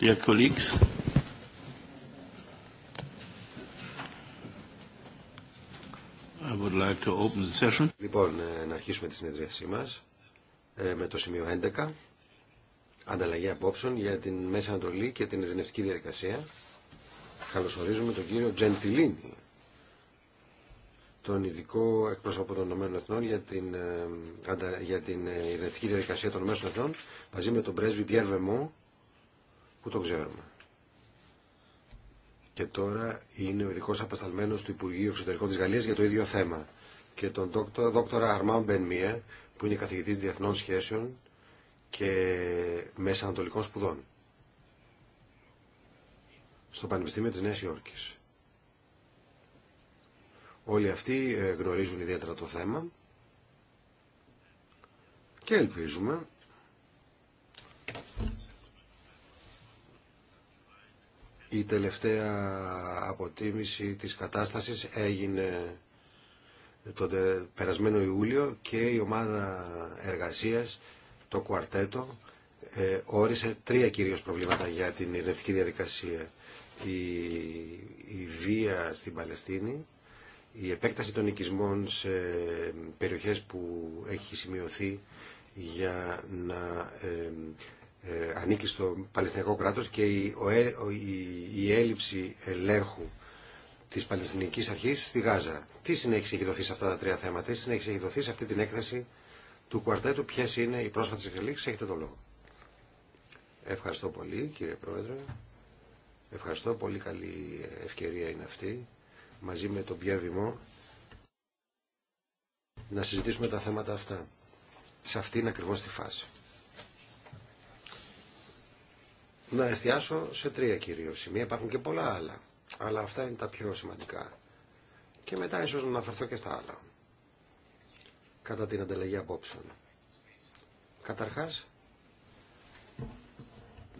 Dear colleagues, Λοιπόν, ε, να αρχίσουμε τη συνεδρίασή μας ε, με το σημείο 11, ανταλλαγή απόψεων για την Μέση Ανατολή και την ειρηνευτική διαδικασία. Καλωσορίζουμε τον κύριο Τζεντιλίνη, τον ειδικό εκπρόσωπο των Ηνωμένων για την, ε, για την ειρηνευτική διαδικασία των Μέσων Εθνών, μαζί με τον πρέσβη Πιέρ που το ξέρουμε. Και τώρα είναι ο ειδικό απεσταλμένο του Υπουργείου Εξωτερικών τη Γαλλία για το ίδιο θέμα. Και τον δόκτωρα Αρμάν Μπένμια που είναι καθηγητή διεθνών σχέσεων και μέσα ανατολικών σπουδών στο Πανεπιστήμιο της Νέας Υόρκης. Όλοι αυτοί ε, γνωρίζουν ιδιαίτερα το θέμα και ελπίζουμε η τελευταία αποτίμηση της κατάστασης έγινε τον περασμένο Ιούλιο και η ομάδα εργασίας, το κουαρτέτο, ε, όρισε τρία κυρίως προβλήματα για την ειρηνευτική διαδικασία. Η, βία στην Παλαιστίνη, η επέκταση των οικισμών σε περιοχές που έχει σημειωθεί για να ε, ε, ανήκει στο Παλαιστινιακό κράτος και η, ο, η, η έλλειψη ελέγχου της Παλαιστινικής Αρχής στη Γάζα. Τι συνέχισε έχει δοθεί σε αυτά τα τρία θέματα, τι συνέχισε έχει δοθεί σε αυτή την έκθεση του κουαρτέτου, ποιε είναι οι πρόσφατες εξελίξεις, έχετε τον λόγο. Ευχαριστώ πολύ κύριε Πρόεδρε. Ευχαριστώ, πολύ καλή ευκαιρία είναι αυτή μαζί με τον Πιέρ Βημό να συζητήσουμε τα θέματα αυτά. Σε αυτήν ακριβώς τη φάση. να εστιάσω σε τρία κυρίω σημεία. Υπάρχουν και πολλά άλλα, αλλά αυτά είναι τα πιο σημαντικά. Και μετά ίσως να αναφερθώ και στα άλλα. Κατά την ανταλλαγή απόψεων. Καταρχάς,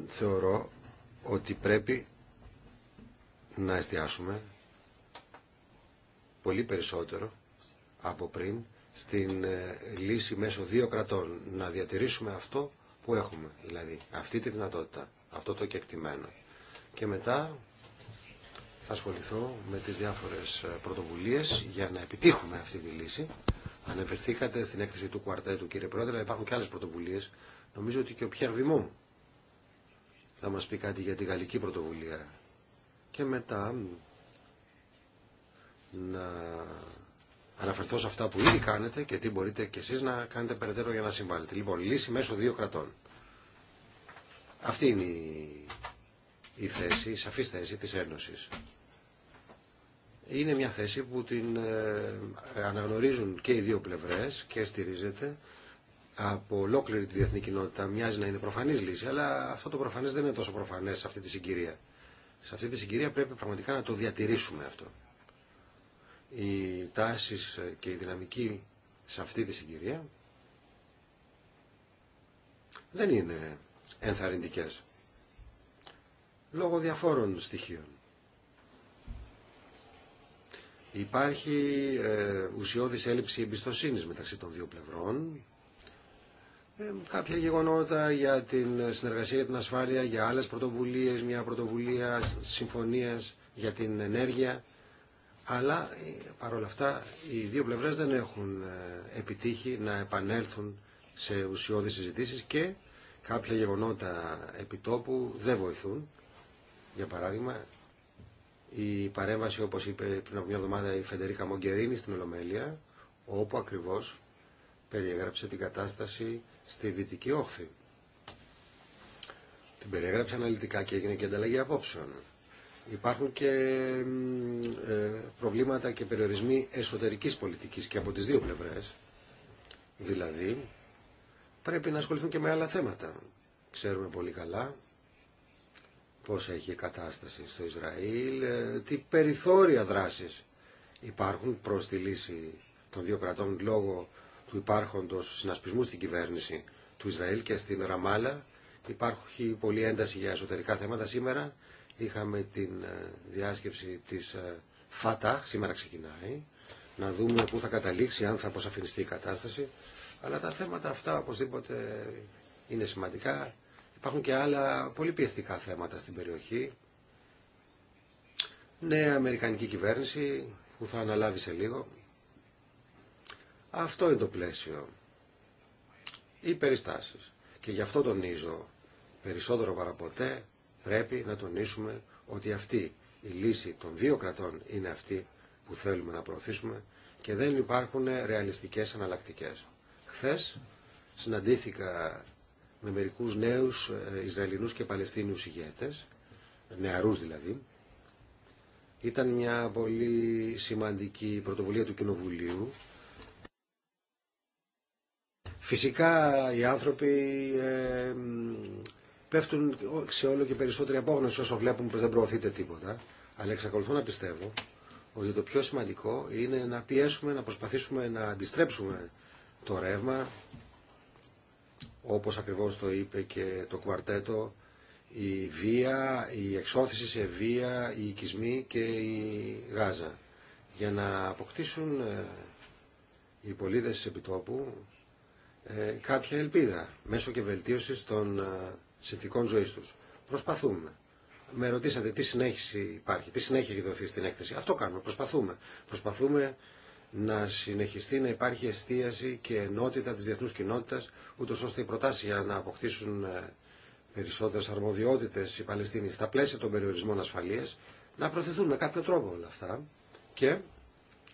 θεωρώ ότι πρέπει να εστιάσουμε πολύ περισσότερο από πριν στην ε, λύση μέσω δύο κρατών. Να διατηρήσουμε αυτό που έχουμε, δηλαδή αυτή τη δυνατότητα αυτό το κεκτημένο. Και μετά θα ασχοληθώ με τις διάφορες ε, πρωτοβουλίες για να επιτύχουμε αυτή τη λύση. Αναφερθήκατε στην έκθεση του κουαρτέτου κύριε Πρόεδρε, υπάρχουν και άλλες πρωτοβουλίες. Νομίζω ότι και ο Πιέρ θα μας πει κάτι για τη γαλλική πρωτοβουλία. Και μετά να αναφερθώ σε αυτά που ήδη κάνετε και τι μπορείτε κι εσείς να κάνετε περαιτέρω για να συμβάλλετε. Λοιπόν, λύση μέσω δύο κρατών. Αυτή είναι η θέση, η σαφή θέση της Ένωσης. Είναι μια θέση που την ε, αναγνωρίζουν και οι δύο πλευρές και στηρίζεται από ολόκληρη τη διεθνή κοινότητα. Μοιάζει να είναι προφανής λύση, αλλά αυτό το προφανές δεν είναι τόσο προφανές σε αυτή τη συγκυρία. Σε αυτή τη συγκυρία πρέπει πραγματικά να το διατηρήσουμε αυτό. Οι τάσεις και η δυναμική σε αυτή τη συγκυρία δεν είναι ενθαρρυντικές. Λόγω διαφόρων στοιχείων. Υπάρχει ε, ουσιώδης έλλειψη εμπιστοσύνης μεταξύ των δύο πλευρών. Ε, κάποια γεγονότα για την συνεργασία για την ασφάλεια, για άλλες πρωτοβουλίες, μια πρωτοβουλία συμφωνίας για την ενέργεια. Αλλά ε, παρόλα αυτά οι δύο πλευρές δεν έχουν ε, επιτύχει να επανέλθουν σε ουσιώδεις συζητήσεις και Κάποια γεγονότα επιτόπου δεν βοηθούν. Για παράδειγμα, η παρέμβαση, όπως είπε πριν από μια εβδομάδα η Φεντερίκα Μογκερίνη στην Ολομέλεια, όπου ακριβώς περιέγραψε την κατάσταση στη Δυτική Όχθη. Την περιέγραψε αναλυτικά και έγινε και ανταλλαγή απόψεων. Υπάρχουν και ε, προβλήματα και περιορισμοί εσωτερικής πολιτικής και από τις δύο πλευρές. Δηλαδή, πρέπει να ασχοληθούν και με άλλα θέματα. Ξέρουμε πολύ καλά πώς έχει η κατάσταση στο Ισραήλ, ε, τι περιθώρια δράσεις υπάρχουν προς τη λύση των δύο κρατών λόγω του υπάρχοντος συνασπισμού στην κυβέρνηση του Ισραήλ και στην Ραμάλα. Υπάρχει πολύ ένταση για εσωτερικά θέματα. Σήμερα είχαμε την ε, διάσκεψη της ε, ΦΑΤΑ, σήμερα ξεκινάει, να δούμε πού θα καταλήξει, αν θα αποσαφινιστεί η κατάσταση. Αλλά τα θέματα αυτά οπωσδήποτε είναι σημαντικά. Υπάρχουν και άλλα πολύ πιεστικά θέματα στην περιοχή. Νέα Αμερικανική κυβέρνηση που θα αναλάβει σε λίγο. Αυτό είναι το πλαίσιο. Οι περιστάσεις. Και γι' αυτό τονίζω περισσότερο παραποτέ πρέπει να τονίσουμε ότι αυτή η λύση των δύο κρατών είναι αυτή που θέλουμε να προωθήσουμε και δεν υπάρχουν ρεαλιστικές αναλλακτικές. Χθες συναντήθηκα με μερικούς νέους ε, Ισραηλινούς και Παλαιστίνιους ηγέτες, νεαρούς δηλαδή. Ήταν μια πολύ σημαντική πρωτοβουλία του Κοινοβουλίου. Φυσικά οι άνθρωποι ε, πέφτουν σε όλο και περισσότερη απόγνωση όσο βλέπουν πως δεν προωθείται τίποτα. Αλλά εξακολουθώ να πιστεύω ότι το πιο σημαντικό είναι να πιέσουμε, να προσπαθήσουμε να αντιστρέψουμε το ρεύμα. Όπως ακριβώς το είπε και το κουαρτέτο, η βία, η εξώθηση σε βία, οι οικισμοί και η Γάζα. Για να αποκτήσουν ε, οι πολίτες της Επιτόπου ε, κάποια ελπίδα μέσω και βελτίωσης των ε, συνθηκών ζωής τους. Προσπαθούμε. Με ρωτήσατε τι συνέχιση υπάρχει, τι συνέχεια έχει δοθεί στην έκθεση. Αυτό κάνουμε. Προσπαθούμε. Προσπαθούμε να συνεχιστεί να υπάρχει εστίαση και ενότητα της διεθνούς κοινότητας, ούτως ώστε οι προτάσεις για να αποκτήσουν ε, περισσότερες αρμοδιότητες οι Παλαιστίνοι στα πλαίσια των περιορισμών ασφαλείας, να προθεθούν με κάποιο τρόπο όλα αυτά. Και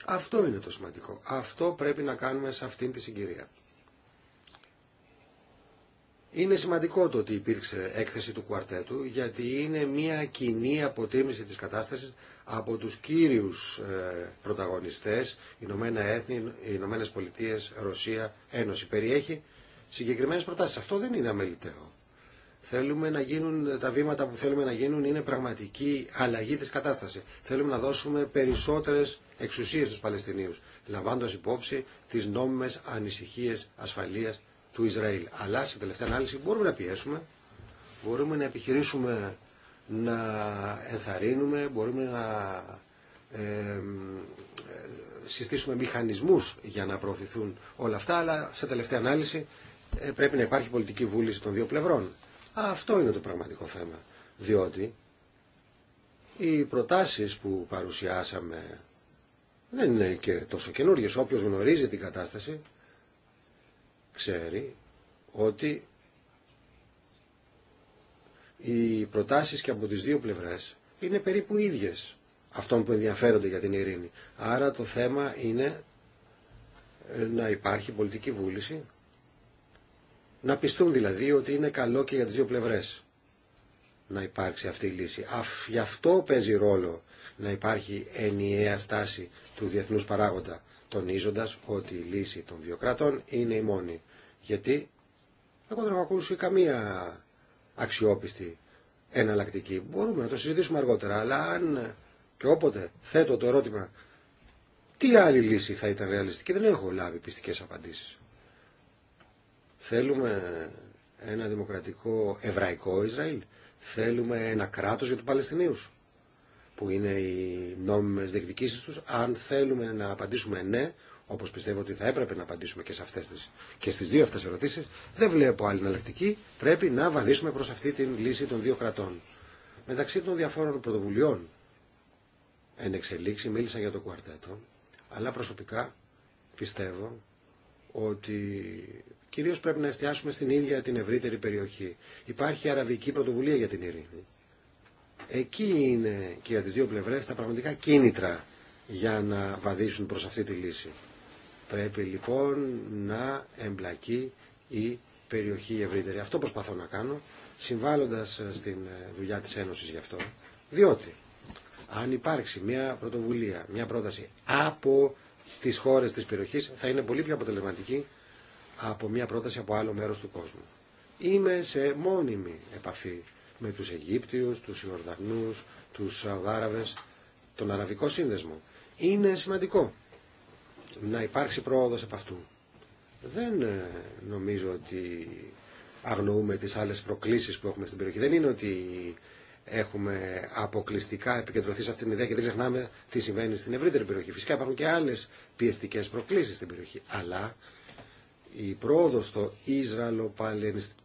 αυτό είναι το σημαντικό. Αυτό πρέπει να κάνουμε σε αυτήν τη συγκυρία. Είναι σημαντικό το ότι υπήρξε έκθεση του κουαρτέτου, γιατί είναι μια κοινή αποτίμηση της κατάστασης από τους κύριους ε, πρωταγωνιστές, Ηνωμένα Έθνη, Ηνωμένε Πολιτείες, Ρωσία, Ένωση. Περιέχει συγκεκριμένες προτάσεις. Αυτό δεν είναι αμεληταίο. Θέλουμε να γίνουν, τα βήματα που θέλουμε να γίνουν είναι πραγματική αλλαγή της κατάστασης. Θέλουμε να δώσουμε περισσότερες εξουσίες στους Παλαιστινίους, λαμβάνοντας υπόψη τις νόμιμες ανησυχίες ασφαλείας του Ισραήλ. Αλλά σε τελευταία ανάλυση μπορούμε να πιέσουμε, μπορούμε να επιχειρήσουμε να ενθαρρύνουμε, μπορούμε να συστήσουμε μηχανισμούς για να προωθηθούν όλα αυτά, αλλά σε τελευταία ανάλυση ε, πρέπει να υπάρχει πολιτική βούληση των δύο πλευρών. Αυτό είναι το πραγματικό θέμα, διότι οι προτάσεις που παρουσιάσαμε δεν είναι και τόσο καινούργιες. Όποιος γνωρίζει την κατάσταση ξέρει ότι οι προτάσεις και από τις δύο πλευρές είναι περίπου ίδιες αυτών που ενδιαφέρονται για την ειρήνη. Άρα το θέμα είναι να υπάρχει πολιτική βούληση, να πιστούν δηλαδή ότι είναι καλό και για τις δύο πλευρές να υπάρξει αυτή η λύση. Γι' αυτό παίζει ρόλο να υπάρχει ενιαία στάση του διεθνούς παράγοντα, τονίζοντας ότι η λύση των δύο κρατών είναι η μόνη. Γιατί εγώ δεν έχω ακούσει καμία αξιόπιστη εναλλακτική. Μπορούμε να το συζητήσουμε αργότερα, αλλά αν και όποτε θέτω το ερώτημα τι άλλη λύση θα ήταν ρεαλιστική, δεν έχω λάβει πιστικές απαντήσεις. Θέλουμε ένα δημοκρατικό εβραϊκό Ισραήλ, θέλουμε ένα κράτος για τους Παλαιστινίους που είναι οι νόμιμες διεκδικήσεις τους. Αν θέλουμε να απαντήσουμε ναι, όπως πιστεύω ότι θα έπρεπε να απαντήσουμε και, σε αυτές τις, και στις δύο αυτές ερωτήσεις, δεν βλέπω άλλη εναλλακτική. Πρέπει να βαδίσουμε προς αυτή την λύση των δύο κρατών. Μεταξύ των διαφόρων πρωτοβουλειών εν εξελίξη μίλησα για το κουαρτέτο, αλλά προσωπικά πιστεύω ότι κυρίως πρέπει να εστιάσουμε στην ίδια την ευρύτερη περιοχή. Υπάρχει αραβική πρωτοβουλία για την ειρήνη. Εκεί είναι και για τις δύο πλευρές τα πραγματικά κίνητρα για να βαδίσουν προς αυτή τη λύση. Πρέπει λοιπόν να εμπλακεί η περιοχή ευρύτερη. Αυτό προσπαθώ να κάνω, συμβάλλοντας ε, στην ε, δουλειά της Ένωσης γι' αυτό, διότι αν υπάρξει μια πρωτοβουλία, μια πρόταση από τις χώρες της περιοχής, θα είναι πολύ πιο αποτελεσματική από μια πρόταση από άλλο μέρος του κόσμου. Είμαι σε μόνιμη επαφή με τους Αιγύπτιους, τους Ιορδανού, τους Σαουδάραβες, τον Αραβικό Σύνδεσμο. Είναι σημαντικό να υπάρξει πρόοδος από αυτού. Δεν ε, νομίζω ότι αγνοούμε τις άλλες προκλήσεις που έχουμε στην περιοχή. Δεν είναι ότι έχουμε αποκλειστικά επικεντρωθεί σε αυτήν την ιδέα και δεν ξεχνάμε τι συμβαίνει στην ευρύτερη περιοχή. Φυσικά υπάρχουν και άλλες πιεστικές προκλήσεις στην περιοχή. Αλλά η πρόοδος στο ισραλο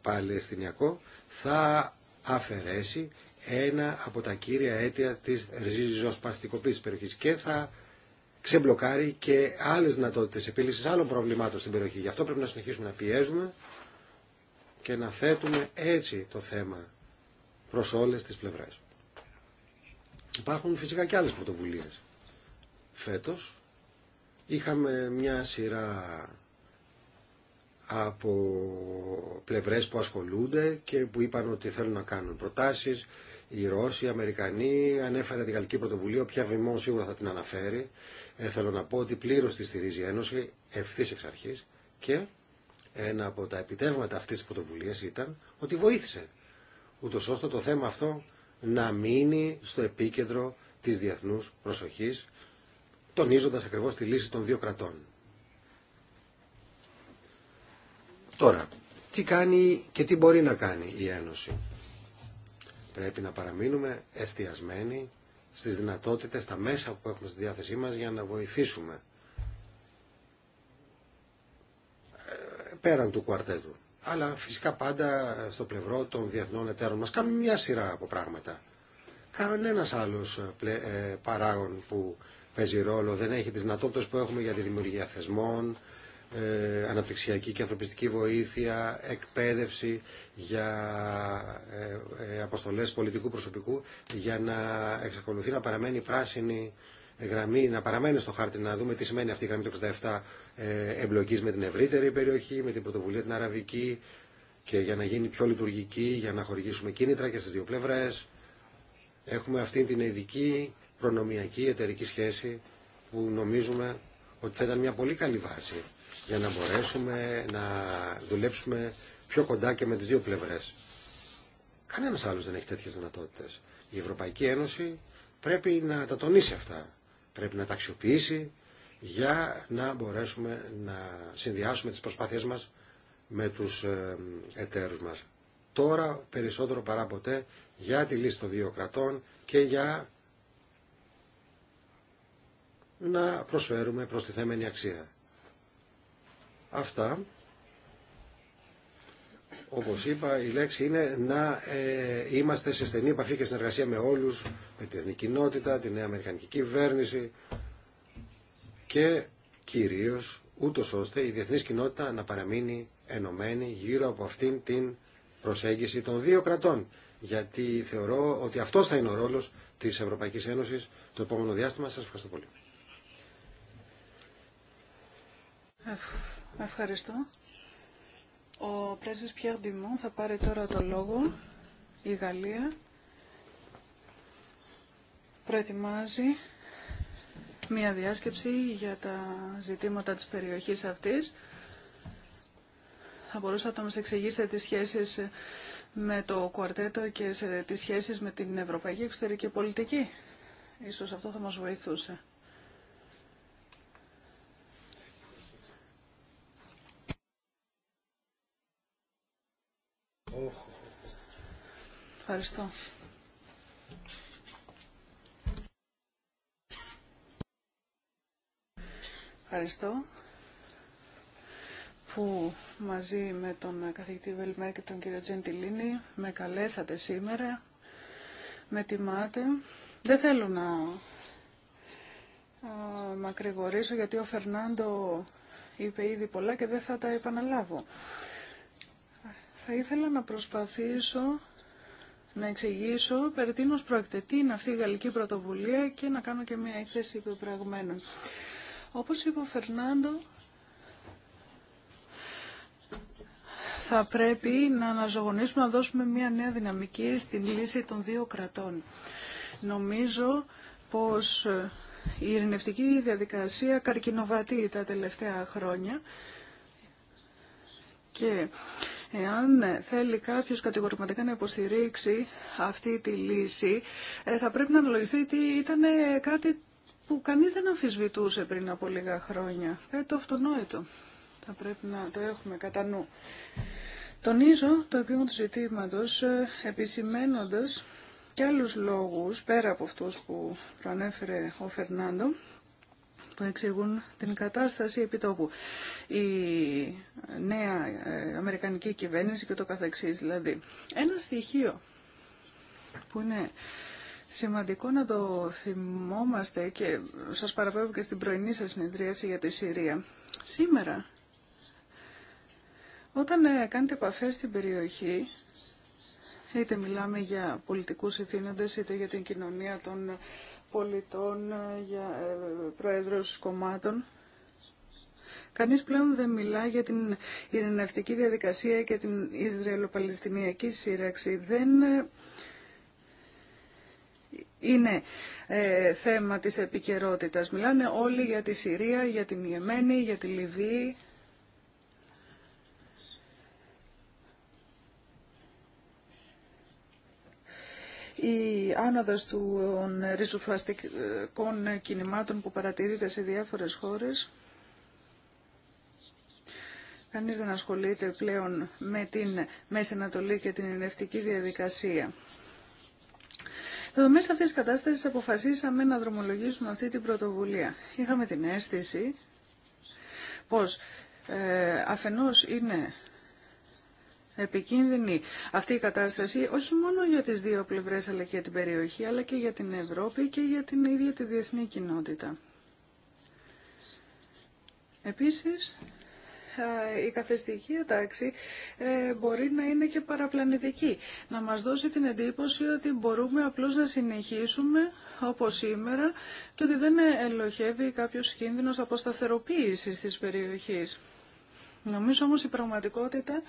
παλαιστινιακο θα αφαιρέσει ένα από τα κύρια αίτια της ριζοσπαστικοποίησης της περιοχής και θα ξεμπλοκάρει και άλλε δυνατότητε επίλυση άλλων προβλημάτων στην περιοχή. Γι' αυτό πρέπει να συνεχίσουμε να πιέζουμε και να θέτουμε έτσι το θέμα προ όλε τι πλευρέ. Υπάρχουν φυσικά και άλλε πρωτοβουλίε. Φέτο. είχαμε μια σειρά από πλευρές που ασχολούνται και που είπαν ότι θέλουν να κάνουν προτάσεις οι Ρώσοι, οι Αμερικανοί, ανέφερε την Γαλλική Πρωτοβουλία, πια Βημόν σίγουρα θα την αναφέρει. Ε, θέλω να πω ότι πλήρω τη στηρίζει η Ένωση ευθύ εξ αρχή και ένα από τα επιτεύγματα αυτή τη πρωτοβουλία ήταν ότι βοήθησε. Ούτω ώστε το θέμα αυτό να μείνει στο επίκεντρο τη διεθνού προσοχή, τονίζοντα ακριβώ τη λύση των δύο κρατών. Τώρα, τι κάνει και τι μπορεί να κάνει η Ένωση. Πρέπει να παραμείνουμε εστιασμένοι στις δυνατότητες, στα μέσα που έχουμε στη διάθεσή μας για να βοηθήσουμε ε, πέραν του κουαρτέτου. Αλλά φυσικά πάντα στο πλευρό των διεθνών εταίρων μας κάνουμε μια σειρά από πράγματα. Κανένα άλλος ε, ε, παράγων που παίζει ρόλο δεν έχει τις δυνατότητες που έχουμε για τη δημιουργία θεσμών, αναπτυξιακή και ανθρωπιστική βοήθεια, εκπαίδευση για ε, ε, αποστολές πολιτικού προσωπικού για να εξακολουθεί να παραμένει πράσινη γραμμή, να παραμένει στο χάρτη, να δούμε τι σημαίνει αυτή η γραμμή του 67 ε, εμπλοκή με την ευρύτερη περιοχή, με την πρωτοβουλία την αραβική και για να γίνει πιο λειτουργική, για να χορηγήσουμε κίνητρα και στις δύο πλευρές. Έχουμε αυτή την ειδική προνομιακή εταιρική σχέση που νομίζουμε ότι θα ήταν μια πολύ καλή βάση για να μπορέσουμε να δουλέψουμε πιο κοντά και με τις δύο πλευρές. Κανένα άλλο δεν έχει τέτοιες δυνατότητες. Η Ευρωπαϊκή Ένωση πρέπει να τα τονίσει αυτά. Πρέπει να τα αξιοποιήσει για να μπορέσουμε να συνδυάσουμε τις προσπάθειές μας με τους ε, εταίρους μας. Τώρα περισσότερο παρά ποτέ για τη λύση των δύο κρατών και για να προσφέρουμε προστιθέμενη αξία. Αυτά όπως είπα, η λέξη είναι να ε, είμαστε σε στενή επαφή και συνεργασία με όλους, με την εθνική κοινότητα, την νέα Αμερικανική κυβέρνηση και κυρίως ούτω ώστε η διεθνής κοινότητα να παραμείνει ενωμένη γύρω από αυτήν την προσέγγιση των δύο κρατών. Γιατί θεωρώ ότι αυτός θα είναι ο ρόλος της Ευρωπαϊκής Ένωσης το επόμενο διάστημα. Σας ευχαριστώ πολύ. Ευχαριστώ. Ο πρέσβης Πιέρ θα πάρει τώρα το λόγο. Η Γαλλία προετοιμάζει μία διάσκεψη για τα ζητήματα της περιοχής αυτής. Θα μπορούσατε να μας εξηγήσετε τις σχέσεις με το κουαρτέτο και τις σχέσεις με την ευρωπαϊκή εξωτερική πολιτική. Ίσως αυτό θα μας βοηθούσε. Ευχαριστώ. Ευχαριστώ που μαζί με τον καθηγητή Βελμέρ και τον κύριο Τζεντιλίνη με καλέσατε σήμερα, με τιμάτε. Δεν θέλω να μακρηγορήσω γιατί ο Φερνάντο είπε ήδη πολλά και δεν θα τα επαναλάβω. Θα ήθελα να προσπαθήσω να εξηγήσω περί τίνος πρόκειται, είναι αυτή η γαλλική πρωτοβουλία και να κάνω και μια έκθεση υπεπραγμένων. Όπως είπε ο Φερνάντο, θα πρέπει να αναζωογονήσουμε, να δώσουμε μια νέα δυναμική στη λύση των δύο κρατών. Νομίζω πως η ειρηνευτική διαδικασία καρκινοβατεί τα τελευταία χρόνια και Εάν θέλει κάποιο κατηγορηματικά να υποστηρίξει αυτή τη λύση, ε, θα πρέπει να αναλογιστεί ότι ήταν ε, κάτι που κανείς δεν αμφισβητούσε πριν από λίγα χρόνια. Κάτι ε, το αυτονόητο. Θα πρέπει να το έχουμε κατά νου. Τονίζω το επίγον του ζητήματος επισημένοντας και άλλους λόγους πέρα από αυτούς που προανέφερε ο Φερνάντο που εξηγούν την κατάσταση επιτόπου. Η νέα ε, Αμερικανική κυβέρνηση και το καθεξής δηλαδή. Ένα στοιχείο που είναι σημαντικό να το θυμόμαστε και σας παραπέμπω και στην πρωινή σας συνεδρίαση για τη Συρία. Σήμερα, όταν ε, κάνετε επαφέ στην περιοχή, είτε μιλάμε για πολιτικούς ηθήνοντες, είτε για την κοινωνία των πολιτών, ε, για ε, προέδρους κομμάτων. Κανείς πλέον δεν μιλά για την ειρηνευτική διαδικασία και την Ισραηλοπαλαιστινιακή σύραξη. Δεν ε, είναι θέμα της επικαιρότητα. Μιλάνε όλοι για τη Συρία, για την Ιεμένη, για τη Λιβύη. η άνοδος των ριζοφαστικών κινημάτων που παρατηρείται σε διάφορες χώρες. Κανείς δεν ασχολείται πλέον με την Μέση Ανατολή και την ενευτική διαδικασία. μέσα αυτή τη κατάσταση αποφασίσαμε να δρομολογήσουμε αυτή την πρωτοβουλία. Είχαμε την αίσθηση πως ε, αφενός είναι επικίνδυνη αυτή η κατάσταση όχι μόνο για τις δύο πλευρές αλλά και για την περιοχή αλλά και για την Ευρώπη και για την ίδια τη διεθνή κοινότητα. Επίσης, η καθεστική τάξη ε, μπορεί να είναι και παραπλανητική. Να μας δώσει την εντύπωση ότι μπορούμε απλώς να συνεχίσουμε όπως σήμερα και ότι δεν ελοχεύει κάποιος κίνδυνος αποσταθεροποίησης της περιοχής. Νομίζω όμως η πραγματικότητα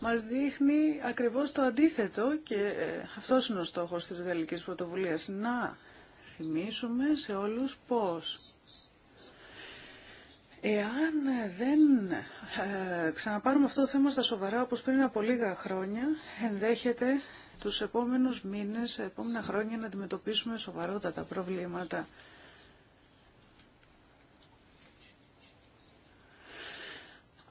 μας δείχνει ακριβώς το αντίθετο και ε, αυτός είναι ο στόχος της Γαλλικής Πρωτοβουλίας. Να θυμίσουμε σε όλους πώς. Εάν δεν ε, ξαναπάρουμε αυτό το θέμα στα σοβαρά όπως πριν από λίγα χρόνια, ενδέχεται τους επόμενους μήνες, επόμενα χρόνια να αντιμετωπίσουμε σοβαρότατα προβλήματα.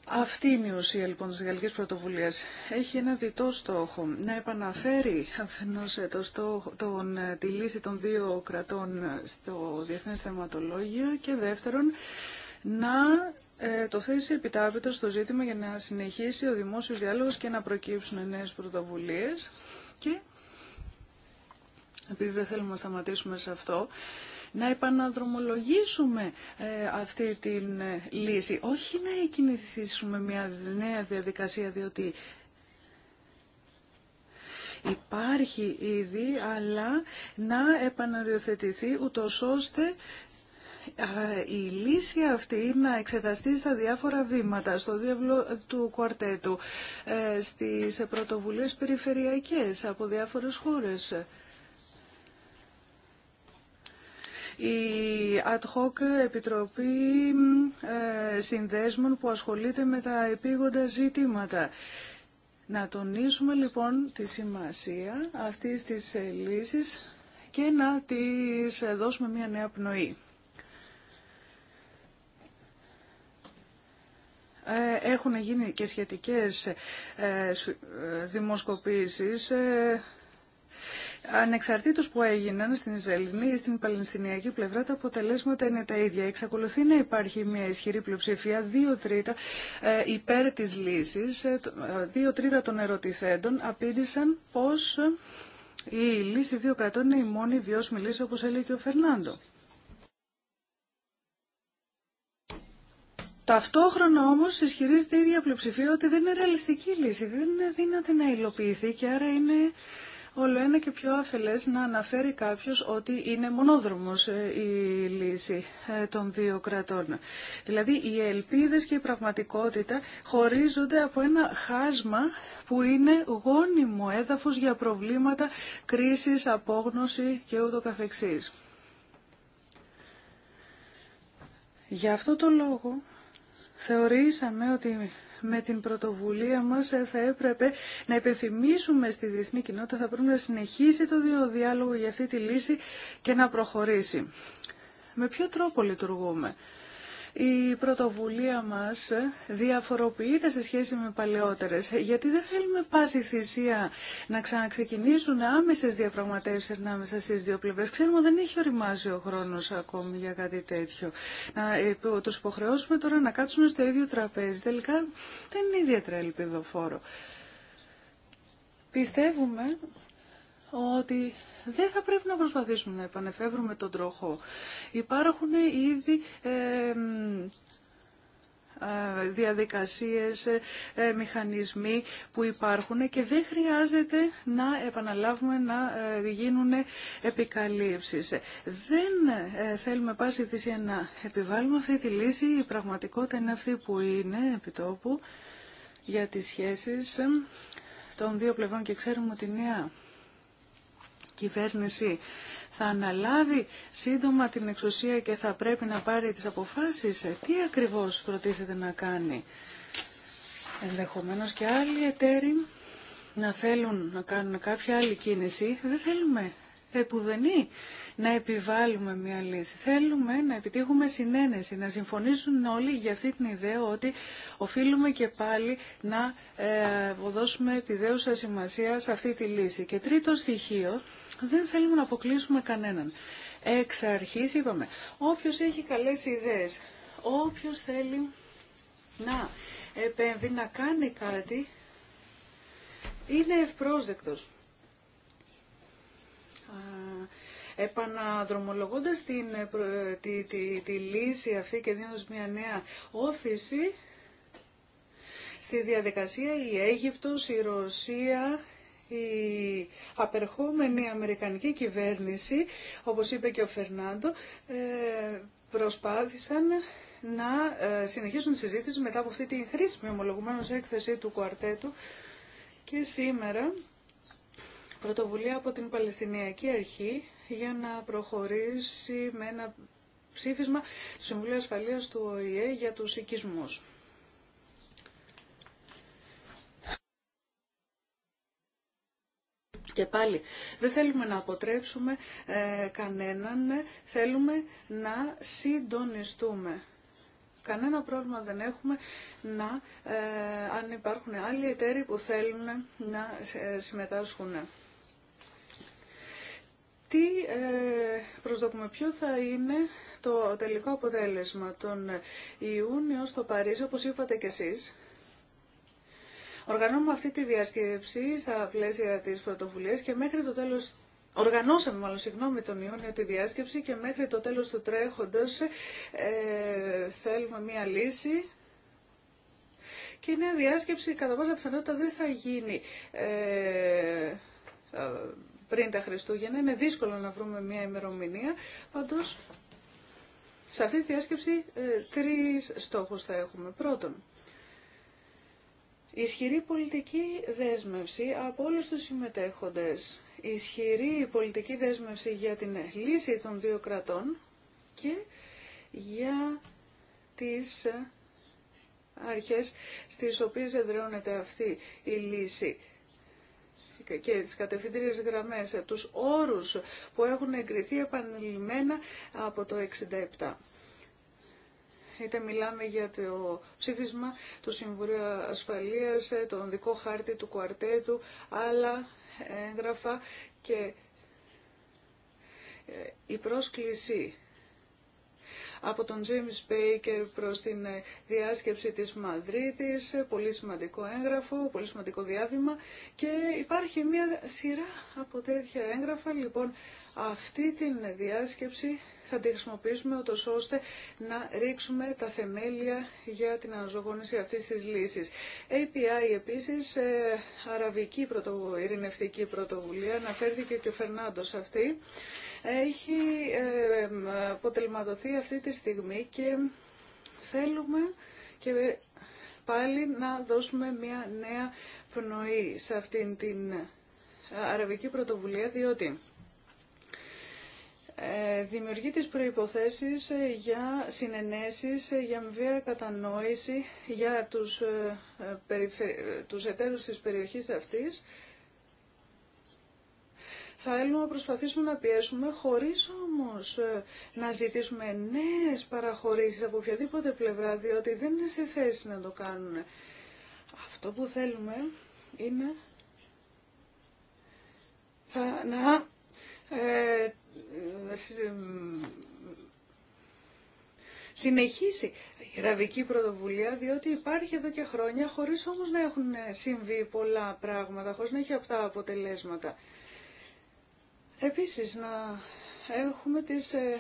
Αυτή είναι η ουσία λοιπόν της Γαλλικής Πρωτοβουλίας. Έχει ένα διτό στόχο να επαναφέρει αφενός ε, το στόχο, τον, ε, τη λύση των δύο κρατών ε, στο Διεθνές Θεματολόγιο και δεύτερον να το θέσει επιτάπητο στο ζήτημα για να συνεχίσει ο δημόσιος διάλογος και να προκύψουν νέες πρωτοβουλίες και επειδή δεν θέλουμε να σταματήσουμε σε αυτό, να επαναδρομολογήσουμε ε, αυτή την ε, λύση. Όχι να εκκινηθήσουμε μια νέα διαδικασία, διότι υπάρχει ήδη, αλλά να επαναριοθετηθεί ούτω ώστε η λύση αυτή να εξεταστεί στα διάφορα βήματα, στο δίευλο του κουαρτέτου, ε, στις πρωτοβουλίες περιφερειακές από διάφορες χώρες. Η ad hoc Επιτροπή ε, Συνδέσμων που ασχολείται με τα επίγοντα ζητήματα. Να τονίσουμε λοιπόν τη σημασία αυτής της ε, λύσης και να της ε, δώσουμε μια νέα πνοή. Έχουν γίνει και σχετικές δημοσκοπήσεις Ανεξαρτήτως που έγιναν στην Ισραηλινή ή στην Παλαιστινιακή πλευρά, τα αποτελέσματα είναι τα ίδια. Εξακολουθεί να υπάρχει μια ισχυρή πλειοψηφία, δύο τρίτα ε, υπέρ της λύσης, ε, ε, δύο τρίτα των ερωτηθέντων απήντησαν πως η λύση δύο κρατών είναι η μόνη βιώσιμη λύση, όπως έλεγε και ο Φερνάντο. Ταυτόχρονα όμως ισχυρίζεται η ίδια πλειοψηφία ότι δεν είναι ρεαλιστική λύση, δεν είναι δύνατη να υλοποιηθεί και άρα είναι όλο ένα και πιο αφελές να αναφέρει κάποιος ότι είναι μονόδρομος ε, η λύση ε, των δύο κρατών. Δηλαδή οι ελπίδες και η πραγματικότητα χωρίζονται από ένα χάσμα που είναι γόνιμο έδαφος για προβλήματα κρίσης, απόγνωση και ούτω καθεξής. Γι' αυτό το λόγο θεωρήσαμε ότι με την πρωτοβουλία μας ε, θα έπρεπε να υπενθυμίσουμε στη διεθνή κοινότητα, θα πρέπει να συνεχίσει το διάλογο για αυτή τη λύση και να προχωρήσει. Με ποιο τρόπο λειτουργούμε. Η πρωτοβουλία μας διαφοροποιείται σε σχέση με παλαιότερες, γιατί δεν θέλουμε πάση θυσία να ξαναξεκινήσουν άμεσες διαπραγματεύσεις ανάμεσα στις δύο πλευρές. Ξέρουμε δεν έχει οριμάσει ο χρόνος ακόμη για κάτι τέτοιο. Να ε, τους υποχρεώσουμε τώρα να κάτσουν στο ίδιο τραπέζι. Τελικά δεν είναι ιδιαίτερα ελπιδοφόρο. Πιστεύουμε ότι δεν θα πρέπει να προσπαθήσουμε να επανεφεύρουμε τον τροχό. Υπάρχουν ήδη ε, διαδικασίες, ε, ε, μηχανισμοί που υπάρχουν και δεν χρειάζεται να επαναλάβουμε να γίνουν επικαλύψεις. Δεν θέλουμε πάση θυσία να επιβάλλουμε αυτή τη λύση. Η πραγματικότητα είναι αυτή που είναι επιτόπου για τις σχέσεις των δύο πλευρών και ξέρουμε ότι νέα κυβέρνηση θα αναλάβει σύντομα την εξουσία και θα πρέπει να πάρει τις αποφάσεις. Ε, τι ακριβώς προτίθεται να κάνει. Ενδεχομένως και άλλοι εταίροι να θέλουν να κάνουν κάποια άλλη κίνηση. Δεν θέλουμε επουδενή να επιβάλλουμε μια λύση. Θέλουμε να επιτύχουμε συνένεση, να συμφωνήσουν όλοι για αυτή την ιδέα ότι οφείλουμε και πάλι να ε, δώσουμε τη δέουσα σημασία σε αυτή τη λύση. Και τρίτο στοιχείο δεν θέλουμε να αποκλείσουμε κανέναν. Εξ αρχής είπαμε, όποιος έχει καλές ιδέες, όποιος θέλει να επέμβει, να κάνει κάτι, είναι ευπρόσδεκτος. Επαναδρομολογώντας την, ε, ε, τη, τη, τη λύση αυτή και δίνοντας μια νέα όθηση, στη διαδικασία η Αίγυπτος, η Ρωσία, η απερχόμενη Αμερικανική κυβέρνηση, όπως είπε και ο Φερνάντο, ε, προσπάθησαν να ε, συνεχίσουν τη συζήτηση μετά από αυτή την χρήσιμη ομολογουμένως έκθεση του κουαρτέτου και σήμερα πρωτοβουλία από την Παλαιστινιακή Αρχή για να προχωρήσει με ένα ψήφισμα του Συμβουλίου Ασφαλείας του ΟΗΕ για τους οικισμούς. Και πάλι, δεν θέλουμε να αποτρέψουμε ε, κανέναν, θέλουμε να συντονιστούμε. Κανένα πρόβλημα δεν έχουμε να, ε, αν υπάρχουν άλλοι εταίροι που θέλουν να ε, συμμετάσχουν. Τι ε, προσδοκούμε, ποιο θα είναι το τελικό αποτέλεσμα τον Ιούνιο στο Παρίσι, όπως είπατε κι εσείς, Οργανώνουμε αυτή τη διάσκεψη στα πλαίσια τη πρωτοβουλία και μέχρι το τέλος Οργανώσαμε μάλλον συγγνώμη τον Ιούνιο τη διάσκεψη και μέχρι το τέλο του τρέχοντο ε, θέλουμε μία λύση και η νέα διάσκεψη κατά πάσα πιθανότητα δεν θα γίνει ε, ε, πριν τα Χριστούγεννα. Είναι δύσκολο να βρούμε μία ημερομηνία, πάντως σε αυτή τη διάσκεψη ε, τρεις στόχους θα έχουμε. Πρώτον, Ισχυρή πολιτική δέσμευση από όλους τους συμμετέχοντες. Ισχυρή πολιτική δέσμευση για την λύση των δύο κρατών και για τις αρχές στις οποίες εδραιώνεται αυτή η λύση και τις κατευθυντήριες γραμμές, τους όρους που έχουν εγκριθεί επανειλημμένα από το 67 είτε μιλάμε για το ψήφισμα του Συμβουλίου Ασφαλείας, ε, τον δικό χάρτη του κουαρτέτου, άλλα έγγραφα και ε, η πρόσκληση από τον James Baker προς την ε, διάσκεψη της Μαδρίτης, πολύ σημαντικό έγγραφο, πολύ σημαντικό διάβημα και υπάρχει μια σειρά από τέτοια έγγραφα. Λοιπόν, αυτή την διάσκεψη θα τη χρησιμοποιήσουμε ούτως ώστε να ρίξουμε τα θεμέλια για την αναζωογόνηση αυτής της λύσης. API επίσης, ε, αραβική πρωτοβουλία, ειρηνευτική πρωτοβουλία, αναφέρθηκε και ο Φερνάντος αυτή, έχει ε, αποτελματωθεί αυτή τη στιγμή και θέλουμε και πάλι να δώσουμε μια νέα πνοή σε αυτήν την αραβική πρωτοβουλία, διότι ε, δημιουργεί τις προϋποθέσεις ε, για συνενέσεις, ε, για αμοιβαία κατανόηση για τους, τους εταίρους της περιοχής αυτής. Θα θέλουμε να προσπαθήσουμε να πιέσουμε χωρίς όμως να ζητήσουμε νέες παραχωρήσεις από οποιαδήποτε πλευρά, διότι δεν είναι σε θέση να το κάνουν. Αυτό που θέλουμε είναι θα, να συνεχίσει η Ραβική Πρωτοβουλία, διότι υπάρχει εδώ και χρόνια, χωρίς όμως να έχουν συμβεί πολλά πράγματα, χωρίς να έχει αυτά αποτελέσματα. Επίσης, να έχουμε τις ε,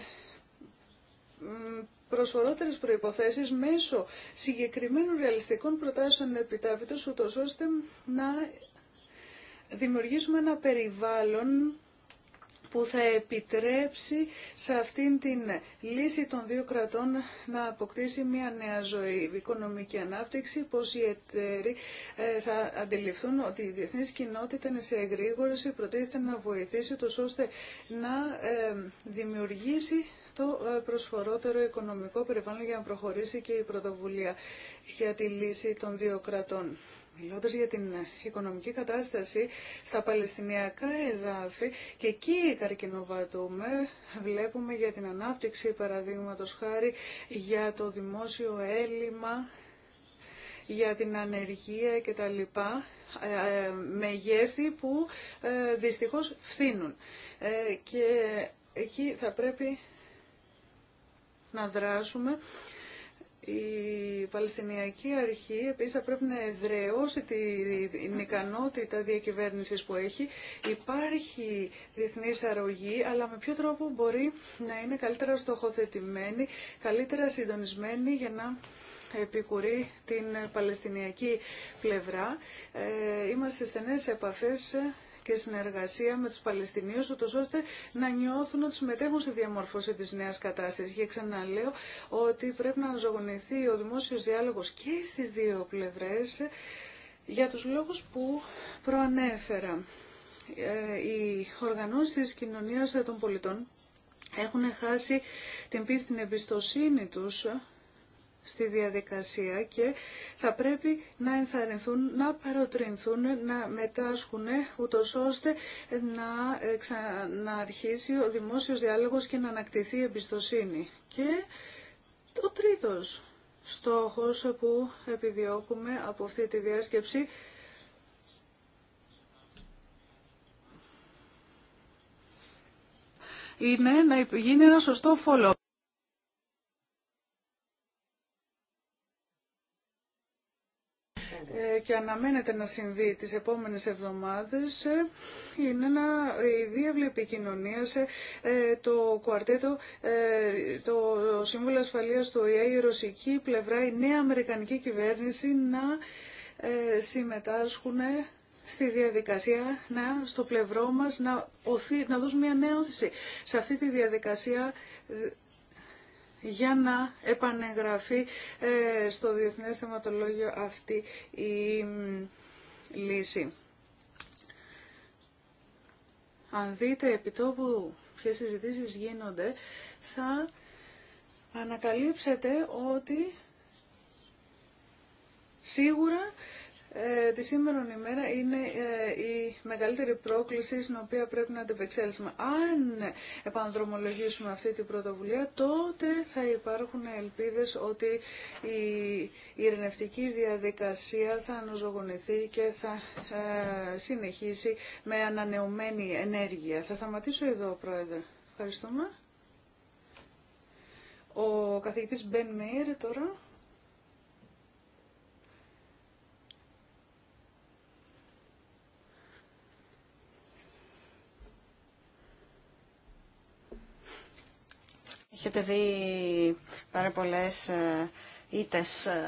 προσφορότερες προϋποθέσεις μέσω συγκεκριμένων ρεαλιστικών προτάσεων επιτάπητος, ούτως ώστε να δημιουργήσουμε ένα περιβάλλον που θα επιτρέψει σε αυτήν την λύση των δύο κρατών να αποκτήσει μια νέα ζωή. Η οικονομική ανάπτυξη, πως οι εταίροι ε, θα αντιληφθούν ότι η διεθνή κοινότητα είναι σε εγρήγορση, προτίθεται να βοηθήσει τους ώστε να ε, δημιουργήσει το ε, προσφορότερο οικονομικό περιβάλλον για να προχωρήσει και η πρωτοβουλία για τη λύση των δύο κρατών. Μιλώντας για την οικονομική κατάσταση στα Παλαιστινιακά εδάφη και εκεί καρκινοβατούμε, βλέπουμε για την ανάπτυξη παραδείγματος χάρη για το δημόσιο έλλειμμα, για την ανεργία κτλ. Ε, ε, μεγέθη που ε, δυστυχώς φθήνουν. Και εκεί θα πρέπει να δράσουμε η Παλαιστινιακή Αρχή επίσης θα πρέπει να εδραιώσει την ικανότητα διακυβέρνησης που έχει. Υπάρχει διεθνή αρρωγή, αλλά με ποιο τρόπο μπορεί να είναι καλύτερα στοχοθετημένη, καλύτερα συντονισμένη για να επικουρεί την Παλαιστινιακή πλευρά. Ε, είμαστε στενές επαφές και συνεργασία με τους Παλαιστινίους, ούτως ώστε να νιώθουν ότι συμμετέχουν στη διαμόρφωση της νέας κατάστασης. Και ξαναλέω ότι πρέπει να ζωγονηθεί ο δημόσιος διάλογος και στις δύο πλευρές για τους λόγους που προανέφερα. Ε, οι οργανώσεις τη κοινωνίας των πολιτών έχουν χάσει την πίστη, την εμπιστοσύνη τους στη διαδικασία και θα πρέπει να ενθαρρυνθούν, να παροτρινθούν, να μετάσχουν ε, ούτω ώστε να ε, αρχίσει ο δημόσιος διάλογος και να ανακτηθεί η εμπιστοσύνη. Και το τρίτος στόχος που επιδιώκουμε από αυτή τη διάσκεψη είναι να γίνει ένα σωστό follow Ε, και αναμένεται να συμβεί τις επόμενες εβδομάδες ε, είναι ένα δίευλη επικοινωνία ε, το κουαρτέτο, το Σύμβουλο Ασφαλείας του ΟΗΕ, η ρωσική πλευρά, η νέα Αμερικανική κυβέρνηση να συμμετάσχουν στη διαδικασία, να, στο πλευρό μας, να, οθεί, να δώσουμε μια νέα όθηση σε αυτή τη διαδικασία για να επανεγγραφεί ε, στο Διεθνές Θεματολόγιο αυτή η λύση. Αν δείτε επιτόπου ποιες συζητήσεις γίνονται, θα ανακαλύψετε ότι σίγουρα ε, τη σήμερα ημέρα είναι ε, η μεγαλύτερη πρόκληση στην οποία πρέπει να αντεπεξέλθουμε. Αν επανδρομολογήσουμε αυτή την πρωτοβουλία, τότε θα υπάρχουν ελπίδες ότι η ειρηνευτική διαδικασία θα αναζωογονηθεί και θα ε, συνεχίσει με ανανεωμένη ενέργεια. Θα σταματήσω εδώ, Πρόεδρε. Ευχαριστούμε. Ο καθηγητής Μπεν τώρα. Έχετε δει πάρα πολλέ ε, ήττε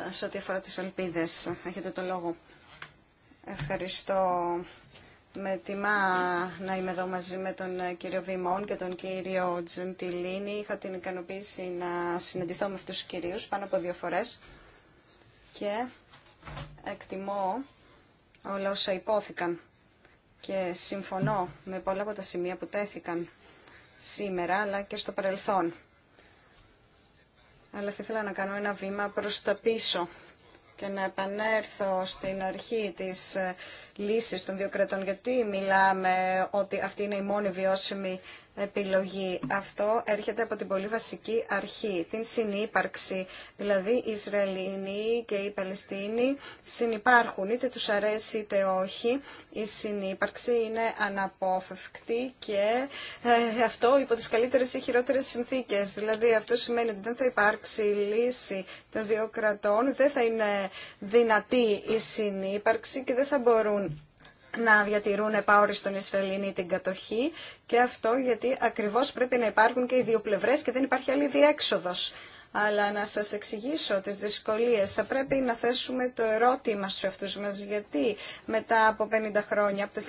σε ό,τι αφορά τι ελπίδε Έχετε το λόγο. Ευχαριστώ. Με τιμά να είμαι εδώ μαζί με τον ε, κύριο Βημόν και τον κύριο Τζεντιλίνη. Είχα την ικανοποίηση να συναντηθώ με αυτούς τους κυρίους πάνω από δύο φορές και εκτιμώ όλα όσα υπόθηκαν και συμφωνώ με πολλά από τα σημεία που τέθηκαν σήμερα αλλά και στο παρελθόν αλλά θα ήθελα να κάνω ένα βήμα προς τα πίσω και να επανέλθω στην αρχή της ε, λύσεις των δύο κρατών. Γιατί μιλάμε ότι αυτή είναι η μόνη βιώσιμη επιλογή. Αυτό έρχεται από την πολύ βασική αρχή, την συνύπαρξη. Δηλαδή οι Ισραηλοί και οι Παλαιστίνοι συνυπάρχουν, είτε τους αρέσει είτε όχι. Η συνύπαρξη είναι αναπόφευκτη και ε, αυτό υπό τις καλύτερες ή χειρότερες συνθήκες. Δηλαδή αυτό σημαίνει ότι δεν θα υπάρξει λύση των δύο κρατών, δεν θα είναι δυνατή η συνύπαρξη και δεν θα μπορούν να διατηρούν επαόριστον Ισραηλινή την κατοχή και αυτό γιατί ακριβώς πρέπει να υπάρχουν και οι δύο πλευρές και δεν υπάρχει άλλη διέξοδος. Αλλά να σας εξηγήσω τις δυσκολίες. Θα πρέπει να θέσουμε το ερώτημα στους αυτούς μας γιατί μετά από 50 χρόνια, από το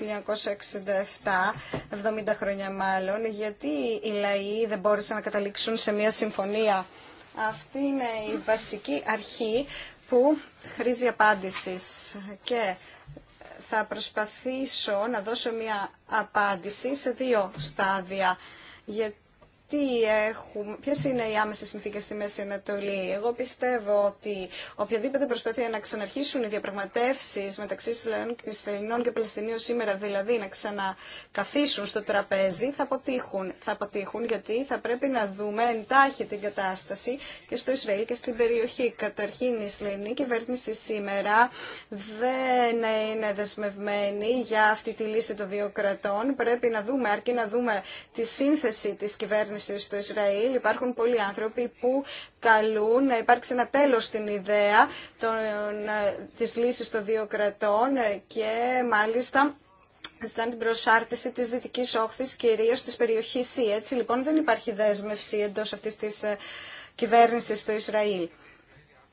1967, 70 χρόνια μάλλον, γιατί οι λαοί δεν μπόρεσαν να καταλήξουν σε μια συμφωνία. Αυτή είναι η βασική αρχή που χρήζει απάντησης και θα προσπαθήσω να δώσω μια απάντηση σε δύο στάδια, τι έχουμε, ποιες είναι οι άμεσες συνθήκες στη Μέση Ανατολή. Εγώ πιστεύω ότι οποιαδήποτε προσπάθεια να ξαναρχίσουν οι διαπραγματεύσεις μεταξύ Ισραηλινών και Παλαιστινίων σήμερα, δηλαδή να ξανακαθίσουν στο τραπέζι, θα αποτύχουν. Θα αποτύχουν γιατί θα πρέπει να δούμε εντάχει την κατάσταση και στο Ισραήλ και στην περιοχή. Καταρχήν η Ισραηλινή κυβέρνηση σήμερα δεν είναι δεσμευμένη για αυτή τη λύση των δύο κρατών. Πρέπει να δούμε, αρκεί να δούμε τη σύνθεση της κυβέρνησης στο Ισραήλ υπάρχουν πολλοί άνθρωποι που καλούν να υπάρξει ένα τέλος στην ιδέα των, ε, της λύσης των δύο κρατών ε, και μάλιστα ζητάνε την προσάρτηση της δυτικής όχθης κυρίως της περιοχής ΣΥ. Έτσι λοιπόν δεν υπάρχει δέσμευση εντός αυτής της ε, κυβέρνησης στο Ισραήλ.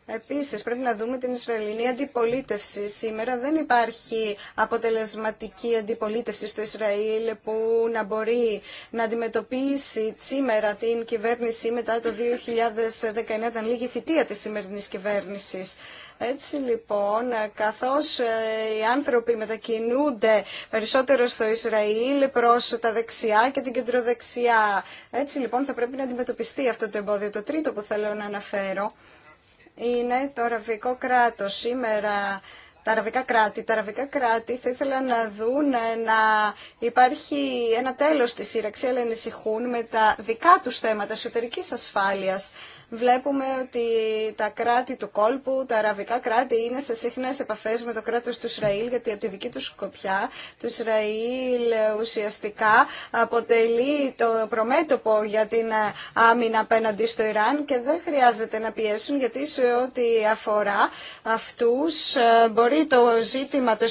Επίσης πρέπει να δούμε την Ισραηλινή αντιπολίτευση. Σήμερα δεν υπάρχει αποτελεσματική αντιπολίτευση στο Ισραήλ που να μπορεί να αντιμετωπίσει σήμερα την κυβέρνηση μετά το 2019 ήταν λίγη θητεία της σημερινής κυβέρνησης. Έτσι λοιπόν, καθώς ε, οι άνθρωποι μετακινούνται περισσότερο στο Ισραήλ προς τα δεξιά και την κεντροδεξιά, έτσι λοιπόν θα πρέπει να αντιμετωπιστεί αυτό το εμπόδιο. Το τρίτο που θέλω να αναφέρω είναι το αραβικό κράτος. Σήμερα τα αραβικά κράτη. Τα αραβικά κράτη θα ήθελαν να δουν να υπάρχει ένα τέλος της σύραξη, αλλά ανησυχούν με τα δικά τους θέματα εσωτερικής ασφάλειας βλέπουμε ότι τα κράτη του κόλπου, τα αραβικά κράτη είναι σε συχνέ επαφέ με το κράτος του Ισραήλ γιατί από τη δική του σκοπιά το Ισραήλ ουσιαστικά αποτελεί το προμέτωπο για την ε, άμυνα απέναντι στο Ιράν και δεν χρειάζεται να πιέσουν γιατί σε ό,τι αφορά αυτούς ε, μπορεί το ζήτημα το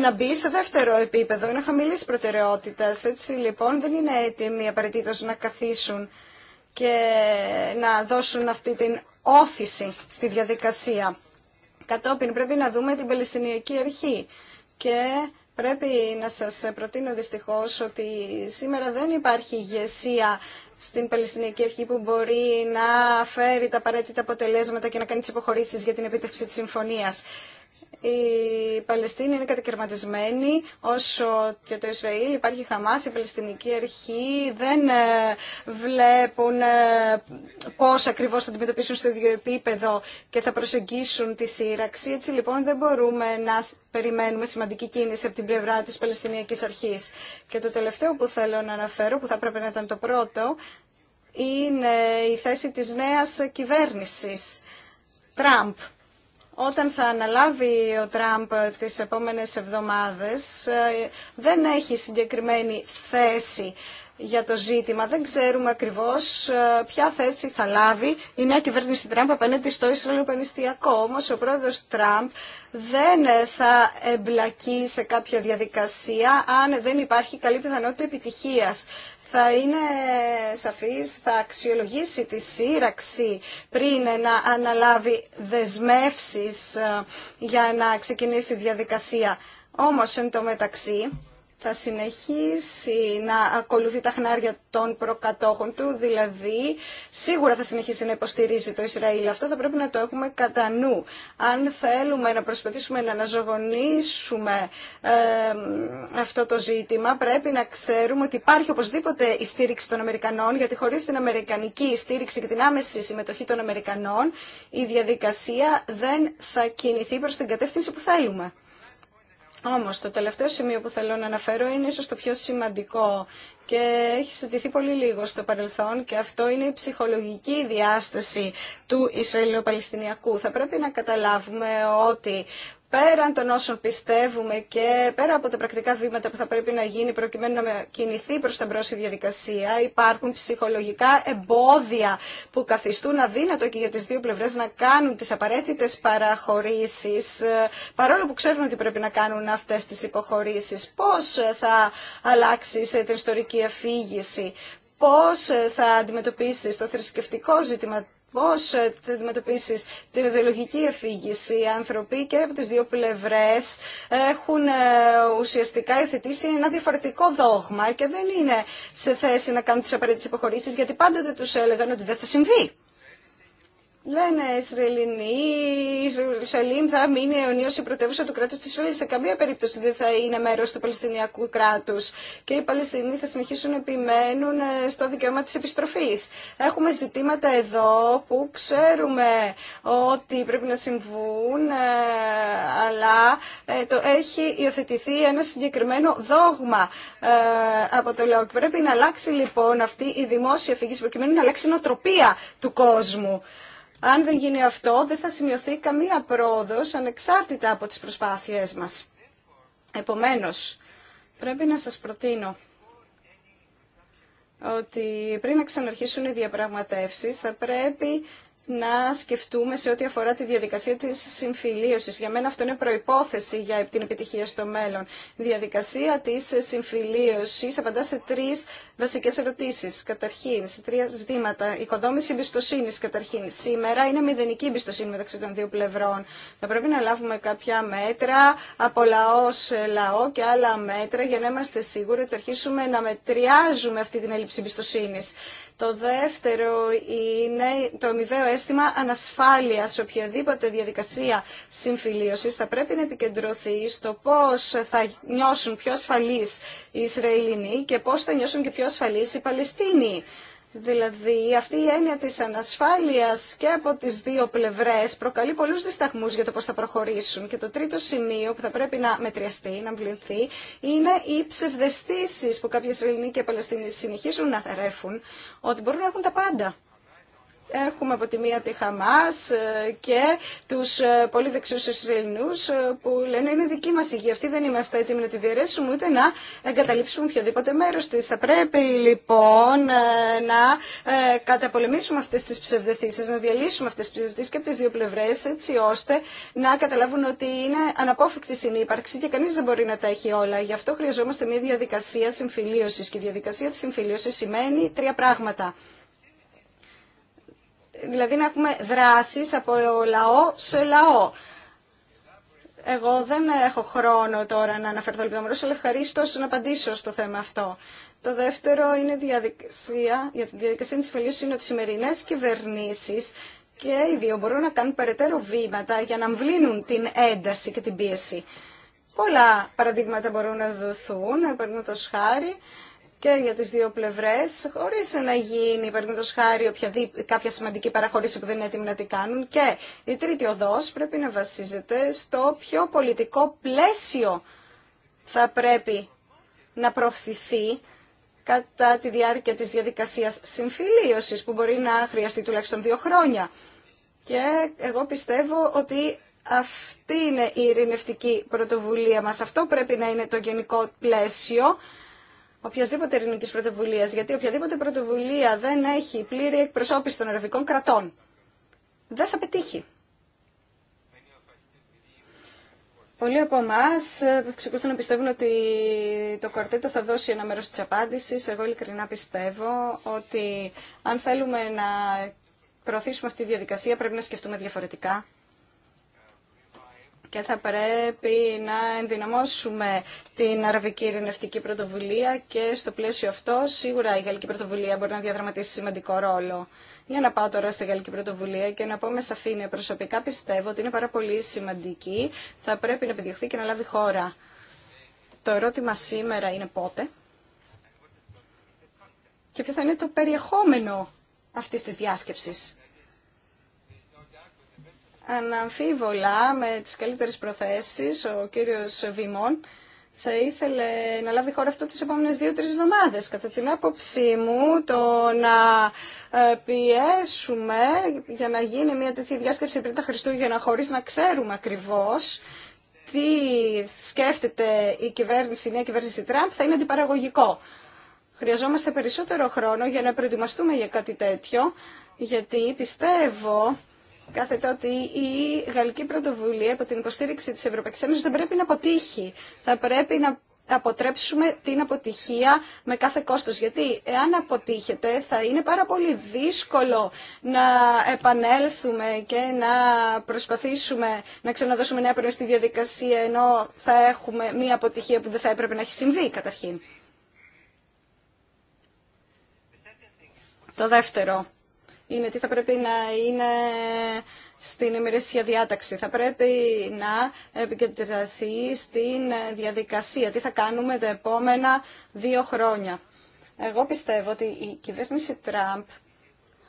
να μπει σε δεύτερο επίπεδο, είναι χαμηλή προτεραιότητα. Έτσι λοιπόν δεν είναι έτοιμοι απαραίτητο να καθίσουν και να δώσουν αυτή την όθηση στη διαδικασία. Κατόπιν πρέπει να δούμε την Παλαιστινιακή Αρχή και πρέπει να σας προτείνω δυστυχώς ότι σήμερα δεν υπάρχει ηγεσία στην Παλαιστινιακή Αρχή που μπορεί να φέρει τα απαραίτητα αποτελέσματα και να κάνει τις υποχωρήσεις για την επίτευξη της συμφωνίας. Η Παλαιστίνη είναι κατακαιρματισμένη, όσο και το Ισραήλ υπάρχει Χαμάς, η Παλαιστινική Αρχή δεν ε, βλέπουν ε, πώς ακριβώς θα αντιμετωπίσουν στο ίδιο επίπεδο και θα προσεγγίσουν τη σύραξη. Έτσι λοιπόν δεν μπορούμε να περιμένουμε σημαντική κίνηση από την πλευρά της Παλαιστινιακής Αρχής. Και το τελευταίο που θέλω να αναφέρω, που θα έπρεπε να ήταν το πρώτο, είναι η θέση της νέας κυβέρνησης. Τραμπ όταν θα αναλάβει ο Τραμπ τις επόμενες εβδομάδες ε, δεν έχει συγκεκριμένη θέση για το ζήτημα. Δεν ξέρουμε ακριβώς ε, ποια θέση θα λάβει η νέα κυβέρνηση Τραμπ απέναντι στο Πανιστιακό. Όμως ο πρόεδρος Τραμπ δεν θα εμπλακεί σε κάποια διαδικασία αν δεν υπάρχει καλή πιθανότητα επιτυχίας θα είναι σαφής, θα αξιολογήσει τη σύραξη πριν να αναλάβει δεσμεύσεις ε, για να ξεκινήσει διαδικασία. Όμως, εν τω μεταξύ, θα συνεχίσει να ακολουθεί τα χνάρια των προκατόχων του, δηλαδή σίγουρα θα συνεχίσει να υποστηρίζει το Ισραήλ. Αυτό θα πρέπει να το έχουμε κατά νου. Αν θέλουμε να προσπαθήσουμε να αναζωογονήσουμε αυτό το ζήτημα, πρέπει να ξέρουμε ότι υπάρχει οπωσδήποτε η στήριξη των Αμερικανών, γιατί χωρίς την αμερικανική στήριξη και την άμεση συμμετοχή των Αμερικανών, η διαδικασία δεν θα κινηθεί προς την κατεύθυνση που θέλουμε. Όμως το τελευταίο σημείο που θέλω να αναφέρω είναι ίσως το πιο σημαντικό και έχει συζητηθεί πολύ λίγο στο παρελθόν και αυτό είναι η ψυχολογική διάσταση του Ισραηλοπαλαιστινιακού. Θα πρέπει να καταλάβουμε ότι πέραν των όσων πιστεύουμε και πέρα από τα πρακτικά βήματα που θα πρέπει να γίνει προκειμένου να κινηθεί προς τα μπρος η διαδικασία, υπάρχουν ψυχολογικά εμπόδια που καθιστούν αδύνατο και για τις δύο πλευρές να κάνουν τις απαραίτητες παραχωρήσεις, ε, παρόλο που ξέρουν ότι πρέπει να κάνουν αυτές τις υποχωρήσεις. Πώς ε, θα αλλάξει σε την ιστορική αφήγηση, πώς ε, θα αντιμετωπίσει το θρησκευτικό ζήτημα Πώς ε, θα αντιμετωπίσει την ιδεολογική εφήγηση. Οι άνθρωποι και από τις δύο πλευρές έχουν ε, ουσιαστικά υιοθετήσει ένα διαφορετικό δόγμα και δεν είναι σε θέση να κάνουν τις απαραίτητες υποχωρήσεις γιατί πάντοτε τους έλεγαν ότι δεν θα συμβεί. Λένε Ισραηλινοί, η Ιερουσαλήμ θα μείνει αιωνίω η πρωτεύουσα του Κράτου τη Ισραήλ. Σε καμία περίπτωση δεν θα είναι μέρο του Παλαιστινιακού κράτου. Και οι Παλαιστινοί θα συνεχίσουν να επιμένουν ε, στο δικαίωμα τη επιστροφή. Έχουμε ζητήματα εδώ που ξέρουμε ότι πρέπει να συμβούν, ε, αλλά ε, το έχει υιοθετηθεί ένα συγκεκριμένο δόγμα από το ΛΟΚ. Πρέπει να αλλάξει λοιπόν αυτή η δημόσια φυγή, προκειμένου να αλλάξει η νοοτροπία του κόσμου. Αν δεν γίνει αυτό, δεν θα σημειωθεί καμία πρόοδος ανεξάρτητα από τις προσπάθειές μας. Επομένως, πρέπει να σας προτείνω ότι πριν να ξαναρχίσουν οι διαπραγματεύσεις θα πρέπει να σκεφτούμε σε ό,τι αφορά τη διαδικασία της συμφιλίωσης. Για μένα αυτό είναι προϋπόθεση για την επιτυχία στο μέλλον. Η διαδικασία της συμφιλίωσης απαντά σε τρεις βασικές ερωτήσεις. Καταρχήν, σε τρία ζητήματα. οικοδόμηση εμπιστοσύνη καταρχήν. Σήμερα είναι μηδενική εμπιστοσύνη μεταξύ των δύο πλευρών. Θα πρέπει να λάβουμε κάποια μέτρα από λαό σε λαό και άλλα μέτρα για να είμαστε σίγουροι ότι αρχίσουμε να μετριάζουμε αυτή την έλλειψη εμπιστοσύνη. Το δεύτερο είναι το αμοιβαίο αίσθημα ανασφάλεια σε οποιαδήποτε διαδικασία συμφιλίωσης θα πρέπει να επικεντρωθεί στο πώ θα νιώσουν πιο ασφαλείς οι Ισραηλινοί και πώ θα νιώσουν και πιο ασφαλεί οι Παλαιστίνοι. Δηλαδή αυτή η έννοια τη ανασφάλεια και από τι δύο πλευρέ προκαλεί πολλού δισταγμού για το πώ θα προχωρήσουν. Και το τρίτο σημείο που θα πρέπει να μετριαστεί, να βληθεί, είναι οι ψευδεστήσει που κάποιοι Ισραηλοί και Παλαιστινοί συνεχίζουν να θερέφουν ότι μπορούν να έχουν τα πάντα. Έχουμε από τη μία τη Χαμάς ε, και τους ε, πολύ δεξιούς Ισραηλινούς ε, που λένε είναι δική μας γη. Αυτοί δεν είμαστε έτοιμοι να τη διαιρέσουμε ούτε να εγκαταλείψουμε οποιοδήποτε μέρο της. Θα πρέπει λοιπόν να καταπολεμήσουμε αυτές τις ψευδεθήσεις, να διαλύσουμε αυτές τις ψευδεθήσεις και από τις δύο πλευρές έτσι ώστε να καταλάβουν ότι είναι αναπόφευκτη συνύπαρξη και κανείς δεν μπορεί να τα έχει όλα. Γι' αυτό χρειαζόμαστε μια διαδικασία συμφιλίωσης και η διαδικασία της συμφιλίωσης σημαίνει τρία πράγματα δηλαδή να έχουμε δράσεις από λαό σε λαό. Εγώ δεν έχω χρόνο τώρα να αναφερθώ λεπτομερώς, αλλά ευχαρίστω να απαντήσω στο θέμα αυτό. Το δεύτερο είναι διαδικασία, για τη διαδικασία της φελίωσης είναι ότι οι σημερινές κυβερνήσεις και οι δύο μπορούν να κάνουν περαιτέρω βήματα για να αμβλύνουν την ένταση και την πίεση. Πολλά παραδείγματα μπορούν να δοθούν, χάρη, και για τις δύο πλευρές, χωρίς να γίνει, παραδείγματος χάρη, κάποια σημαντική παραχωρήση που δεν είναι έτοιμη να τη κάνουν. Και η τρίτη οδός πρέπει να βασίζεται στο πιο πολιτικό πλαίσιο θα πρέπει να προωθηθεί κατά τη διάρκεια της διαδικασίας συμφιλίωσης που μπορεί να χρειαστεί τουλάχιστον δύο χρόνια. Και εγώ πιστεύω ότι αυτή είναι η ειρηνευτική πρωτοβουλία μας. Αυτό πρέπει να είναι το γενικό πλαίσιο οποιασδήποτε ειρηνική πρωτοβουλία, γιατί οποιαδήποτε πρωτοβουλία δεν έχει πλήρη εκπροσώπηση των αραβικών κρατών, δεν θα πετύχει. Πολλοί από εμά ε, ξεκολουθούν να πιστεύουν ότι το κορτέτο θα δώσει ένα μέρο τη απάντηση. Εγώ ειλικρινά πιστεύω ότι αν θέλουμε να προωθήσουμε αυτή τη διαδικασία πρέπει να σκεφτούμε διαφορετικά και θα πρέπει να ενδυναμώσουμε την Αραβική Ειρηνευτική Πρωτοβουλία και στο πλαίσιο αυτό σίγουρα η Γαλλική Πρωτοβουλία μπορεί να διαδραματίσει σημαντικό ρόλο. Για να πάω τώρα στη Γαλλική Πρωτοβουλία και να πω με σαφήνεια προσωπικά πιστεύω ότι είναι πάρα πολύ σημαντική, θα πρέπει να επιδιωχθεί και να λάβει χώρα. Το ερώτημα σήμερα είναι πότε και ποιο θα είναι το περιεχόμενο αυτής της διάσκεψης. Αναμφίβολα, με τις καλύτερες προθέσεις, ο κύριος Βημών θα ήθελε να λάβει χώρα αυτό τις επόμενες δύο-τρεις εβδομάδες. Κατά την άποψή μου, το να ε, πιέσουμε για να γίνει μια τέτοια διάσκεψη πριν τα Χριστούγεννα, χωρίς να ξέρουμε ακριβώς τι σκέφτεται η κυβέρνηση, η νέα κυβέρνηση Τραμπ, θα είναι αντιπαραγωγικό. Χρειαζόμαστε περισσότερο χρόνο για να προετοιμαστούμε για κάτι τέτοιο, γιατί πιστεύω κάθεται ότι η γαλλική πρωτοβουλία από την υποστήριξη της Ευρωπαϊκής Ένωσης δεν πρέπει να αποτύχει. Θα πρέπει να αποτρέψουμε την αποτυχία με κάθε κόστος. Γιατί εάν αποτύχετε θα είναι πάρα πολύ δύσκολο να επανέλθουμε και να προσπαθήσουμε να ξαναδώσουμε νέα πνοή στη διαδικασία ενώ θα έχουμε μία αποτυχία που δεν θα έπρεπε να έχει συμβεί καταρχήν. Το δεύτερο είναι τι θα πρέπει να είναι στην ημερήσια διάταξη. Θα πρέπει να επικεντρωθεί στην διαδικασία. Τι θα κάνουμε τα επόμενα δύο χρόνια. Εγώ πιστεύω ότι η κυβέρνηση Τραμπ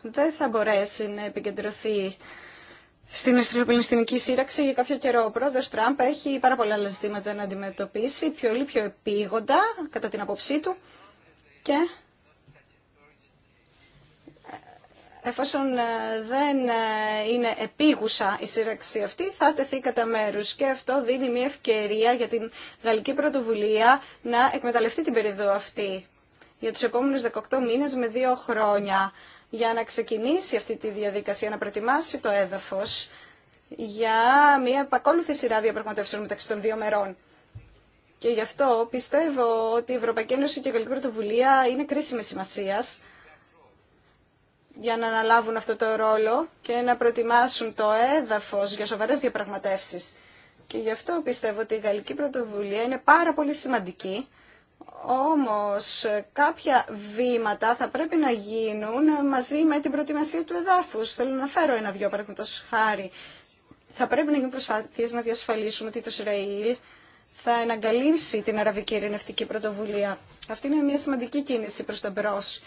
δεν θα μπορέσει να επικεντρωθεί στην αστροπινιστική σύραξη για κάποιο καιρό. Ο πρόεδρος Τραμπ έχει πάρα πολλά άλλα ζητήματα να αντιμετωπίσει, πιο ή πιο επίγοντα, κατά την απόψή του, και εφόσον ε, δεν ε, είναι επίγουσα η σύραξη αυτή, θα τεθεί κατά μέρου. Και αυτό δίνει μια ευκαιρία για την Γαλλική Πρωτοβουλία να εκμεταλλευτεί την περίοδο αυτή για τους επόμενους 18 μήνες με δύο χρόνια για να ξεκινήσει αυτή τη διαδικασία, να προετοιμάσει το έδαφος για μια επακόλουθη σειρά διαπραγματεύσεων μεταξύ των δύο μερών. Και γι' αυτό πιστεύω ότι η Ευρωπαϊκή Ένωση και η Γαλλική Πρωτοβουλία είναι κρίσιμη σημασίας για να αναλάβουν αυτό το ρόλο και να προετοιμάσουν το έδαφος για σοβαρές διαπραγματεύσεις. Και γι' αυτό πιστεύω ότι η Γαλλική Πρωτοβουλία είναι πάρα πολύ σημαντική, όμως κάποια βήματα θα πρέπει να γίνουν μαζί με την προετοιμασία του εδάφους. Θέλω να φέρω ένα-δυο παραδείγματος χάρη. Θα πρέπει να γίνουν προσπάθειες να διασφαλίσουμε ότι το Ισραήλ θα εναγκαλύψει την Αραβική Ειρηνευτική Πρωτοβουλία. Αυτή είναι μια σημαντική κίνηση προς τον μπρος.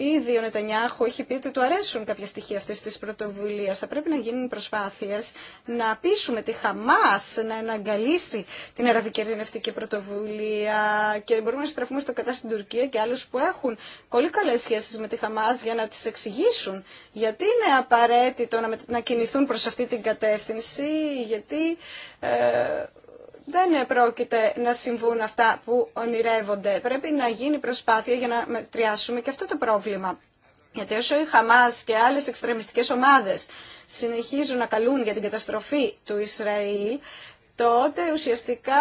Ήδη ο Νετανιάχου έχει πει ότι του αρέσουν κάποια στοιχεία αυτή τη πρωτοβουλία. Θα πρέπει να γίνουν προσπάθειε να πείσουμε τη Χαμά να εναγκαλίσει την Αραβική Ειρηνευτική Πρωτοβουλία και μπορούμε να στραφούμε στο κατά στην Τουρκία και άλλου που έχουν πολύ καλέ σχέσει με τη Χαμά για να τι εξηγήσουν γιατί είναι απαραίτητο να, κινηθούν προ αυτή την κατεύθυνση, γιατί ε, δεν πρόκειται να συμβούν αυτά που ονειρεύονται. Πρέπει να γίνει προσπάθεια για να μετριάσουμε και αυτό το πρόβλημα. Γιατί όσο η Χαμάς και άλλες εξτρεμιστικές ομάδες συνεχίζουν να καλούν για την καταστροφή του Ισραήλ, τότε ουσιαστικά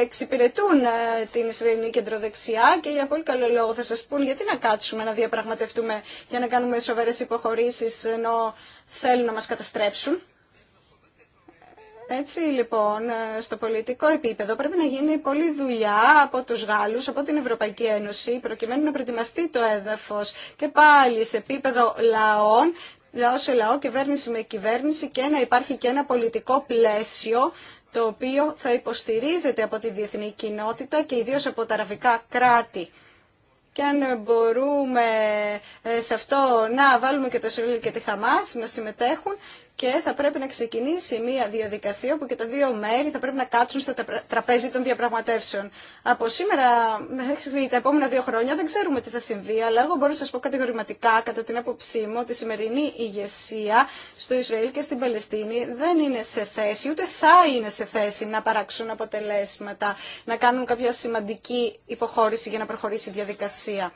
εξυπηρετούν ε, την Ισραηλινή κεντροδεξιά και για πολύ καλό λόγο θα σας πούν γιατί να κάτσουμε να διαπραγματευτούμε για να κάνουμε σοβαρές υποχωρήσεις ενώ θέλουν να μας καταστρέψουν. Έτσι λοιπόν, ε, στο πολιτικό επίπεδο πρέπει να γίνει πολλή δουλειά από τους Γάλλους, από την Ευρωπαϊκή Ένωση, προκειμένου να προετοιμαστεί το έδαφος και πάλι σε επίπεδο λαών, λαό σε λαό, κυβέρνηση με κυβέρνηση και να υπάρχει και ένα πολιτικό πλαίσιο το οποίο θα υποστηρίζεται από τη διεθνή κοινότητα και ιδίως από τα αραβικά κράτη. Και αν μπορούμε ε, σε αυτό να βάλουμε και το Ισραήλ και τη Χαμάς να συμμετέχουν, και θα πρέπει να ξεκινήσει μια διαδικασία που και τα δύο μέρη θα πρέπει να κάτσουν στο τραπέζι των διαπραγματεύσεων. Από σήμερα μέχρι τα επόμενα δύο χρόνια δεν ξέρουμε τι θα συμβεί, αλλά εγώ μπορώ να σα πω κατηγορηματικά κατά την άποψή μου ότι η σημερινή ηγεσία στο Ισραήλ και στην Παλαιστίνη δεν είναι σε θέση, ούτε θα είναι σε θέση να παράξουν αποτελέσματα, να κάνουν κάποια σημαντική υποχώρηση για να προχωρήσει η διαδικασία.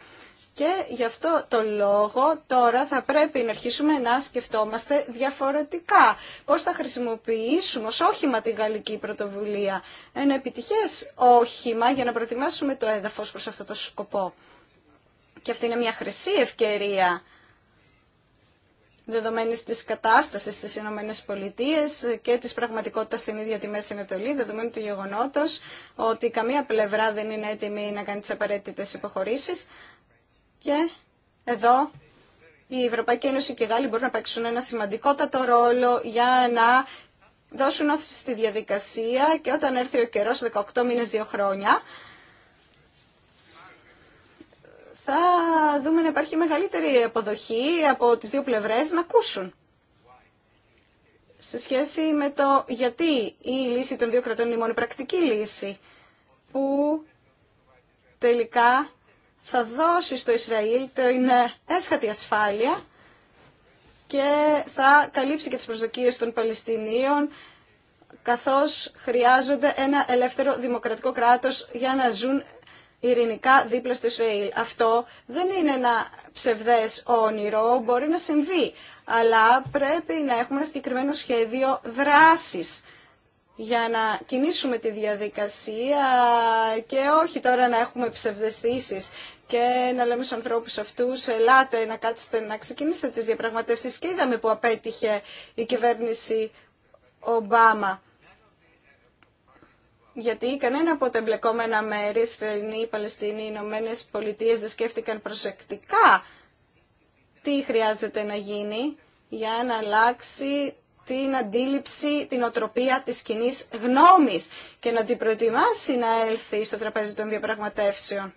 Και γι' αυτό το λόγο τώρα θα πρέπει να αρχίσουμε να σκεφτόμαστε διαφορετικά. Πώς θα χρησιμοποιήσουμε ως όχημα τη γαλλική πρωτοβουλία. Ένα επιτυχές όχημα για να προετοιμάσουμε το έδαφος προς αυτό το σκοπό. Και αυτή είναι μια χρυσή ευκαιρία δεδομένη τη κατάσταση στι Ηνωμένε Πολιτείε και τη πραγματικότητα στην ίδια τη Μέση Ανατολή, δεδομένου του γεγονότο ότι καμία πλευρά δεν είναι έτοιμη να κάνει τι απαραίτητε υποχωρήσει. Και εδώ η Ευρωπαϊκή Ένωση και οι Γάλλοι μπορούν να παίξουν ένα σημαντικότατο ρόλο για να δώσουν όθηση στη διαδικασία και όταν έρθει ο καιρός, 18 μήνες, 2 χρόνια, θα δούμε να υπάρχει μεγαλύτερη αποδοχή από τις δύο πλευρές να ακούσουν. Σε σχέση με το γιατί η λύση των δύο κρατών είναι η μόνη πρακτική λύση που τελικά θα δώσει στο Ισραήλ είναι έσχατη ασφάλεια και θα καλύψει και τις προσδοκίες των Παλαιστινίων καθώς χρειάζονται ένα ελεύθερο δημοκρατικό κράτος για να ζουν ειρηνικά δίπλα στο Ισραήλ. Αυτό δεν είναι ένα ψευδές όνειρο, μπορεί να συμβεί, αλλά πρέπει να έχουμε ένα συγκεκριμένο σχέδιο δράσης για να κινήσουμε τη διαδικασία και όχι τώρα να έχουμε ψευδεστήσεις και να λέμε στους ανθρώπους αυτούς ελάτε να κάτσετε να ξεκινήσετε τις διαπραγματεύσεις και είδαμε που απέτυχε η κυβέρνηση Ομπάμα. Γιατί κανένα από τα εμπλεκόμενα μέρη, Ισραηλοί, Παλαιστίνοι, Ηνωμένε Πολιτείε δεν σκέφτηκαν προσεκτικά τι χρειάζεται να γίνει για να αλλάξει την αντίληψη, την οτροπία της κοινή γνώμης και να την προετοιμάσει να έλθει στο τραπέζι των διαπραγματεύσεων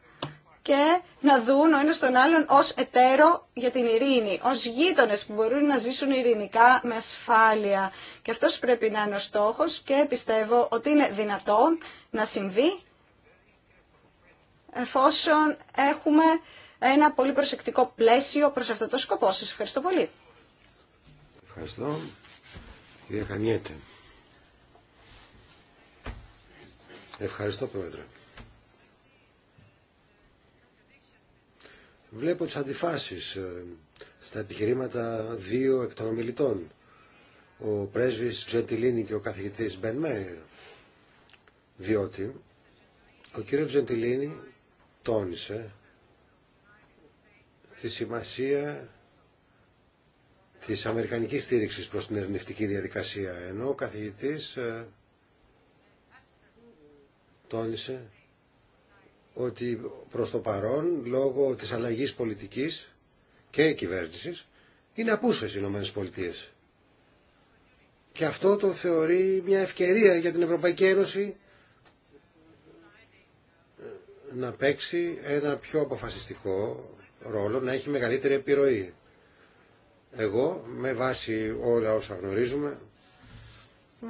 και να δουν ο ένας τον άλλον ως εταίρο για την ειρήνη, ως γείτονες που μπορούν να ζήσουν ειρηνικά με ασφάλεια. Και αυτός πρέπει να είναι ο στόχος και πιστεύω ότι είναι δυνατόν να συμβεί εφόσον έχουμε ένα πολύ προσεκτικό πλαίσιο προς αυτό το σκοπό. Σας ευχαριστώ πολύ. Κυρία Ευχαριστώ Πρόεδρε. Βλέπω τις αντιφάσεις ε, στα επιχειρήματα δύο εκ των ομιλητών. Ο πρέσβης Τζεντιλίνη και ο καθηγητής Μπεν Μέιρ. Διότι ο κύριος Τζεντιλίνη τόνισε τη σημασία της αμερικανικής στήριξης προς την ερνηφτική διαδικασία. Ενώ ο καθηγητής ε, τόνισε ότι προς το παρόν, λόγω της αλλαγής πολιτικής και κυβέρνησης, είναι απούσες οι Ηνωμένες Πολιτείες. Και αυτό το θεωρεί μια ευκαιρία για την Ευρωπαϊκή Ένωση να παίξει ένα πιο αποφασιστικό ρόλο, να έχει μεγαλύτερη επιρροή. Εγώ, με βάση όλα όσα γνωρίζουμε,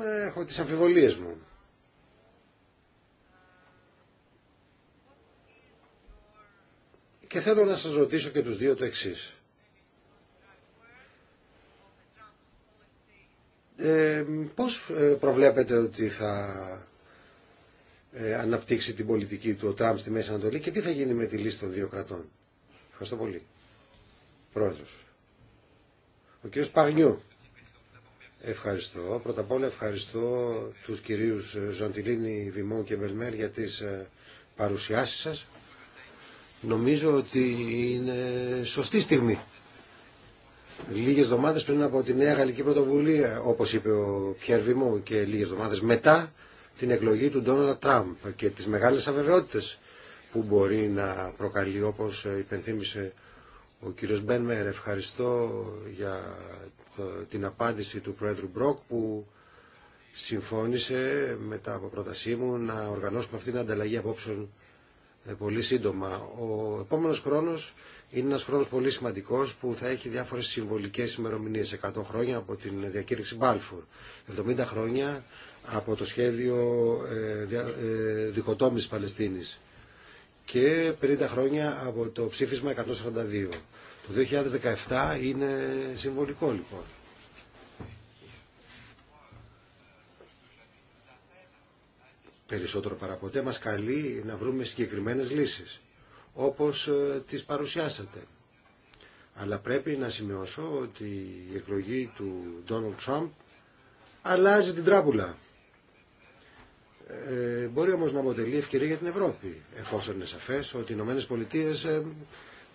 έχω τις αμφιβολίες μου. Και θέλω να σας ρωτήσω και τους δύο το εξής. Ε, πώς ε, προβλέπετε ότι θα ε, αναπτύξει την πολιτική του ο Τραμπ στη Μέση Ανατολή και τι θα γίνει με τη λύση των δύο κρατών. Ευχαριστώ πολύ. Πρόεδρος. Ο κύριος Παγνιού. Ευχαριστώ. Πρώτα απ' όλα ευχαριστώ τους κυρίους ε, Ζωντιλίνη, Βημό και Μελμέρ για τις ε, παρουσιάσεις σας. Νομίζω ότι είναι σωστή στιγμή. Λίγες εβδομάδε πριν από τη Νέα Γαλλική Πρωτοβουλία, όπως είπε ο Πιέρ και λίγες εβδομάδε μετά την εκλογή του Ντόναλτ Τραμπ και τις μεγάλες αβεβαιότητες που μπορεί να προκαλεί όπως ε, υπενθύμησε ο κύριος Μπένμερ, ευχαριστώ για την απάντηση του Πρόεδρου Μπρόκ που συμφώνησε μετά από πρότασή μου να οργανώσουμε αυτήν την ανταλλαγή απόψεων ε, πολύ σύντομα. Ο επόμενος χρόνος είναι ένας χρόνος πολύ σημαντικός που θα έχει διάφορες συμβολικές ημερομηνίες. 100 χρόνια από την διακήρυξη Μπάλφουρ, 70 χρόνια από το σχέδιο ε, δικοτόμης ε, Παλαιστίνης και 50 χρόνια από το ψήφισμα 142. Το 2017 είναι συμβολικό λοιπόν. Περισσότερο παραποτέ μας καλεί να βρούμε συγκεκριμένες λύσεις, όπως ε, τις παρουσιάσατε. Αλλά πρέπει να σημειώσω ότι η εκλογή του Ντόναλτ Τραμπ αλλάζει την τράπουλα. Ε, μπορεί όμως να αποτελεί ευκαιρία για την Ευρώπη, εφόσον είναι σαφές ότι οι Ηνωμένε Πολιτείες ε,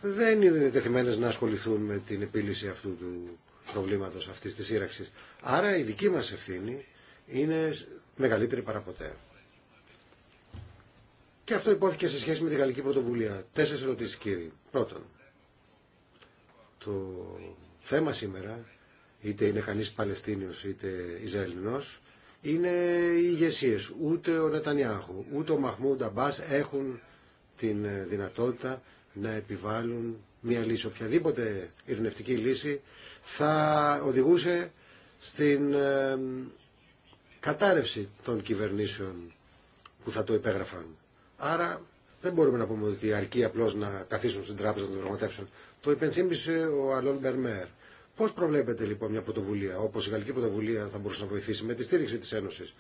δεν είναι διατεθειμένες να ασχοληθούν με την επίλυση αυτού του προβλήματος, αυτής της σύραξη. Άρα η δική μας ευθύνη είναι μεγαλύτερη παραποτέ. Και αυτό υπόθηκε σε σχέση με τη Γαλλική Πρωτοβουλία. Τέσσερις ερωτήσεις κύριοι. Πρώτον, το θέμα σήμερα, είτε είναι κανείς Παλαιστίνιος είτε Ισραηλινός, είναι οι ηγεσίε. Ούτε ο Νετανιάχου, ούτε ο Μαχμούντα Μπάς έχουν την ε, δυνατότητα να επιβάλλουν μια λύση. Οποιαδήποτε ειρηνευτική λύση θα οδηγούσε στην κατάρρευση των κυβερνήσεων που θα το υπέγραφαν. Άρα δεν μπορούμε να πούμε ότι αρκεί απλώ να καθίσουν στην τράπεζα να το πραγματεύσουν. Το υπενθύμησε ο Αλόν Μπερμέρ. Πώ προβλέπετε λοιπόν μια πρωτοβουλία, όπω η Γαλλική Πρωτοβουλία θα μπορούσε να βοηθήσει με τη στήριξη τη Ένωση.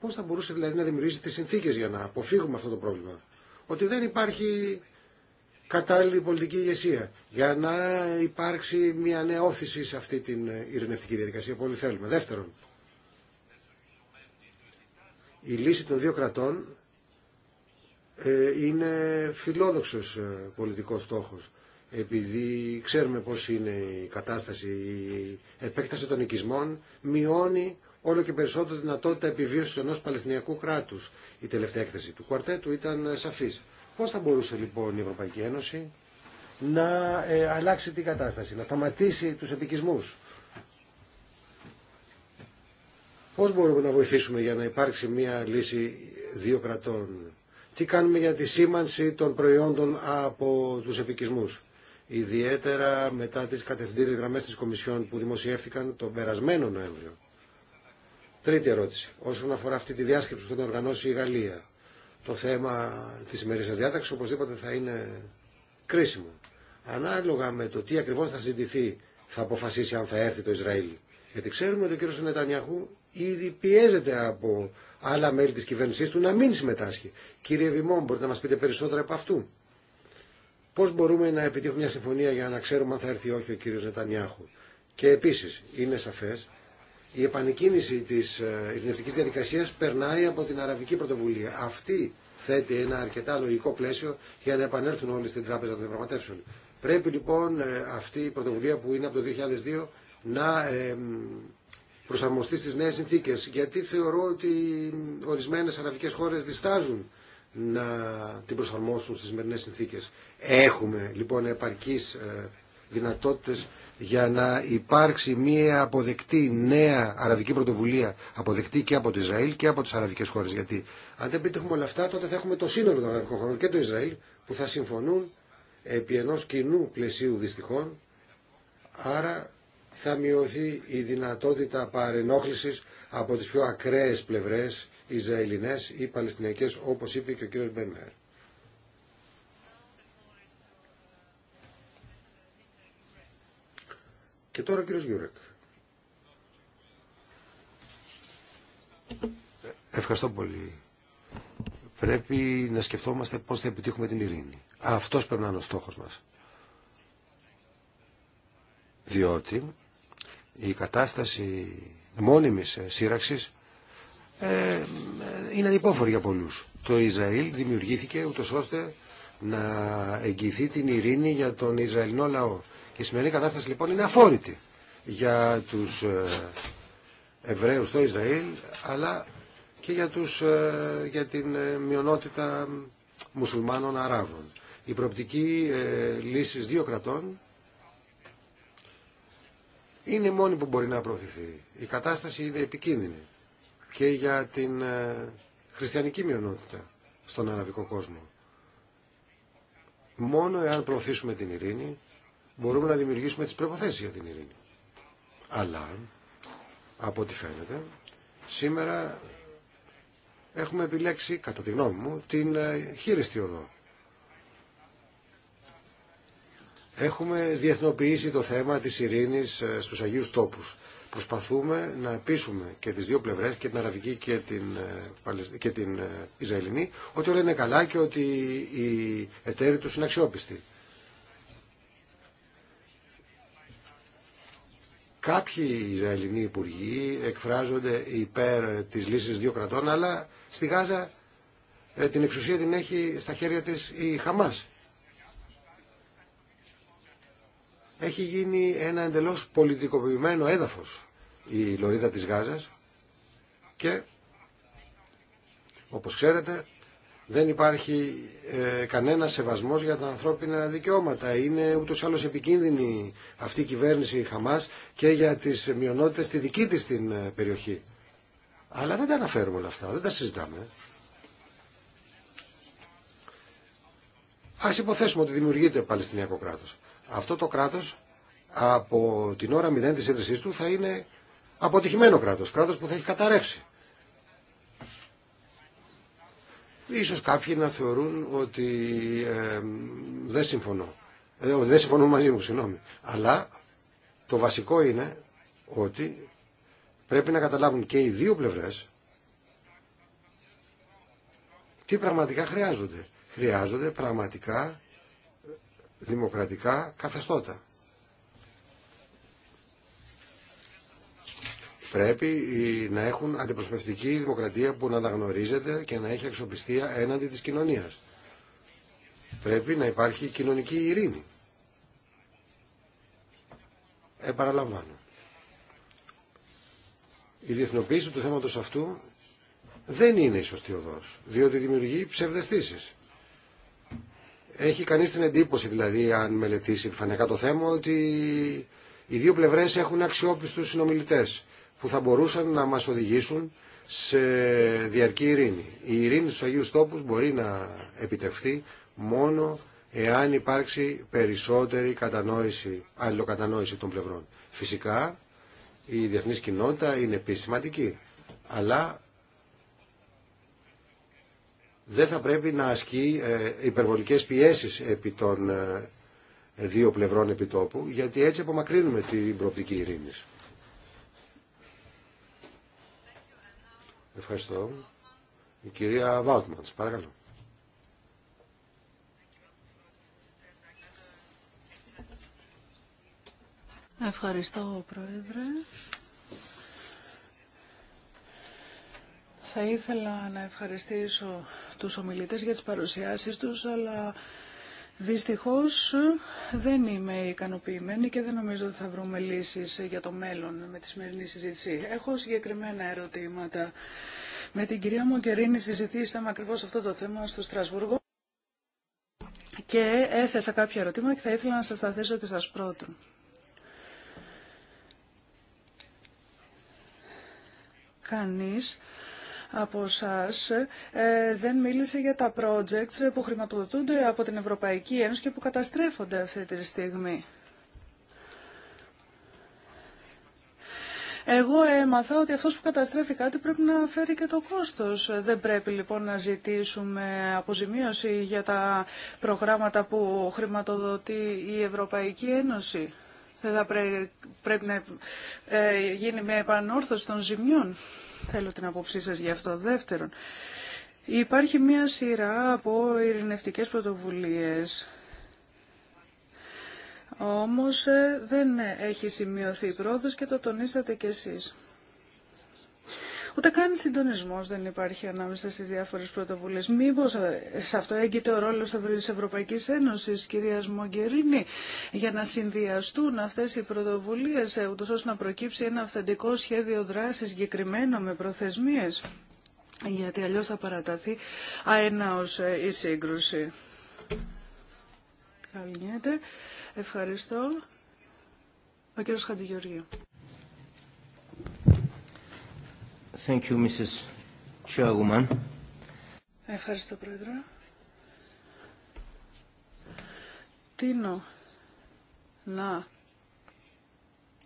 Πώ θα μπορούσε δηλαδή να δημιουργήσει τι συνθήκε για να αποφύγουμε αυτό το πρόβλημα. Ότι δεν υπάρχει κατάλληλη πολιτική ηγεσία για να υπάρξει μια νέα όθηση σε αυτή την ειρηνευτική διαδικασία που όλοι θέλουμε. Δεύτερον, η λύση των δύο κρατών ε, είναι φιλόδοξος ε, πολιτικός στόχος επειδή ξέρουμε πώς είναι η κατάσταση, η επέκταση των οικισμών μειώνει όλο και περισσότερο τη δυνατότητα επιβίωσης ενός παλαισθηνιακού κράτους. Η τελευταία έκθεση του κουαρτέτου ήταν σαφής. Πώς θα μπορούσε λοιπόν η Ευρωπαϊκή Ένωση να ε, αλλάξει την κατάσταση, να σταματήσει τους επικισμούς. Πώς μπορούμε να βοηθήσουμε για να υπάρξει μια λύση δύο κρατών. Τι κάνουμε για τη σήμανση των προϊόντων από τους επικισμούς. Ιδιαίτερα μετά τις κατευθυντήριες γραμμές της Κομισιόν που δημοσιεύθηκαν τον περασμένο Νοέμβριο. Τρίτη ερώτηση. Όσον αφορά αυτή τη διάσκεψη που θα οργανώσει η Γαλλία το θέμα της σα διάταξη οπωσδήποτε θα είναι κρίσιμο. Ανάλογα με το τι ακριβώ θα συζητηθεί θα αποφασίσει αν θα έρθει το Ισραήλ. Γιατί ξέρουμε ότι ο κύριο Νετανιαχού ήδη πιέζεται από άλλα μέλη τη κυβέρνηση του να μην συμμετάσχει. Κύριε Βημόν, μπορείτε να μα πείτε περισσότερα από αυτού. Πώ μπορούμε να επιτύχουμε μια συμφωνία για να ξέρουμε αν θα έρθει ή όχι ο κύριος Νετανιάχου. Και επίση είναι σαφέ η επανεκκίνηση της ε, ειρηνευτική διαδικασίας περνάει από την Αραβική Πρωτοβουλία. Αυτή θέτει ένα αρκετά λογικό πλαίσιο για να επανέλθουν όλοι στην τράπεζα των διαπραγματεύσεων. Πρέπει λοιπόν ε, αυτή η πρωτοβουλία που είναι από το 2002 να προσαρμοστεί στις νέες συνθήκε. Γιατί θεωρώ ότι ορισμένε Αραβικέ χώρε διστάζουν να την προσαρμόσουν στι σημερινέ συνθήκε. Έχουμε λοιπόν επαρκή. Ε, δυνατότητες για να υπάρξει μια αποδεκτή νέα αραβική πρωτοβουλία, αποδεκτή και από το Ισραήλ και από τις αραβικές χώρες. Γιατί αν δεν πετύχουμε όλα αυτά, τότε θα έχουμε το σύνολο των αραβικών χωρών και το Ισραήλ που θα συμφωνούν επί ενός κοινού πλαισίου δυστυχών. Άρα θα μειωθεί η δυνατότητα παρενόχλησης από τις πιο ακραίες πλευρές Ισραηλινές ή Παλαιστινιακές όπως είπε και ο κ. Μπενέρ. Και τώρα ο κύριος Γιούρεκ. Ευχαριστώ πολύ. Πρέπει να σκεφτόμαστε πώς θα επιτύχουμε την ειρήνη. Αυτός πρέπει να είναι ο στόχος μας. Διότι η κατάσταση μόνιμης σύραξης ε, είναι ανυπόφορη για πολλούς. Το Ισραήλ δημιουργήθηκε ούτως ώστε να εγγυηθεί την ειρήνη για τον Ισραηλινό λαό. Η σημερινή κατάσταση λοιπόν είναι αφόρητη για τους ε, Εβραίους στο Ισραήλ αλλά και για, τους, ε, για την ε, μειονότητα μουσουλμάνων Αράβων. Η προοπτική λύσης δύο κρατών είναι η μόνη που μπορεί να προωθηθεί. Η κατάσταση είναι επικίνδυνη και για την χριστιανική μειονότητα στον αραβικό κόσμο. Μόνο εάν προωθήσουμε την ειρήνη μπορούμε να δημιουργήσουμε τις προϋποθέσεις για την ειρήνη. Αλλά, από ό,τι φαίνεται, σήμερα έχουμε επιλέξει, κατά τη γνώμη μου, την ε, χείριστη οδό. Έχουμε διεθνοποιήσει το θέμα της ειρήνης ε, στους Αγίους Τόπους. Προσπαθούμε να πείσουμε και τις δύο πλευρές, και την Αραβική και την, ε, και την ότι όλα είναι καλά και ότι οι εταίροι τους είναι αξιόπιστοι. Κάποιοι Ισραηλινοί υπουργοί εκφράζονται υπέρ της λύσης δύο κρατών, αλλά στη Γάζα ε, την εξουσία την έχει στα χέρια της η Χαμάς. Έχει γίνει ένα εντελώς πολιτικοποιημένο έδαφος η λωρίδα της Γάζας και όπως ξέρετε δεν υπάρχει ε, κανένα σεβασμό για τα ανθρώπινα δικαιώματα. Είναι ούτω ή άλλω επικίνδυνη αυτή η κυβέρνηση η Χαμά και για τι μειονότητε στη δική τη την ε, περιοχή. Αλλά δεν τα αναφέρουμε όλα αυτά, δεν τα συζητάμε. Α υποθέσουμε ότι δημιουργείται Παλαιστινιακό κράτο. Αυτό το κράτο από την ώρα μηδέν τη ίδρυσή του θα είναι αποτυχημένο κράτο. Κράτο που θα έχει καταρρεύσει. Ίσως κάποιοι να θεωρούν ότι ε, δεν συμφωνώ. Ε, δεν συμφωνούν μαζί μου, συγγνώμη. Αλλά το βασικό είναι ότι πρέπει να καταλάβουν και οι δύο πλευρές τι πραγματικά χρειάζονται. Χρειάζονται πραγματικά δημοκρατικά καθεστώτα. Πρέπει να έχουν αντιπροσωπευτική δημοκρατία που να αναγνωρίζεται και να έχει αξιοπιστία έναντι της κοινωνίας. Πρέπει να υπάρχει κοινωνική ειρήνη. Επαραλαμβάνω. Η διεθνοποίηση του θέματος αυτού δεν είναι η σωστή οδός, διότι δημιουργεί ψευδεστήσεις. Έχει κανείς την εντύπωση δηλαδή, αν μελετήσει επιφανειακά το θέμα, ότι οι δύο πλευρές έχουν αξιόπιστους συνομιλητές που θα μπορούσαν να μας οδηγήσουν σε διαρκή ειρήνη. Η ειρήνη στους Αγίους Τόπους μπορεί να επιτευχθεί μόνο εάν υπάρξει περισσότερη κατανόηση, αλληλοκατανόηση των πλευρών. Φυσικά η διεθνή κοινότητα είναι επίσηματική, αλλά δεν θα πρέπει να ασκεί ε, υπερβολικές πιέσεις επί των ε, δύο πλευρών επιτόπου, γιατί έτσι απομακρύνουμε την προοπτική ειρήνης. Ευχαριστώ. Η κυρία Βάουτμαντς, παρακαλώ. Ευχαριστώ, Πρόεδρε. Θα ήθελα να ευχαριστήσω τους ομιλητές για τις παρουσιάσεις τους, αλλά Δυστυχώς δεν είμαι ικανοποιημένη και δεν νομίζω ότι θα βρούμε λύσεις για το μέλλον με τη σημερινή συζήτηση. Έχω συγκεκριμένα ερωτήματα. Με την κυρία Μογκερίνη συζητήσαμε ακριβώς αυτό το θέμα στο Στρασβούργο και έθεσα κάποια ερωτήματα και θα ήθελα να σας τα θέσω και σας πρώτο. Κανείς από εσά ε, δεν μίλησε για τα projects που χρηματοδοτούνται από την Ευρωπαϊκή Ένωση και που καταστρέφονται αυτή τη στιγμή. Εγώ έμαθα ότι αυτός που καταστρέφει κάτι πρέπει να φέρει και το κόστος. Δεν πρέπει λοιπόν να ζητήσουμε αποζημίωση για τα προγράμματα που χρηματοδοτεί η Ευρωπαϊκή Ένωση. Δεν θα πρέπει να ε, γίνει μια επανόρθωση των ζημιών. Θέλω την απόψή σας γι' αυτό. Δεύτερον, υπάρχει μια σειρά από ειρηνευτικές πρωτοβουλίες όμως ε, δεν έχει σημειωθεί πρόοδος και το τονίσατε κι εσείς. Ούτε καν συντονισμό δεν υπάρχει ανάμεσα στι διάφορε πρωτοβουλίε. Μήπω ε, σε αυτό έγκυται ο ρόλο τη Ευρωπαϊκή Ένωση, κυρία Μογκερίνη, για να συνδυαστούν αυτέ οι πρωτοβουλίε, ε, ούτω ώστε να προκύψει ένα αυθεντικό σχέδιο δράση συγκεκριμένο με προθεσμίε. Γιατί αλλιώ θα παραταθεί αέναο ε, η σύγκρουση. Ευχαριστώ. Ο κύριος Thank you, Mrs. Chairwoman. Ευχαριστώ, Πρόεδρε. Τίνω να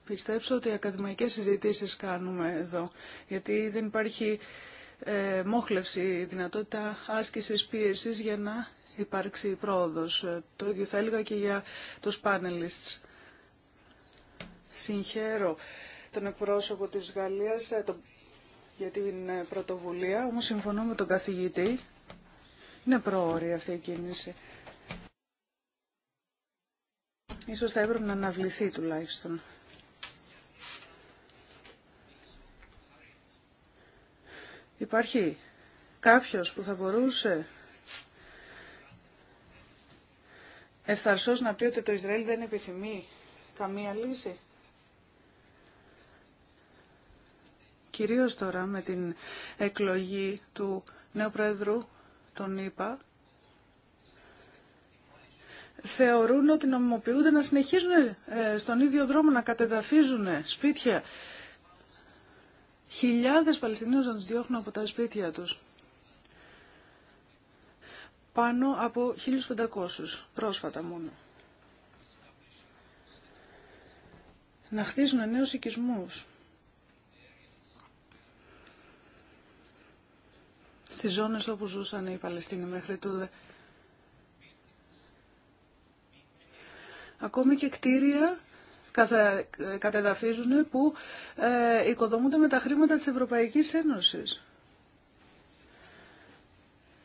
πιστέψω ότι ακαδημαϊκές συζητήσεις κάνουμε εδώ, γιατί δεν υπάρχει ε, μόχλευση, δυνατότητα άσκησης πίεσης για να υπάρξει πρόοδος. Ε, το ίδιο θα έλεγα και για τους panelists. Συγχαίρω τον εκπρόσωπο της Γαλλίας, ε, τον για την ε, πρωτοβουλία, όμως συμφωνώ με τον καθηγητή. Είναι προώρη αυτή η κίνηση. Ίσως θα έπρεπε να αναβληθεί τουλάχιστον. Υπάρχει κάποιος που θα μπορούσε ευθαρσός να πει ότι το Ισραήλ δεν επιθυμεί καμία λύση. κυρίως τώρα με την εκλογή του νέου Πρόεδρου, τον είπα, θεωρούν ότι νομιμοποιούνται να συνεχίζουν ε, στον ίδιο δρόμο, να κατεδαφίζουν σπίτια. Χιλιάδες Παλαιστινίους να τους διώχνουν από τα σπίτια τους. Πάνω από 1.500, πρόσφατα μόνο. Να χτίζουν νέους οικισμούς. στις ζώνες όπου ζούσαν οι Παλαιστίνοι μέχρι τούδε. Ακόμη και κτίρια κατεδαφίζουν που ε, οικοδομούνται με τα χρήματα της Ευρωπαϊκής Ένωσης.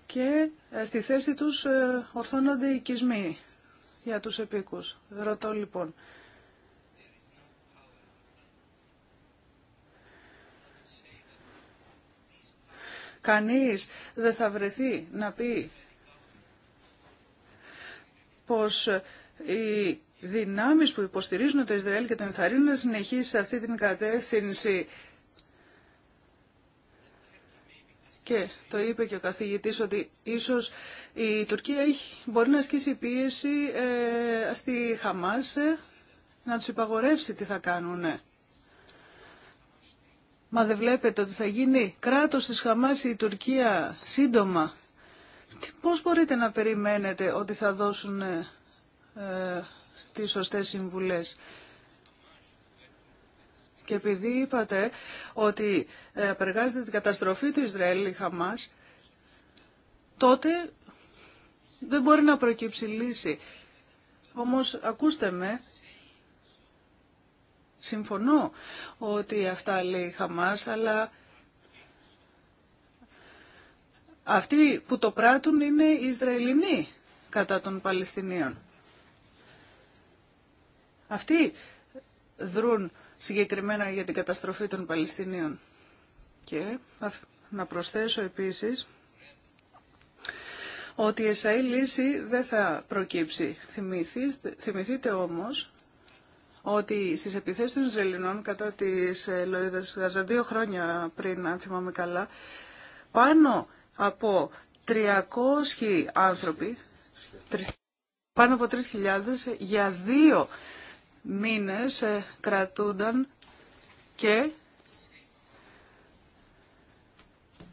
Και ε, στη θέση τους ε, ορθώνονται οικισμοί για τους επίκους. Ρωτώ λοιπόν, Κανείς δεν θα βρεθεί να πει πως οι δυνάμεις που υποστηρίζουν το Ισραήλ και τον ενθαρρύνουν να συνεχίσει αυτή την κατεύθυνση και το είπε και ο καθηγητής ότι ίσως η Τουρκία έχει, μπορεί να ασκήσει πίεση ε, στη Χαμάς ε, να τους υπαγορεύσει τι θα κάνουν. Μα δεν βλέπετε ότι θα γίνει κράτος της Χαμάς η Τουρκία σύντομα. Πώς μπορείτε να περιμένετε ότι θα δώσουν ε, ε τις σωστές συμβουλές. Και επειδή είπατε ότι ε, απεργάζεται την καταστροφή του Ισραήλ η Χαμάς, τότε δεν μπορεί να προκύψει λύση. Όμως ακούστε με, Συμφωνώ ότι αυτά λέει Χαμάς, αλλά αυτοί που το πράττουν είναι οι Ισραηλινοί κατά των Παλαιστινίων. Αυτοί δρούν συγκεκριμένα για την καταστροφή των Παλαιστινίων. Και να προσθέσω επίσης ότι η ΕΣΑΗ λύση δεν θα προκύψει. Θυμηθείτε όμως ότι στις επιθέσεις των Ζελινών κατά τις ε, Λωρίδας Γαζα δύο χρόνια πριν, αν θυμάμαι καλά, πάνω από 300 άνθρωποι, πάνω από 3.000, για δύο μήνες ε, κρατούνταν και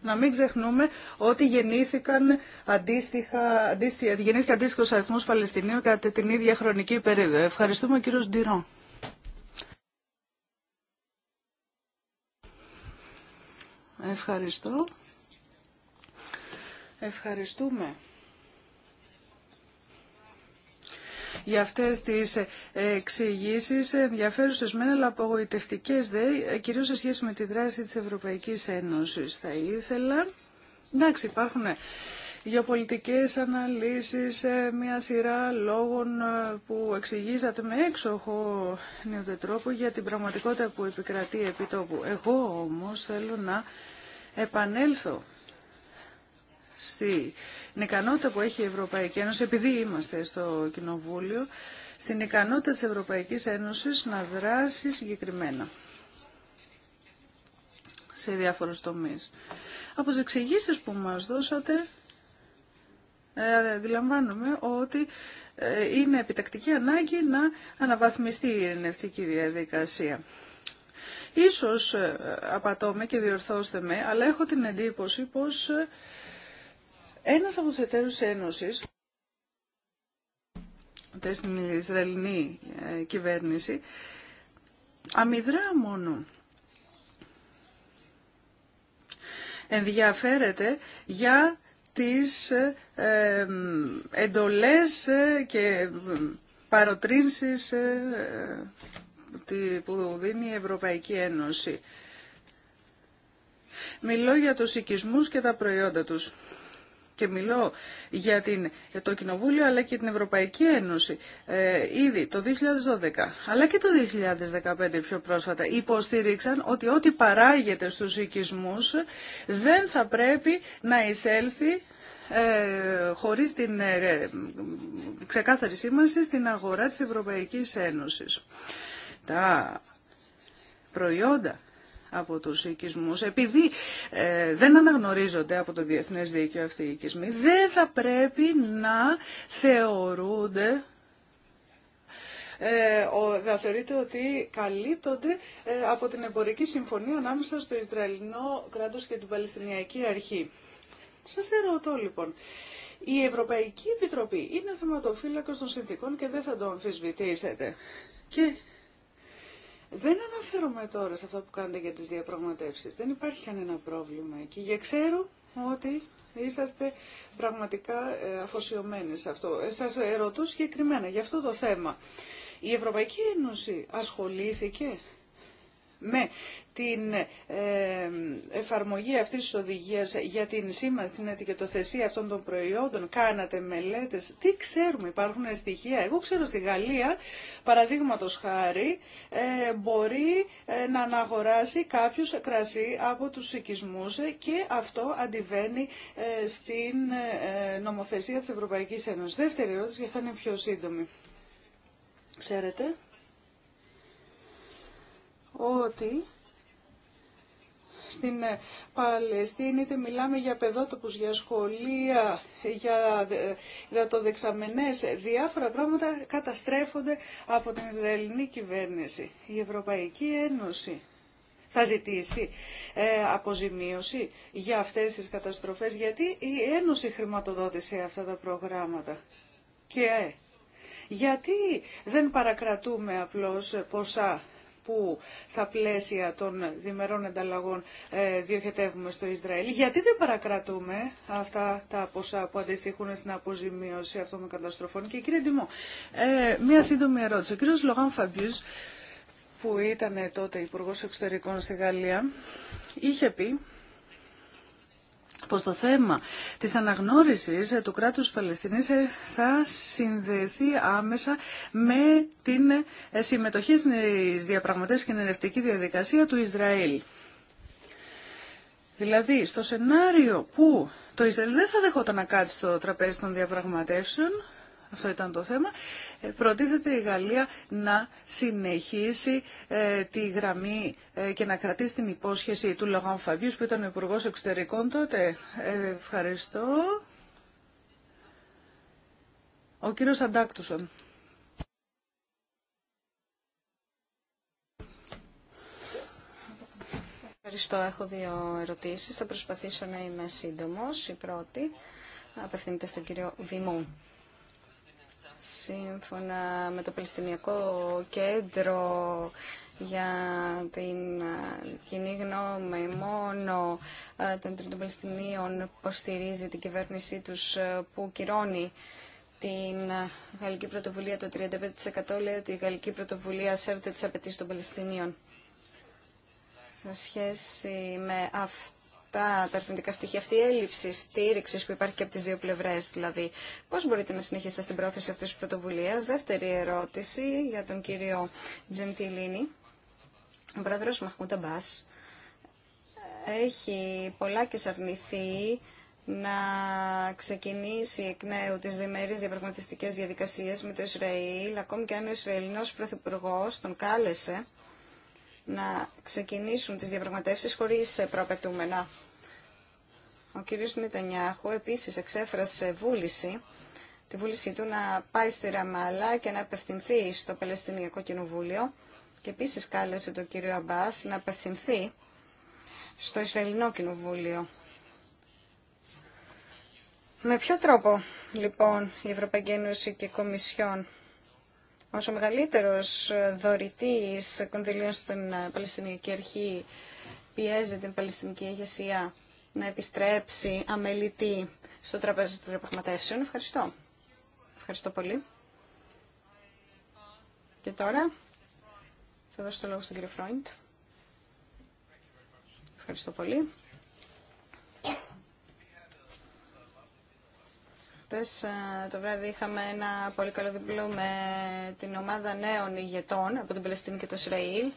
να μην ξεχνούμε ότι γεννήθηκαν αντίστοιχα, αντίστοιχα, γεννήθηκε αντίστοιχος αριθμός Παλαιστινίων κατά την ίδια χρονική περίοδο. Ευχαριστούμε κύριο κύριος Ευχαριστώ. Ευχαριστούμε για αυτές τις εξηγήσει ενδιαφέρουσες μένα αλλά απογοητευτικές δε, κυρίως σε σχέση με τη δράση της Ευρωπαϊκής Ένωσης. Θα ήθελα, εντάξει υπάρχουν γεωπολιτικές αναλύσεις, ε, μια σειρά λόγων ε, που εξηγήσατε με έξοχο νεοτετρόπο για την πραγματικότητα που επικρατεί επί τόπου. Εγώ όμως θέλω να επανέλθω στην ικανότητα που έχει η Ευρωπαϊκή Ένωση, επειδή είμαστε στο Κοινοβούλιο, στην ικανότητα της Ευρωπαϊκής Ένωσης να δράσει συγκεκριμένα σε διάφορους τομείς. Από τις εξηγήσει που μας δώσατε, ε, αντιλαμβάνομαι ότι ε, είναι επιτακτική ανάγκη να αναβαθμιστεί η ειρηνευτική διαδικασία. Ίσως ε, απατώμε και διορθώστε με, αλλά έχω την εντύπωση πως ε, ένας από τους εταίρους Ένωσης, στην Ισραηλινή ε, κυβέρνηση, αμυδρά μόνο. Ενδιαφέρεται για τις εντολές και παροτρύνσεις που δίνει η Ευρωπαϊκή Ένωση. Μιλώ για τους οικισμούς και τα προϊόντα τους. Και μιλώ για, την, το Κοινοβούλιο αλλά και την Ευρωπαϊκή Ένωση ε, ήδη το 2012 αλλά και το 2015 πιο πρόσφατα υποστήριξαν ότι ό,τι παράγεται στους οικισμούς δεν θα πρέπει να εισέλθει ε, χωρίς την ε, ε ξεκάθαρη σήμανση στην αγορά της Ευρωπαϊκής Ένωσης τα προϊόντα από τους οικισμούς, επειδή ε, δεν αναγνωρίζονται από το Διεθνές Δίκαιο αυτοί οι οικισμοί, δεν θα πρέπει να θεωρούνται ε, ο, θα θεωρείται ότι καλύπτονται ε, από την εμπορική συμφωνία ανάμεσα στο Ισραηλινό κράτος και την Παλαιστινιακή Αρχή. Σας ερωτώ λοιπόν, η Ευρωπαϊκή Επιτροπή είναι θεματοφύλακος των συνθήκων και δεν θα το αμφισβητήσετε. Και δεν αναφέρομαι τώρα σε αυτά που κάνετε για τις διαπραγματεύσεις. Δεν υπάρχει κανένα πρόβλημα εκεί. Για ξέρω ότι είσαστε πραγματικά ε, αφοσιωμένοι σε αυτό. Ε, σας ερωτώ συγκεκριμένα για αυτό το θέμα. Η Ευρωπαϊκή Ένωση ασχολήθηκε με την εφαρμογή αυτής της οδηγίας για την σήμανση, την ετικετοθεσία αυτών των προϊόντων, κάνατε μελέτες, τι ξέρουμε, υπάρχουν στοιχεία. Εγώ ξέρω στη Γαλλία, παραδείγματος χάρη, ε, μπορεί ε, να αναγοράσει κάποιος κρασί από τους οικισμούς και αυτό αντιβαίνει ε, στην νομοθεσία της Ευρωπαϊκής Ένωσης. Δεύτερη ερώτηση και θα είναι πιο σύντομη. Ξέρετε ότι στην ε, Παλαιστίνη είτε μιλάμε για παιδότοπους, για σχολεία, για, για το δεξαμενές, διάφορα πράγματα καταστρέφονται από την Ισραηλινή κυβέρνηση. Η Ευρωπαϊκή Ένωση θα ζητήσει ε, αποζημίωση για αυτές τις καταστροφές, γιατί η Ένωση χρηματοδότησε αυτά τα προγράμματα. Και ε, γιατί δεν παρακρατούμε απλώς ποσά που στα πλαίσια των διμερών ανταλλαγών ε, διοχετεύουμε στο Ισραήλ. Γιατί δεν παρακρατούμε αυτά τα ποσά που αντιστοιχούν στην αποζημίωση αυτών των καταστροφών. Και κύριε Ντιμό, ε, μία σύντομη ερώτηση. Ο κύριος Λογάν Φαμπιούς, που ήταν τότε Υπουργός Εξωτερικών στη Γαλλία, είχε πει πως το θέμα της αναγνώρισης ε, του κράτους Παλαιστινής ε, θα συνδεθεί άμεσα με την ε, συμμετοχή στις διαπραγματεύσεις και την ενευτική διαδικασία του Ισραήλ. Δηλαδή, στο σενάριο που το Ισραήλ δεν θα δεχόταν να κάτσει στο τραπέζι των διαπραγματεύσεων, αυτό ήταν το θέμα, ε, προτίθεται η Γαλλία να συνεχίσει ε, τη γραμμή ε, και να κρατήσει την υπόσχεση του Λογάν Φαβιούς που ήταν ο Υπουργός Εξωτερικών τότε. Ευχαριστώ. Ο κύριος Αντάκτουσον. Ευχαριστώ. Έχω δύο ερωτήσεις. Θα προσπαθήσω να είμαι σύντομος. Η πρώτη απευθύνεται στον κύριο Βιμούν. Σύμφωνα με το Παλαιστινιακό Κέντρο για την ε, κοινή γνώμη μόνο ε, των τρίτων Παλαιστινίων υποστηρίζει την κυβέρνησή τους ε, που κυρώνει την γαλλική πρωτοβουλία το 35% λέει ότι η γαλλική πρωτοβουλία σέβεται τις απαιτήσεις των Παλαιστινίων. Σε σχέση με αυτό τα αρνητικά στοιχεία, αυτή η έλλειψη στήριξη που υπάρχει και από τι δύο πλευρέ, δηλαδή. Πώ μπορείτε να συνεχίσετε στην πρόθεση αυτή τη πρωτοβουλία. Δεύτερη ερώτηση για τον κύριο Τζεντιλίνη. Ο πρόεδρο Μαχμούτα Μπά έχει πολλά και σαρνηθεί να ξεκινήσει εκ νέου τις διμερείς διαπραγματευτικές διαδικασίες με το Ισραήλ, ακόμη και αν ο Ισραηλινός Πρωθυπουργό τον κάλεσε να ξεκινήσουν τις διαπραγματεύσεις χωρίς προαπαιτούμενα ο κύριος Νιτανιάχου επίσης εξέφρασε βούληση, τη βούλησή του να πάει στη Ραμάλα και να απευθυνθεί στο Παλαιστινιακό Κοινοβούλιο και επίσης κάλεσε τον κύριο Αμπάς να απευθυνθεί στο Ισραηλινό Κοινοβούλιο. Με ποιο τρόπο, λοιπόν, η Ευρωπαϊκή Ένωση και η Κομισιόν, ως ο μεγαλύτερος δωρητής κονδυλίων στην Παλαιστινιακή Αρχή, πιέζει την Παλαιστινική ηγεσία να επιστρέψει αμελητή στο τραπέζι των διαπραγματεύσεων. Ευχαριστώ. Ευχαριστώ πολύ. Και τώρα θα δώσω το λόγο στον κύριο Φρόιντ. Ευχαριστώ πολύ. Χτες ε, το βράδυ είχαμε ένα πολύ καλό διπλό με την ομάδα νέων ηγετών από την Παλαιστίνη και το Ισραήλ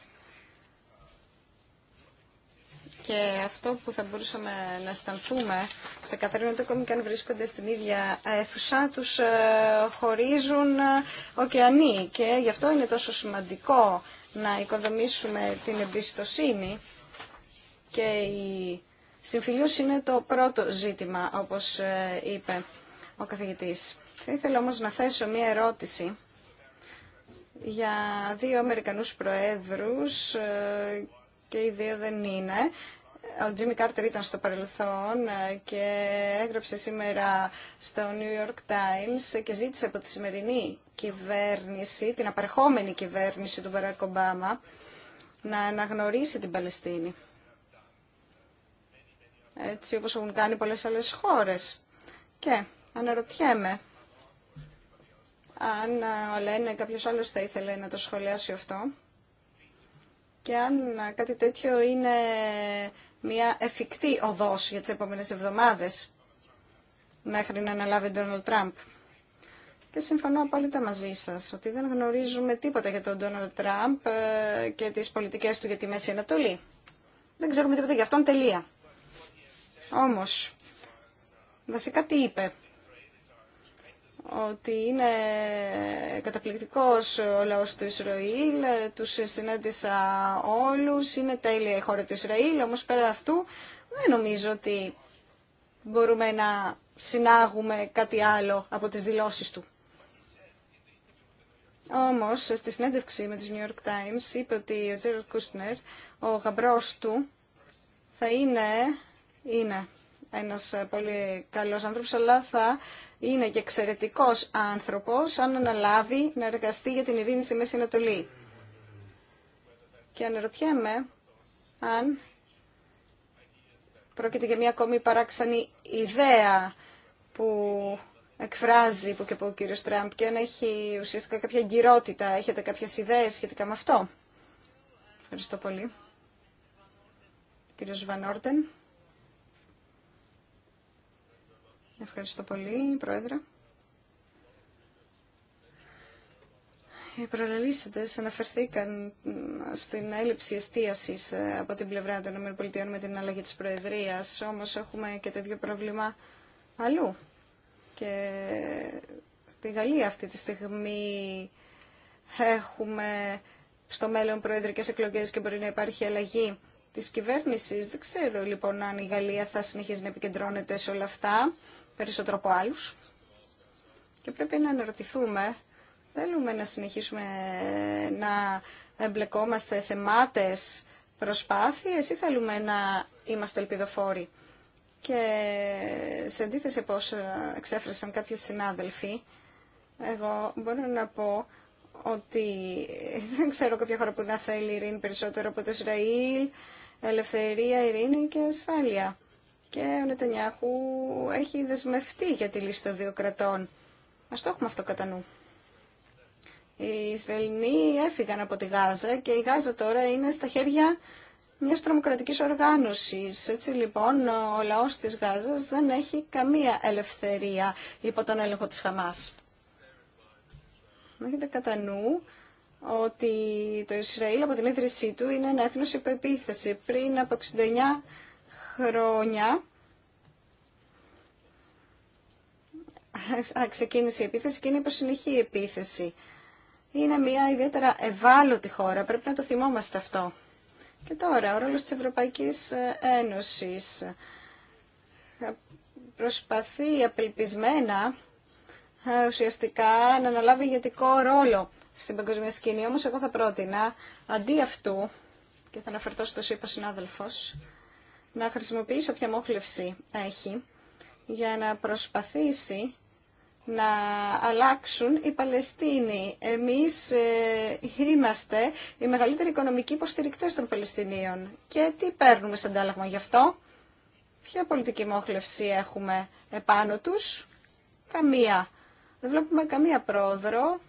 και αυτό που θα μπορούσαμε να αισθανθούμε σε καθαρίνο το ακόμη και αν βρίσκονται στην ίδια αίθουσα τους ε, χωρίζουν ε, ωκεανοί και γι' αυτό είναι τόσο σημαντικό να οικοδομήσουμε την εμπιστοσύνη και η συμφιλίωση είναι το πρώτο ζήτημα όπως ε, είπε ο καθηγητής. Θα ήθελα όμως να θέσω μία ερώτηση για δύο Αμερικανούς Προέδρους και οι δύο δεν είναι ο Τζίμι Κάρτερ ήταν στο παρελθόν ε, και έγραψε σήμερα στο New York Times και ζήτησε από τη σημερινή κυβέρνηση, την απερχόμενη κυβέρνηση του Μπαράκ Ομπάμα, να αναγνωρίσει την Παλαιστίνη. Έτσι όπως έχουν κάνει πολλές άλλες χώρες. Και αναρωτιέμαι αν ε, ο Λένε κάποιος άλλος θα ήθελε να το σχολιάσει αυτό και αν ε, κάτι τέτοιο είναι μια εφικτή οδός για τις επόμενες εβδομάδες μέχρι να αναλάβει τον Ντόναλτ Τραμπ. Και συμφωνώ απόλυτα μαζί σας ότι δεν γνωρίζουμε τίποτα για τον Ντόναλτ Τραμπ ε, και τις πολιτικές του για τη Μέση Ανατολή. Δεν ξέρουμε τίποτα για αυτόν τελεία. Όμως, βασικά τι είπε ότι είναι καταπληκτικός ο λαός του Ισραήλ, τους συνάντησα όλους, είναι τέλεια η χώρα του Ισραήλ, όμως πέρα αυτού δεν νομίζω ότι μπορούμε να συνάγουμε κάτι άλλο από τις δηλώσεις του. Όμως, στη συνέντευξη με τους New York Times είπε ότι ο Τζέρος Κούστνερ, ο γαμπρός του, θα είναι, είναι ένας πολύ καλός άνθρωπος, αλλά θα είναι και εξαιρετικός άνθρωπος αν αναλάβει να εργαστεί για την ειρήνη στη Μέση Ανατολή. Και αναρωτιέμαι αν πρόκειται για μια ακόμη παράξενη ιδέα που εκφράζει που και που ο κύριος Τραμπ και αν έχει ουσιαστικά κάποια εγκυρότητα. Έχετε κάποιες ιδέες σχετικά με αυτό. Ευχαριστώ πολύ. Κύριος Βανόρτεν. Ευχαριστώ πολύ, Πρόεδρε. Οι προλαλήσαντες αναφερθήκαν στην έλλειψη εστίασης ε, από την πλευρά των ΗΠΑ με την αλλαγή της Προεδρίας, όμως έχουμε και το ίδιο πρόβλημα αλλού. Και στη Γαλλία αυτή τη στιγμή έχουμε στο μέλλον προεδρικές εκλογές και μπορεί να υπάρχει αλλαγή της κυβέρνησης. Δεν ξέρω λοιπόν αν η Γαλλία θα συνεχίζει να επικεντρώνεται σε όλα αυτά περισσότερο από άλλους. Και πρέπει να αναρωτηθούμε, θέλουμε να συνεχίσουμε να εμπλεκόμαστε σε μάτες προσπάθειες ή θέλουμε να είμαστε ελπιδοφόροι. Και σε αντίθεση πώς εξέφρασαν κάποιοι συνάδελφοι, εγώ μπορώ να πω ότι δεν ξέρω κάποια χώρα που να θέλει ειρήνη περισσότερο από το Ισραήλ, ελευθερία, ειρήνη και ασφάλεια και ο Νετανιάχου έχει δεσμευτεί για τη λίστα των δύο κρατών. Α το έχουμε αυτό κατά νου. Οι Ισραηλοί έφυγαν από τη Γάζα και η Γάζα τώρα είναι στα χέρια μια τρομοκρατική οργάνωση. Έτσι λοιπόν ο λαό τη Γάζα δεν έχει καμία ελευθερία υπό τον έλεγχο τη Χαμά. Έχετε κατά νου ότι το Ισραήλ από την ίδρυσή του είναι ένα έθνο υπό Πριν από 69 χρόνια ξεκίνησε η επίθεση και είναι υποσυνεχή η επίθεση. Είναι μια ιδιαίτερα ευάλωτη χώρα, πρέπει να το θυμόμαστε αυτό. Και τώρα, ο ρόλος της Ευρωπαϊκής ε, Ένωσης προσπαθεί απελπισμένα ε, ουσιαστικά να αναλάβει ηγετικό ρόλο στην παγκοσμία σκηνή. Όμως εγώ θα πρότεινα, αντί αυτού, και θα αναφερθώ στο ΣΥΠΑ να χρησιμοποιήσει όποια μόχλευση έχει για να προσπαθήσει να αλλάξουν οι Παλαιστίνοι. Εμείς ε, είμαστε οι μεγαλύτεροι οικονομικοί υποστηρικτές των Παλαιστινίων. Και τι παίρνουμε σαν αντάλλαγμα γι' αυτό. Ποια πολιτική μόχλευση έχουμε επάνω τους. Καμία. Δεν βλέπουμε καμία πρόοδρο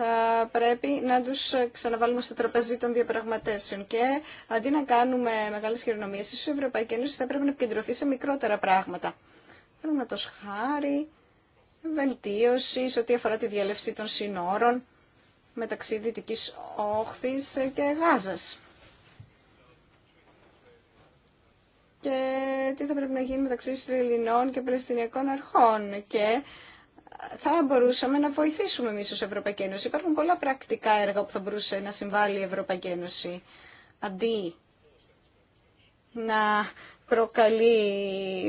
θα πρέπει να τους ξαναβάλουμε στο τραπέζι των διαπραγματεύσεων. Και αντί να κάνουμε μεγάλες χειρονομίες, η Ευρωπαϊκή Ένωση θα πρέπει να επικεντρωθεί σε μικρότερα πράγματα. Παραδείγματο χάρη, βελτίωση σε ό,τι αφορά τη διαλευσή των συνόρων μεταξύ Δυτικής Όχθης και Γάζας. Και τι θα πρέπει να γίνει μεταξύ Ισραηλινών και Παλαιστινιακών αρχών. Και θα μπορούσαμε να βοηθήσουμε εμεί ω Ευρωπαϊκή Ένωση. Υπάρχουν πολλά πρακτικά έργα που θα μπορούσε να συμβάλλει η Ευρωπαϊκή Ένωση. Αντί να προκαλεί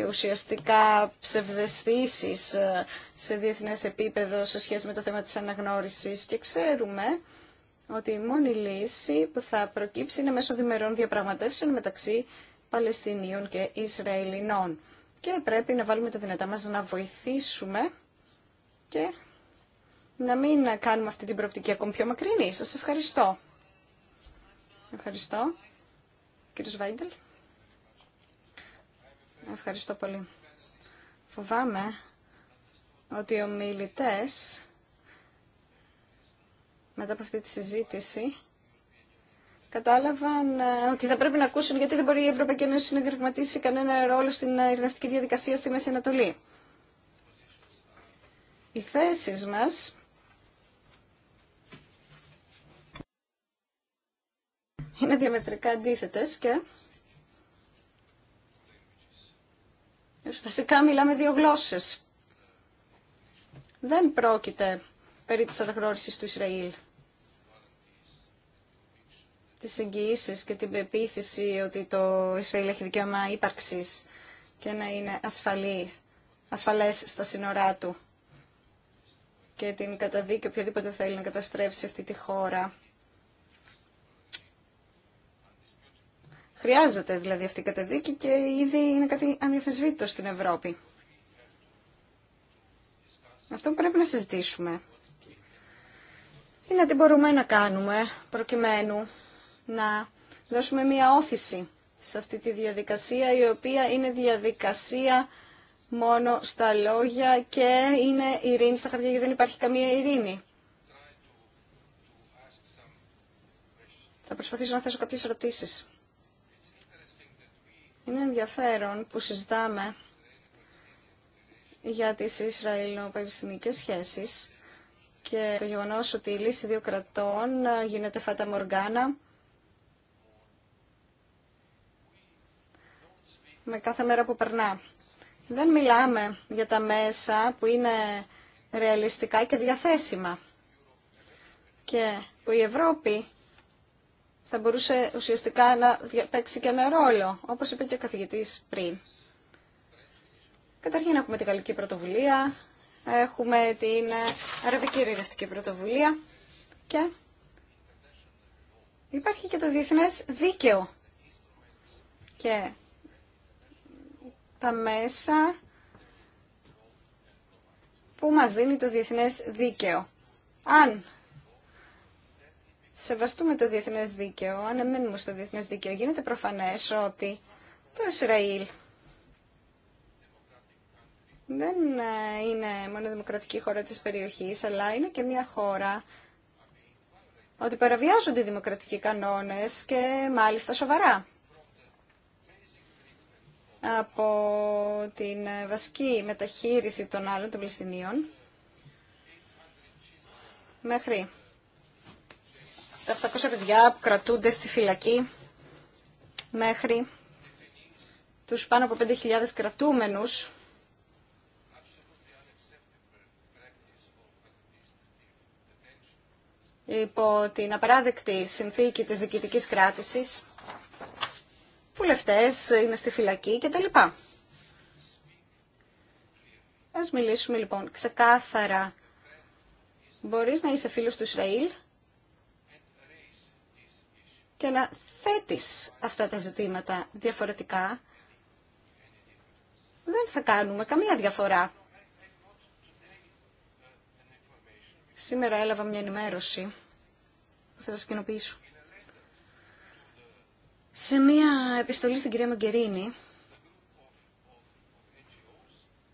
ουσιαστικά ψευδεστήσεις ε, σε διεθνές επίπεδο σε σχέση με το θέμα της αναγνώρισης και ξέρουμε ότι η μόνη λύση που θα προκύψει είναι μέσω διμερών διαπραγματεύσεων μεταξύ Παλαιστινίων και Ισραηλινών. Και πρέπει να βάλουμε τα δυνατά μας να βοηθήσουμε και να μην κάνουμε αυτή την προοπτική ακόμη πιο μακρινή. Σας ευχαριστώ. Ευχαριστώ. Κύριος Βάιντελ. Ευχαριστώ πολύ. Φοβάμαι ότι οι ομιλητές μετά από αυτή τη συζήτηση κατάλαβαν ε, ότι θα πρέπει να ακούσουν γιατί δεν μπορεί η Ευρωπαϊκή Ένωση να διαρκματίσει κανένα ρόλο στην ειρηνευτική διαδικασία στη Μέση Ανατολή. Οι θέσεις μας είναι διαμετρικά αντίθετες και βασικά μιλάμε δύο γλώσσες. Δεν πρόκειται περί της αναγνώρισης του Ισραήλ τις εγγυήσει και την πεποίθηση ότι το Ισραήλ έχει δικαίωμα ύπαρξης και να είναι ασφαλή, ασφαλές στα σύνορά του και την καταδίκη οποιοδήποτε θέλει να καταστρέψει αυτή τη χώρα. Χρειάζεται δηλαδή αυτή η καταδίκη και ήδη είναι κάτι ανεφεσβήτητο στην Ευρώπη. Αυτό πρέπει να συζητήσουμε είναι τι μπορούμε να κάνουμε προκειμένου να δώσουμε μία όθηση σε αυτή τη διαδικασία η οποία είναι διαδικασία μόνο στα λόγια και είναι ειρήνη στα χαρτιά γιατί δεν υπάρχει καμία ειρήνη. Θα προσπαθήσω να θέσω κάποιες ερωτήσεις. Είναι ενδιαφέρον που συζητάμε για τις Ισραηλο-Παλαιστινικές σχέσεις και το γεγονός ότι η λύση δύο κρατών γίνεται φάτα με κάθε μέρα που περνά δεν μιλάμε για τα μέσα που είναι ρεαλιστικά και διαθέσιμα και που η Ευρώπη θα μπορούσε ουσιαστικά να παίξει και ένα ρόλο, όπως είπε και ο καθηγητής πριν. Καταρχήν έχουμε την Γαλλική Πρωτοβουλία, έχουμε την Αραβική Ρηρευτική Πρωτοβουλία και υπάρχει και το Διεθνές Δίκαιο. Και τα μέσα που μας δίνει το διεθνές δίκαιο. Αν σεβαστούμε το διεθνές δίκαιο, αν εμένουμε στο διεθνές δίκαιο, γίνεται προφανές ότι το Ισραήλ δεν ε, είναι μόνο δημοκρατική χώρα της περιοχής, αλλά είναι και μια χώρα ότι παραβιάζονται οι δημοκρατικοί κανόνες και μάλιστα σοβαρά από την βασική μεταχείριση των άλλων των πληστινιών μέχρι τα 800 παιδιά που κρατούνται στη φυλακή μέχρι τους πάνω από 5.000 κρατούμενους υπό την απαράδεκτη συνθήκη της διοικητικής κράτησης βουλευτές είναι στη φυλακή κτλ. Ας μιλήσουμε λοιπόν ξεκάθαρα. Μπορείς να είσαι φίλος του Ισραήλ και να θέτεις αυτά τα ζητήματα διαφορετικά. Δεν θα κάνουμε καμία διαφορά. Σήμερα έλαβα μια ενημέρωση που θα σας κοινοποιήσω. Σε μία επιστολή στην κυρία Μογκερίνη,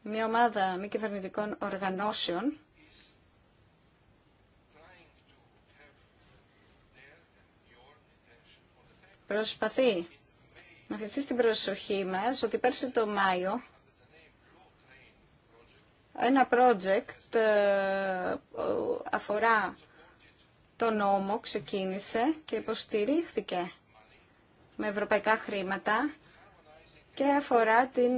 μία ομάδα μη κυβερνητικών οργανώσεων προσπαθεί να χρηστεί στην προσοχή μας ότι πέρσι το Μάιο ένα project ε, αφορά τον νόμο ξεκίνησε και υποστηρίχθηκε με ευρωπαϊκά χρήματα και αφορά την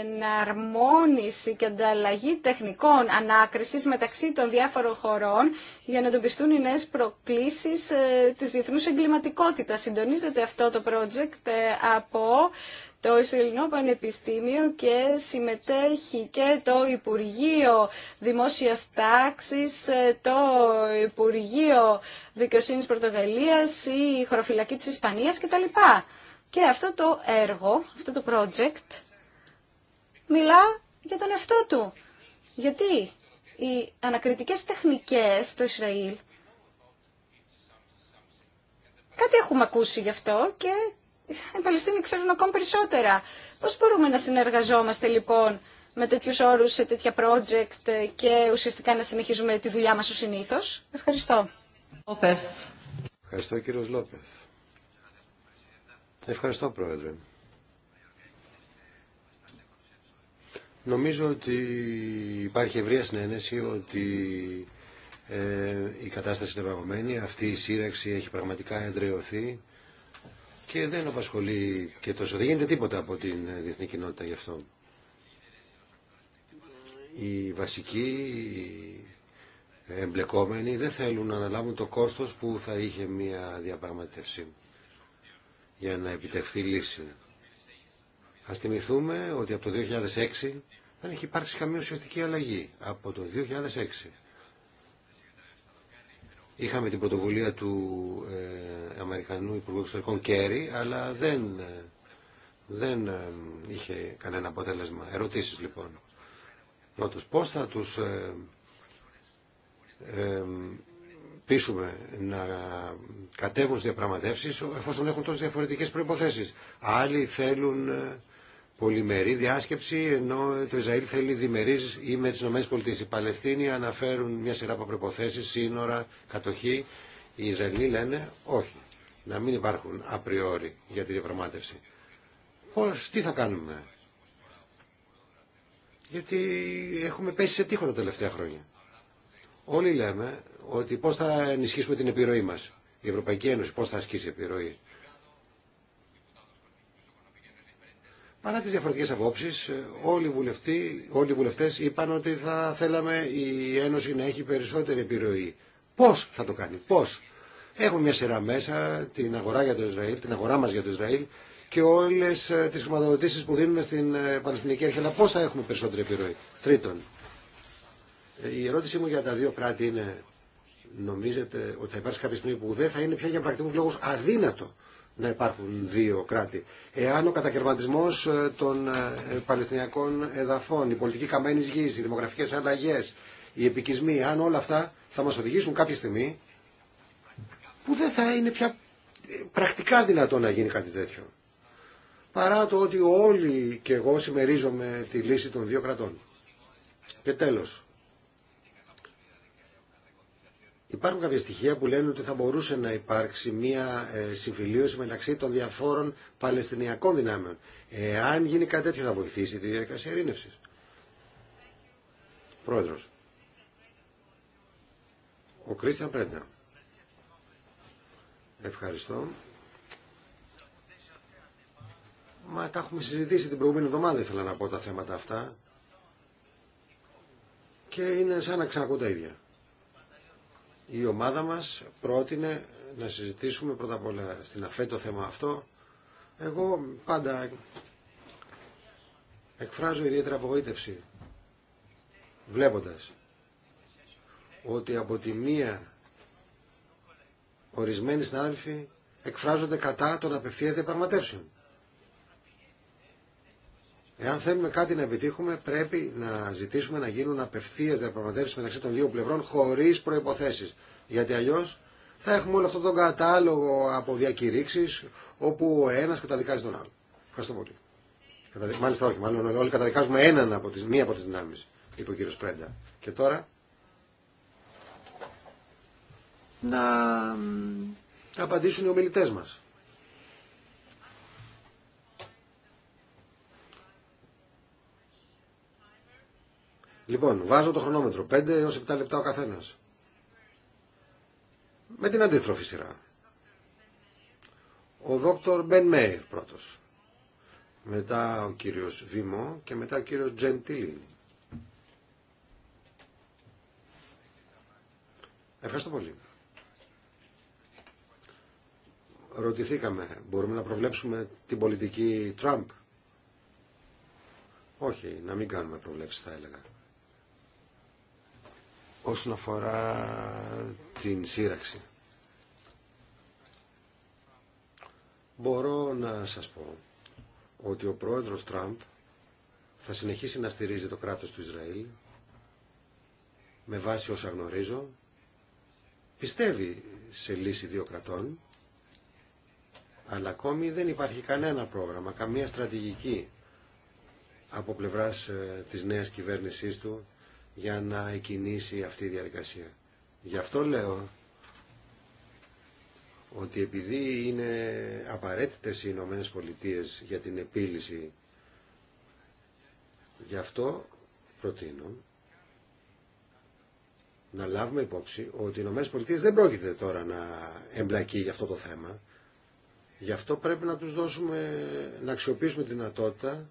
εναρμόνιση και ανταλλαγή τεχνικών ανάκρισης μεταξύ των διάφορων χωρών για να εντοπιστούν οι νέες προκλήσεις ε, της διεθνούς εγκληματικότητας. Συντονίζεται αυτό το project ε, από το Ισραηλινό Πανεπιστήμιο και συμμετέχει και το Υπουργείο Δημόσιας Τάξης, ε, το Υπουργείο Δικαιοσύνης Πορτογαλίας, η Χωροφυλακή της Ισπανίας κτλ. Και αυτό το έργο, αυτό το project, μιλά για τον εαυτό του. Γιατί οι ανακριτικές τεχνικές στο Ισραήλ, κάτι έχουμε ακούσει γι' αυτό και οι Παλαιστίνοι ξέρουν ακόμα περισσότερα. Πώς μπορούμε να συνεργαζόμαστε λοιπόν με τέτοιους όρους σε τέτοια project και ουσιαστικά να συνεχίζουμε τη δουλειά μας ως συνήθως. Ευχαριστώ. Ευχαριστώ κύριος Λόπεθ. Ευχαριστώ Πρόεδρε. Νομίζω ότι υπάρχει ευρεία συνένεση ότι ε, η κατάσταση είναι παγωμένη, αυτή η σύραξη έχει πραγματικά εδραιωθεί και δεν απασχολεί και τόσο. Δεν γίνεται τίποτα από την διεθνή κοινότητα γι' αυτό. Οι βασικοί εμπλεκόμενοι δεν θέλουν να αναλάβουν το κόστος που θα είχε μια διαπραγματεύση για να επιτευχθεί λύση. Ας θυμηθούμε ότι από το 2006 δεν έχει υπάρξει καμία ουσιαστική αλλαγή. Από το 2006 είχαμε την πρωτοβουλία του ε, Αμερικανού Υπουργού Εξωτερικών Κέρι, αλλά δεν, ε, δεν ε, είχε κανένα αποτέλεσμα. Ερωτήσεις λοιπόν. πώς θα τους πείσουμε να κατέβουν στις διαπραγματεύσεις εφόσον έχουν τόσες διαφορετικές προϋποθέσεις. Άλλοι θέλουν ε, πολυμερή διάσκεψη ενώ το Ισραήλ θέλει διμερείς ή με τις ΗΠΑ. Οι Παλαιστίνοι αναφέρουν μια σειρά από προϋποθέσεις, σύνορα, κατοχή. Οι Ισραηλοί λένε όχι, να μην υπάρχουν απριόρι για τη διαπραγμάτευση. Πώς, τι θα κάνουμε. Γιατί έχουμε πέσει σε τείχο τα τελευταία χρόνια. Όλοι λέμε ότι πώς θα ενισχύσουμε την επιρροή μας. Η Ευρωπαϊκή Ένωση πώς θα ασκήσει επιρροή. Παρά τις διαφορετικές απόψεις, όλοι οι, όλοι οι βουλευτές είπαν ότι θα θέλαμε η Ένωση να έχει περισσότερη επιρροή. Πώς θα το κάνει, πώς. Έχουμε μια σειρά μέσα, την αγορά, για το Ισραήλ, την αγορά μας για το Ισραήλ και όλες ε, τις χρηματοδοτήσεις που δίνουμε στην ε, Παλαιστινική Αρχή. Αλλά πώς θα έχουμε περισσότερη επιρροή. Τρίτον, ε, η ερώτησή μου για τα δύο κράτη είναι νομίζετε ότι θα υπάρξει κάποια στιγμή που δεν θα είναι πια για πρακτικούς λόγους αδύνατο να υπάρχουν δύο κράτη. Εάν ο κατακαιρματισμό ε, των ε, παλαιστινιακών εδαφών, η πολιτική καμένης γης, οι δημογραφικές αλλαγέ, οι επικισμοί, αν όλα αυτά θα μας οδηγήσουν κάποια στιγμή που δεν θα είναι πια ε, πρακτικά δυνατό να γίνει κάτι τέτοιο. Παρά το ότι όλοι και εγώ συμμερίζομαι τη λύση των δύο κρατών. Και τέλος, Υπάρχουν κάποια στοιχεία που λένε ότι θα μπορούσε να υπάρξει μια ε, συμφιλίωση μεταξύ των διαφόρων παλαιστινιακών δυνάμεων. Εάν γίνει κάτι τέτοιο θα βοηθήσει τη διαδικασία ειρήνευση. Πρόεδρος. Ο Κρίστιαν Πρέντα. Ευχαριστώ. Μα τα έχουμε συζητήσει την προηγούμενη εβδομάδα ήθελα να πω τα θέματα αυτά και είναι σαν να ξανακούν τα ίδια η ομάδα μας πρότεινε να συζητήσουμε πρώτα απ' όλα στην ΑΦΕ το θέμα αυτό. Εγώ πάντα εκφράζω ιδιαίτερη απογοήτευση βλέποντας ότι από τη μία ορισμένοι συνάδελφοι εκφράζονται κατά των απευθείας διαπραγματεύσεων. Εάν θέλουμε κάτι να επιτύχουμε, πρέπει να ζητήσουμε να γίνουν απευθεία διαπραγματεύσει μεταξύ των δύο πλευρών χωρί προποθέσει. Γιατί αλλιώ θα έχουμε όλο αυτό τον κατάλογο από διακηρύξει όπου ο ένα καταδικάζει τον άλλο. Ευχαριστώ πολύ. Μάλιστα όχι, μάλλον όλοι καταδικάζουμε έναν από τις, μία από τις δυνάμεις, είπε ο κύριος Πρέντα. Και τώρα να απαντήσουν οι ομιλητές μας. Λοιπόν, βάζω το χρονόμετρο. 5 έως 7 λεπτά ο καθένας. Με την αντίστροφη σειρά. Ο δόκτωρ Μπεν Μέιρ πρώτος. Μετά ο κύριος Βήμο και μετά ο κύριος Τζεντιλίνη. Ευχαριστώ πολύ. Ρωτηθήκαμε, μπορούμε να προβλέψουμε την πολιτική Τραμπ. Όχι, να μην κάνουμε προβλέψεις θα έλεγα όσον αφορά την σύραξη. Μπορώ να σας πω ότι ο πρόεδρος Τραμπ θα συνεχίσει να στηρίζει το κράτος του Ισραήλ με βάση όσα γνωρίζω. Πιστεύει σε λύση δύο κρατών, αλλά ακόμη δεν υπάρχει κανένα πρόγραμμα, καμία στρατηγική από πλευράς ε, της νέας κυβέρνησής του για να εκινήσει αυτή η διαδικασία. Γι' αυτό λέω ότι επειδή είναι απαραίτητες οι Ηνωμένε Πολιτείε για την επίλυση, γι' αυτό προτείνω να λάβουμε υπόψη ότι οι Ηνωμένε Πολιτείε δεν πρόκειται τώρα να εμπλακεί για αυτό το θέμα. Γι' αυτό πρέπει να τους δώσουμε, να αξιοποιήσουμε τη δυνατότητα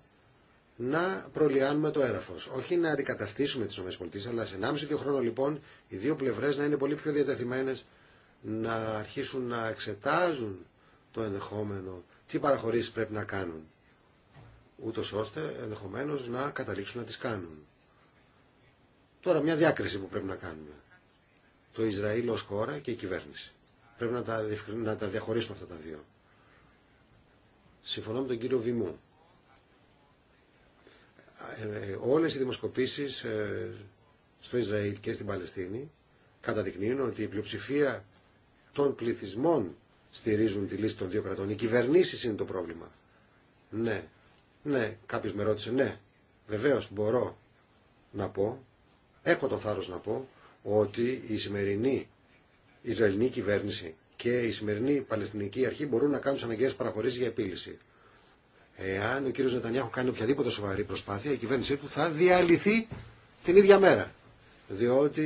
να προλιάνουμε το έδαφο. Όχι να αντικαταστήσουμε τι ΗΠΑ, αλλά σε 1,5-2 χρόνο λοιπόν οι δύο πλευρέ να είναι πολύ πιο διατεθειμένε να αρχίσουν να εξετάζουν το ενδεχόμενο, τι παραχωρήσει πρέπει να κάνουν, ούτω ώστε ενδεχομένω να καταλήξουν να τι κάνουν. Τώρα μια διάκριση που πρέπει να κάνουμε. Το Ισραήλ ω χώρα και η κυβέρνηση. Πρέπει να τα, να τα διαχωρίσουμε αυτά τα δύο. Συμφωνώ με τον κύριο Βημού ε, όλες οι δημοσκοπήσεις ε, στο Ισραήλ και στην Παλαιστίνη καταδεικνύουν ότι η πλειοψηφία των πληθυσμών στηρίζουν τη λύση των δύο κρατών. Οι κυβερνήσει είναι το πρόβλημα. Ναι, ναι, κάποιο με ρώτησε, ναι, βεβαίως μπορώ να πω, έχω το θάρρος να πω, ότι η σημερινή Ισραηλινή κυβέρνηση και η σημερινή Παλαιστινική Αρχή μπορούν να κάνουν τι αναγκαίε για επίλυση. Εάν ο κύριος Νετανιάχου κάνει οποιαδήποτε σοβαρή προσπάθεια, η κυβέρνησή του θα διαλυθεί την ίδια μέρα. Διότι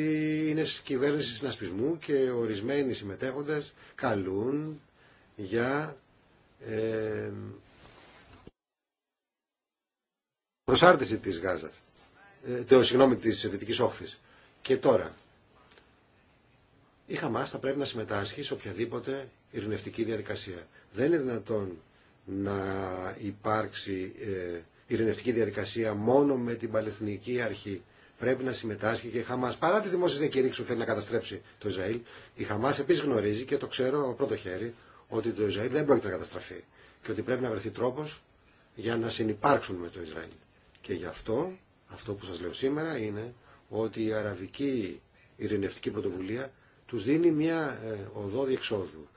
είναι κυβέρνηση συνασπισμού και ορισμένοι συμμετέχοντες καλούν για προσάρτηση της Γάζας, ε, το, συγγνώμη, της Δυτικής Όχθης. Και τώρα, η Χαμάς θα πρέπει να συμμετάσχει σε οποιαδήποτε ειρηνευτική διαδικασία. Δεν είναι δυνατόν να υπάρξει ε, ειρηνευτική διαδικασία μόνο με την Παλαιστινική Αρχή. Πρέπει να συμμετάσχει και η Χαμά. Παρά τι δημόσιε διακηρύξει που θέλει να καταστρέψει το Ισραήλ, η Χαμά επίση γνωρίζει και το ξέρω από πρώτο χέρι ότι το Ισραήλ δεν πρόκειται να καταστραφεί και ότι πρέπει να βρεθεί τρόπο για να συνεπάρξουν με το Ισραήλ. Και γι' αυτό, αυτό που σα λέω σήμερα είναι ότι η αραβική ειρηνευτική πρωτοβουλία του δίνει μια ε, οδό διεξόδου.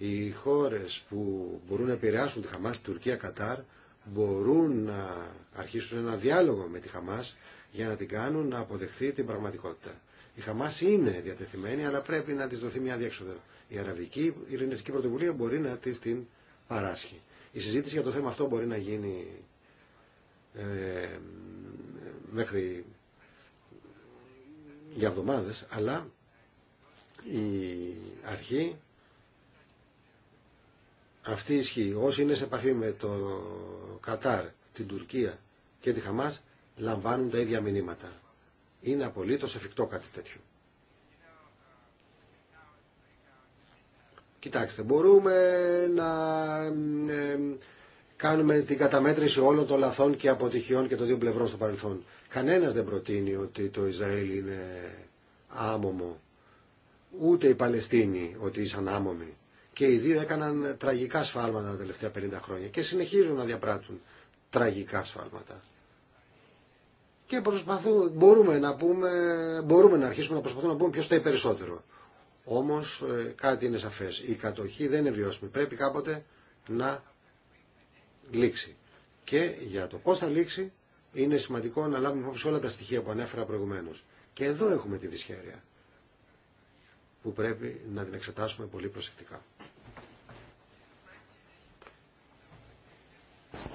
Οι χώρες που μπορούν να επηρεάσουν τη Χαμάς, Τουρκία, Κατάρ, μπορούν να αρχίσουν ένα διάλογο με τη Χαμάς για να την κάνουν να αποδεχθεί την πραγματικότητα. Η Χαμάς είναι διατεθειμένη, αλλά πρέπει να της δοθεί μια διέξοδο. Η Αραβική Ειρηνευτική Πρωτοβουλία μπορεί να της την παράσχει. Η συζήτηση για το θέμα αυτό μπορεί να γίνει ε, μέχρι για εβδομάδες, αλλά η αρχή αυτή ισχύει. Όσοι είναι σε επαφή με το Κατάρ, την Τουρκία και τη Χαμάς λαμβάνουν τα ίδια μηνύματα. Είναι απολύτως εφικτό κάτι τέτοιο. Κοιτάξτε, μπορούμε να κάνουμε την καταμέτρηση όλων των λαθών και αποτυχιών και των δύο πλευρών στο παρελθόν. Κανένας δεν προτείνει ότι το Ισραήλ είναι άμομο. Ούτε οι Παλαιστίνοι ότι ήσαν άμομοι και οι δύο έκαναν τραγικά σφάλματα τα τελευταία 50 χρόνια και συνεχίζουν να διαπράττουν τραγικά σφάλματα. Και προσπαθούμε, μπορούμε να πούμε, μπορούμε να αρχίσουμε να προσπαθούμε να πούμε ποιο φταίει περισσότερο. Όμω ε, κάτι είναι σαφέ. Η κατοχή δεν είναι βιώσιμη. Πρέπει κάποτε να λήξει. Και για το πώ θα λήξει είναι σημαντικό να λάβουμε υπόψη όλα τα στοιχεία που ανέφερα προηγουμένω. Και εδώ έχουμε τη δυσχέρεια που πρέπει να την εξετάσουμε πολύ προσεκτικά.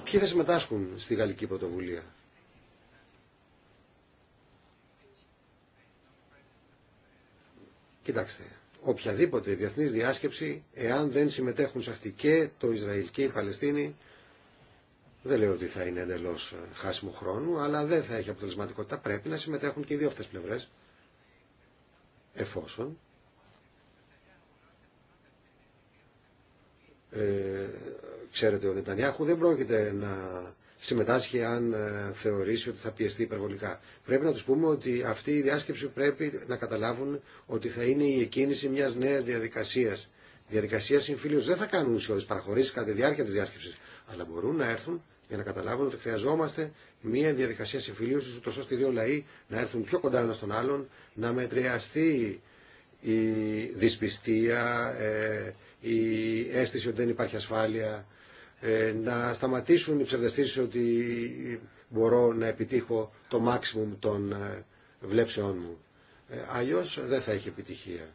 Ποιοι θα συμμετάσχουν στη Γαλλική Πρωτοβουλία. Κοιτάξτε, οποιαδήποτε διεθνής διάσκεψη, εάν δεν συμμετέχουν σε αυτή και το Ισραήλ και η Παλαιστίνη, δεν λέω ότι θα είναι εντελώ ε, χάσιμο χρόνου, αλλά δεν θα έχει αποτελεσματικότητα. Πρέπει να συμμετέχουν και οι δύο αυτέ πλευρέ, εφόσον Ε, ξέρετε, ο Νετανιάχου δεν πρόκειται να συμμετάσχει αν ε, θεωρήσει ότι θα πιεστεί υπερβολικά. Πρέπει να τους πούμε ότι αυτή η διάσκεψη πρέπει να καταλάβουν ότι θα είναι η εκκίνηση μιας νέας διαδικασίας. Διαδικασία συμφιλίωση. Δεν θα κάνουν ουσιώδε παραχωρήσει κατά τη διάρκεια τη διάσκεψη, αλλά μπορούν να έρθουν για να καταλάβουν ότι χρειαζόμαστε μια διαδικασία συμφιλίωση, ούτω ώστε οι δύο λαοί να έρθουν πιο κοντά ένα στον άλλον, να μετριαστεί η δυσπιστία, ε, η αίσθηση ότι δεν υπάρχει ασφάλεια, ε, να σταματήσουν οι ψευδεστήσεις ότι μπορώ να επιτύχω το maximum των ε, βλέψεών μου. Ε, αλλιώς δεν θα έχει επιτυχία.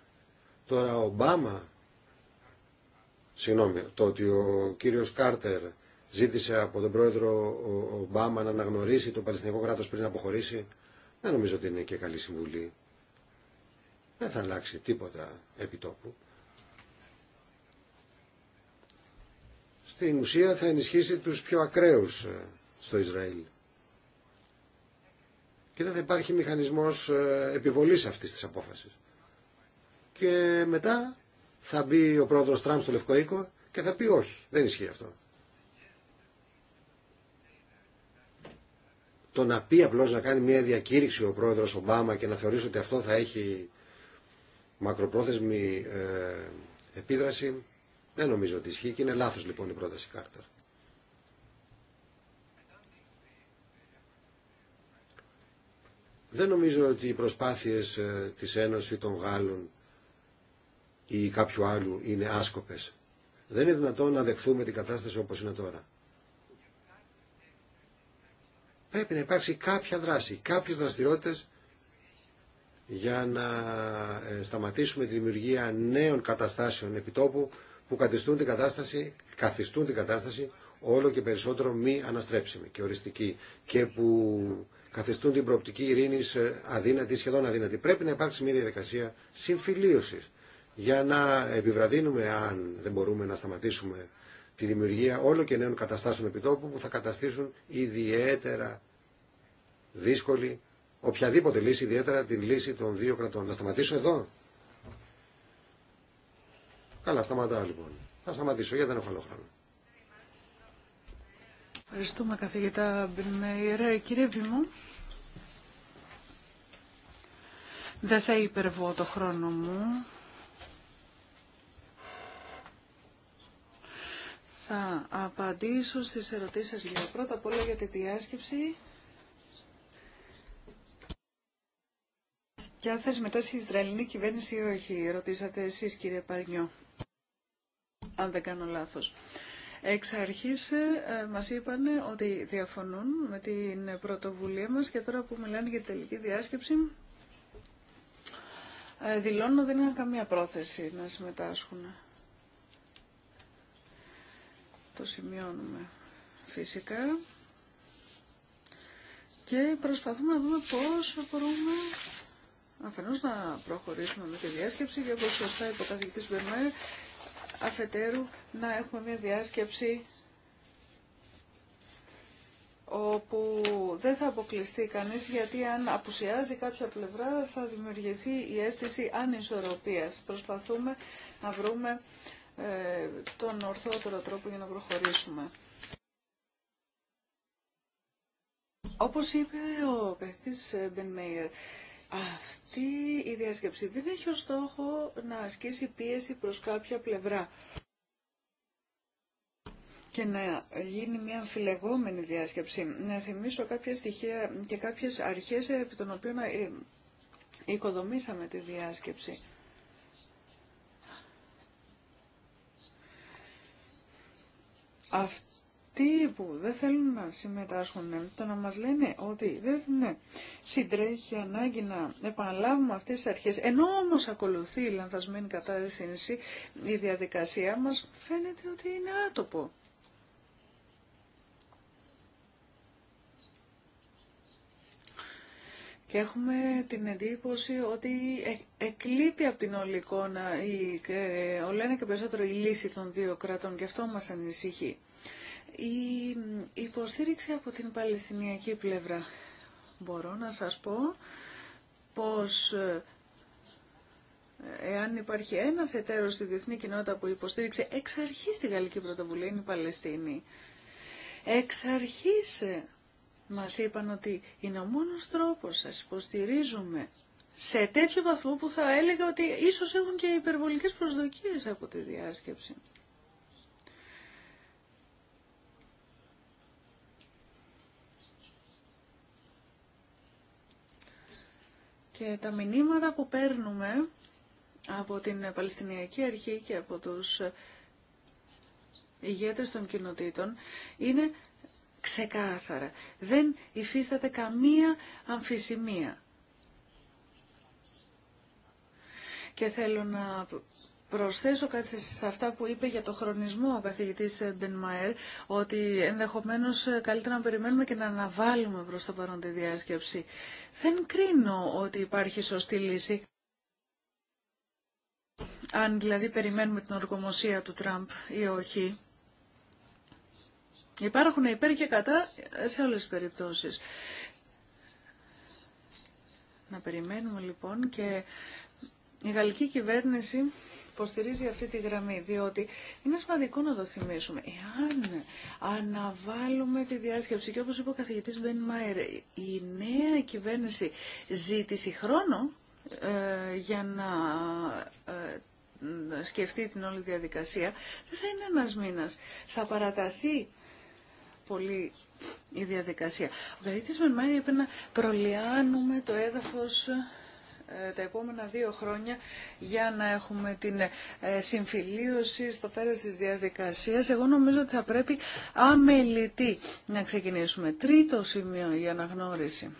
Τώρα ο Ομπάμα, συγγνώμη, το ότι ο κύριος Κάρτερ ζήτησε από τον πρόεδρο Ομπάμα να αναγνωρίσει το Παλαιστινικό κράτος πριν αποχωρήσει, δεν νομίζω ότι είναι και καλή συμβουλή. Δεν θα αλλάξει τίποτα επί τόπου. στην ουσία θα ενισχύσει τους πιο ακραίους ε, στο Ισραήλ. Και δεν θα υπάρχει μηχανισμός ε, επιβολής αυτής της απόφασης. Και μετά θα μπει ο πρόεδρος Τραμπ στο Λευκό Οίκο και θα πει όχι, δεν ισχύει αυτό. Το να πει απλώς να κάνει μια διακήρυξη ο πρόεδρος Ομπάμα και να θεωρήσει ότι αυτό θα έχει μακροπρόθεσμη ε, επίδραση δεν νομίζω ότι ισχύει και είναι λάθος λοιπόν η πρόταση Κάρτερ. Δεν νομίζω ότι οι προσπάθειες ε, της Ένωση των Γάλλων ή κάποιου άλλου είναι άσκοπες. Δεν είναι δυνατόν να δεχθούμε την κατάσταση όπως είναι τώρα. Πρέπει να υπάρξει κάποια δράση, κάποιες δραστηριότητες για να ε, σταματήσουμε τη δημιουργία νέων καταστάσεων επιτόπου που καθιστούν την κατάσταση, καθιστούν την κατάσταση όλο και περισσότερο μη αναστρέψιμη και οριστική και που καθιστούν την προοπτική ειρήνη ε, αδύνατη, σχεδόν αδύνατη. Πρέπει να υπάρξει μια διαδικασία συμφιλίωσης για να επιβραδύνουμε, αν δεν μπορούμε να σταματήσουμε τη δημιουργία όλο και νέων καταστάσεων επιτόπου που θα καταστήσουν ιδιαίτερα δύσκολη οποιαδήποτε λύση, ιδιαίτερα την λύση των δύο κρατών. Να σταματήσω εδώ. Καλά, σταματάω λοιπόν. Θα σταματήσω γιατί δεν έχω άλλο χρόνο. Ευχαριστούμε καθηγητά Μπριμέιρ. Κύριε Βήμου, δεν θα υπερβώ το χρόνο μου. Θα απαντήσω στις ερωτήσεις για πρώτα απ' όλα για τη διάσκεψη. Και αν θες μετά στην Ισραηλινή κυβέρνηση ή όχι, ρωτήσατε εσείς κύριε Παρνιό αν δεν κάνω λάθος. Εξ αρχής ε, μας είπαν ότι διαφωνούν με την πρωτοβουλία μας και τώρα που μιλάνε για τη τελική διάσκεψη ε, δηλώνουν ότι δεν είχαν καμία πρόθεση να συμμετάσχουν. Το σημειώνουμε φυσικά και προσπαθούμε να δούμε πώς μπορούμε αφενός να προχωρήσουμε με τη διάσκεψη για όπως σωστά είπε ο αφετέρου να έχουμε μια διάσκεψη όπου δεν θα αποκλειστεί κανείς γιατί αν απουσιάζει κάποια πλευρά θα δημιουργηθεί η αίσθηση ανισορροπίας. Προσπαθούμε να βρούμε ε, τον ορθότερο τρόπο για να προχωρήσουμε. Όπως είπε ο καθηγητής ε, Μπεν Μέιερ, αυτή η διάσκεψη δεν έχει ως στόχο να ασκήσει πίεση προς κάποια πλευρά και να γίνει μια αμφιλεγόμενη διάσκεψη. Να θυμίσω κάποια στοιχεία και κάποιες αρχές επί των οποίων ε, οικοδομήσαμε τη διάσκεψη δεν θέλουν να συμμετάσχουν, ναι. το να μας λένε ότι δεν ναι, συντρέχει ανάγκη να επαναλάβουμε αυτές τις αρχές, ενώ όμως ακολουθεί η λανθασμένη κατάρρυθμιση, η διαδικασία μας φαίνεται ότι είναι άτοπο. Και έχουμε την εντύπωση ότι ε, εκλείπει από την όλη εικόνα η, ε, ολένα και περισσότερο η λύση των δύο κρατών και αυτό μας ανησυχεί. Η υποστήριξη από την Παλαιστινιακή πλευρά. Μπορώ να σας πω πως ε, εάν υπάρχει ένας εταίρος στη διεθνή κοινότητα που υποστήριξε εξ αρχής τη Γαλλική Πρωτοβουλία είναι η Παλαιστίνη. Εξ αρχής ε, μας είπαν ότι είναι ο μόνος τρόπος, σας υποστηρίζουμε σε τέτοιο βαθμό που θα έλεγα ότι ίσως έχουν και υπερβολικές προσδοκίες από τη διάσκεψη. Και τα μηνύματα που παίρνουμε από την Παλαιστινιακή Αρχή και από τους ηγέτες των κοινοτήτων είναι ξεκάθαρα. Δεν υφίσταται καμία αμφισημία. Και θέλω να προσθέσω κάτι σε αυτά που είπε για το χρονισμό ο καθηγητής Μαέρ ότι ενδεχομένως καλύτερα να περιμένουμε και να αναβάλουμε προς το παρόν τη διάσκεψη. Δεν κρίνω ότι υπάρχει σωστή λύση. Αν δηλαδή περιμένουμε την ορκομοσία του Τραμπ ή όχι. Υπάρχουν υπέρ και κατά σε όλες τις περιπτώσεις. Να περιμένουμε λοιπόν και η γαλλική κυβέρνηση υποστηρίζει αυτή τη γραμμή, διότι είναι σημαντικό να το θυμίσουμε. Εάν αναβάλουμε τη διάσκεψη και όπως είπε ο καθηγητής Μπεν Μάιρ, η νέα κυβέρνηση ζήτησε χρόνο ε, για να ε, σκεφτεί την όλη διαδικασία, δεν θα είναι ένας μήνας. Θα παραταθεί πολύ η διαδικασία. Ο καθηγητής Μάιρ είπε να προλιάνουμε το έδαφος ε, τα επόμενα δύο χρόνια για να έχουμε την ε, συμφιλίωση στο πέρας της διαδικασίας. Εγώ νομίζω ότι θα πρέπει αμελητή να ξεκινήσουμε. Τρίτο σημείο για αναγνώριση.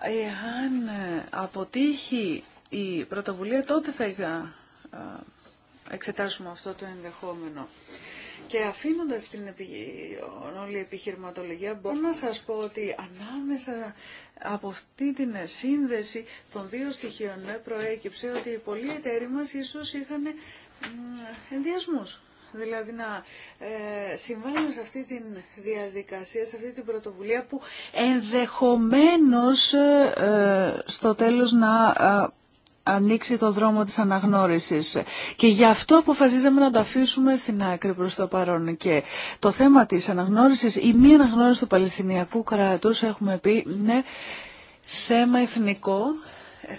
Εάν ε, αποτύχει η πρωτοβουλία τότε θα εξετάσουμε αυτό το ενδεχόμενο. Και αφήνοντας την επι... όλη επιχειρηματολογία, μπορώ να σας πω ότι ανάμεσα από αυτή την σύνδεση των δύο στοιχείων ναι, προέκυψε ότι πολλοί εταίροι μας ίσως είχαν ενδιασμούς. Δηλαδή να ε, συμβάλλουν σε αυτή τη διαδικασία, σε αυτή την πρωτοβουλία που ενδεχομένως ε, ε, στο τέλος να ανοίξει το δρόμο της αναγνώρισης. Και γι' αυτό αποφασίζαμε να το αφήσουμε στην άκρη προς το παρόν. Και το θέμα της αναγνώρισης ή μη αναγνώριση του Παλαιστινιακού κράτους, έχουμε πει, είναι θέμα εθνικό,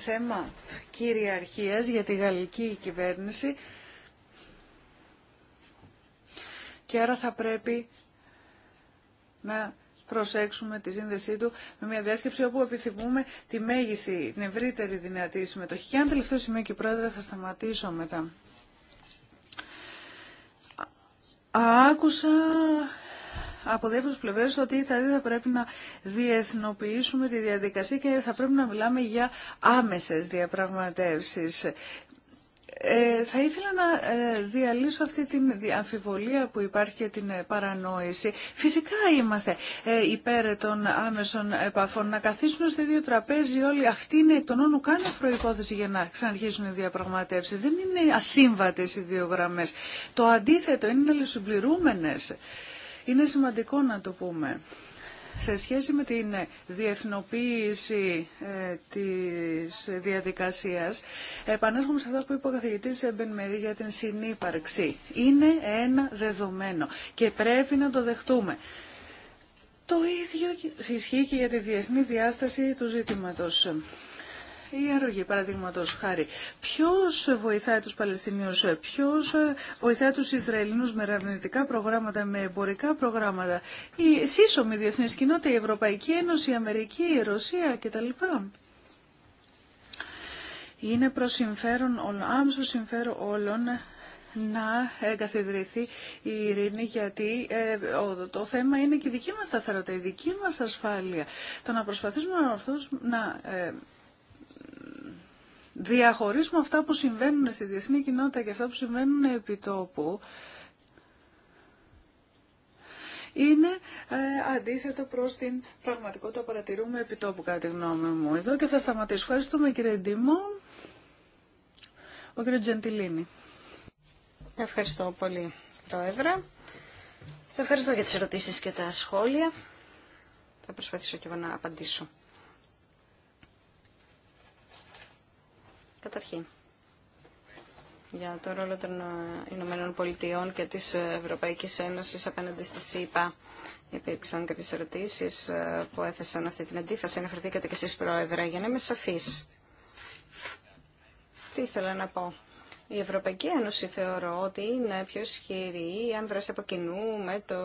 θέμα κυριαρχίας για τη γαλλική κυβέρνηση. Και άρα θα πρέπει να προσέξουμε τη σύνδεσή του με μια διάσκεψη όπου επιθυμούμε τη μέγιστη, την ευρύτερη δυνατή συμμετοχή. Και αν τελευταίο σημείο και πρόεδρε θα σταματήσω μετά. Άκουσα από διάφορε πλευρέ ότι θα, θα πρέπει να διεθνοποιήσουμε τη διαδικασία και θα πρέπει να μιλάμε για άμεσε διαπραγματεύσει. Ε, θα ήθελα να ε, διαλύσω αυτή την αμφιβολία που υπάρχει και την ε, παρανόηση. Φυσικά είμαστε ε, υπέρ των άμεσων επαφών. Να καθίσουν στο δύο τραπέζι όλοι. Αυτή είναι τον όνων κάνει προπόθεση για να ξαναρχίσουν οι διαπραγματεύσεις. Δεν είναι ασύμβατες οι δύο γραμμές. Το αντίθετο είναι αλληλοσυμπληρούμενες. Είναι σημαντικό να το πούμε σε σχέση με την διεθνοποίηση ε, της διαδικασίας, επανέρχομαι σε αυτό που είπε ο καθηγητής Εμπενμερή για την συνύπαρξη. Είναι ένα δεδομένο και πρέπει να το δεχτούμε. Το ίδιο ισχύει και για τη διεθνή διάσταση του ζητήματος. Η αρρωγή, παραδείγματο χάρη. Ποιο βοηθάει του Παλαιστινίου, ποιο βοηθάει του Ισραηλινού με ερευνητικά προγράμματα, με εμπορικά προγράμματα, η σύσσωμη διεθνή κοινότητα, η Ευρωπαϊκή Ένωση, η Αμερική, η Ρωσία κτλ. Είναι προ συμφέρον όλων, άμεσο συμφέρον όλων να εγκαθιδρυθεί η ειρήνη γιατί ε, το θέμα είναι και η δική μας σταθερότητα, η δική μας ασφάλεια. Το να προσπαθήσουμε να, να ε, διαχωρίσουμε αυτά που συμβαίνουν στη διεθνή κοινότητα και αυτά που συμβαίνουν επί τόπου, είναι ε, αντίθετο προς την πραγματικότητα που παρατηρούμε επί τόπου, κατά τη γνώμη μου. Εδώ και θα σταματήσω. Ευχαριστούμε κύριε Ντίμο. Ο κύριο Τζεντιλίνη. Ευχαριστώ πολύ, Πρόεδρε. Ευχαριστώ για τις ερωτήσεις και τα σχόλια. Θα προσπαθήσω και εγώ να απαντήσω. Καταρχήν, για το ρόλο των ε, Ηνωμένων Πολιτειών και της Ευρωπαϊκής Ένωσης απέναντι στη ΣΥΠΑ. Υπήρξαν κάποιες ερωτήσεις ε, που έθεσαν αυτή την αντίφαση. Αναφερθήκατε και εσείς, Πρόεδρε, για να είμαι σαφής. Τι ήθελα να πω. Η Ευρωπαϊκή Ένωση θεωρώ ότι είναι πιο ισχυρή αν βρέσει από κοινού με το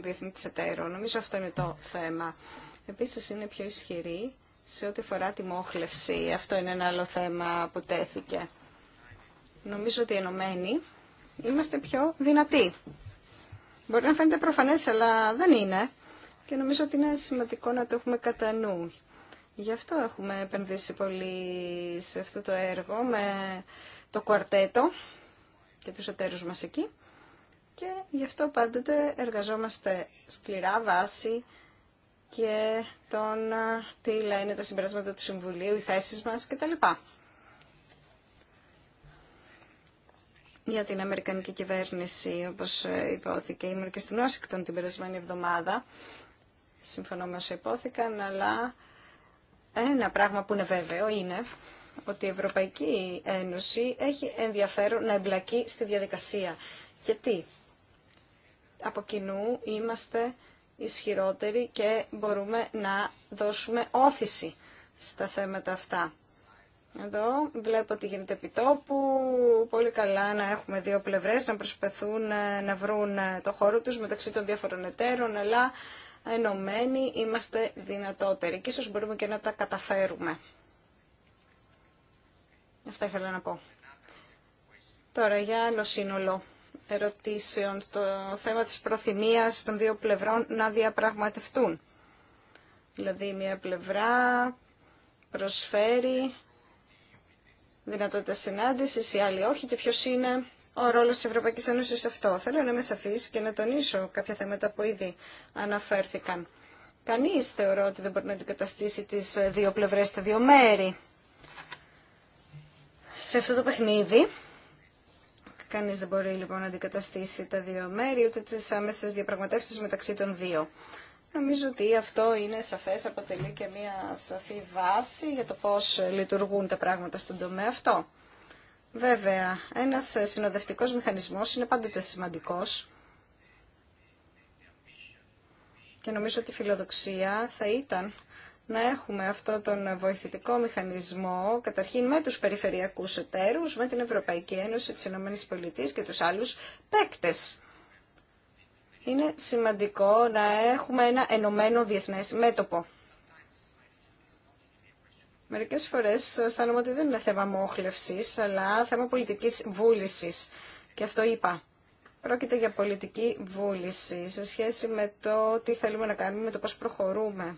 διεθνή της εταίρο. Νομίζω αυτό είναι το θέμα. Επίσης είναι πιο ισχυρή σε ό,τι φορά τη μόχλευση, αυτό είναι ένα άλλο θέμα που τέθηκε. Νομίζω ότι ενωμένοι είμαστε πιο δυνατοί. Μπορεί να φαίνεται προφανές, αλλά δεν είναι. Και νομίζω ότι είναι σημαντικό να το έχουμε κατά νου. Γι' αυτό έχουμε επενδύσει πολύ σε αυτό το έργο με το κουαρτέτο και τους εταίρους μας εκεί. Και γι' αυτό πάντοτε εργαζόμαστε σκληρά βάση και τον ε, τι λένε τα συμπεράσματα του Συμβουλίου, οι θέσεις μας κτλ. Για την Αμερικανική κυβέρνηση, όπως ε, υπόθηκε, ήμουν και στην Ουάσιγκτον την περασμένη εβδομάδα, συμφωνώ με όσα υπόθηκαν, αλλά ένα πράγμα που είναι βέβαιο είναι ότι η Ευρωπαϊκή Ένωση έχει ενδιαφέρον να εμπλακεί στη διαδικασία. Γιατί από κοινού είμαστε ισχυρότεροι και μπορούμε να δώσουμε όθηση στα θέματα αυτά. Εδώ βλέπω ότι γίνεται επιτόπου. Πολύ καλά να έχουμε δύο πλευρές να προσπαθούν ε, να βρουν ε, το χώρο τους μεταξύ των διάφορων εταίρων, αλλά ενωμένοι είμαστε δυνατότεροι και ίσως μπορούμε και να τα καταφέρουμε. Αυτά ήθελα να πω. Τώρα για άλλο σύνολο ερωτήσεων το θέμα της προθυμίας των δύο πλευρών να διαπραγματευτούν. Δηλαδή μια πλευρά προσφέρει δυνατότητα συνάντησης, η άλλη όχι και ποιος είναι ο ρόλος της Ευρωπαϊκής Ένωσης σε αυτό. Θέλω να είμαι σαφής και να τονίσω κάποια θέματα που ήδη αναφέρθηκαν. Κανείς θεωρώ ότι δεν μπορεί να αντικαταστήσει τις δύο πλευρές, τα δύο μέρη. Σε αυτό το παιχνίδι Κανείς δεν μπορεί λοιπόν να αντικαταστήσει τα δύο μέρη, ούτε τις άμεσες διαπραγματεύσεις μεταξύ των δύο. Νομίζω ότι αυτό είναι σαφές, αποτελεί και μια σαφή βάση για το πώς λειτουργούν τα πράγματα στον τομέα αυτό. Βέβαια, ένας συνοδευτικός μηχανισμός είναι πάντοτε σημαντικός και νομίζω ότι η φιλοδοξία θα ήταν να έχουμε αυτό τον βοηθητικό μηχανισμό, καταρχήν με τους περιφερειακούς εταίρους, με την Ευρωπαϊκή Ένωση, τις ΗΠΑ και τους άλλους παίκτες. Είναι σημαντικό να έχουμε ένα ενωμένο διεθνές μέτωπο. Μερικές φορές αισθάνομαι ότι δεν είναι θέμα μόχλευσης, αλλά θέμα πολιτικής βούλησης. Και αυτό είπα. Πρόκειται για πολιτική βούληση σε σχέση με το τι θέλουμε να κάνουμε, με το πώς προχωρούμε.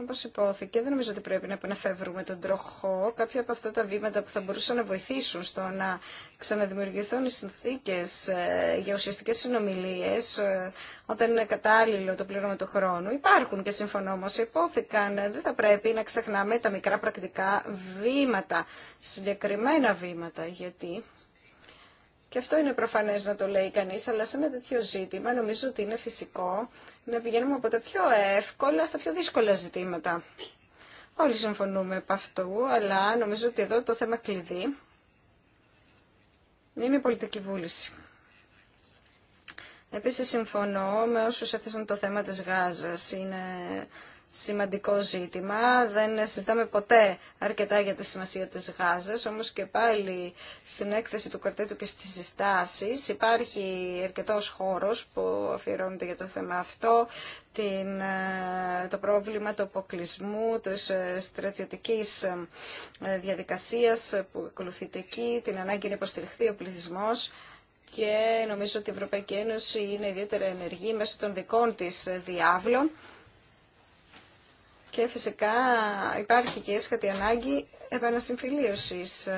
Όπω υπόθηκε, δεν νομίζω ότι πρέπει να επαναφεύρουμε τον τροχό. Κάποια από αυτά τα βήματα που θα μπορούσαν να βοηθήσουν στο να ξαναδημιουργηθούν οι συνθήκε ε, για ουσιαστικέ συνομιλίε, ε, όταν είναι κατάλληλο το πλήρωμα του χρόνου, υπάρχουν και συμφωνώ όμω, υπόθηκαν. Δεν θα πρέπει να ξεχνάμε τα μικρά πρακτικά βήματα, συγκεκριμένα βήματα, γιατί και αυτό είναι προφανέ να το λέει κανεί, αλλά σε ένα τέτοιο ζήτημα νομίζω ότι είναι φυσικό να πηγαίνουμε από τα πιο εύκολα στα πιο δύσκολα ζητήματα. Όλοι συμφωνούμε από αυτού, αλλά νομίζω ότι εδώ το θέμα κλειδί είναι η πολιτική βούληση. Επίσης συμφωνώ με όσους έθεσαν το θέμα της Γάζας. Είναι σημαντικό ζήτημα. Δεν συζητάμε ποτέ αρκετά για τη σημασία της Γάζας, όμως και πάλι στην έκθεση του κορτέτου και στις συστάσεις υπάρχει αρκετός χώρος που αφιερώνεται για το θέμα αυτό, την, ε, το πρόβλημα του αποκλεισμού, της ε, στρατιωτικής ε, διαδικασίας που ακολουθείται εκεί, την ανάγκη να υποστηριχθεί ο πληθυσμός και νομίζω ότι η Ευρωπαϊκή Ένωση είναι ιδιαίτερα ενεργή μέσω των δικών της διάβλων και φυσικά υπάρχει και έσχατη ανάγκη επανασυμφιλίωσης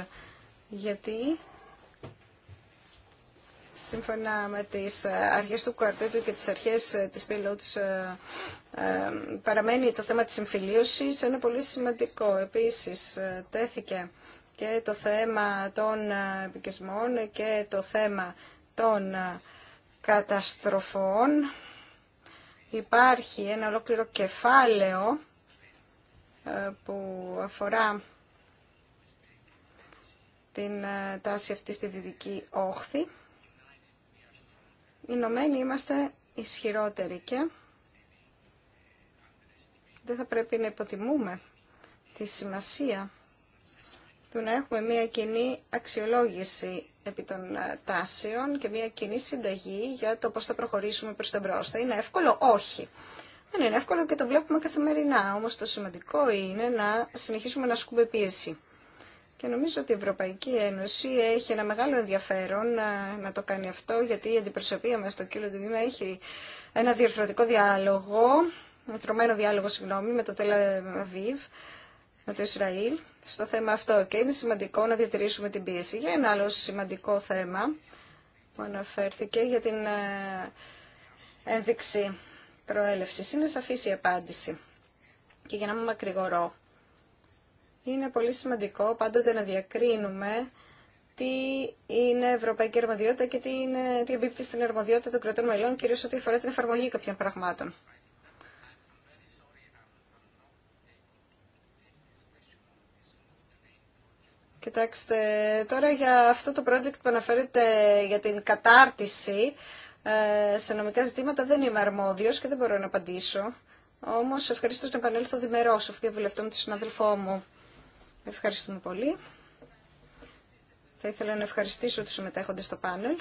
γιατί σύμφωνα με τις αρχές του κουαρτέτου και τις αρχές της πιλότης ε, ε, παραμένει το θέμα της συμφιλίωσης ένα πολύ σημαντικό. Επίσης ε, τέθηκε και το θέμα των επικισμών και το θέμα των καταστροφών. Υπάρχει ένα ολόκληρο κεφάλαιο ε, που αφορά την ε, τάση αυτή στη δυτική όχθη. Ηνωμένοι είμαστε ισχυρότεροι και δεν θα πρέπει να υποτιμούμε τη σημασία του να έχουμε μια κοινή αξιολόγηση επί των ε, τάσεων και μια κοινή συνταγή για το πώς θα προχωρήσουμε προς τα μπρος. Θα είναι εύκολο? Όχι. Δεν είναι εύκολο και το βλέπουμε καθημερινά, Όμω το σημαντικό είναι να συνεχίσουμε να ασκούμε πίεση. Και νομίζω ότι η Ευρωπαϊκή Ένωση έχει ένα μεγάλο ενδιαφέρον να, ε, να το κάνει αυτό, γιατί η αντιπροσωπεία μας στο κύριο Δημήμα έχει ένα διορθωτικό διάλογο, τρωμένο διάλογο, συγγνώμη, με το Τελαβίβ, με το Ισραήλ, στο θέμα αυτό. Και είναι σημαντικό να διατηρήσουμε την πίεση. Για ένα άλλο σημαντικό θέμα που αναφέρθηκε για την ε, ένδειξη είναι σαφή η απάντηση. Και για να μην μακρηγορώ, είναι πολύ σημαντικό πάντοτε να διακρίνουμε τι είναι ευρωπαϊκή αρμοδιότητα και τι, είναι, τι εμπίπτει στην αρμοδιότητα των κρατών μελών, κυρίω ό,τι αφορά την εφαρμογή κάποιων πραγμάτων. Κοιτάξτε, τώρα για αυτό το project που αναφέρεται για την κατάρτιση, ε, σε νομικά ζητήματα δεν είμαι αρμόδιος και δεν μπορώ να απαντήσω. Όμως ευχαριστώ να επανέλθω διμερώς αυτή διαβουλευτώ με τον συναδελφό μου. Ευχαριστούμε πολύ. Θα ήθελα να ευχαριστήσω τους συμμετέχοντες στο πάνελ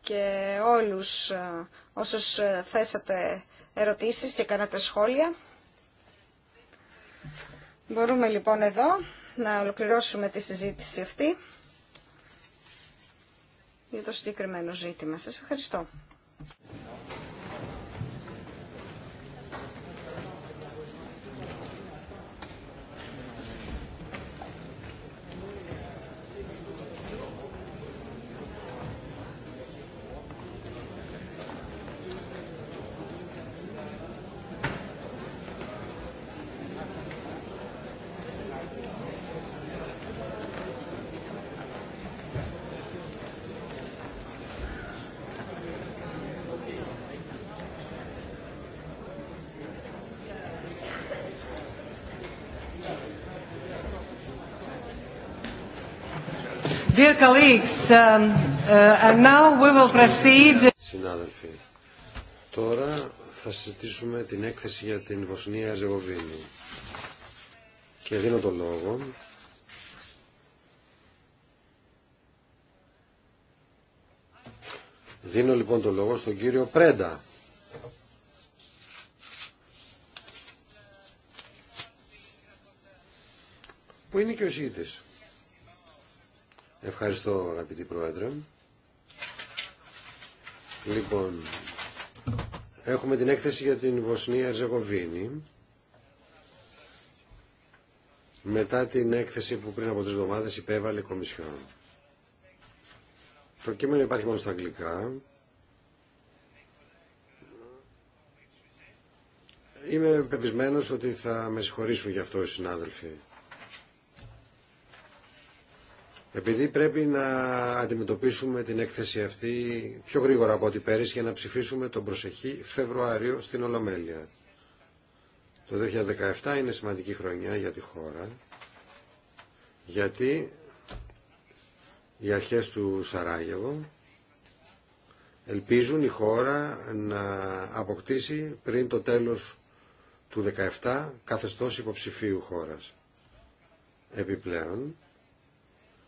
και όλους ε, όσους ε, θέσατε ερωτήσεις και κάνατε σχόλια. Μπορούμε λοιπόν εδώ να ολοκληρώσουμε τη συζήτηση αυτή για το συγκεκριμένο ζήτημα. Σας ευχαριστώ. colleagues, um, uh, Συνάδελφοι, τώρα θα συζητήσουμε την έκθεση για την Βοσνία Ζεγοβίνη. Και δίνω το λόγο Δίνω λοιπόν το λόγο στον κύριο Πρέντα. Που είναι και ο Ευχαριστώ αγαπητή Πρόεδρε. Λοιπόν, έχουμε την έκθεση για την Βοσνία Ερζεγοβίνη. Μετά την έκθεση που πριν από τρεις εβδομάδες υπέβαλε η Κομισιόν. Το κείμενο υπάρχει μόνο στα αγγλικά. Είμαι πεπισμένος ότι θα με συγχωρήσουν γι' αυτό οι συνάδελφοι. Επειδή πρέπει να αντιμετωπίσουμε την έκθεση αυτή πιο γρήγορα από ό,τι πέρυσι για να ψηφίσουμε τον προσεχή Φεβρουάριο στην Ολομέλεια. Το 2017 είναι σημαντική χρονιά για τη χώρα, γιατί οι αρχές του Σαράγεβο ελπίζουν η χώρα να αποκτήσει πριν το τέλος του 2017 καθεστώς υποψηφίου χώρας. Επιπλέον,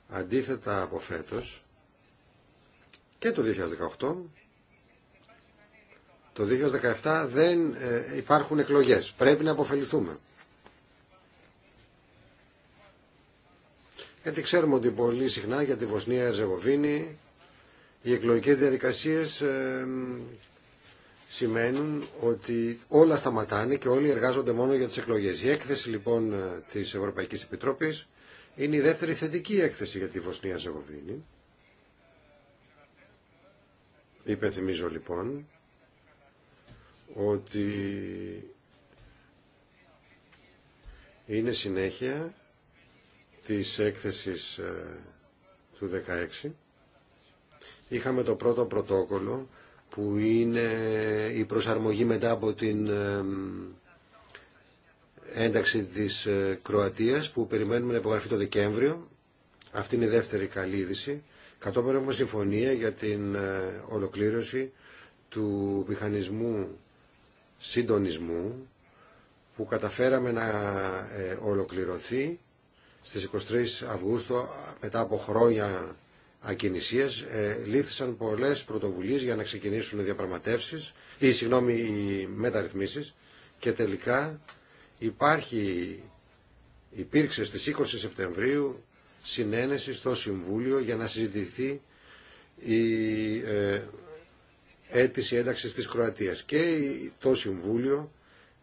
αντίθετα από φέτος και το 2018 το 2017 δεν ε, υπάρχουν εκλογές. Πρέπει να αποφεληθούμε. Γιατί ξέρουμε ότι πολύ συχνά για τη Βοσνία Ερζεγοβίνη οι εκλογικές διαδικασίες ε, σημαίνουν ότι όλα σταματάνε και όλοι εργάζονται μόνο για τις εκλογές. Η έκθεση λοιπόν ε, της Ευρωπαϊκής Επιτρόπης είναι η δεύτερη θετική έκθεση για τη Βοσνία Ζεγοβίνη. Υπενθυμίζω λοιπόν ότι είναι συνέχεια της έκθεσης ε, του 16. Είχαμε το πρώτο πρωτόκολλο που είναι η προσαρμογή μετά από την ε, ένταξη της ε, Κροατίας που περιμένουμε να υπογραφεί το Δεκέμβριο. Αυτή είναι η δεύτερη καλή είδηση. Κατόπιν έχουμε συμφωνία για την ε, ολοκλήρωση του μηχανισμού συντονισμού που καταφέραμε να ε, ολοκληρωθεί στις 23 Αυγούστου μετά από χρόνια ακινησίες. Λήφθησαν πολλές πρωτοβουλίες για να ξεκινήσουν οι διαπραγματεύσεις ή συγγνώμη οι μεταρρυθμίσεις και τελικά υπάρχει, υπήρξε στις 20 Σεπτεμβρίου συνένεση στο Συμβούλιο για να συζητηθεί η ε, αίτηση ένταξης της Κροατίας και το Συμβούλιο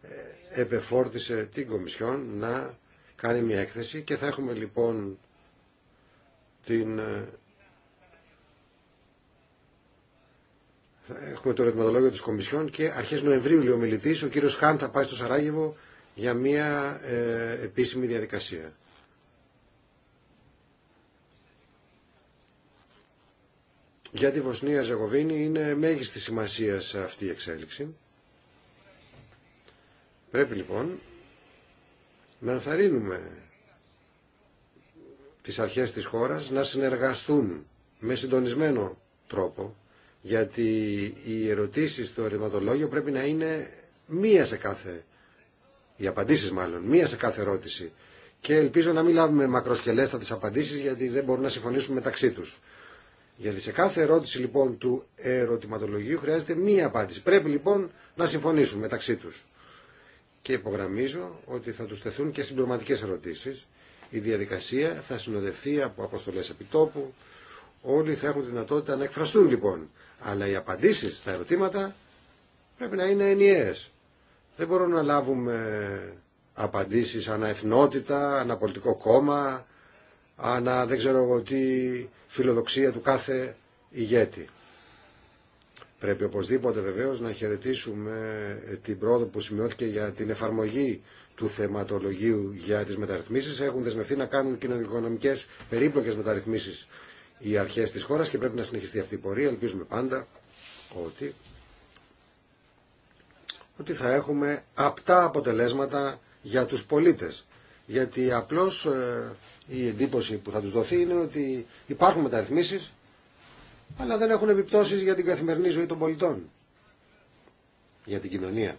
ε, επεφόρτησε την Κομισιόν να κάνει μια έκθεση και θα έχουμε λοιπόν την ε, έχουμε το ρετματολόγιο της Κομισιόν και αρχές Νοεμβρίου λέει ο μιλητής, ο κύριος Χάν θα πάει στο Σαράγεβο για μια ε, επίσημη διαδικασία. Για τη Βοσνία Ζεγοβίνη είναι μέγιστη σημασία σε αυτή η εξέλιξη. Πρέπει λοιπόν να ενθαρρύνουμε τις αρχές της χώρας να συνεργαστούν με συντονισμένο τρόπο γιατί οι ερωτήσεις στο ρηματολόγιο πρέπει να είναι μία σε κάθε οι απαντήσει μάλλον, μία σε κάθε ερώτηση. Και ελπίζω να μην λάβουμε τι απαντήσει γιατί δεν μπορούν να συμφωνήσουν μεταξύ του. Γιατί σε κάθε ερώτηση λοιπόν του ερωτηματολογίου χρειάζεται μία απάντηση. Πρέπει λοιπόν να συμφωνήσουν μεταξύ του. Και υπογραμμίζω ότι θα του τεθούν και συμπληρωματικέ ερωτήσει. Η διαδικασία θα συνοδευτεί από αποστολέ επιτόπου. Όλοι θα έχουν δυνατότητα να εκφραστούν λοιπόν. Αλλά οι απαντήσει στα ερωτήματα πρέπει να είναι ενιαίες. Δεν μπορούμε να λάβουμε απαντήσεις ανά εθνότητα, ανά πολιτικό κόμμα, ανά δεν ξέρω εγώ τι φιλοδοξία του κάθε ηγέτη. Πρέπει οπωσδήποτε βεβαίως να χαιρετήσουμε την πρόοδο που σημειώθηκε για την εφαρμογή του θεματολογίου για τις μεταρρυθμίσεις. Έχουν δεσμευτεί να κάνουν κοινωνικονομικές περίπλοκες μεταρρυθμίσεις οι αρχές της χώρας και πρέπει να συνεχιστεί αυτή η πορεία. Ελπίζουμε πάντα ότι ότι θα έχουμε απτά αποτελέσματα για τους πολίτες. Γιατί απλώς ε, η εντύπωση που θα τους δοθεί είναι ότι υπάρχουν μεταρρυθμίσεις αλλά δεν έχουν επιπτώσεις για την καθημερινή ζωή των πολιτών, για την κοινωνία.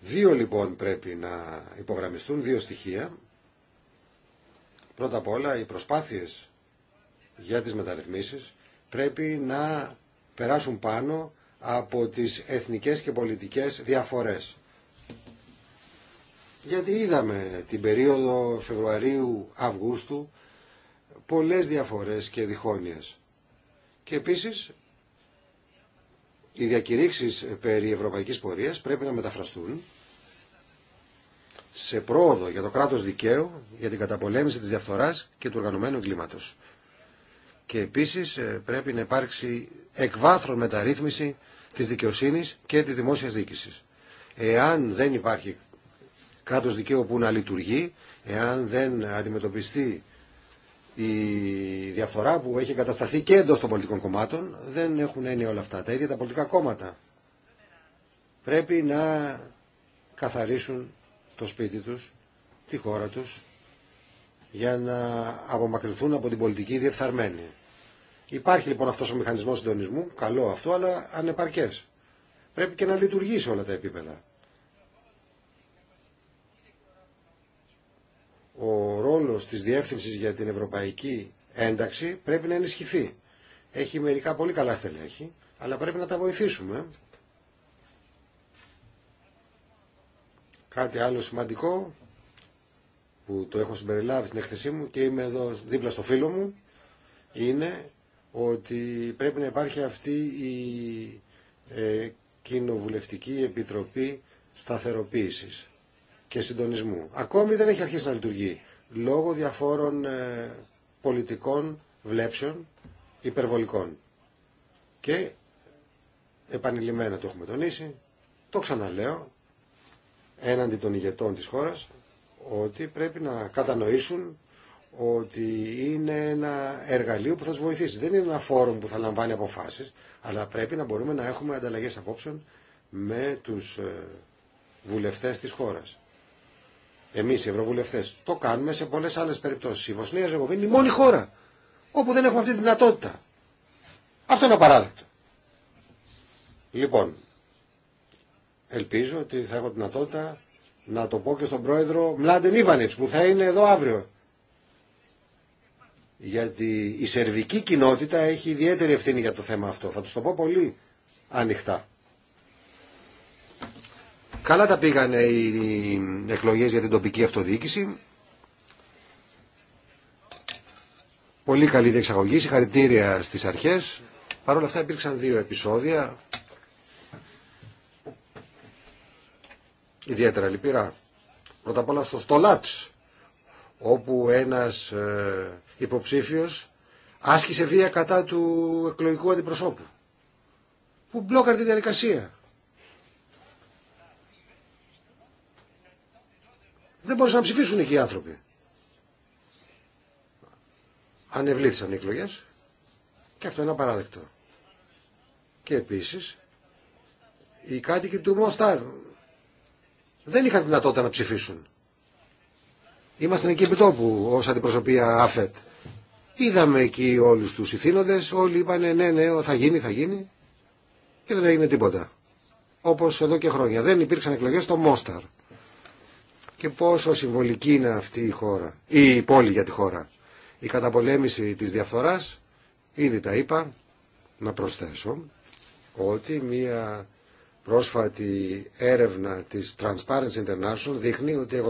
Δύο λοιπόν πρέπει να υπογραμμιστούν, δύο στοιχεία. Πρώτα απ' όλα οι προσπάθειες για τις μεταρρυθμίσεις πρέπει να περάσουν πάνω από τις εθνικές και πολιτικές διαφορές. Γιατί είδαμε την περίοδο Φεβρουαρίου-Αυγούστου πολλές διαφορές και διχόνοιες. Και επίσης οι διακηρύξεις περί ευρωπαϊκής πορείας πρέπει να μεταφραστούν σε πρόοδο για το κράτος δικαίου, για την καταπολέμηση της διαφθοράς και του οργανωμένου εγκλήματος. Και επίσης ε, πρέπει να υπάρξει εκβάθρον μεταρρύθμιση τη δικαιοσύνη και τη δημόσια διοίκηση. Εάν δεν υπάρχει κράτο δικαίου που να λειτουργεί, εάν δεν αντιμετωπιστεί η διαφθορά που έχει κατασταθεί και εντό των πολιτικών κομμάτων, δεν έχουν έννοια όλα αυτά. Τα ίδια τα πολιτικά κόμματα πρέπει να καθαρίσουν το σπίτι τους, τη χώρα τους, για να απομακρυνθούν από την πολιτική διεφθαρμένη. Υπάρχει λοιπόν αυτός ο μηχανισμός συντονισμού, καλό αυτό, αλλά ανεπαρκές. Πρέπει και να λειτουργήσει σε όλα τα επίπεδα. Ο ρόλος της διεύθυνσης για την ευρωπαϊκή ένταξη πρέπει να ενισχυθεί. Έχει μερικά πολύ καλά στελέχη, αλλά πρέπει να τα βοηθήσουμε. Κάτι άλλο σημαντικό που το έχω συμπεριλάβει στην έκθεσή μου και είμαι εδώ δίπλα στο φίλο μου είναι ότι πρέπει να υπάρχει αυτή η ε, Κοινοβουλευτική Επιτροπή Σταθεροποίησης και Συντονισμού. Ακόμη δεν έχει αρχίσει να λειτουργεί λόγω διαφόρων ε, πολιτικών βλέψεων υπερβολικών. Και επανειλημμένα το έχουμε τονίσει, το ξαναλέω, έναντι των ηγετών της χώρας, ότι πρέπει να κατανοήσουν ότι είναι ένα εργαλείο που θα του βοηθήσει. Δεν είναι ένα φόρουμ που θα λαμβάνει αποφάσεις, αλλά πρέπει να μπορούμε να έχουμε ανταλλαγές απόψεων με τους ε, βουλευτές της χώρας. Εμείς οι ευρωβουλευτές το κάνουμε σε πολλές άλλες περιπτώσεις. Η Βοσνία Ζεγοβίνη είναι η μόνη χώρα όπου δεν έχουμε αυτή τη δυνατότητα. Αυτό είναι απαράδεκτο. Λοιπόν, ελπίζω ότι θα έχω δυνατότητα να το πω και στον πρόεδρο Μλάντεν Ιβανιτς που θα είναι εδώ αύριο γιατί η σερβική κοινότητα έχει ιδιαίτερη ευθύνη για το θέμα αυτό. Θα του το πω πολύ ανοιχτά. Καλά τα πήγανε οι εκλογές για την τοπική αυτοδιοίκηση. Πολύ καλή διεξαγωγή, συγχαρητήρια στις αρχές. Παρ' όλα αυτά υπήρξαν δύο επεισόδια. Ιδιαίτερα λυπηρά. Πρώτα απ' όλα στο Στολάτς όπου ένας ε, υποψήφιος άσκησε βία κατά του εκλογικού αντιπροσώπου που μπλόκαρε τη διαδικασία. Δεν μπορούσαν να ψηφίσουν εκεί οι άνθρωποι. Ανεβλήθησαν οι εκλογές και αυτό είναι απαράδεκτο. Και επίσης οι κάτοικοι του Μοστάρ δεν είχαν δυνατότητα να ψηφίσουν. Είμαστε εκεί τόπου ως αντιπροσωπεία ΑΦΕΤ. Είδαμε εκεί όλους τους ηθήνοντες, όλοι είπανε ναι, ναι, θα γίνει, θα γίνει και δεν έγινε τίποτα. Όπως εδώ και χρόνια. Δεν υπήρξαν εκλογές στο Μόσταρ. Και πόσο συμβολική είναι αυτή η χώρα, η πόλη για τη χώρα. Η καταπολέμηση της διαφθοράς, ήδη τα είπα, να προσθέσω ότι μια Πρόσφατη έρευνα της Transparency International δείχνει ότι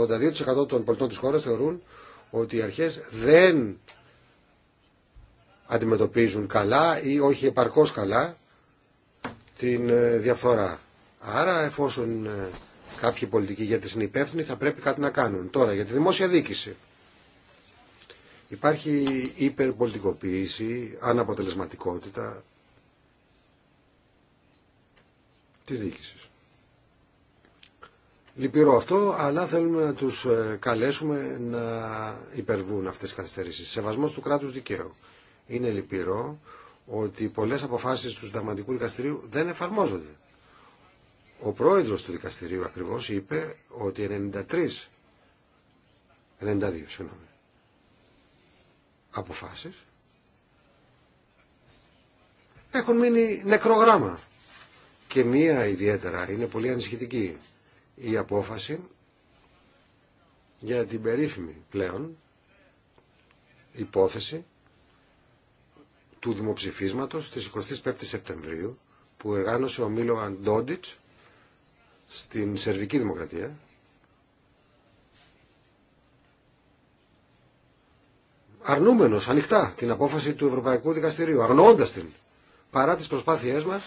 82% των πολιτών της χώρας θεωρούν ότι οι αρχές δεν αντιμετωπίζουν καλά ή όχι επαρκώς καλά την ε, διαφθορά. Άρα εφόσον ε, κάποιοι πολιτικοί γιατί είναι υπεύθυνοι θα πρέπει κάτι να κάνουν. Τώρα για τη δημόσια δίκηση. Υπάρχει υπερπολιτικοποίηση, αναποτελεσματικότητα, της διοίκησης. Λυπηρό αυτό, αλλά θέλουμε να τους ε, καλέσουμε να υπερβούν αυτές τις καθυστερήσεις. Σεβασμός του κράτους δικαίου. Είναι λυπηρό ότι πολλές αποφάσεις του συνταγματικού δικαστηρίου δεν εφαρμόζονται. Ο πρόεδρος του δικαστηρίου ακριβώς είπε ότι 93, 92 συγγνώμη, αποφάσεις έχουν μείνει νεκρογράμμα και μία ιδιαίτερα είναι πολύ ανησυχητική η απόφαση για την περίφημη πλέον υπόθεση του δημοψηφίσματος της 25 Σεπτεμβρίου που εργάνωσε ο Μίλο Αντόντιτς στην Σερβική Δημοκρατία αρνούμενος ανοιχτά την απόφαση του Ευρωπαϊκού Δικαστηρίου, αρνώντας την παρά τις προσπάθειές μας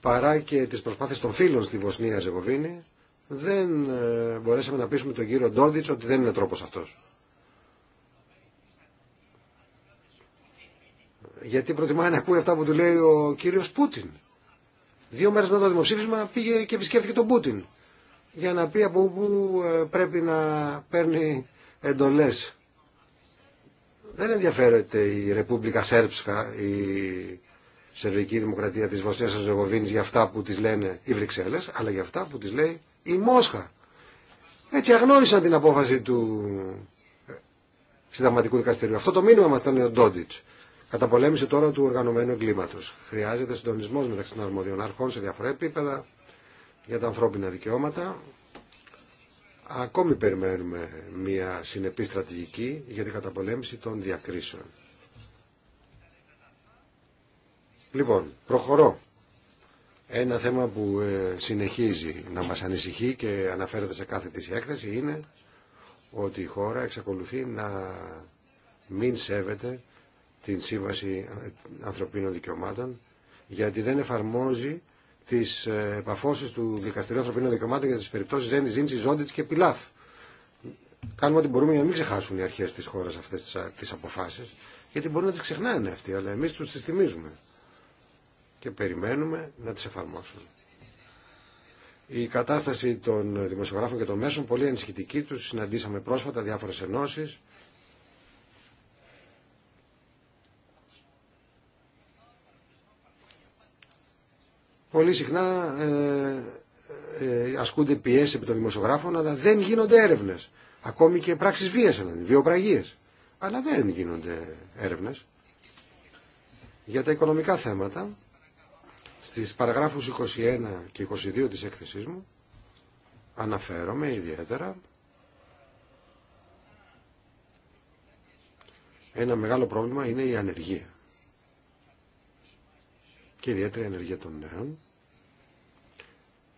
παρά και τις προσπάθειες των φίλων στη Βοσνία Ζεγοβίνη, δεν ε, μπορέσαμε να πείσουμε τον κύριο Ντόντιτς ότι δεν είναι τρόπος αυτός. Γιατί προτιμάει να ακούει αυτά που του λέει ο κύριος Πούτιν. Δύο μέρες μετά το δημοψήφισμα πήγε και επισκέφθηκε τον Πούτιν για να πει από που ε, πρέπει να παίρνει εντολές. Δεν ενδιαφέρεται η Ρεπούμπλικα Σέρψκα, η Σερβική Δημοκρατία της Βοσνίας Αζεγοβίνης για αυτά που τις λένε οι Βρυξέλλες, αλλά για αυτά που τις λέει η Μόσχα. Έτσι αγνώρισαν την απόφαση του ε, συνταγματικού δικαστηρίου. Αυτό το μήνυμα μας ήταν ο Ντόντιτς. Καταπολέμηση τώρα του οργανωμένου εγκλήματος. Χρειάζεται συντονισμός μεταξύ των αρμοδιών αρχών σε διάφορα επίπεδα για τα ανθρώπινα δικαιώματα. Ακόμη περιμένουμε μια συνεπή στρατηγική για την καταπολέμηση των διακρίσεων. Λοιπόν, προχωρώ. Ένα θέμα που ε, συνεχίζει να μας ανησυχεί και αναφέρεται σε κάθε της έκθεση είναι ότι η χώρα εξακολουθεί να μην σέβεται την Σύμβαση Ανθρωπίνων Δικαιωμάτων γιατί δεν εφαρμόζει τις ε, επαφώσεις του Δικαστηρίου Ανθρωπίνων Δικαιωμάτων για τις περιπτώσεις Ζένης, Ζήνης, Ζόντιτς και Πιλάφ. Κάνουμε ό,τι μπορούμε για να μην ξεχάσουν οι αρχές της χώρας αυτές τις αποφάσεις γιατί μπορούν να τις ξεχνάνε αυτοί, αλλά εμείς τους τις θυμίζουμε και περιμένουμε να τις εφαρμόσουν. Η κατάσταση των δημοσιογράφων και των μέσων πολύ ανησυχητική τους. Συναντήσαμε πρόσφατα διάφορες ενώσεις. Πολύ συχνά ε, ε, ασκούνται πιέσεις επί των δημοσιογράφων, αλλά δεν γίνονται έρευνες. Ακόμη και πράξεις βίας, βιοπραγίες. Αλλά δεν γίνονται έρευνες. Για τα οικονομικά θέματα, στις παραγράφους 21 και 22 της έκθεσής μου αναφέρομαι ιδιαίτερα ένα μεγάλο πρόβλημα είναι η ανεργία και ιδιαίτερα η ανεργία των νέων.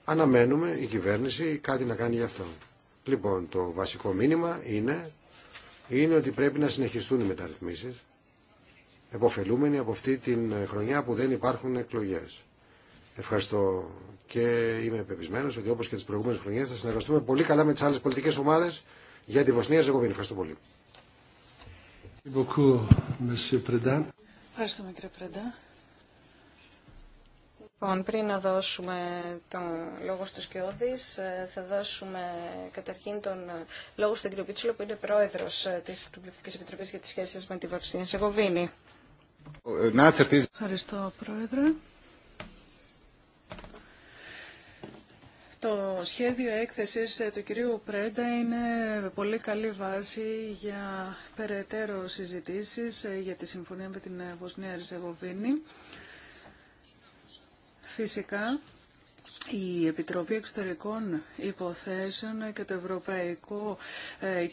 Αναμένουμε η κυβέρνηση κάτι να κάνει γι' αυτό. Λοιπόν, το βασικό μήνυμα είναι, είναι ότι πρέπει να συνεχιστούν οι μεταρρυθμίσεις, εποφελούμενοι από αυτή την χρονιά που δεν υπάρχουν εκλογές. Ευχαριστώ και είμαι πεπισμένο ότι όπω και τι προηγούμενε χρονίε θα συνεργαστούμε πολύ καλά με τι άλλε πολιτικέ ομάδε για τη Βοσνία Ζεγοβίνη. Ευχαριστώ πολύ. Ευχαριστώ, κύριε Πρεντά. Λοιπόν, πριν να δώσουμε τον λόγο στους Κιώδης, ε, θα δώσουμε καταρχήν τον λόγο στον κύριο Πίτσουλο, που είναι πρόεδρος ε, της Επιτροπής Επιτροπής για τις σχέσεις με τη Βαυσίνη Σεγοβίνη. Ε, Ευχαριστώ, πρόεδρε. Το σχέδιο έκθεσης ε, του κυρίου Πρέντα είναι πολύ καλή βάση για περαιτέρω συζητήσεις ε, για τη συμφωνία με την ε, Βοσνία Ριζεγοβίνη. Φυσικά, η Επιτροπή Εξωτερικών Υποθέσεων και το Ευρωπαϊκό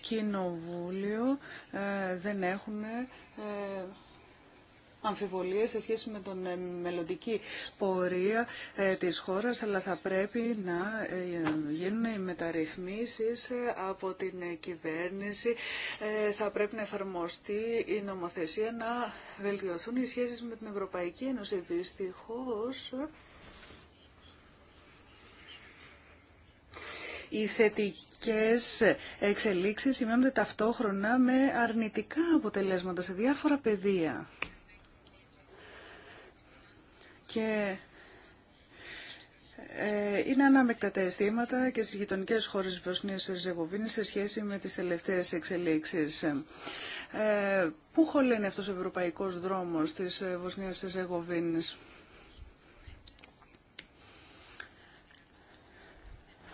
Κοινοβούλιο δεν έχουν αμφιβολίες σε σχέση με τον ε, μελλοντική πορεία ε, της χώρας, αλλά θα πρέπει να ε, γίνουν οι μεταρρυθμίσεις από την κυβέρνηση. Θα πρέπει να εφαρμοστεί η νομοθεσία, να βελτιωθούν οι σχέσεις με την Ευρωπαϊκή Ένωση. Δυστυχώς... οι θετικές εξελίξεις σημαίνονται ταυτόχρονα με αρνητικά αποτελέσματα σε διάφορα πεδία και ε, είναι ανάμεκτα τα αισθήματα και στις γειτονικές χώρες της Βοσνίας Ζεγοβίνης σε σχέση με τις τελευταίες εξελίξεις. Ε, πού χωλένει αυτός ο ευρωπαϊκός δρόμος της ε, Βοσνίας Ζεγοβίνης.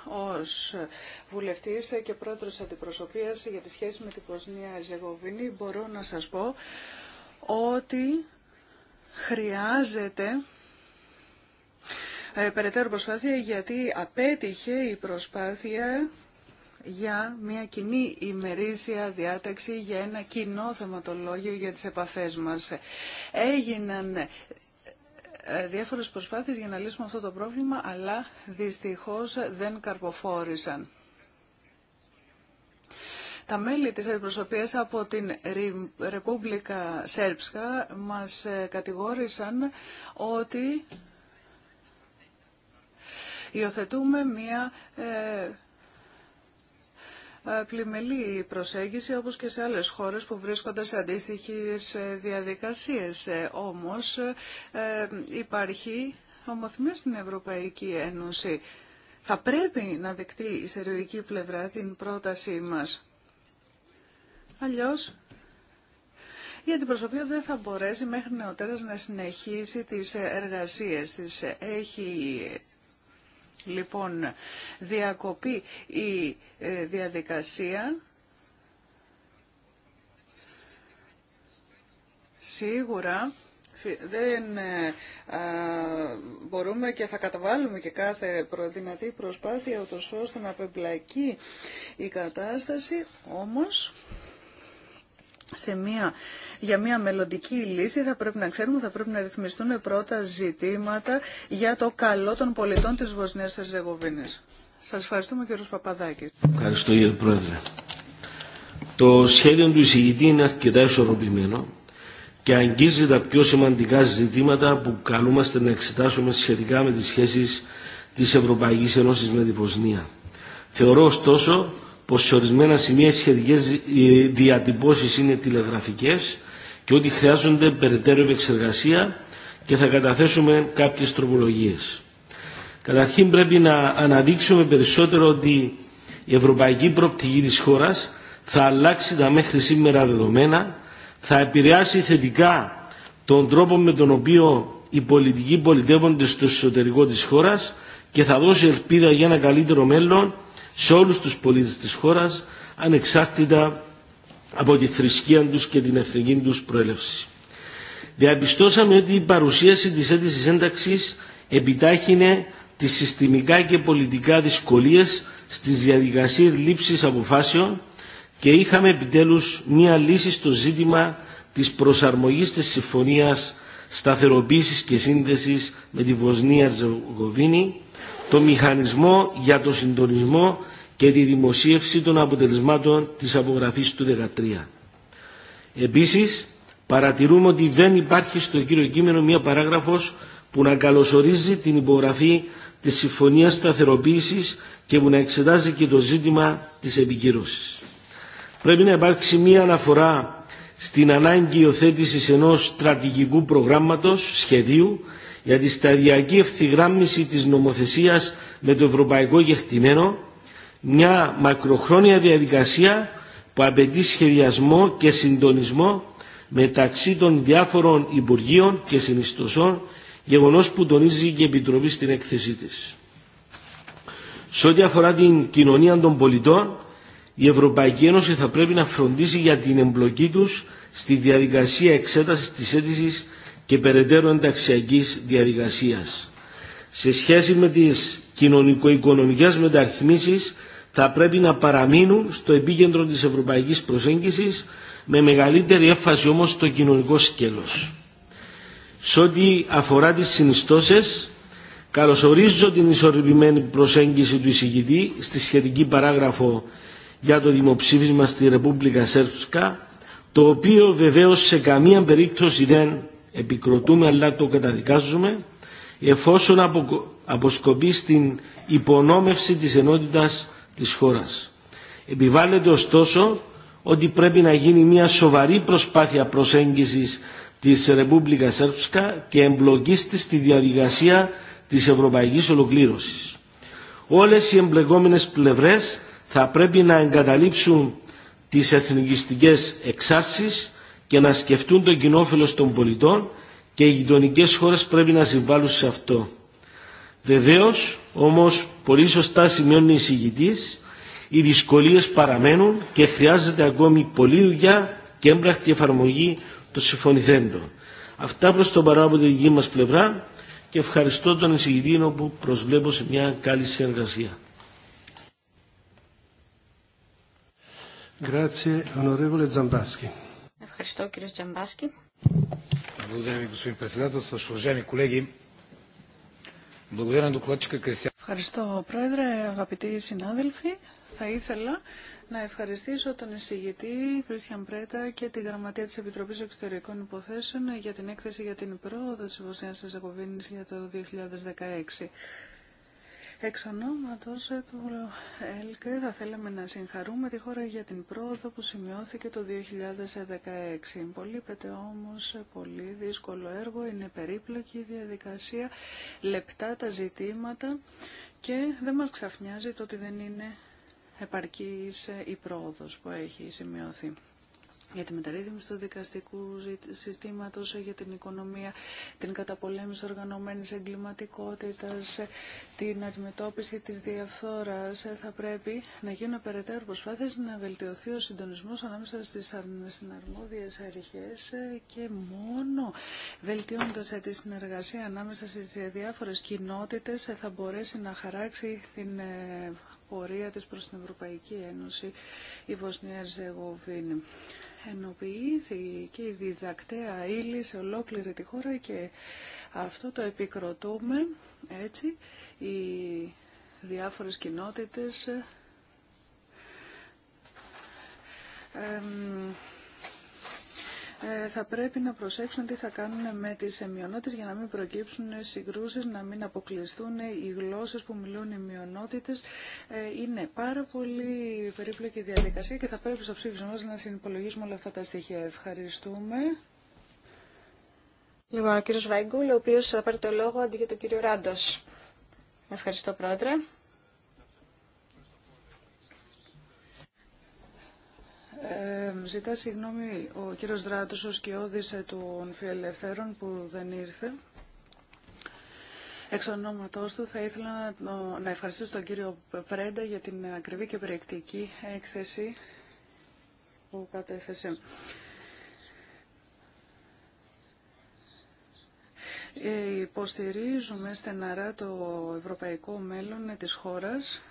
ως βουλευτής και πρόεδρος αντιπροσωπείας για τη σχέση με τη Βοσνία Ζεγοβίνη μπορώ να σας πω ότι χρειάζεται ε, περαιτέρω προσπάθεια γιατί απέτυχε η προσπάθεια για μια κοινή ημερήσια διάταξη για ένα κοινό θεματολόγιο για τις επαφές μας. Έγιναν ε, διάφορες προσπάθειες για να λύσουμε αυτό το πρόβλημα, αλλά δυστυχώς δεν καρποφόρησαν. Τα μέλη της αντιπροσωπείας από την Ρεπούμπλικα Σέρψκα μας ε, κατηγόρησαν ότι Υιοθετούμε μία ε, ε, πλημελή προσέγγιση όπως και σε άλλες χώρες που βρίσκονται σε αντίστοιχες ε, διαδικασίες. Όμως υπάρχει ομοθυμία στην Ευρωπαϊκή Ένωση. Θα πρέπει να δεκτεί η σερβική πλευρά την πρότασή μας. Αλλιώς η αντιπροσωπεία δεν θα μπορέσει μέχρι νεοτέρας να συνεχίσει τις εργασίες της. Έχει Λοιπόν, διακοπεί η ε, διαδικασία. Σίγουρα δεν ε, μπορούμε και θα καταβάλουμε και κάθε προδυνατή προσπάθεια ούτως ώστε να απεμπλακεί η κατάσταση, όμως σε μια, για μια μελλοντική λύση θα πρέπει να ξέρουμε, θα πρέπει να ρυθμιστούν πρώτα ζητήματα για το καλό των πολιτών της Βοσνίας Ερζεγοβίνης. Σας ευχαριστούμε κύριο Παπαδάκης. Ευχαριστώ κύριε Πρόεδρε. Το σχέδιο του εισηγητή είναι αρκετά ισορροπημένο και αγγίζει τα πιο σημαντικά ζητήματα που καλούμαστε να εξετάσουμε σχετικά με τις σχέσεις της Ευρωπαϊκής Ένωσης με τη Βοσνία. Θεωρώ ωστόσο πως σε ορισμένα σημεία οι σχετικές διατυπώσεις είναι τηλεγραφικές και ότι χρειάζονται περαιτέρω επεξεργασία και θα καταθέσουμε κάποιες τροπολογίες. Καταρχήν πρέπει να αναδείξουμε περισσότερο ότι η ευρωπαϊκή προοπτική της χώρας θα αλλάξει τα μέχρι σήμερα δεδομένα, θα επηρεάσει θετικά τον τρόπο με τον οποίο οι πολιτικοί πολιτεύονται στο εσωτερικό της χώρας και θα δώσει ελπίδα για ένα καλύτερο μέλλον σε όλους τους πολίτες της χώρας ανεξάρτητα από τη θρησκεία τους και την εθνική τους προέλευση. Διαπιστώσαμε ότι η παρουσίαση της αίτησης ένταξης επιτάχυνε τις συστημικά και πολιτικά δυσκολίες στις διαδικασίες λήψης αποφάσεων και είχαμε επιτέλους μία λύση στο ζήτημα της προσαρμογής της συμφωνίας σταθεροποίησης και σύνδεσης με τη Βοσνία Ζεγοβίνη το μηχανισμό για το συντονισμό και τη δημοσίευση των αποτελεσμάτων της απογραφής του 2013. Επίσης, παρατηρούμε ότι δεν υπάρχει στο κύριο κείμενο μία παράγραφος που να καλωσορίζει την υπογραφή της Συμφωνίας Σταθεροποίησης και που να εξετάζει και το ζήτημα της επικύρωσης. Πρέπει να υπάρξει μία αναφορά στην ανάγκη υιοθέτηση ενός στρατηγικού προγράμματος, σχεδίου, για τη σταδιακή ευθυγράμμιση της νομοθεσίας με το ευρωπαϊκό γεχτημένο, μια μακροχρόνια διαδικασία που απαιτεί σχεδιασμό και συντονισμό μεταξύ των διάφορων Υπουργείων και συνιστοσών, γεγονός που τονίζει και η Επιτροπή στην έκθεσή της. Σε ό,τι αφορά την κοινωνία των πολιτών, η Ευρωπαϊκή Ένωση θα πρέπει να φροντίσει για την εμπλοκή τους στη διαδικασία εξέτασης της αίτησης και περαιτέρω ενταξιακή διαδικασίας. Σε σχέση με τις κοινωνικο-οικονομικές μεταρρυθμίσεις θα πρέπει να παραμείνουν στο επίκεντρο της ευρωπαϊκής προσέγγισης με μεγαλύτερη έφαση όμως στο κοινωνικό σκέλος. Σε ό,τι αφορά τις συνιστώσεις, καλωσορίζω την ισορροπημένη προσέγγιση του εισηγητή στη σχετική παράγραφο για το δημοψήφισμα στη Ρεπούμπλικα Σέρψκα, το οποίο βεβαίως σε καμία περίπτωση δεν επικροτούμε αλλά το καταδικάζουμε εφόσον αποσκοπεί στην υπονόμευση της ενότητας της χώρας. Επιβάλλεται ωστόσο ότι πρέπει να γίνει μια σοβαρή προσπάθεια προσέγγισης της Ρεπούμπλικα Σέρψκα και εμπλοκής στη διαδικασία της ευρωπαϊκής ολοκλήρωσης. Όλες οι εμπλεκόμενες πλευρές θα πρέπει να εγκαταλείψουν τις εθνικιστικές εξάρσεις και να σκεφτούν τον κοινόφιλο των πολιτών και οι γειτονικέ χώρε πρέπει να συμβάλλουν σε αυτό. Βεβαίω, όμω, πολύ σωστά σημειώνει η εισηγητή, οι δυσκολίε παραμένουν και χρειάζεται ακόμη πολλή δουλειά και έμπρακτη εφαρμογή των συμφωνηθέντων. Αυτά προ τον παράγοντα δική μα πλευρά και ευχαριστώ τον εισηγητή που προσβλέπω σε μια καλή συνεργασία. Ευχαριστώ κύριε Τζαμπάσκι. Ευχαριστώ πρόεδρε, αγαπητοί συνάδελφοι. Θα ήθελα να ευχαριστήσω τον εισηγητή Κρίστιαν Πρέτα και τη Γραμματεία της Επιτροπής Εξωτερικών Υποθέσεων για την έκθεση για την πρόοδο της Βοσνίας Ζεγοβίνης για το 2016. Εξ ονόματο ε, του ΕΛΚΕ θα θέλαμε να συγχαρούμε τη χώρα για την πρόοδο που σημειώθηκε το 2016. Υπολείπεται όμω πολύ δύσκολο έργο, είναι περίπλοκη η διαδικασία, λεπτά τα ζητήματα και δεν μας ξαφνιάζει το ότι δεν είναι επαρκής ε, η πρόοδο που έχει σημειωθεί για τη μεταρρύθμιση του δικαστικού συστήματο για την οικονομία, την καταπολέμηση οργανωμένης εγκληματικότητας, την αντιμετώπιση της διαφθόρας. Θα πρέπει να γίνουν περαιτέρω προσπάθειε να βελτιωθεί ο συντονισμό ανάμεσα στι συναρμόδιε αρχές και μόνο βελτιώνοντα τη συνεργασία ανάμεσα στι διάφορε κοινότητε, θα μπορέσει να χαράξει την ε, πορεία της προς την Ευρωπαϊκή Ένωση η Βοσνία Ζεγοβίνη ενοποιήθηκε η διδακτέα ύλη σε ολόκληρη τη χώρα και αυτό το επικροτούμε. Έτσι, οι διάφορες κοινότητες ε, θα πρέπει να προσέξουν τι θα κάνουν με τις μειονότητες για να μην προκύψουν συγκρούσεις, να μην αποκλειστούν οι γλώσσες που μιλούν οι μειονότητες. Ε, είναι πάρα πολύ περίπλοκη διαδικασία και θα πρέπει στο ψήφισμα μας να συνυπολογίσουμε όλα αυτά τα στοιχεία. Ευχαριστούμε. Λοιπόν, ο κύριο Βάγκουλ, ο οποίο θα πάρει το λόγο αντί για τον κύριο ράντο. Ευχαριστώ, Πρόεδρε. Ε, ζητά συγγνώμη ο κύριος Δράτος, ο σκιώδης ε, των φιλελευθέρων που δεν ήρθε. Εξ ονόματός του θα ήθελα να ευχαριστήσω τον κύριο Πρέντα για την ακριβή και περιεκτική έκθεση που κατέθεσε. Ε, υποστηρίζουμε στεναρά το ευρωπαϊκό μέλλον της χώρας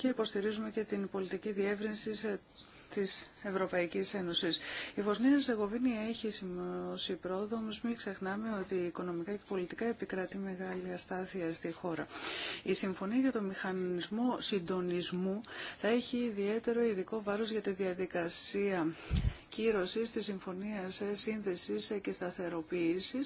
και υποστηρίζουμε και την πολιτική διεύρυνση ε, της Ευρωπαϊκής Ένωσης. Η Βοσνία Ζεγοβίνη έχει σημειώσει πρόοδο, όμω μην ξεχνάμε ότι οικονομικά και πολιτικά επικρατεί μεγάλη αστάθεια στη χώρα. Η Συμφωνία για το Μηχανισμό Συντονισμού θα έχει ιδιαίτερο ειδικό βάρος για τη διαδικασία κύρωση της συμφωνία ε, σύνδεση ε, και σταθεροποίηση.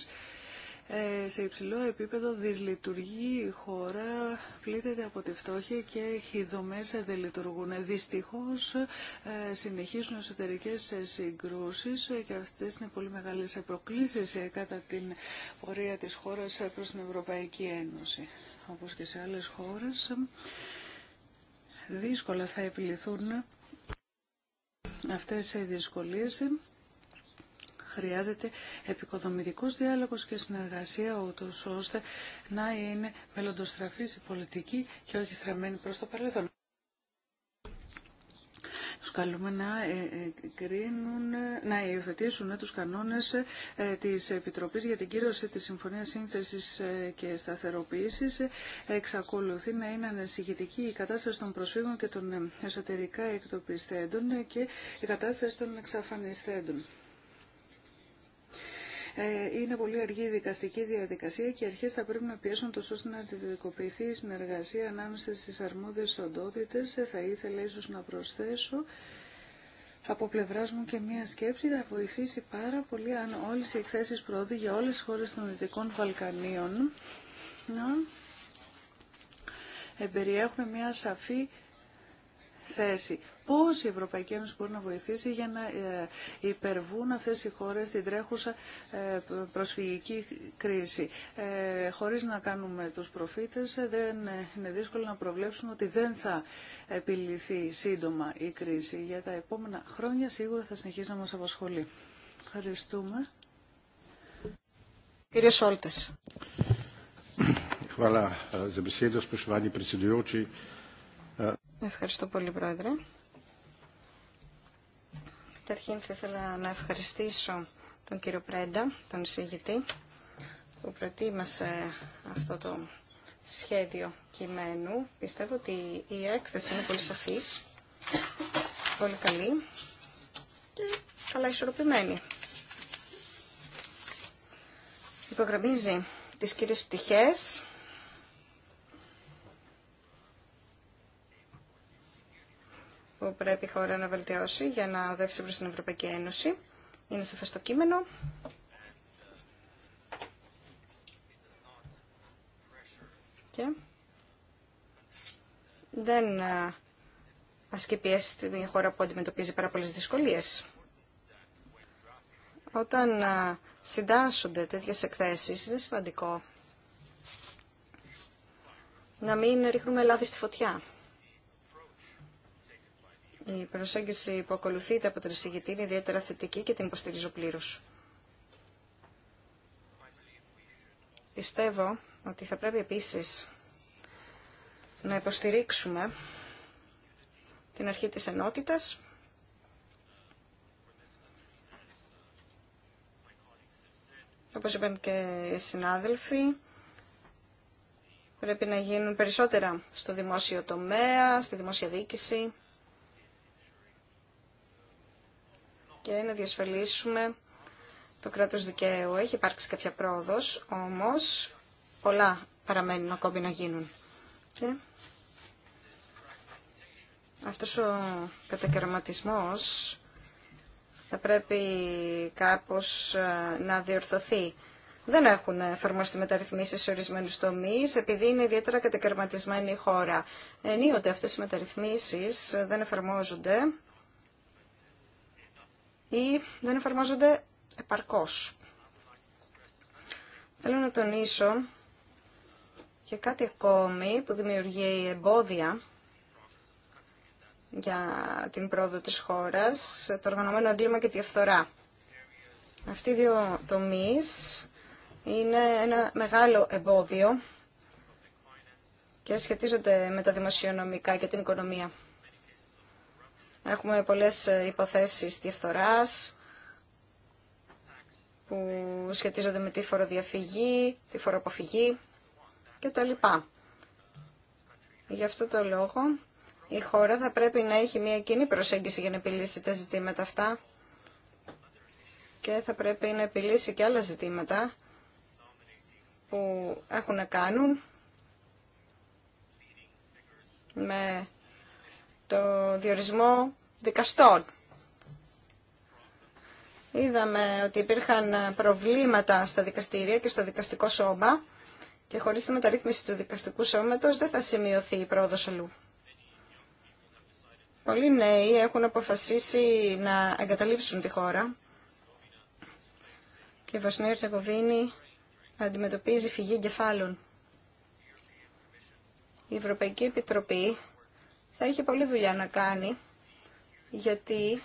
Ε, σε υψηλό επίπεδο δυσλειτουργεί η χώρα, πλήττεται από τη φτώχεια και οι δομέ δεν λειτουργούν. Δυστυχώς ε, συνεχίζουν εσωτερικές συγκρούσει και αυτές είναι πολύ μεγάλες προκλήσεις ε, κατά την πορεία της χώρας προ την Ευρωπαϊκή Ένωση. Όπως και σε άλλες χώρες, δύσκολα θα επιληθούν αυτές οι δυσκολίες Χρειάζεται επικοδομητικός διάλογος και συνεργασία ούτως ώστε να είναι μελλοντοστραφής η πολιτική και όχι στραμμένη προς το παρελθόν. Τους καλούμε να, ε, ε, κρίνουν, να υιοθετήσουν ε, τους κανόνες της Επιτροπής για την κύρωση της Συμφωνίας Σύνθεσης και Σταθεροποίησης. Εξακολουθεί να είναι ανεσυγητική η κατάσταση των προσφύγων και των εσωτερικά εκτοπιστέντων και η κατάσταση των εξαφανιστέντων. Ε, είναι πολύ αργή η δικαστική διαδικασία και οι αρχές θα πρέπει να πιέσουν τόσο ώστε να αντιδικοποιηθεί η συνεργασία ανάμεσα στις αρμόδιες οντότητες. Θα ήθελα ίσως να προσθέσω από πλευρά μου και μία σκέψη θα βοηθήσει πάρα πολύ αν όλες οι εκθέσεις πρόοδοι για όλες τις χώρες των Δυτικών Βαλκανίων να εμπεριέχουν μία σαφή θέση πώς η Ευρωπαϊκή Ένωση μπορεί να βοηθήσει για να ε, υπερβούν αυτές οι χώρες την τρέχουσα ε, προσφυγική κρίση. Ε, χωρίς να κάνουμε τους προφήτες, δεν είναι δύσκολο να προβλέψουμε ότι δεν θα επιληθεί σύντομα η κρίση. Για τα επόμενα χρόνια σίγουρα θα συνεχίσει να μας απασχολεί. Ευχαριστούμε. Κύριε Σόλτες. Ευχαριστώ πολύ, Πρόεδρε. Καταρχήν θα ήθελα να ευχαριστήσω τον κύριο Πρέντα, τον εισηγητή, που προτίμασε αυτό το σχέδιο κειμένου. Πιστεύω ότι η έκθεση είναι πολύ σαφής, πολύ καλή και καλά ισορροπημένη. Υπογραμμίζει τις κύριες πτυχές που πρέπει η χώρα να βελτιώσει για να οδεύσει προς την Ευρωπαϊκή Ένωση. Είναι σαφές το κείμενο. Και δεν ασκεί πιέση στη χώρα που αντιμετωπίζει πάρα πολλές δυσκολίες. Όταν συντάσσονται τέτοιες εκθέσεις είναι σημαντικό να μην ρίχνουμε λάδι στη φωτιά. Η προσέγγιση που ακολουθείται από τον εισηγητή είναι ιδιαίτερα θετική και την υποστηρίζω πλήρω. Πιστεύω ότι θα πρέπει επίσης να υποστηρίξουμε την αρχή της ενότητας όπως είπαν και οι συνάδελφοι, πρέπει να γίνουν περισσότερα στο δημόσιο τομέα, στη δημόσια διοίκηση. και να διασφαλίσουμε το κράτος δικαίου. Έχει υπάρξει κάποια πρόοδος, όμως πολλά παραμένουν ακόμη να γίνουν. Και αυτός ο κατακαιρματισμός θα πρέπει κάπως ε, να διορθωθεί. Δεν έχουν εφαρμόσει μεταρρυθμίσεις σε ορισμένου τομεί, επειδή είναι ιδιαίτερα κατακαιρματισμένη η χώρα. Ενίοτε αυτές οι μεταρρυθμίσεις δεν εφαρμόζονται ή δεν εφαρμόζονται επαρκώς. Θέλω να τονίσω και κάτι ακόμη που δημιουργεί εμπόδια για την πρόοδο της χώρας, το οργανωμένο εγκλήμα και τη ευθορά. Αυτοί οι δύο τομείς είναι ένα μεγάλο εμπόδιο και σχετίζονται με τα δημοσιονομικά και την οικονομία. Έχουμε πολλές ε, υποθέσεις διαφθοράς που σχετίζονται με τη φοροδιαφυγή, τη φοροποφυγή κτλ. Γι' αυτό το λόγο η χώρα θα πρέπει να έχει μια κοινή προσέγγιση για να επιλύσει τα ζητήματα αυτά και θα πρέπει να επιλύσει και άλλα ζητήματα που έχουν να κάνουν με το διορισμό δικαστών. Είδαμε ότι υπήρχαν προβλήματα στα δικαστήρια και στο δικαστικό σώμα και χωρίς τη μεταρρύθμιση του δικαστικού σώματος δεν θα σημειωθεί η πρόοδος αλλού. Πολλοί νέοι έχουν αποφασίσει να εγκαταλείψουν τη χώρα και η Βοσνία Ερτσακοβίνη αντιμετωπίζει φυγή κεφάλων. Η Ευρωπαϊκή Επιτροπή θα είχε πολλή δουλειά να κάνει, γιατί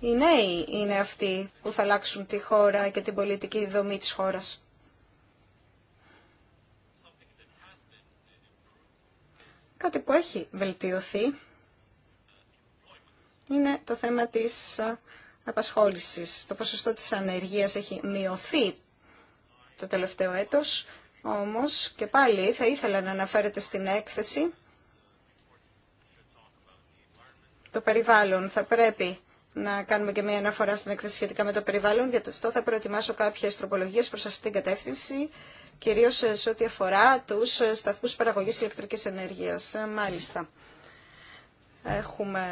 οι νέοι είναι αυτοί που θα αλλάξουν τη χώρα και την πολιτική δομή της χώρας. Κάτι που έχει βελτιωθεί είναι το θέμα της απασχόλησης. Το ποσοστό της ανεργίας έχει μειωθεί το τελευταίο έτος, όμως και πάλι θα ήθελα να αναφέρεται στην έκθεση το περιβάλλον. Θα πρέπει να κάνουμε και μια αναφορά στην έκθεση σχετικά με το περιβάλλον. Για αυτό θα προετοιμάσω κάποιες τροπολογίες προς αυτή την κατεύθυνση, κυρίως σε ό,τι αφορά τους σταθμούς παραγωγής ηλεκτρικής ενέργειας. Ε, μάλιστα. Έχουμε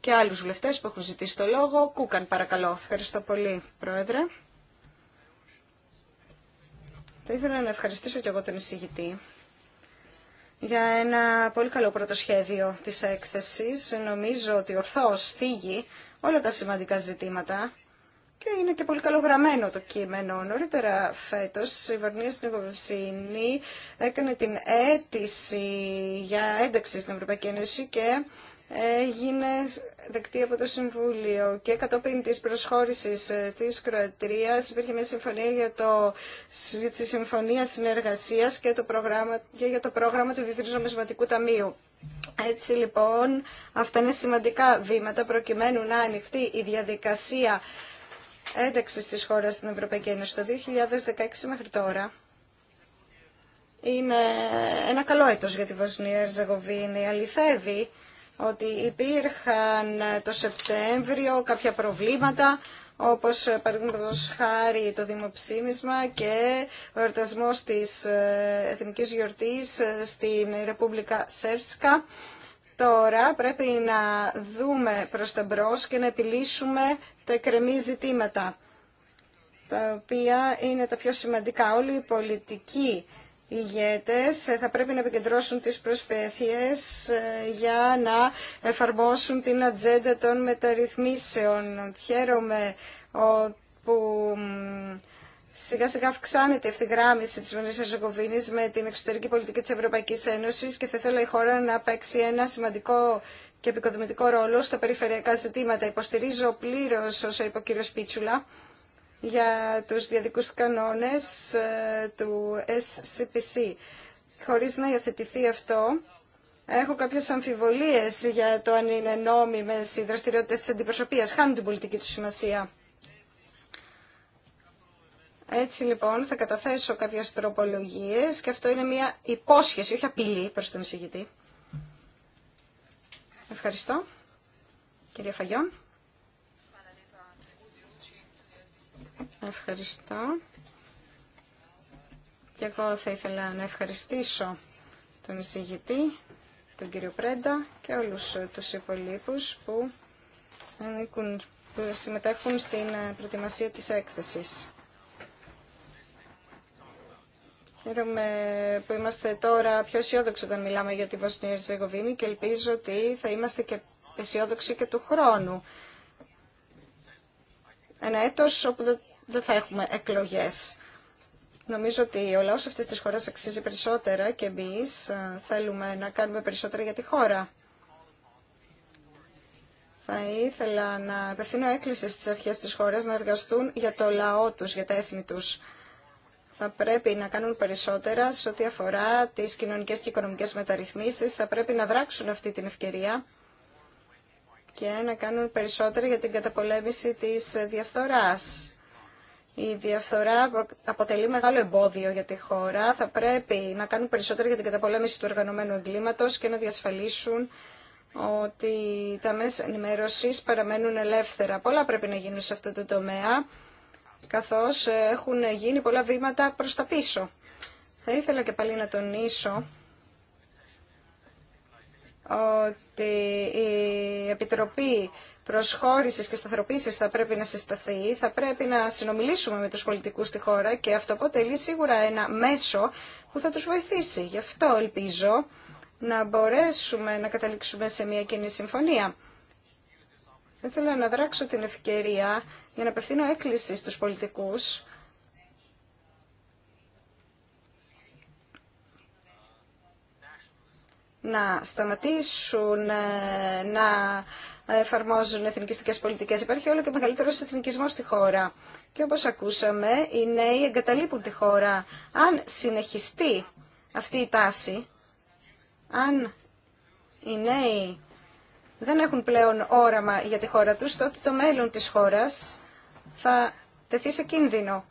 και άλλους βουλευτές που έχουν ζητήσει το λόγο. Κούκαν, παρακαλώ. Ευχαριστώ πολύ, Πρόεδρε. Θα ήθελα να ευχαριστήσω και εγώ τον εισηγητή για ένα πολύ καλό πρώτο σχέδιο της έκθεσης. Νομίζω ότι ορθώς θίγει όλα τα σημαντικά ζητήματα και είναι και πολύ καλογραμμένο το κείμενο. Νωρίτερα φέτος η Βαρνία στην έκανε την αίτηση για ένταξη στην Ευρωπαϊκή Ένωση και έγινε δεκτή από το Συμβούλιο και κατόπιν της προσχώρησης ε, της Κροατρίας υπήρχε μια συμφωνία για, το, τη Συμφωνία Συνεργασίας και, το πρόγραμμα, για το πρόγραμμα του Διεθνούς Νομισματικού Ταμείου. Έτσι λοιπόν, αυτά είναι σημαντικά βήματα προκειμένου να ανοιχτεί η διαδικασία ένταξης της χώρας στην Ευρωπαϊκή Ένωση το 2016 μέχρι τώρα. Είναι ένα καλό έτος για τη Βοσνία Ερζεγοβίνη. Αληθεύει ότι υπήρχαν το Σεπτέμβριο κάποια προβλήματα όπως παραδείγματος χάρη το δημοψήμισμα και ο εορτασμός της ε, Εθνικής Γιορτής ε, στην Ρεπούμπλικα Σέρσκα. Τώρα πρέπει να δούμε προς τα μπρος και να επιλύσουμε τα εκκρεμή ζητήματα, τα οποία είναι τα πιο σημαντικά. Όλη η πολιτική ηγέτες θα πρέπει να επικεντρώσουν τις προσπέθειες ε, για να εφαρμόσουν την ατζέντα των μεταρρυθμίσεων. Χαίρομαι που σιγά σιγά αυξάνεται η ευθυγράμμιση της Βενής Αζεκοβίνης με την εξωτερική πολιτική της Ευρωπαϊκής Ένωσης και θα ήθελα η χώρα να παίξει ένα σημαντικό και επικοδομητικό ρόλο στα περιφερειακά ζητήματα. Υποστηρίζω πλήρως όσο είπε ο κύριος Πίτσουλα για τους διαδικούς κανόνες ε, του SCPC. Χωρίς να υιοθετηθεί αυτό, έχω κάποιες αμφιβολίες για το αν είναι νόμιμες οι δραστηριότητες της αντιπροσωπείας. Χάνουν την πολιτική του σημασία. Έτσι λοιπόν θα καταθέσω κάποιες τροπολογίες και αυτό είναι μια υπόσχεση, όχι απειλή προς τον εισηγητή. Ευχαριστώ. Κυρία Φαγιόν. Ευχαριστώ. Και εγώ θα ήθελα να ευχαριστήσω τον εισηγητή, τον κύριο Πρέντα και όλους τους υπολείπους που, συμμετέχουν στην προετοιμασία της έκθεσης. Χαίρομαι που είμαστε τώρα πιο αισιόδοξοι όταν μιλάμε για τη Βοσνία ζεγοβίνη και ελπίζω ότι θα είμαστε και αισιόδοξοι και του χρόνου. Ένα έτος όπου δεν θα έχουμε εκλογές. Νομίζω ότι ο λαός αυτής της χώρας αξίζει περισσότερα και εμείς ε, θέλουμε να κάνουμε περισσότερα για τη χώρα. Θα ήθελα να απευθύνω έκκληση στις αρχές της χώρας να εργαστούν για το λαό τους, για τα έθνη τους. Θα πρέπει να κάνουν περισσότερα σε ό,τι αφορά τις κοινωνικές και οικονομικές μεταρρυθμίσεις. Θα πρέπει να δράξουν αυτή την ευκαιρία και να κάνουν περισσότερα για την καταπολέμηση της διαφθοράς. Η διαφθορά αποτελεί μεγάλο εμπόδιο για τη χώρα. Θα πρέπει να κάνουν περισσότερο για την καταπολέμηση του οργανωμένου εγκλήματος και να διασφαλίσουν ότι τα μέσα ενημέρωσης παραμένουν ελεύθερα. Πολλά πρέπει να γίνουν σε αυτό το τομέα, καθώς έχουν γίνει πολλά βήματα προς τα πίσω. Θα ήθελα και πάλι να τονίσω ότι η Επιτροπή προσχώρησης και σταθεροποίησης θα πρέπει να συσταθεί, θα πρέπει να συνομιλήσουμε με τους πολιτικούς στη χώρα και αυτό αποτελεί σίγουρα ένα μέσο που θα τους βοηθήσει. Γι' αυτό ελπίζω να μπορέσουμε να καταλήξουμε σε μια κοινή συμφωνία. Θα ήθελα να δράξω την ευκαιρία για να απευθύνω έκκληση στους πολιτικούς να σταματήσουν ε, να εφαρμόζουν εθνικιστικές πολιτικές. Υπάρχει όλο και μεγαλύτερος εθνικισμός στη χώρα. Και όπως ακούσαμε, οι νέοι εγκαταλείπουν τη χώρα. Αν συνεχιστεί αυτή η τάση, αν οι νέοι δεν έχουν πλέον όραμα για τη χώρα τους, τότε το μέλλον της χώρας θα τεθεί σε κίνδυνο.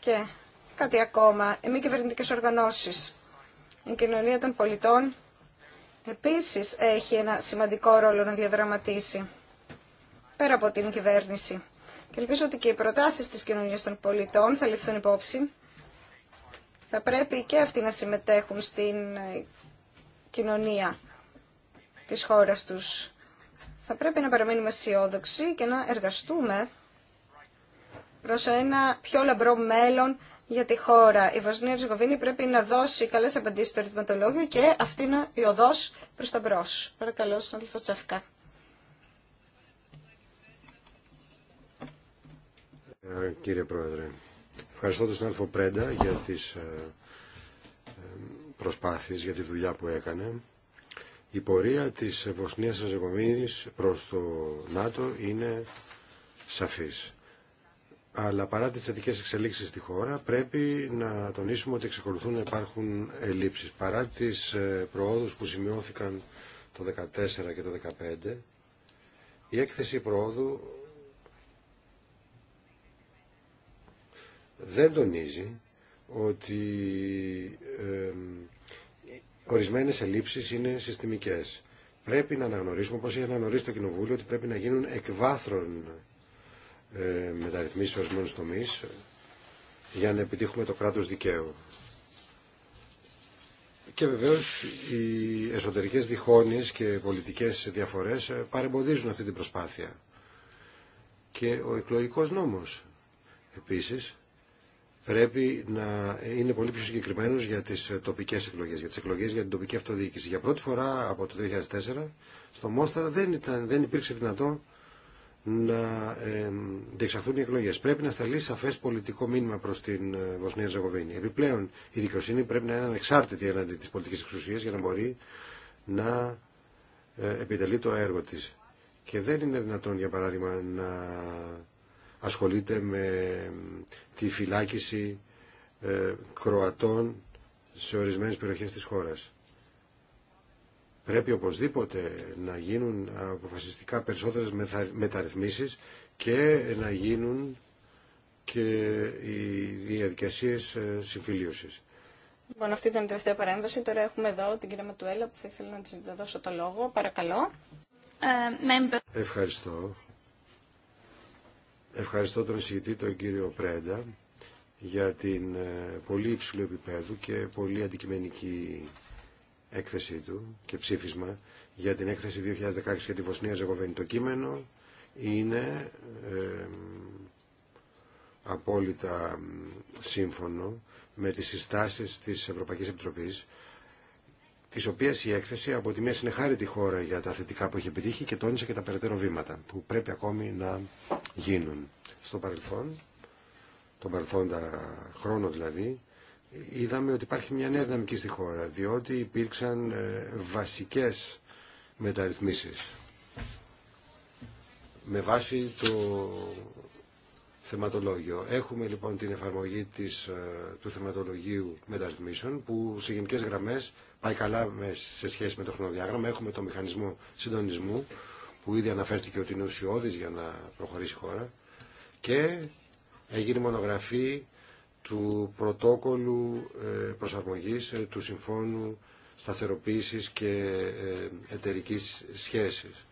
Και κάτι ακόμα, οι μη κυβερνητικέ οργανώσεις, η κοινωνία των πολιτών επίσης έχει ένα σημαντικό ρόλο να διαδραματίσει πέρα από την κυβέρνηση. Και ελπίζω ότι και οι προτάσεις της κοινωνίας των πολιτών θα ληφθούν υπόψη. Θα πρέπει και αυτοί να συμμετέχουν στην ε, κοινωνία της χώρας τους. Θα πρέπει να παραμείνουμε αισιόδοξοι και να εργαστούμε προς ένα πιο λαμπρό μέλλον για τη χώρα. Η Βοσνία Ριζεγοβίνη πρέπει να δώσει καλέ απαντήσει στο ρυθμολόγιο και αυτή είναι η οδό προ τα μπρο. Παρακαλώ, συνάδελφο Τσαφκά. Ε, κύριε Πρόεδρε, ευχαριστώ τον συνάδελφο Πρέντα για τις ε, ε, προσπάθειες, για τη δουλειά που έκανε. Η πορεία της Βοσνίας Ριζεγοβίνης προς το ΝΑΤΟ είναι σαφής. Αλλά παρά τις θετικές εξελίξεις στη χώρα πρέπει να τονίσουμε ότι εξεκολουθούν να υπάρχουν ελλείψεις. Παρά τις ε, προόδους που σημειώθηκαν το 2014 και το 2015, η έκθεση προόδου δεν τονίζει ότι ε, ορισμένες ελλείψεις είναι συστημικές. Πρέπει να αναγνωρίσουμε, όπως είχε αναγνωρίσει το Κοινοβούλιο, ότι πρέπει να γίνουν εκβάθρον ε, μεταρρυθμίσεις μεταρρυθμίσει ορισμένου τομεί ε, για να επιτύχουμε το κράτος δικαίου. Και βεβαίως οι εσωτερικές διχόνοιες και πολιτικές διαφορές ε, παρεμποδίζουν αυτή την προσπάθεια. Και ο εκλογικός νόμος επίσης πρέπει να είναι πολύ πιο συγκεκριμένος για τις τοπικές εκλογές, για τις εκλογές για την τοπική αυτοδιοίκηση. Για πρώτη φορά από το 2004 στο Μόσταρα δεν, ήταν, δεν υπήρξε δυνατό να διεξαχθούν οι εκλογέ. Πρέπει να σταλεί σαφές πολιτικό μήνυμα προς την ε, Βοσνία Ζεγοβίνη. Επιπλέον, η δικαιοσύνη πρέπει να είναι ανεξάρτητη έναντι τη πολιτική εξουσία για να μπορεί να ε, επιτελεί το έργο τη. Και δεν είναι δυνατόν, για παράδειγμα, να ασχολείται με τη φυλάκιση ε, Κροατών σε ορισμένες περιοχές της χώρας. Πρέπει οπωσδήποτε να γίνουν αποφασιστικά περισσότερες μεταρρυθμίσεις και να γίνουν και οι διαδικασίες ε, συμφιλίωσης. Λοιπόν, αυτή ήταν η τελευταία παρέμβαση. Τώρα έχουμε εδώ την κυρία Ματουέλα που θα ήθελα να της δώσω το λόγο. Παρακαλώ. Ε, Ευχαριστώ. Ευχαριστώ τον εισηγητή, τον κύριο Πρέντα, για την ε, πολύ υψηλή επίπεδου και πολύ αντικειμενική έκθεσή του και ψήφισμα για την έκθεση 2016 για τη Βοσνία Ζεγοβένη. Το κείμενο είναι απόλυτα σύμφωνο με τις συστάσεις της Ευρωπαϊκής Επιτροπής της οποίας η έκθεση από τη μία συνεχάρει τη χώρα για τα θετικά που έχει επιτύχει και τόνισε και τα περαιτέρω βήματα που πρέπει ακόμη να γίνουν. Στο παρελθόν, τον παρελθόντα χρόνο δηλαδή, είδαμε ότι υπάρχει μια νέα δυναμική στη χώρα, διότι υπήρξαν ε, βασικές μεταρρυθμίσεις με βάση το θεματολόγιο. Έχουμε λοιπόν την εφαρμογή της, ε, του θεματολογίου μεταρρυθμίσεων που σε γενικέ γραμμές πάει καλά σε σχέση με το χρονοδιάγραμμα. Έχουμε το μηχανισμό συντονισμού που ήδη αναφέρθηκε ότι είναι ουσιώδης για να προχωρήσει η χώρα και έγινε μονογραφή του πρωτόκολλου ε, προσαρμογής ε, του Συμφώνου Σταθεροποίησης και ε, Εταιρικής Σχέσης.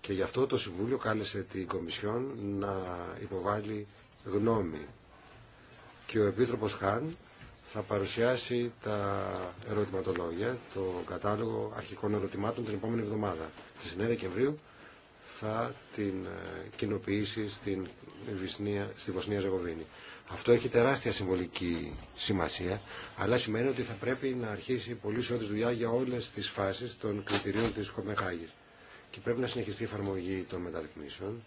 Και γι' αυτό το Συμβούλιο κάλεσε την Κομισιόν να υποβάλει γνώμη. Και ο Επίτροπος Χάν θα παρουσιάσει τα ερωτηματολόγια, το κατάλογο αρχικών ερωτημάτων την επόμενη εβδομάδα. Στις 9 Δεκεμβρίου θα την κοινοποιήσει στην Βυσνία, στη Βοσνία Ζεγοβίνη. Αυτό έχει τεράστια συμβολική σημασία, αλλά σημαίνει ότι θα πρέπει να αρχίσει πολύ σιώδη δουλειά για όλε τι φάσει των κριτηρίων τη Κοπενχάγη. Και πρέπει να συνεχιστεί η εφαρμογή των μεταρρυθμίσεων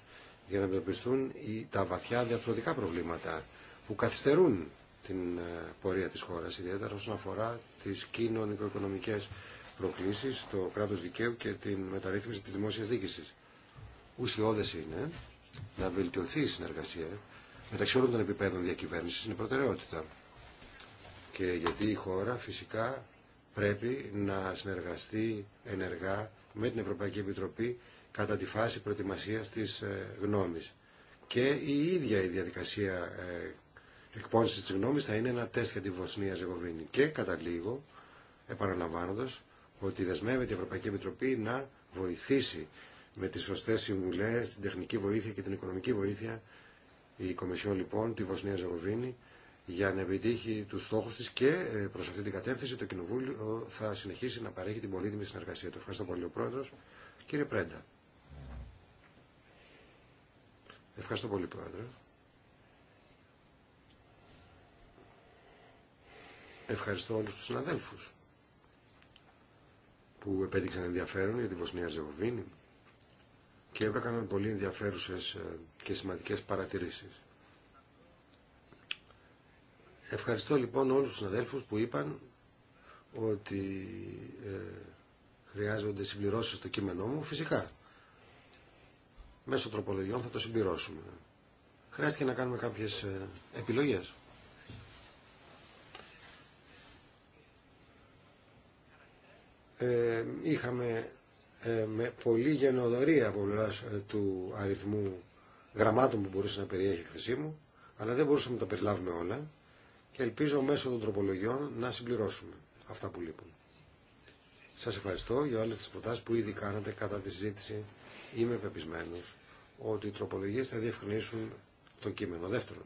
για να αντιμετωπιστούν τα βαθιά διαφορετικά προβλήματα που καθυστερούν την ε, πορεία της χώρας, ιδιαίτερα όσον αφορά τις κοινωνικο οικονομικέ προκλήσεις, το κράτος δικαίου και την μεταρρύθμιση της δημόσιας δίκησης. Ουσιώδες είναι να βελτιωθεί η συνεργασία μεταξύ όλων των επιπέδων διακυβέρνησης είναι προτεραιότητα. Και γιατί η χώρα φυσικά πρέπει να συνεργαστεί ενεργά με την Ευρωπαϊκή Επιτροπή κατά τη φάση προετοιμασίας της ε, γνώμης. Και η ίδια η διαδικασία ε, εκπόνησης της γνώμης θα είναι ένα τεστ για τη Βοσνία Ζεγοβίνη. Και λίγο, επαναλαμβάνοντας, ότι δεσμεύεται η Ευρωπαϊκή Επιτροπή να βοηθήσει με τις σωστές συμβουλές, την τεχνική βοήθεια και την οικονομική βοήθεια η Κομισιόν λοιπόν τη Βοσνία Ζεγοβίνη για να επιτύχει τους στόχους της και ε, προς αυτή την κατεύθυνση το Κοινοβούλιο θα συνεχίσει να παρέχει την πολύτιμη συνεργασία του. Ευχαριστώ πολύ ο Πρόεδρος. Κύριε Πρέντα. Ευχαριστώ πολύ Πρόεδρε. Ευχαριστώ όλους τους συναδέλφους που επέδειξαν ενδιαφέρον για τη Βοσνία Ζεγοβίνη και έκαναν πολύ ενδιαφέρουσες ε, και σημαντικές παρατηρήσεις. Ευχαριστώ λοιπόν όλους τους συναδέλφους που είπαν ότι ε, χρειάζονται συμπληρώσεις στο κείμενό μου. Φυσικά, μέσω τροπολογιών θα το συμπληρώσουμε. Χρειάστηκε να κάνουμε κάποιες ε, επιλογές. είχαμε ε, με πολύ γενοδορία από ε, του αριθμού γραμμάτων που μπορούσε να περιέχει η εκθεσή μου, αλλά δεν μπορούσαμε να τα περιλάβουμε όλα και ελπίζω μέσω των τροπολογιών να συμπληρώσουμε αυτά που λείπουν. Σας ευχαριστώ για όλες τις προτάσεις που ήδη κάνατε κατά τη συζήτηση. Είμαι πεπισμένος ότι οι τροπολογίες θα διευκρινίσουν το κείμενο. Δεύτερον,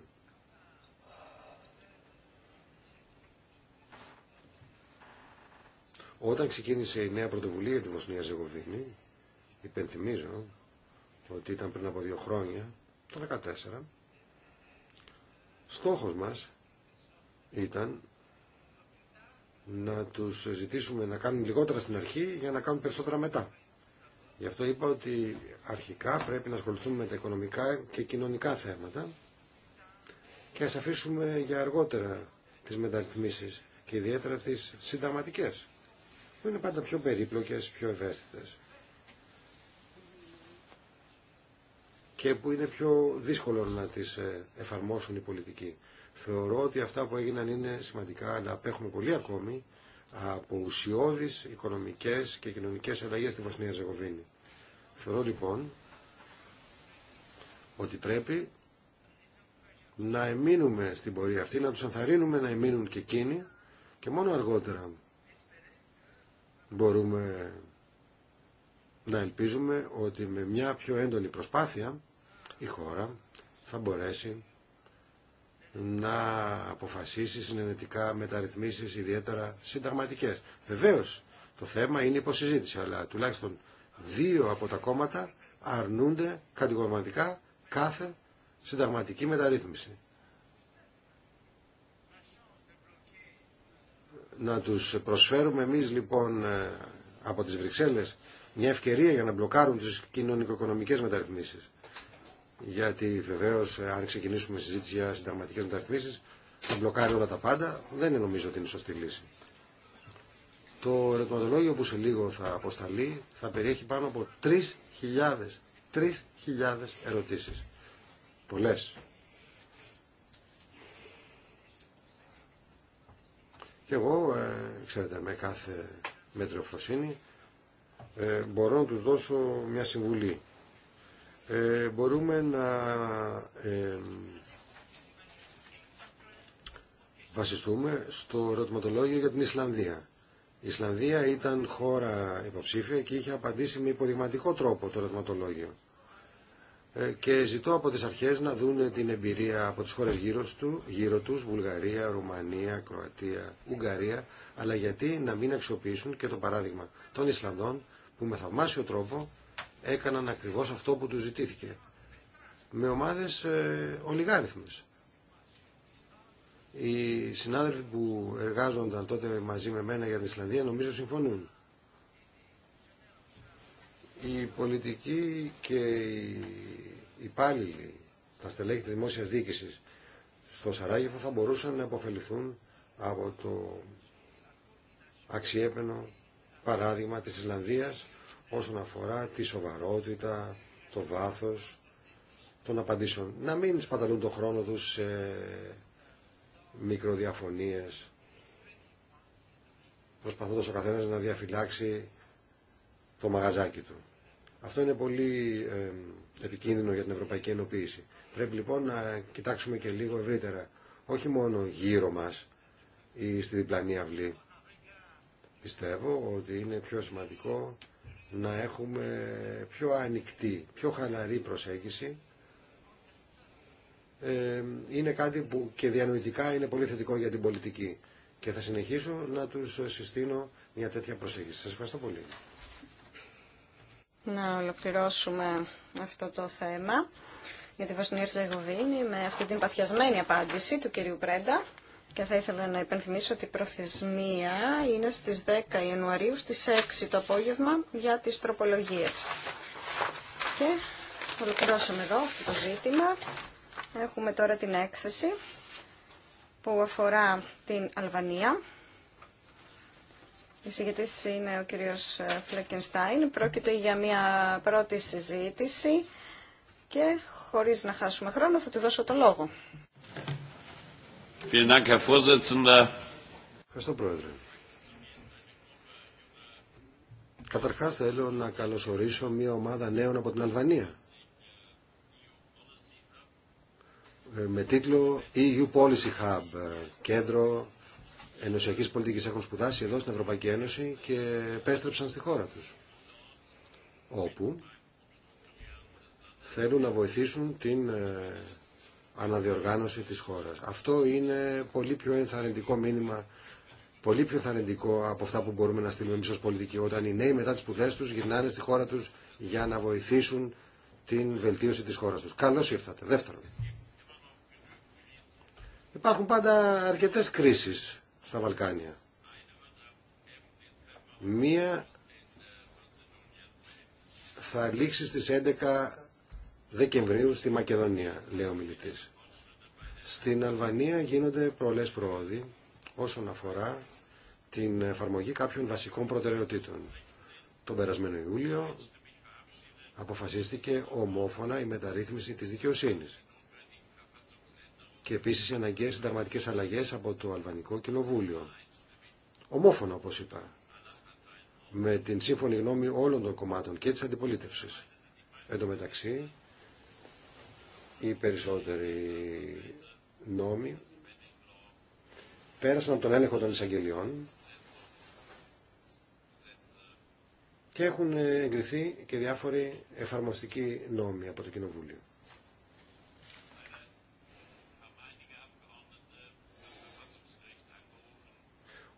Όταν ξεκίνησε η νέα πρωτοβουλία τη Βοσνία Ζεγοβίνη, υπενθυμίζω ότι ήταν πριν από δύο χρόνια, το 2014, στόχος μας ήταν να τους ζητήσουμε να κάνουν λιγότερα στην αρχή για να κάνουν περισσότερα μετά. Γι' αυτό είπα ότι αρχικά πρέπει να ασχοληθούμε με τα οικονομικά και κοινωνικά θέματα και ας αφήσουμε για αργότερα τις μεταρρυθμίσεις και ιδιαίτερα τις συνταγματικές που είναι πάντα πιο περίπλοκες, πιο ευαίσθητες και που είναι πιο δύσκολο να τις ε, εφαρμόσουν οι πολιτικοί. Θεωρώ ότι αυτά που έγιναν είναι σημαντικά, αλλά απέχουμε πολύ ακόμη από ουσιώδεις οικονομικές και κοινωνικές αλλαγές στη Βοσνία Ζεγοβίνη. Θεωρώ λοιπόν ότι πρέπει να εμείνουμε στην πορεία αυτή, να τους ανθαρρύνουμε να εμείνουν και εκείνοι και μόνο αργότερα Μπορούμε να ελπίζουμε ότι με μια πιο έντονη προσπάθεια η χώρα θα μπορέσει να αποφασίσει συνενετικά μεταρρυθμίσεις ιδιαίτερα συνταγματικές. Βεβαίως το θέμα είναι υποσυζήτηση αλλά τουλάχιστον δύο από τα κόμματα αρνούνται κατηγορηματικά κάθε συνταγματική μεταρρύθμιση. να τους προσφέρουμε εμείς λοιπόν ε, από τις Βρυξέλλες μια ευκαιρία για να μπλοκάρουν τις κοινωνικο-οικονομικές μεταρρυθμίσεις. Γιατί βεβαίως ε, αν ξεκινήσουμε συζήτηση για συνταγματικές μεταρρυθμίσεις να μπλοκάρει όλα τα πάντα δεν νομίζω ότι είναι σωστή λύση. Το ερωτηματολόγιο που σε λίγο θα αποσταλεί θα περιέχει πάνω από 3.000 3.000 ερωτήσεις. Πολλές. Και εγώ, ε, ξέρετε, με κάθε μέτριο ε, μπορώ να τους δώσω μια συμβουλή. Ε, μπορούμε να ε, βασιστούμε στο ερωτηματολόγιο για την Ισλανδία. Η Ισλανδία ήταν χώρα υποψήφια και είχε απαντήσει με υποδειγματικό τρόπο το ερωτηματολόγιο. Ε, και ζητώ από τις αρχές να δουν την εμπειρία από τις χώρες γύρω, του, γύρω τους, Βουλγαρία, Ρουμανία, Κροατία, Ουγγαρία, αλλά γιατί να μην αξιοποιήσουν και το παράδειγμα των Ισλανδών που με θαυμάσιο τρόπο έκαναν ακριβώς αυτό που τους ζητήθηκε με ομάδες ε, ολιγάριθμες. Οι συνάδελφοι που εργάζονταν τότε μαζί με μένα για την Ισλανδία νομίζω συμφωνούν οι πολιτικοί και οι υπάλληλοι, τα στελέχη της δημόσιας διοίκησης στο Σαράγεφο θα μπορούσαν να αποφεληθούν από το αξιέπαινο παράδειγμα της Ισλανδίας όσον αφορά τη σοβαρότητα, το βάθος των απαντήσεων. Να μην σπαταλούν τον χρόνο τους σε μικροδιαφωνίες προσπαθώντας ο καθένας να διαφυλάξει το μαγαζάκι του. Αυτό είναι πολύ επικίνδυνο για την ευρωπαϊκή ενοποίηση. Πρέπει λοιπόν να κοιτάξουμε και λίγο ευρύτερα. Όχι μόνο γύρω μας ή στη διπλανή αυλή. Πιστεύω ότι είναι πιο σημαντικό να έχουμε πιο ανοιχτή, πιο χαλαρή προσέγγιση. Είναι κάτι που και διανοητικά είναι πολύ θετικό για την πολιτική. Και θα συνεχίσω να τους συστήνω μια τέτοια προσέγγιση. Σας ευχαριστώ πολύ να ολοκληρώσουμε αυτό το θέμα για τη Βοσνία Ερζεγοβίνη με αυτή την παθιασμένη απάντηση του κυρίου Πρέντα. Και θα ήθελα να υπενθυμίσω ότι η προθεσμία είναι στις 10 Ιανουαρίου στις 6 το απόγευμα για τις τροπολογίες. Και ολοκληρώσαμε εδώ αυτό το ζήτημα. Έχουμε τώρα την έκθεση που αφορά την Αλβανία εισηγητής είναι ο κύριος ε, Φλεκενστάιν. Πρόκειται για μια πρώτη συζήτηση και χωρίς να χάσουμε χρόνο θα του δώσω το λόγο. Ευχαριστώ, Πρόεδρε. Καταρχάς θέλω να καλωσορίσω μια ομάδα νέων από την Αλβανία ε, με τίτλο EU Policy Hub, ε, κέντρο ενωσιακής πολιτικής έχουν σπουδάσει εδώ στην Ευρωπαϊκή Ένωση και πέστρεψαν στη χώρα τους, όπου θέλουν να βοηθήσουν την ε, αναδιοργάνωση της χώρας. Αυτό είναι πολύ πιο ενθαρρυντικό μήνυμα, πολύ πιο ενθαρρυντικό από αυτά που μπορούμε να στείλουμε εμείς ως πολιτικοί, όταν οι νέοι μετά τις σπουδές τους γυρνάνε στη χώρα τους για να βοηθήσουν την βελτίωση της χώρας τους. Καλώς ήρθατε. Δεύτερον. Υπάρχουν πάντα αρκετές κρίσεις στα Βαλκάνια. Μία θα λήξει στις 11 Δεκεμβρίου στη Μακεδονία, λέει ο μιλητής. Στην Αλβανία γίνονται πολλές προόδοι όσον αφορά την εφαρμογή κάποιων βασικών προτεραιοτήτων. Τον περασμένο Ιούλιο αποφασίστηκε ομόφωνα η μεταρρύθμιση της δικαιοσύνης και επίσης οι αναγκαίες συνταγματικές αλλαγές από το Αλβανικό Κοινοβούλιο. Ομόφωνα, όπως είπα, με την σύμφωνη γνώμη όλων των κομμάτων και της αντιπολίτευσης. Εν τω μεταξύ, οι περισσότεροι νόμοι πέρασαν από τον έλεγχο των εισαγγελιών και έχουν εγκριθεί και διάφοροι εφαρμοστικοί νόμοι από το Κοινοβούλιο.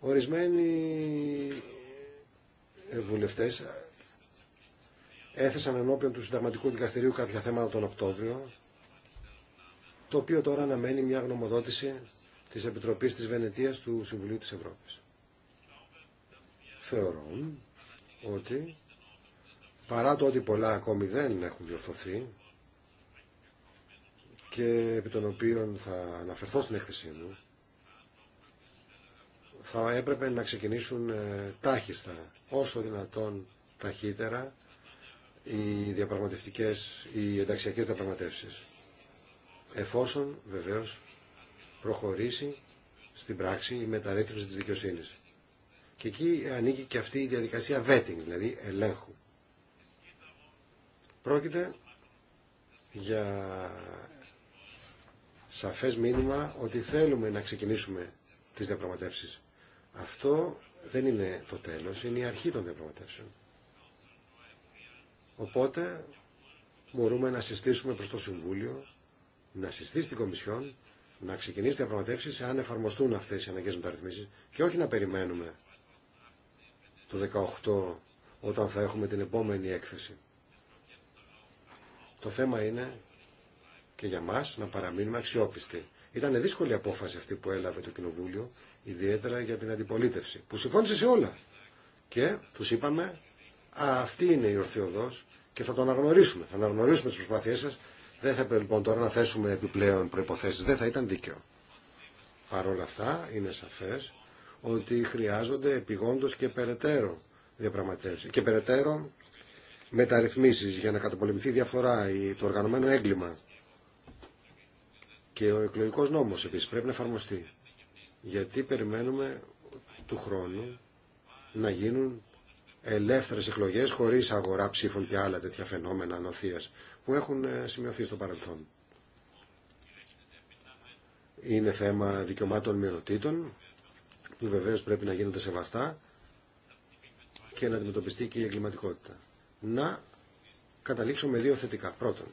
Ορισμένοι ε, βουλευτές έθεσαν ενώπιον του Συνταγματικού Δικαστηρίου κάποια θέματα τον Οκτώβριο, το οποίο τώρα αναμένει μια γνωμοδότηση της Επιτροπής της Βενετίας του Συμβουλίου της Ευρώπης. Θεωρώ ότι παρά το ότι πολλά ακόμη δεν έχουν διορθωθεί και επί των οποίων θα αναφερθώ στην έκθεσή μου, θα έπρεπε να ξεκινήσουν ε, τάχιστα, όσο δυνατόν ταχύτερα, οι διαπραγματευτικές, οι ενταξιακές διαπραγματεύσεις. Εφόσον, βεβαίως, προχωρήσει στην πράξη η μεταρρύθμιση της δικαιοσύνης. Και εκεί ανήκει και αυτή η διαδικασία vetting, δηλαδή ελέγχου. Πρόκειται για σαφές μήνυμα ότι θέλουμε να ξεκινήσουμε τις διαπραγματεύσεις. Αυτό δεν είναι το τέλος, είναι η αρχή των διαπραγματεύσεων. Οπότε μπορούμε να συστήσουμε προς το Συμβούλιο, να συστήσει την Κομισιόν, να ξεκινήσει διαπραγματεύσει αν εφαρμοστούν αυτές οι αναγκαίες μεταρρυθμίσεις και όχι να περιμένουμε το 18 όταν θα έχουμε την επόμενη έκθεση. Το θέμα είναι και για μας να παραμείνουμε αξιόπιστοι. Ήταν δύσκολη απόφαση αυτή που έλαβε το Κοινοβούλιο ιδιαίτερα για την αντιπολίτευση, που συμφώνησε σε όλα. Και του είπαμε, α, αυτή είναι η ορθή και θα το αναγνωρίσουμε. Θα αναγνωρίσουμε τι προσπάθειές σα. Δεν θα έπρεπε, λοιπόν τώρα να θέσουμε επιπλέον προποθέσει, Δεν θα ήταν δίκαιο. Παρ' όλα αυτά είναι σαφέ ότι χρειάζονται επιγόντω και περαιτέρω διαπραγματεύσει και περαιτέρω μεταρρυθμίσεις για να καταπολεμηθεί η διαφθορά ή το οργανωμένο έγκλημα. Και ο εκλογικό νόμο επίση πρέπει να εφαρμοστεί γιατί περιμένουμε του χρόνου να γίνουν ελεύθερες εκλογές χωρίς αγορά ψήφων και άλλα τέτοια φαινόμενα ανοθείας που έχουν ε, σημειωθεί στο παρελθόν. Είναι θέμα δικαιωμάτων μειονοτήτων που βεβαίως πρέπει να γίνονται σεβαστά και να αντιμετωπιστεί και η εγκληματικότητα. Να καταλήξουμε με δύο θετικά. Πρώτον,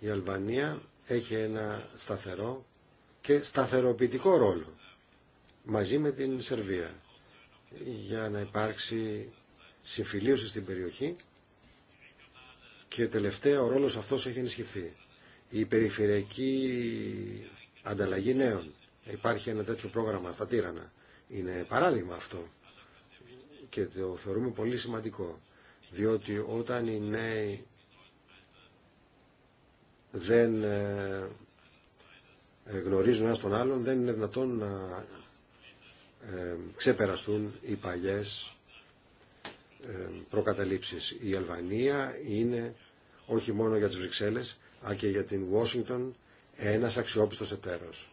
η Αλβανία έχει ένα σταθερό και σταθεροποιητικό ρόλο μαζί με την Σερβία για να υπάρξει συμφιλίωση στην περιοχή και τελευταία ο ρόλος αυτός έχει ενισχυθεί. Η περιφερειακή ανταλλαγή νέων. Υπάρχει ένα τέτοιο πρόγραμμα στα Τύρανα. Είναι παράδειγμα αυτό και το θεωρούμε πολύ σημαντικό διότι όταν οι νέοι δεν ε, ε, γνωρίζουν ένα τον άλλον, δεν είναι δυνατόν να ε, ξεπεραστούν οι παλιές ε, προκαταλήψεις. Η Αλβανία είναι όχι μόνο για τις Βρυξέλλες, αλλά και για την Ουάσιγκτον ένας αξιόπιστος εταίρος.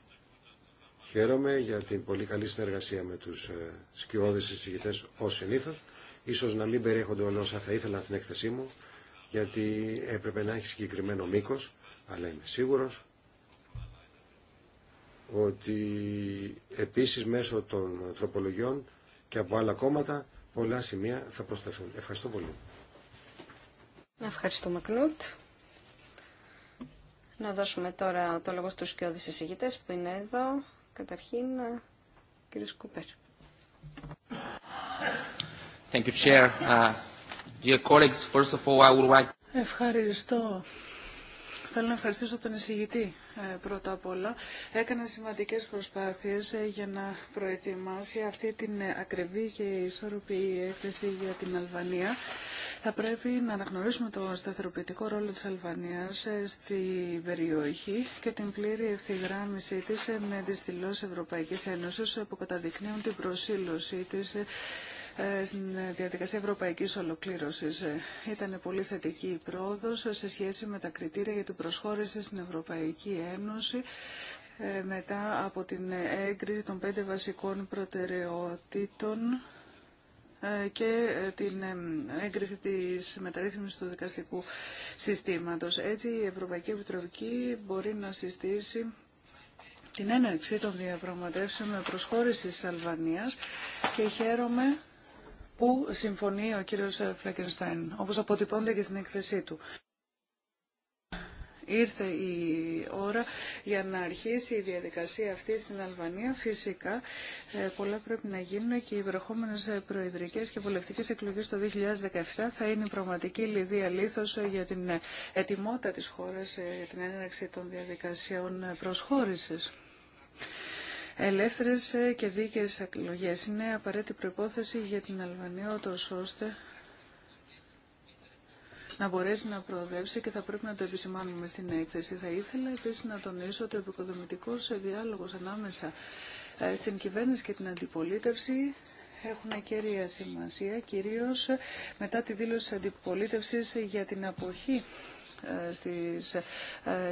Χαίρομαι για την πολύ καλή συνεργασία με τους σκιώδεις συζητητές ως συνήθως. Ίσως να μην περιέχονται όλα όσα θα ήθελα στην έκθεσή μου, γιατί έπρεπε να έχει συγκεκριμένο μήκος, αλλά είμαι σίγουρος ότι επίσης μέσω των τροπολογιών και από άλλα κόμματα πολλά σημεία θα προσταθούν. Ευχαριστώ πολύ. Ευχαριστώ, Μακνούτ. Να δώσουμε τώρα το λόγο στους κοιόδης εισηγητές που είναι εδώ. Καταρχήν, κύριο Κούπερ. Ευχαριστώ Θέλω να ευχαριστήσω τον εισηγητή ε, πρώτα απ' όλα. Έκανε σημαντικές προσπάθειες ε, για να προετοιμάσει αυτή την ε, ακριβή και ισορροπή έκθεση για την Αλβανία. Θα πρέπει να αναγνωρίσουμε το σταθεροποιητικό ρόλο της Αλβανίας στη περιοχή και την πλήρη ευθυγράμμισή της με τις δηλώσεις Ευρωπαϊκής Ένωσης που καταδεικνύουν την προσήλωσή της ε, στην διαδικασία ευρωπαϊκής ολοκλήρωσης. Ε, ήταν πολύ θετική η πρόοδο σε σχέση με τα κριτήρια για την προσχώρηση στην Ευρωπαϊκή Ένωση ε, μετά από την έγκριση των πέντε βασικών προτεραιότητων και την έγκριση της μεταρρύθμισης του δικαστικού συστήματος. Έτσι η Ευρωπαϊκή Επιτροπή μπορεί να συστήσει την έναρξη των διαπραγματεύσεων με προσχώρηση της Αλβανίας και χαίρομαι που συμφωνεί ο κύριος Φλέκενστάιν, όπως αποτυπώνεται και στην έκθεσή του. Ήρθε η ώρα για να αρχίσει η διαδικασία αυτή στην Αλβανία. Φυσικά ε, πολλά πρέπει να γίνουν και οι βρεχόμενες προεδρικέ και βουλευτικέ εκλογέ το 2017 θα είναι η πραγματική λιδία λίθος για την ετοιμότητα τη χώρα ε, για την έναρξη των διαδικασιών προσχώρηση. Ελεύθερες ε, και δίκαιες εκλογές είναι απαραίτητη προϋπόθεση για την Αλβανία, ώστε να μπορέσει να προοδεύσει και θα πρέπει να το επισημάνουμε στην έκθεση. Θα ήθελα επίσης να τονίσω ότι ο επικοδομητικός διάλογος ανάμεσα ε, στην κυβέρνηση και την αντιπολίτευση έχουν κέρια σημασία, κυρίως μετά τη δήλωση της αντιπολίτευσης για την αποχή ε,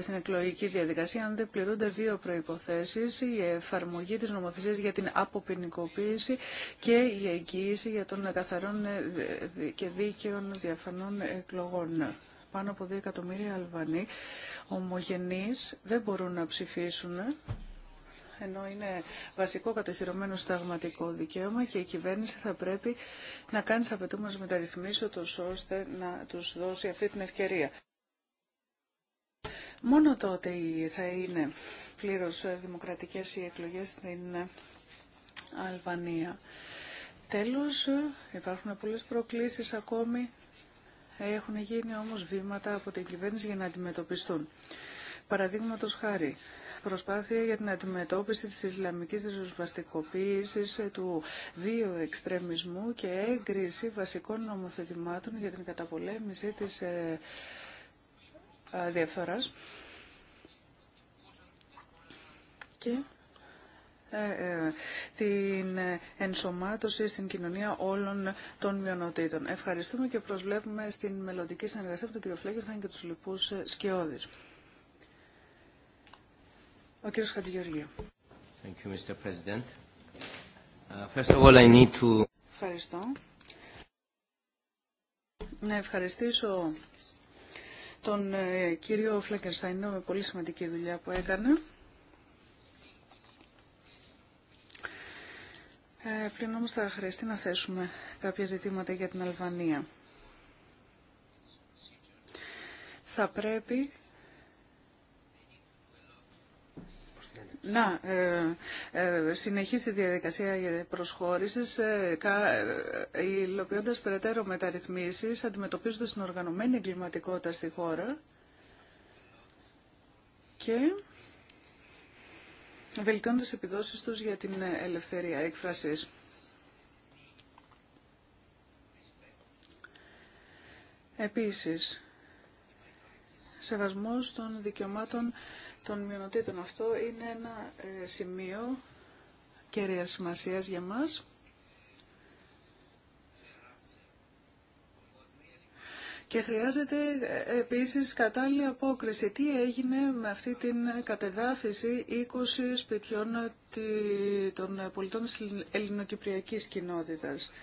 στην εκλογική διαδικασία αν δεν πληρούνται δύο προϋποθέσεις η εφαρμογή της νομοθεσίας για την αποποινικοποίηση και η εγγύηση για των καθαρών ε, και δίκαιων διαφανών εκλογών πάνω από 2 εκατομμύρια Αλβανοί ομογενείς δεν μπορούν να ψηφίσουν ενώ είναι βασικό κατοχυρωμένο σταγματικό δικαίωμα και η κυβέρνηση θα πρέπει να κάνει τι απαιτούμενε μεταρρυθμίσεις ώστε να τους δώσει αυτή την ευκαιρία. Μόνο τότε θα είναι πλήρως δημοκρατικές οι εκλογές στην Αλβανία. Τέλος, υπάρχουν πολλές προκλήσεις ακόμη. Έχουν γίνει όμως βήματα από την κυβέρνηση για να αντιμετωπιστούν. Παραδείγματο χάρη, προσπάθεια για την αντιμετώπιση της Ισλαμικής ριζοσπαστικοποίησης, του βίου εξτρεμισμού και έγκριση βασικών νομοθετημάτων για την καταπολέμηση της ε, ε, διαφθοράς. Και ε, ε, την ενσωμάτωση στην κοινωνία όλων των μειονοτήτων. Ευχαριστούμε και προσβλέπουμε στην μελλοντική συνεργασία του κύριο κ. Φλέγκεσταν και τους λοιπούς σκιώδης. Ο κ. Χατζηγεωργίου. Uh, Ευχαριστώ. Να ευχαριστήσω τον ε, κύριο Σταϊνό με πολύ σημαντική δουλειά που έκανε. Ε, όμως θα χρειαστεί να θέσουμε κάποια ζητήματα για την Αλβανία. Θα πρέπει να ε, ε, συνεχίσει τη διαδικασία προσχώρησης ε, υλοποιώντας περαιτέρω μεταρρυθμίσεις αντιμετωπίζοντας την οργανωμένη εγκληματικότητα στη χώρα και βελτιώνοντας επιδόσεις τους για την ελευθερία έκφρασης. Επίσης, σεβασμός των δικαιωμάτων των μειονοτήτων. Αυτό είναι ένα ε, σημείο κέρια σημασία για μας. Και χρειάζεται ε, επίσης κατάλληλη απόκριση. Τι έγινε με αυτή την κατεδάφιση 20 σπιτιών ε, των πολιτών της ελληνοκυπριακής κοινότητας.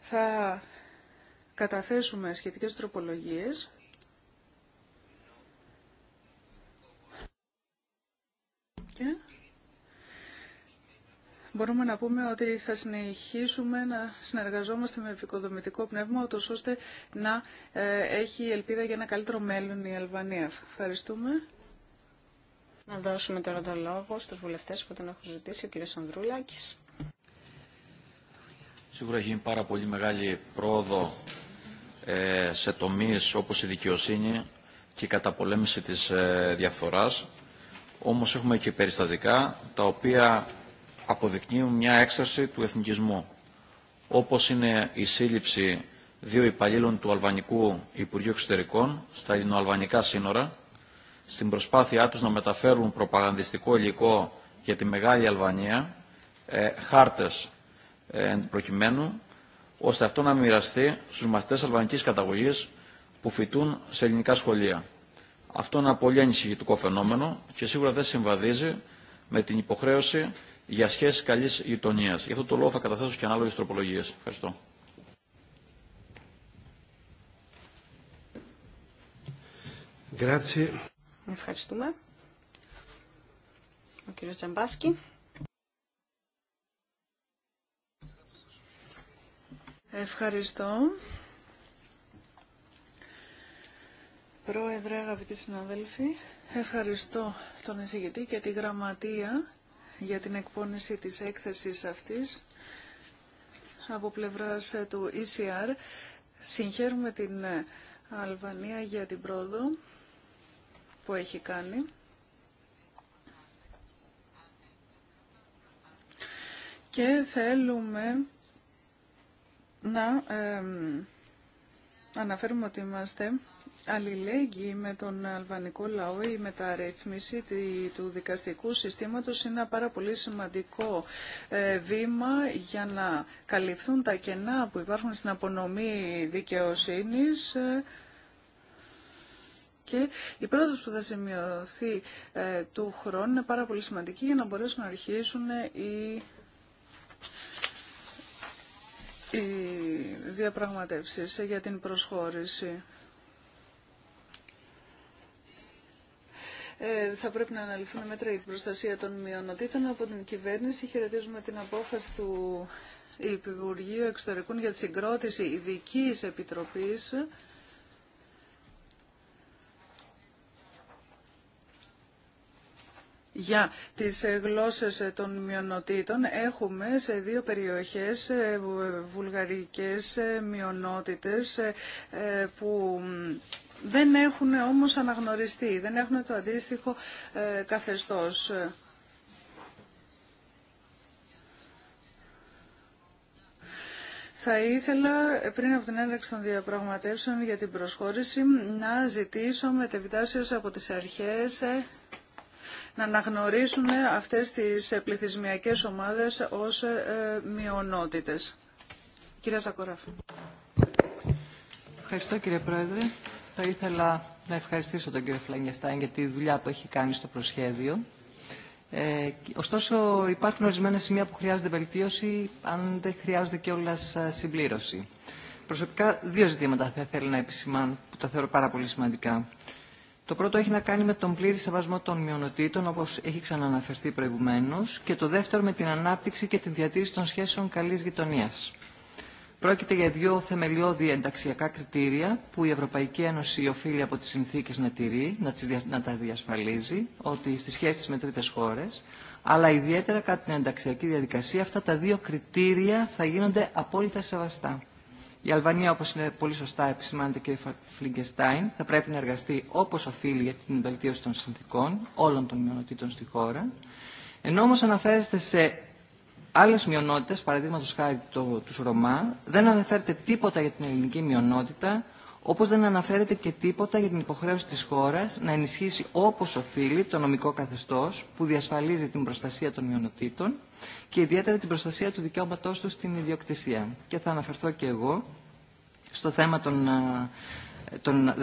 Θα καταθέσουμε σχετικές τροπολογίες Και μπορούμε να πούμε ότι θα συνεχίσουμε να συνεργαζόμαστε με επικοδομητικό πνεύμα, ώστε να ε, έχει ελπίδα για ένα καλύτερο μέλλον η Αλβανία. Ευχαριστούμε. Να δώσουμε τώρα τον λόγο στους βουλευτές που τον έχουν ζητήσει, ο κ. Σίγουρα έχει πάρα πολύ μεγάλη πρόοδο ε, σε τομείς όπως η δικαιοσύνη και η καταπολέμηση της ε, διαφθοράς όμως έχουμε και περιστατικά τα οποία αποδεικνύουν μια έξαρση του εθνικισμού, όπως είναι η σύλληψη δύο υπαλλήλων του Αλβανικού Υπουργείου Εξωτερικών στα ελληνοαλβανικά σύνορα, στην προσπάθειά τους να μεταφέρουν προπαγανδιστικό υλικό για τη Μεγάλη Αλβανία, ε, χάρτες ε, προκειμένου, ώστε αυτό να μοιραστεί στους μαθητές αλβανικής καταγωγής που φοιτούν σε ελληνικά σχολεία. Αυτό είναι ένα πολύ ανησυχητικό φαινόμενο και σίγουρα δεν συμβαδίζει με την υποχρέωση για σχέσει καλή γειτονία. Γι' αυτό το λόγο θα καταθέσω και ανάλογε τροπολογίε. Ευχαριστώ. Ευχαριστούμε. Ο κύριος Τζαμπάσκι. Ευχαριστώ. Πρόεδρε, αγαπητοί συνάδελφοι, ευχαριστώ τον εισηγητή και τη γραμματεία για την εκπόνηση της έκθεσης αυτής από πλευράς ε, του ECR. Συγχαίρουμε την ε, Αλβανία για την πρόοδο που έχει κάνει. Και θέλουμε να ε, αναφέρουμε ότι είμαστε αλληλέγγυη με τον αλβανικό λαό η μεταρρύθμιση του δικαστικού συστήματος είναι ένα πάρα πολύ σημαντικό ε, βήμα για να καλυφθούν τα κενά που υπάρχουν στην απονομή δικαιοσύνης ε, και η πρόταση που θα σημειωθεί ε, του χρόνου είναι πάρα πολύ σημαντική για να μπορέσουν να αρχίσουν οι οι διαπραγματεύσεις για την προσχώρηση. Ε, θα πρέπει να αναλυθούν μέτρα για την προστασία των μειονοτήτων από την κυβέρνηση. Χαιρετίζουμε την απόφαση του Υπουργείου Εξωτερικών για τη συγκρότηση ειδική επιτροπής για τις γλώσσες των μειονοτήτων έχουμε σε δύο περιοχές ε, ε, βουλγαρικές μειονότητες που δεν έχουν όμως αναγνωριστεί, δεν έχουν το αντίστοιχο ε, καθεστώς. Θα ήθελα πριν από την έναρξη των διαπραγματεύσεων για την προσχώρηση να ζητήσω μετεβιτάσεις από τις αρχές ε, να αναγνωρίσουν αυτές τις ε, πληθυσμιακές ομάδες ως μειονότητες. Κυρία Σακοράφη. Ευχαριστώ κύριε Πρόεδρε. Θα ήθελα να ευχαριστήσω τον κύριο Φλανιεστάιν για τη δουλειά που έχει κάνει στο προσχέδιο. Ε, ωστόσο, υπάρχουν ορισμένα σημεία που χρειάζονται βελτίωση, αν δεν χρειάζονται κιόλα ε, συμπλήρωση. Προσωπικά, δύο ζητήματα θα ήθελα να επισημάνω, που τα θεωρώ πάρα πολύ σημαντικά. Το πρώτο έχει να κάνει με τον πλήρη σεβασμό των μειονοτήτων, όπω έχει ξανααναφερθεί προηγουμένω, και το δεύτερο με την ανάπτυξη και την διατήρηση των σχέσεων καλή γειτονία. Πρόκειται για δύο θεμελιώδη ενταξιακά κριτήρια που η Ευρωπαϊκή Ένωση οφείλει από τις συνθήκες να τηρεί, να, τις, να τα διασφαλίζει, ότι στις σχέσεις με τρίτες χώρες, αλλά ιδιαίτερα κατά την ενταξιακή διαδικασία αυτά τα δύο κριτήρια θα γίνονται απόλυτα σεβαστά. Η Αλβανία, όπως είναι πολύ σωστά επισημάνεται και η Φλιγκεστάιν, θα πρέπει να εργαστεί όπως οφείλει για την βελτίωση των συνθήκων όλων των μειονοτήτων στη χώρα. Ενώ όμως αναφέρεστε σε Άλλε μειονότητε, παραδείγματο χάρη το, του Ρωμά, δεν αναφέρεται τίποτα για την ελληνική μειονότητα, όπω δεν αναφέρεται και τίποτα για την υποχρέωση τη χώρα να ενισχύσει όπω οφείλει το νομικό καθεστώ που διασφαλίζει την προστασία των μειονοτήτων και ιδιαίτερα την προστασία του δικαιώματό του στην ιδιοκτησία. Και θα αναφερθώ και εγώ στο θέμα των, ε, των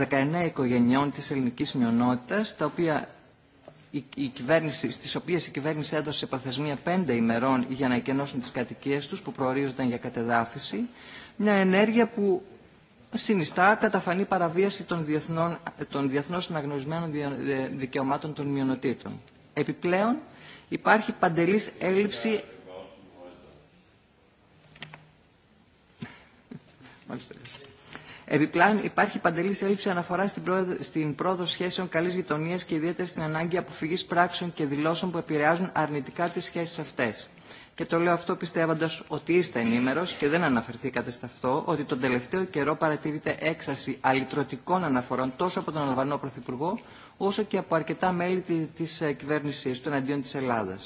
19 οικογενειών της ελληνικής μειονότητας, τα οποία η κυβέρνηση, στις οποίες η κυβέρνηση έδωσε προθεσμία πέντε ημερών για να εκενώσουν τις κατοικίες τους που προορίζονταν για κατεδάφιση, μια ενέργεια που συνιστά καταφανή παραβίαση των, διεθνών, των αναγνωρισμένων ε, δικαιωμάτων των μειονοτήτων. Επιπλέον, υπάρχει παντελής έλλειψη... Επιπλέον, υπάρχει παντελή έλλειψη αναφορά στην πρόοδο σχέσεων καλή γειτονία και ιδιαίτερα στην ανάγκη αποφυγή πράξεων και δηλώσεων που επηρεάζουν αρνητικά τι σχέσει αυτέ. Και το λέω αυτό πιστεύοντα ότι είστε ενήμερο και δεν αναφερθήκατε σε αυτό, ότι τον τελευταίο καιρό παρατηρείται έξαρση αλυτρωτικών αναφορών τόσο από τον Αλβανό Πρωθυπουργό, όσο και από αρκετά μέλη τη ε, κυβέρνησή του εναντίον τη Ελλάδα.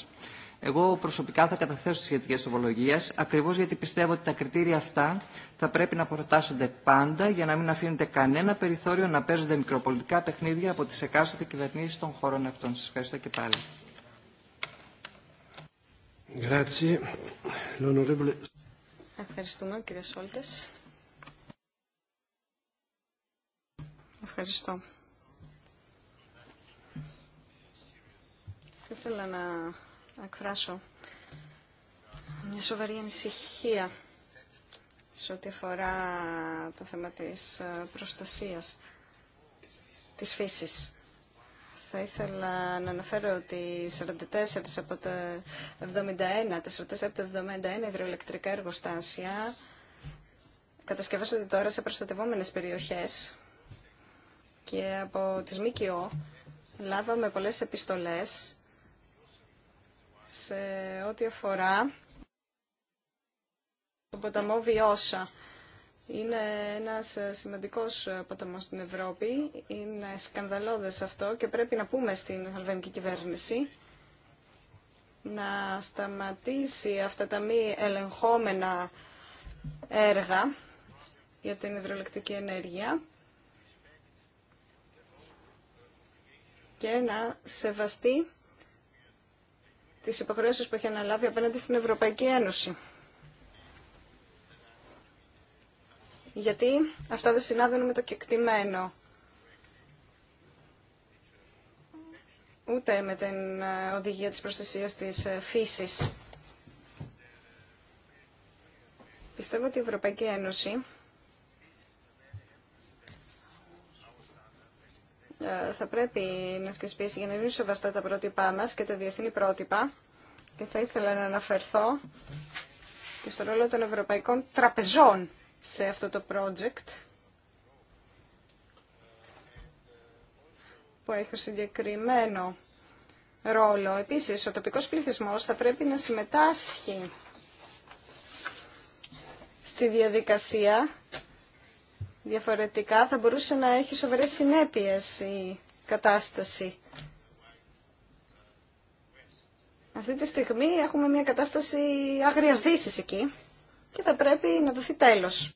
Εγώ προσωπικά θα καταθέσω τι σχετικέ τροπολογίε, ακριβώ γιατί πιστεύω ότι τα κριτήρια αυτά θα πρέπει να προτάσσονται πάντα για να μην αφήνεται κανένα περιθώριο να παίζονται μικροπολιτικά παιχνίδια από τι εκάστοτε κυβερνήσει των χωρών αυτών. Σα ευχαριστώ και πάλι. Ευχαριστούμε, κύριε Σόλτε. Ευχαριστώ. Θα ήθελα να να εκφράσω μια σοβαρή ανησυχία σε ό,τι αφορά το θέμα της ε, προστασίας της φύσης. Θα ήθελα να αναφέρω ότι 44 από το 71, 44 71 υδροελεκτρικά εργοστάσια κατασκευάζονται τώρα σε προστατευόμενες περιοχές και από τις ΜΚΟ λάβαμε πολλές επιστολές σε ό,τι αφορά τον ποταμό Βιώσα. Είναι ένας ε, σημαντικός ε, ποταμός στην Ευρώπη, είναι σκανδαλώδες αυτό και πρέπει να πούμε στην αλβανική κυβέρνηση να σταματήσει αυτά τα μη ελεγχόμενα έργα για την υδρολεκτική ενέργεια και να σεβαστεί τις υποχρεώσεις που έχει αναλάβει απέναντι στην Ευρωπαϊκή Ένωση. Γιατί αυτά δεν συνάδουν με το κεκτημένο. Ούτε με την ε, οδηγία της προστασίας της ε, φύσης. Πιστεύω ότι η Ευρωπαϊκή Ένωση Ε, θα πρέπει να σκεσπίσει για να γίνουν σεβαστά τα πρότυπά μας και τα διεθνή πρότυπα και θα ήθελα να αναφερθώ και στο ρόλο των ευρωπαϊκών τραπεζών σε αυτό το project που έχει συγκεκριμένο ρόλο. Επίσης, ο τοπικός πληθυσμός θα πρέπει να συμμετάσχει στη διαδικασία Διαφορετικά θα μπορούσε να έχει σοβαρές συνέπειες η κατάσταση. Αυτή τη στιγμή έχουμε μια κατάσταση άγριας δύσης εκεί και θα πρέπει να δοθεί τέλος.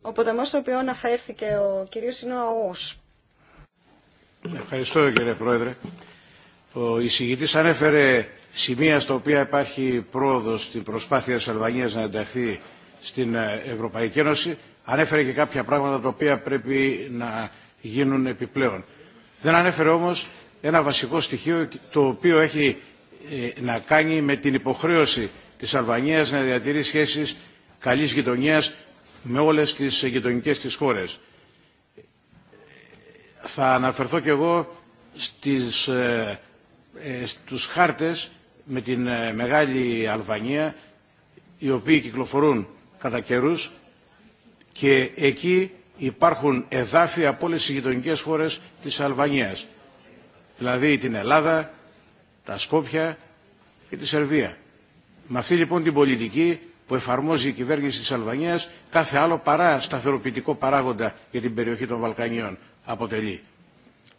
Ο ποταμός στο οποίο αναφέρθηκε ο κυρίος είναι ο ΑΟΣ. Ευχαριστώ κύριε Πρόεδρε. Ο εισηγητής ανέφερε σημεία στα οποία υπάρχει πρόοδος στην προσπάθεια της Αλβανίας να ενταχθεί στην ε, Ευρωπαϊκή Ένωση. Ανέφερε και κάποια πράγματα τα οποία πρέπει να γίνουν επιπλέον. Δεν ανέφερε όμως ένα βασικό στοιχείο το οποίο έχει ε, να κάνει με την υποχρέωση της Αλβανίας να διατηρεί σχέσεις καλής γειτονίας με όλες τις γειτονικέ της χώρες. Θα αναφερθώ και εγώ στις ε, ε, στους χάρτες με την ε, Μεγάλη Αλβανία οι οποίοι κυκλοφορούν κατά καιρού και εκεί υπάρχουν εδάφη από όλες τις γειτονικές χώρες της Αλβανίας. Δηλαδή την Ελλάδα, τα Σκόπια και τη Σερβία. Με αυτή λοιπόν την πολιτική που εφαρμόζει η κυβέρνηση της Αλβανίας κάθε άλλο παρά σταθεροποιητικό παράγοντα για την περιοχή των Βαλκανίων αποτελεί.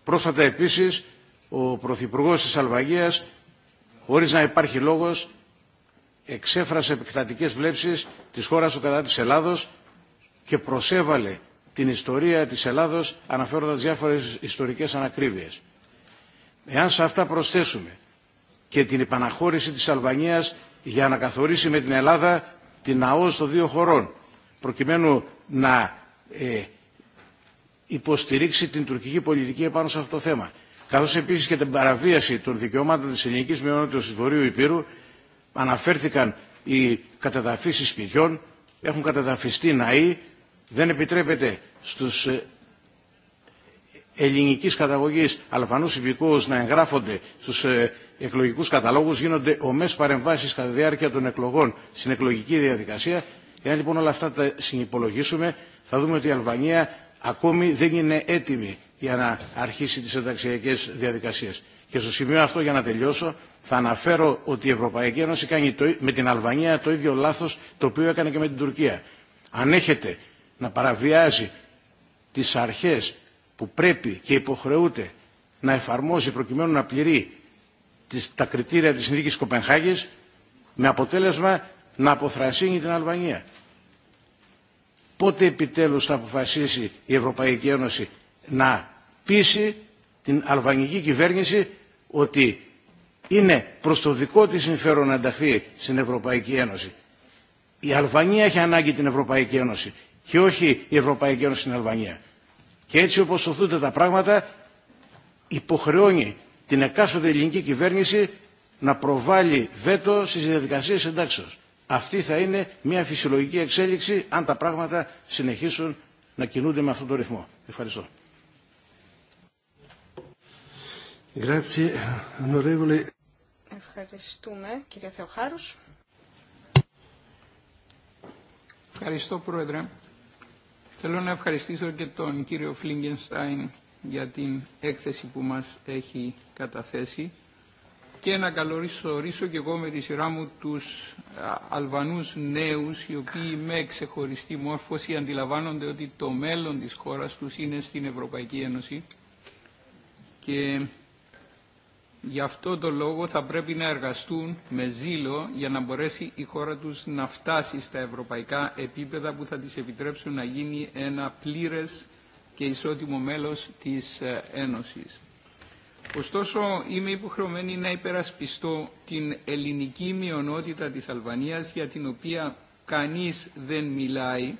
Πρόσφατα επίσης ο Πρωθυπουργό της Αλβαγίας, χωρίς να υπάρχει λόγος, εξέφρασε επικρατικέ βλέψεις της χώρας του κατά της Ελλάδος και προσέβαλε την ιστορία της Ελλάδος αναφέροντας διάφορες ιστορικές ανακρίβειες. Εάν σε αυτά προσθέσουμε και την επαναχώρηση της Αλβανίας για να καθορίσει με την Ελλάδα την ΑΟΣ των δύο χωρών προκειμένου να ε, υποστηρίξει την τουρκική πολιτική επάνω σε αυτό το θέμα καθώς επίσης και την παραβίαση των δικαιωμάτων της ελληνικής μειονότητας της Βορείου Υπήρου αναφέρθηκαν οι καταδαφίσεις σπιτιών, έχουν καταδαφιστεί ναοί, δεν επιτρέπεται στους ε, ελληνική καταγωγή, αλφανούς υπηκούς να εγγράφονται στους ε, εκλογικούς καταλόγους, γίνονται ομές παρεμβάσεις κατά τη διάρκεια των εκλογών στην εκλογική διαδικασία. Εάν λοιπόν όλα αυτά τα συνυπολογίσουμε, θα δούμε ότι η Αλβανία ακόμη δεν είναι έτοιμη για να αρχίσει τις ενταξιακές διαδικασίες. Και στο σημείο αυτό για να τελειώσω θα αναφέρω ότι η Ευρωπαϊκή Ένωση κάνει με την Αλβανία το ίδιο λάθος το οποίο έκανε και με την Τουρκία. έχετε να παραβιάζει τις αρχές που πρέπει και υποχρεούται να εφαρμόζει προκειμένου να πληρεί τα κριτήρια της συνδίκης Κοπενχάγης με αποτέλεσμα να αποθρασύνει την Αλβανία. Πότε επιτέλους θα αποφασίσει η Ευρωπαϊκή Ένωση να πείσει την αλβανική κυβέρνηση ότι είναι προς το δικό της συμφέρον να ενταχθεί στην Ευρωπαϊκή Ένωση. Η Αλβανία έχει ανάγκη την Ευρωπαϊκή Ένωση και όχι η Ευρωπαϊκή Ένωση στην Αλβανία. Και έτσι όπως σωθούνται τα πράγματα υποχρεώνει την εκάστοτε ελληνική κυβέρνηση να προβάλλει βέτο στις διαδικασίες εντάξεως. Αυτή θα είναι μια φυσιολογική εξέλιξη αν τα πράγματα συνεχίσουν να κινούνται με αυτόν τον ρυθμό. Ευχαριστώ. Ευχαριστούμε, Κύριε Θεοχάρους. Ευχαριστώ, Πρόεδρε. Θέλω να ευχαριστήσω και τον κύριο Φλίγκενστάιν για την έκθεση που μας έχει καταθέσει και να καλωρίσω και εγώ με τη σειρά μου τους Αλβανούς νέους οι οποίοι με ξεχωριστή μόρφωση αντιλαμβάνονται ότι το μέλλον της χώρας τους είναι στην Ευρωπαϊκή Ένωση και Γι' αυτό το λόγο θα πρέπει να εργαστούν με ζήλο για να μπορέσει η χώρα τους να φτάσει στα ευρωπαϊκά επίπεδα που θα τις επιτρέψουν να γίνει ένα πλήρες και ισότιμο μέλος της ε, Ένωσης. Ωστόσο, είμαι υποχρεωμένη να υπερασπιστώ την ελληνική μειονότητα της Αλβανίας για την οποία κανείς δεν μιλάει.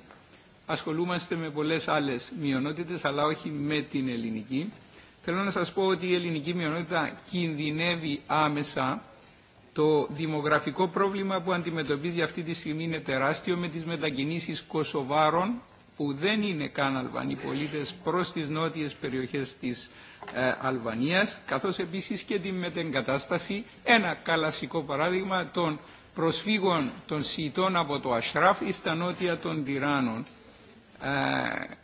Ασχολούμαστε με πολλές άλλες μειονότητες, αλλά όχι με την ελληνική Θέλω να σας πω ότι η ελληνική μειονότητα κινδυνεύει άμεσα. Το δημογραφικό πρόβλημα που αντιμετωπίζει αυτή τη στιγμή είναι τεράστιο με τις μετακινήσεις Κωσοβάρων που δεν είναι καν Αλβανοί πολίτες προς τις νότιες περιοχές της ε, Αλβανίας καθώς επίσης και τη μετεγκατάσταση ένα καλασικό παράδειγμα των προσφύγων των Σιητών από το Ασράφ στα νότια των Τυράννων. Ε,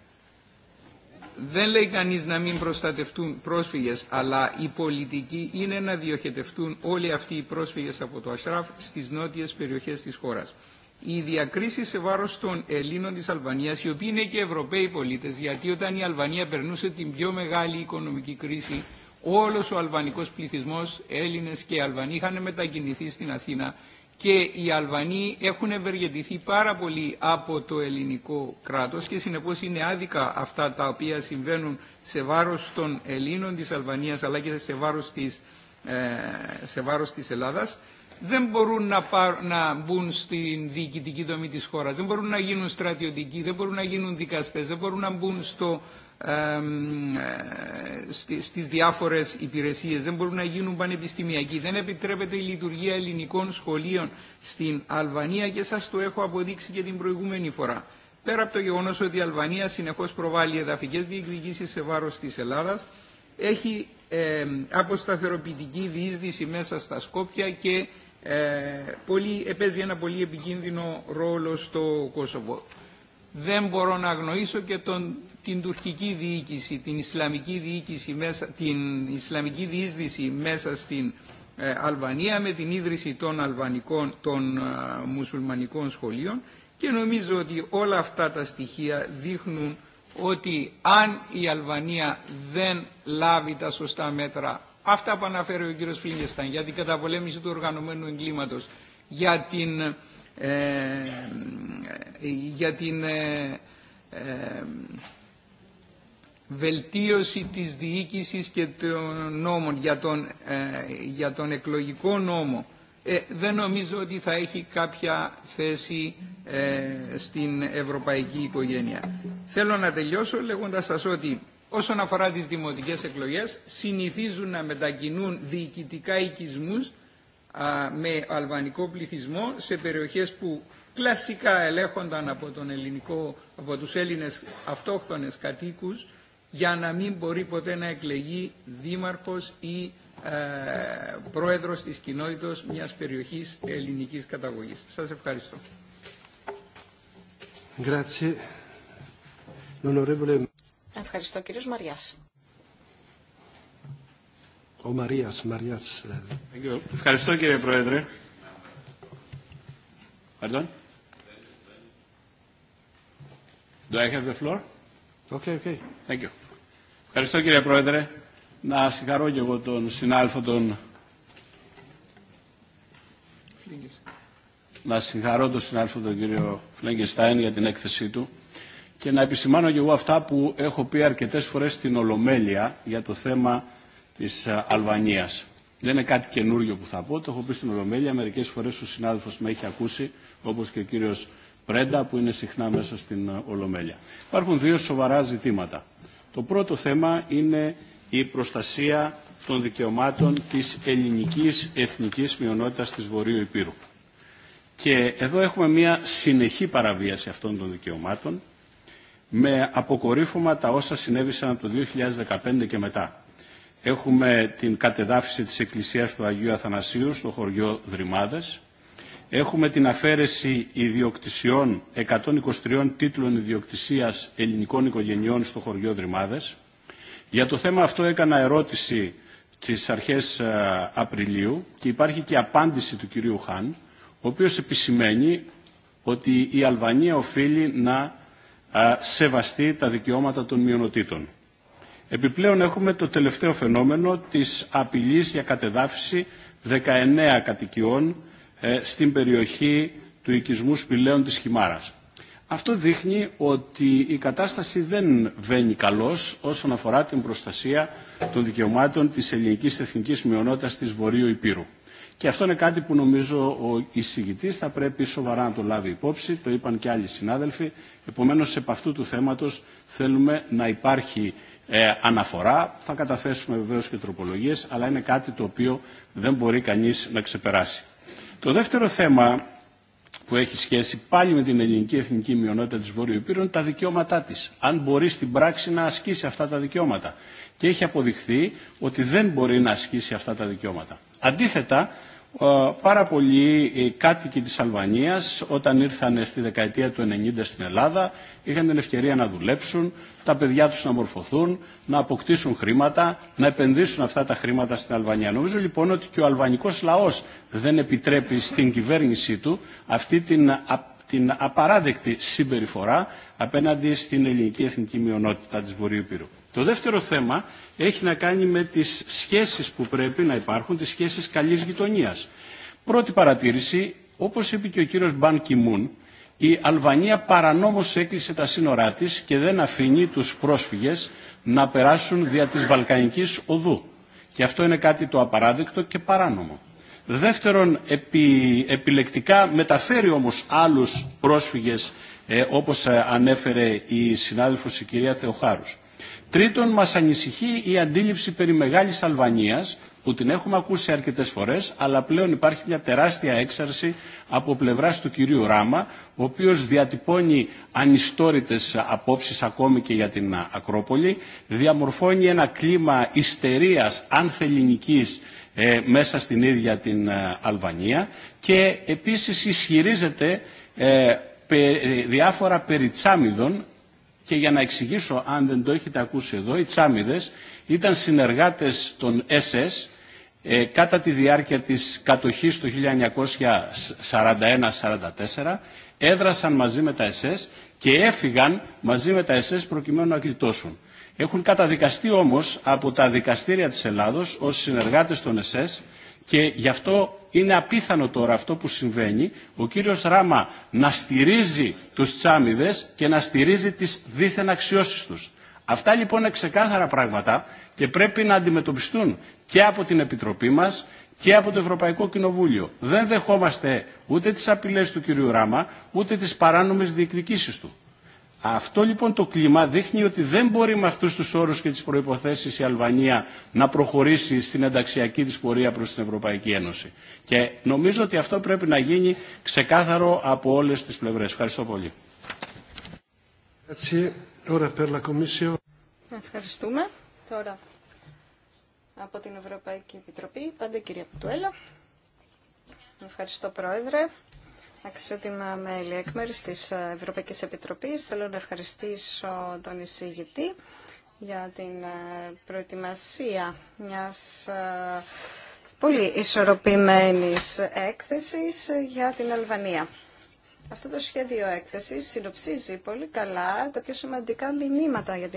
δεν λέει κανείς να μην προστατευτούν πρόσφυγες, αλλά η πολιτική είναι να διοχετευτούν όλοι αυτοί οι πρόσφυγες από το Ασράφ στις νότιες περιοχές της χώρας. Η διακρίση σε βάρος των Ελλήνων της Αλβανίας, οι οποίοι είναι και Ευρωπαίοι πολίτες, γιατί όταν η Αλβανία περνούσε την πιο μεγάλη οικονομική κρίση, όλος ο αλβανικός πληθυσμός, Έλληνες και Αλβανοί, είχαν μετακινηθεί στην Αθήνα και οι Αλβανοί έχουν ευεργετηθεί πάρα πολύ από το ελληνικό κράτος και συνεπώς είναι άδικα αυτά τα οποία συμβαίνουν σε βάρος των Ελλήνων της Αλβανίας αλλά και σε βάρος της, ε, σε βάρος της Ελλάδας δεν μπορούν να, να μπουν στην διοικητική δομή της χώρας, δεν μπορούν να γίνουν στρατιωτικοί, δεν μπορούν να γίνουν δικαστές, δεν μπορούν να μπουν στο ε, στις διάφορες υπηρεσίες. Δεν μπορούν να γίνουν πανεπιστημιακοί. Δεν επιτρέπεται η λειτουργία ελληνικών σχολείων στην Αλβανία και σας το έχω αποδείξει και την προηγούμενη φορά. Πέρα από το γεγονό ότι η Αλβανία συνεχώ προβάλλει εδαφικέ διεκδικήσει σε βάρο τη Ελλάδα, έχει ε, αποσταθεροποιητική διείσδυση μέσα στα Σκόπια και ε, επέζει ένα πολύ επικίνδυνο ρόλο στο Κόσοβο. Δεν μπορώ να αγνοήσω και τον την τουρκική διοίκηση, την Ισλαμική διοίκηση μέσα, την Ισλαμική διείσδυση μέσα στην ε, Αλβανία με την ίδρυση των, αλβανικών, των ε, μουσουλμανικών σχολείων και νομίζω ότι όλα αυτά τα στοιχεία δείχνουν ότι αν η Αλβανία δεν λάβει τα σωστά μέτρα, αυτά που αναφέρει ο κύριος Φίνγκεσταν για την καταπολέμηση του οργανωμένου εγκλήματος, για την, ε, για την βελτίωση της διοίκησης και των νόμων για τον, ε, για εκλογικό νόμο. Ε, δεν νομίζω ότι θα έχει κάποια θέση ε, στην ευρωπαϊκή οικογένεια. Θέλω να τελειώσω λέγοντας σας ότι όσον αφορά τις δημοτικές εκλογές συνηθίζουν να μετακινούν διοικητικά οικισμούς με αλβανικό πληθυσμό σε περιοχές που κλασικά ελέγχονταν από, τον ελληνικό, από τους Έλληνες αυτόχθονες κατοίκους για να μην μπορεί ποτέ να εκλεγεί δήμαρχος ή ε, πρόεδρος της κοινότητας μιας περιοχής ελληνικής καταγωγής. Σας ευχαριστώ. Ευχαριστώ κύριος Μαριάς. Ο Μαρίας, Μαριάς. Ε, ευχαριστώ κύριε Πρόεδρε. Pardon? Do I have the floor? Okay, okay. Thank you. Ευχαριστώ κύριε Πρόεδρε. Να συγχαρώ και εγώ τον συνάλφο τον... Να συγχαρώ τον συνάλφο τον κύριο Φλέγκεστάιν για την έκθεσή του και να επισημάνω και εγώ αυτά που έχω πει αρκετές φορές στην Ολομέλεια για το θέμα της ε, Αλβανίας. Δεν είναι κάτι καινούριο που θα πω, το έχω πει στην Ολομέλεια, μερικές φορές ο συνάδελφος με έχει ακούσει, όπως και ο κύριος Πρέντα που είναι συχνά μέσα στην ε, Ολομέλεια. Υπάρχουν δύο σοβαρά ζητήματα. Το πρώτο θέμα είναι η προστασία των δικαιωμάτων της ελληνικής εθνικής μειονότητας της Βορείου Υπήρου. Και εδώ έχουμε μια συνεχή παραβίαση αυτών των δικαιωμάτων με αποκορύφωμα τα όσα συνέβησαν από το 2015 και μετά. Έχουμε την κατεδάφιση της Εκκλησίας του Αγίου Αθανασίου στο χωριό Δρυμάδες, Έχουμε την αφαίρεση ιδιοκτησιών 123 τίτλων ιδιοκτησίας ελληνικών οικογενειών στο χωριό Δρυμάδες. Για το θέμα αυτό έκανα ερώτηση στις αρχές ε, Απριλίου και υπάρχει και απάντηση του κυρίου Χάν, ο οποίος επισημαίνει ότι η Αλβανία οφείλει να ε, σεβαστεί τα δικαιώματα των μειονοτήτων. Επιπλέον έχουμε το τελευταίο φαινόμενο της απειλής για κατεδάφιση 19 κατοικιών ε, στην περιοχή του οικισμού σπηλαίων της Χιμάρας. Αυτό δείχνει ότι η κατάσταση δεν βαίνει καλώς όσον αφορά την προστασία των δικαιωμάτων της ελληνικής εθνικής μειονότητας της Βορείου Υπήρου. Και αυτό είναι κάτι που νομίζω ο εισηγητή θα πρέπει σοβαρά να το λάβει υπόψη, το είπαν και άλλοι συνάδελφοι. Επομένως, σε αυτού του θέματος θέλουμε να υπάρχει ε, αναφορά. Θα καταθέσουμε βεβαίως και τροπολογίες, αλλά είναι κάτι το οποίο δεν μπορεί κανείς να ξεπεράσει. Το δεύτερο θέμα που έχει σχέση πάλι με την ελληνική εθνική μειονότητα της Βόρειου είναι τα δικαιώματά της. Αν μπορεί στην πράξη να ασκήσει αυτά τα δικαιώματα. Και έχει αποδειχθεί ότι δεν μπορεί να ασκήσει αυτά τα δικαιώματα. Αντίθετα, ε, πάρα πολλοί οι κάτοικοι της Αλβανίας όταν ήρθαν στη δεκαετία του 90 στην Ελλάδα είχαν την ευκαιρία να δουλέψουν, τα παιδιά τους να μορφωθούν, να αποκτήσουν χρήματα, να επενδύσουν αυτά τα χρήματα στην Αλβανία. Νομίζω λοιπόν ότι και ο αλβανικός λαός δεν επιτρέπει στην κυβέρνησή του αυτή την, την απαράδεκτη συμπεριφορά απέναντι στην ελληνική εθνική μειονότητα της Βορείου Πύρου. Το δεύτερο θέμα έχει να κάνει με τις σχέσεις που πρέπει να υπάρχουν, τις σχέσεις καλής γειτονίας. Πρώτη παρατήρηση, όπως είπε και ο κύριος Μπαν Κιμούν, η Αλβανία παρανόμως έκλεισε τα σύνορά της και δεν αφήνει τους πρόσφυγες να περάσουν δια της Βαλκανικής οδού. Και αυτό είναι κάτι το απαράδεκτο και παράνομο. Δεύτερον, επιλεκτικά μεταφέρει όμως άλλους πρόσφυγες, ε, όπως ε, ανέφερε η συνάδελφος η κυρία Θεοχάρους. Τρίτον, μας ανησυχεί η αντίληψη περί μεγάλης Αλβανίας, που την έχουμε ακούσει αρκετές φορές, αλλά πλέον υπάρχει μια τεράστια έξαρση από πλευράς του κυρίου Ράμα, ο οποίος διατυπώνει ανιστόρητες απόψεις ακόμη και για την Ακρόπολη, διαμορφώνει ένα κλίμα ιστερίας ανθεληνικής ε, μέσα στην ίδια την ε, Αλβανία και επίσης ισχυρίζεται ε, διάφορα περί και για να εξηγήσω, αν δεν το έχετε ακούσει εδώ, οι Τσάμιδες ήταν συνεργάτες των SS ε, κατά τη διάρκεια της κατοχής του 1941-44 έδρασαν μαζί με τα SS και έφυγαν μαζί με τα SS προκειμένου να γλιτώσουν. Έχουν καταδικαστεί όμως από τα δικαστήρια της Ελλάδος ως συνεργάτες των SS και γι' αυτό είναι απίθανο τώρα αυτό που συμβαίνει, ο κύριος Ράμα να στηρίζει τους τσάμιδες και να στηρίζει τις δίθεν αξιώσεις τους. Αυτά λοιπόν είναι ξεκάθαρα πράγματα και πρέπει να αντιμετωπιστούν και από την Επιτροπή μας και από το Ευρωπαϊκό Κοινοβούλιο. Δεν δεχόμαστε ούτε τις απειλές του κυρίου Ράμα, ούτε τις παράνομες διεκδικήσεις του. Αυτό λοιπόν το κλίμα δείχνει ότι δεν μπορεί με αυτούς τους όρους και τις προϋποθέσεις η Αλβανία να προχωρήσει στην ενταξιακή της πορεία προς την Ευρωπαϊκή Ένωση. Και νομίζω ότι αυτό πρέπει να γίνει ξεκάθαρο από όλες τις πλευρές. Ευχαριστώ πολύ. Ευχαριστούμε. Τώρα από την Ευρωπαϊκή Επιτροπή, πάντα κυρία Πουτουέλα. Ευχαριστώ Πρόεδρε. Αξιότιμα μέλη εκ μέρους της Ευρωπαϊκής Επιτροπής, θέλω να ευχαριστήσω τον εισηγητή για την ε, προετοιμασία μιας ε, πολύ ισορροπημένης έκθεσης για την Αλβανία. Αυτό το σχέδιο έκθεσης συνοψίζει πολύ καλά τα πιο σημαντικά μηνύματα για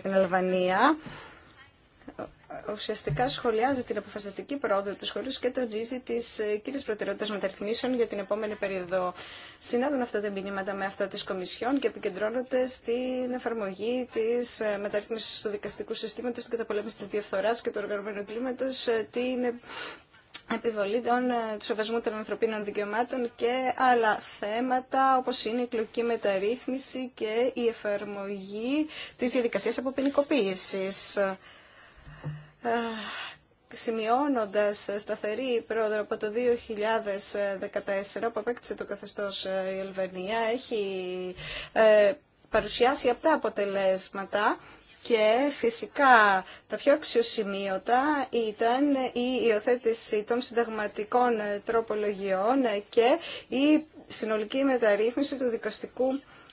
την Αλβανία ουσιαστικά σχολιάζει την αποφασιστική πρόοδο του σχολείου και τονίζει τι ε, κύριε προτεραιότητε μεταρρυθμίσεων για την επόμενη περίοδο. Συνάδουν αυτά τα μηνύματα με αυτά τη Κομισιόν και επικεντρώνονται στην εφαρμογή τη ε, μεταρρύθμιση του δικαστικού συστήματο, την καταπολέμηση τη διαφθορά και του οργανωμένου κλίματο, ε, την επιβολή των, του σεβασμού των ανθρωπίνων δικαιωμάτων και άλλα θέματα όπως είναι η κλοκή μεταρρύθμιση και η εφαρμογή της διαδικασίας αποποινικοποίησης σημειώνοντας σταθερή πρόοδο από το 2014 που απέκτησε το καθεστώς ε, η Ελβενία έχει ε, παρουσιάσει αυτά αποτελέσματα και φυσικά τα πιο αξιοσημείωτα ήταν η υιοθέτηση των συνταγματικών ε, τροπολογιών και η συνολική μεταρρύθμιση του δικαστικού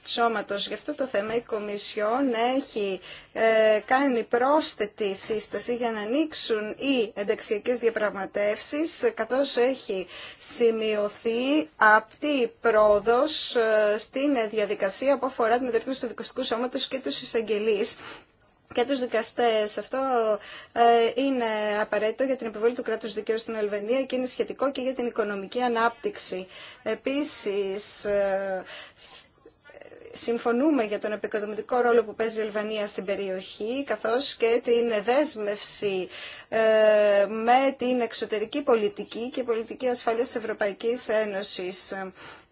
σώματος. Γι' αυτό το θέμα η Κομισιόν έχει ε, κάνει πρόσθετη σύσταση για να ανοίξουν οι ενταξιακές διαπραγματεύσεις, καθώς έχει σημειωθεί απτή πρόοδος ε, στην διαδικασία που αφορά την μεταρρύθμιση του δικαστικού σώματος και τους εισαγγελείς και τους δικαστές. Αυτό ε, είναι απαραίτητο για την επιβολή του κράτους δικαίου στην Αλβανία και είναι σχετικό και για την οικονομική ανάπτυξη. Επίσης, συμφωνούμε για τον επικοδομητικό ρόλο που παίζει η Αλβανία στην περιοχή, καθώς και την δέσμευση ε, με την εξωτερική πολιτική και πολιτική ασφάλεια της Ευρωπαϊκής Ένωσης.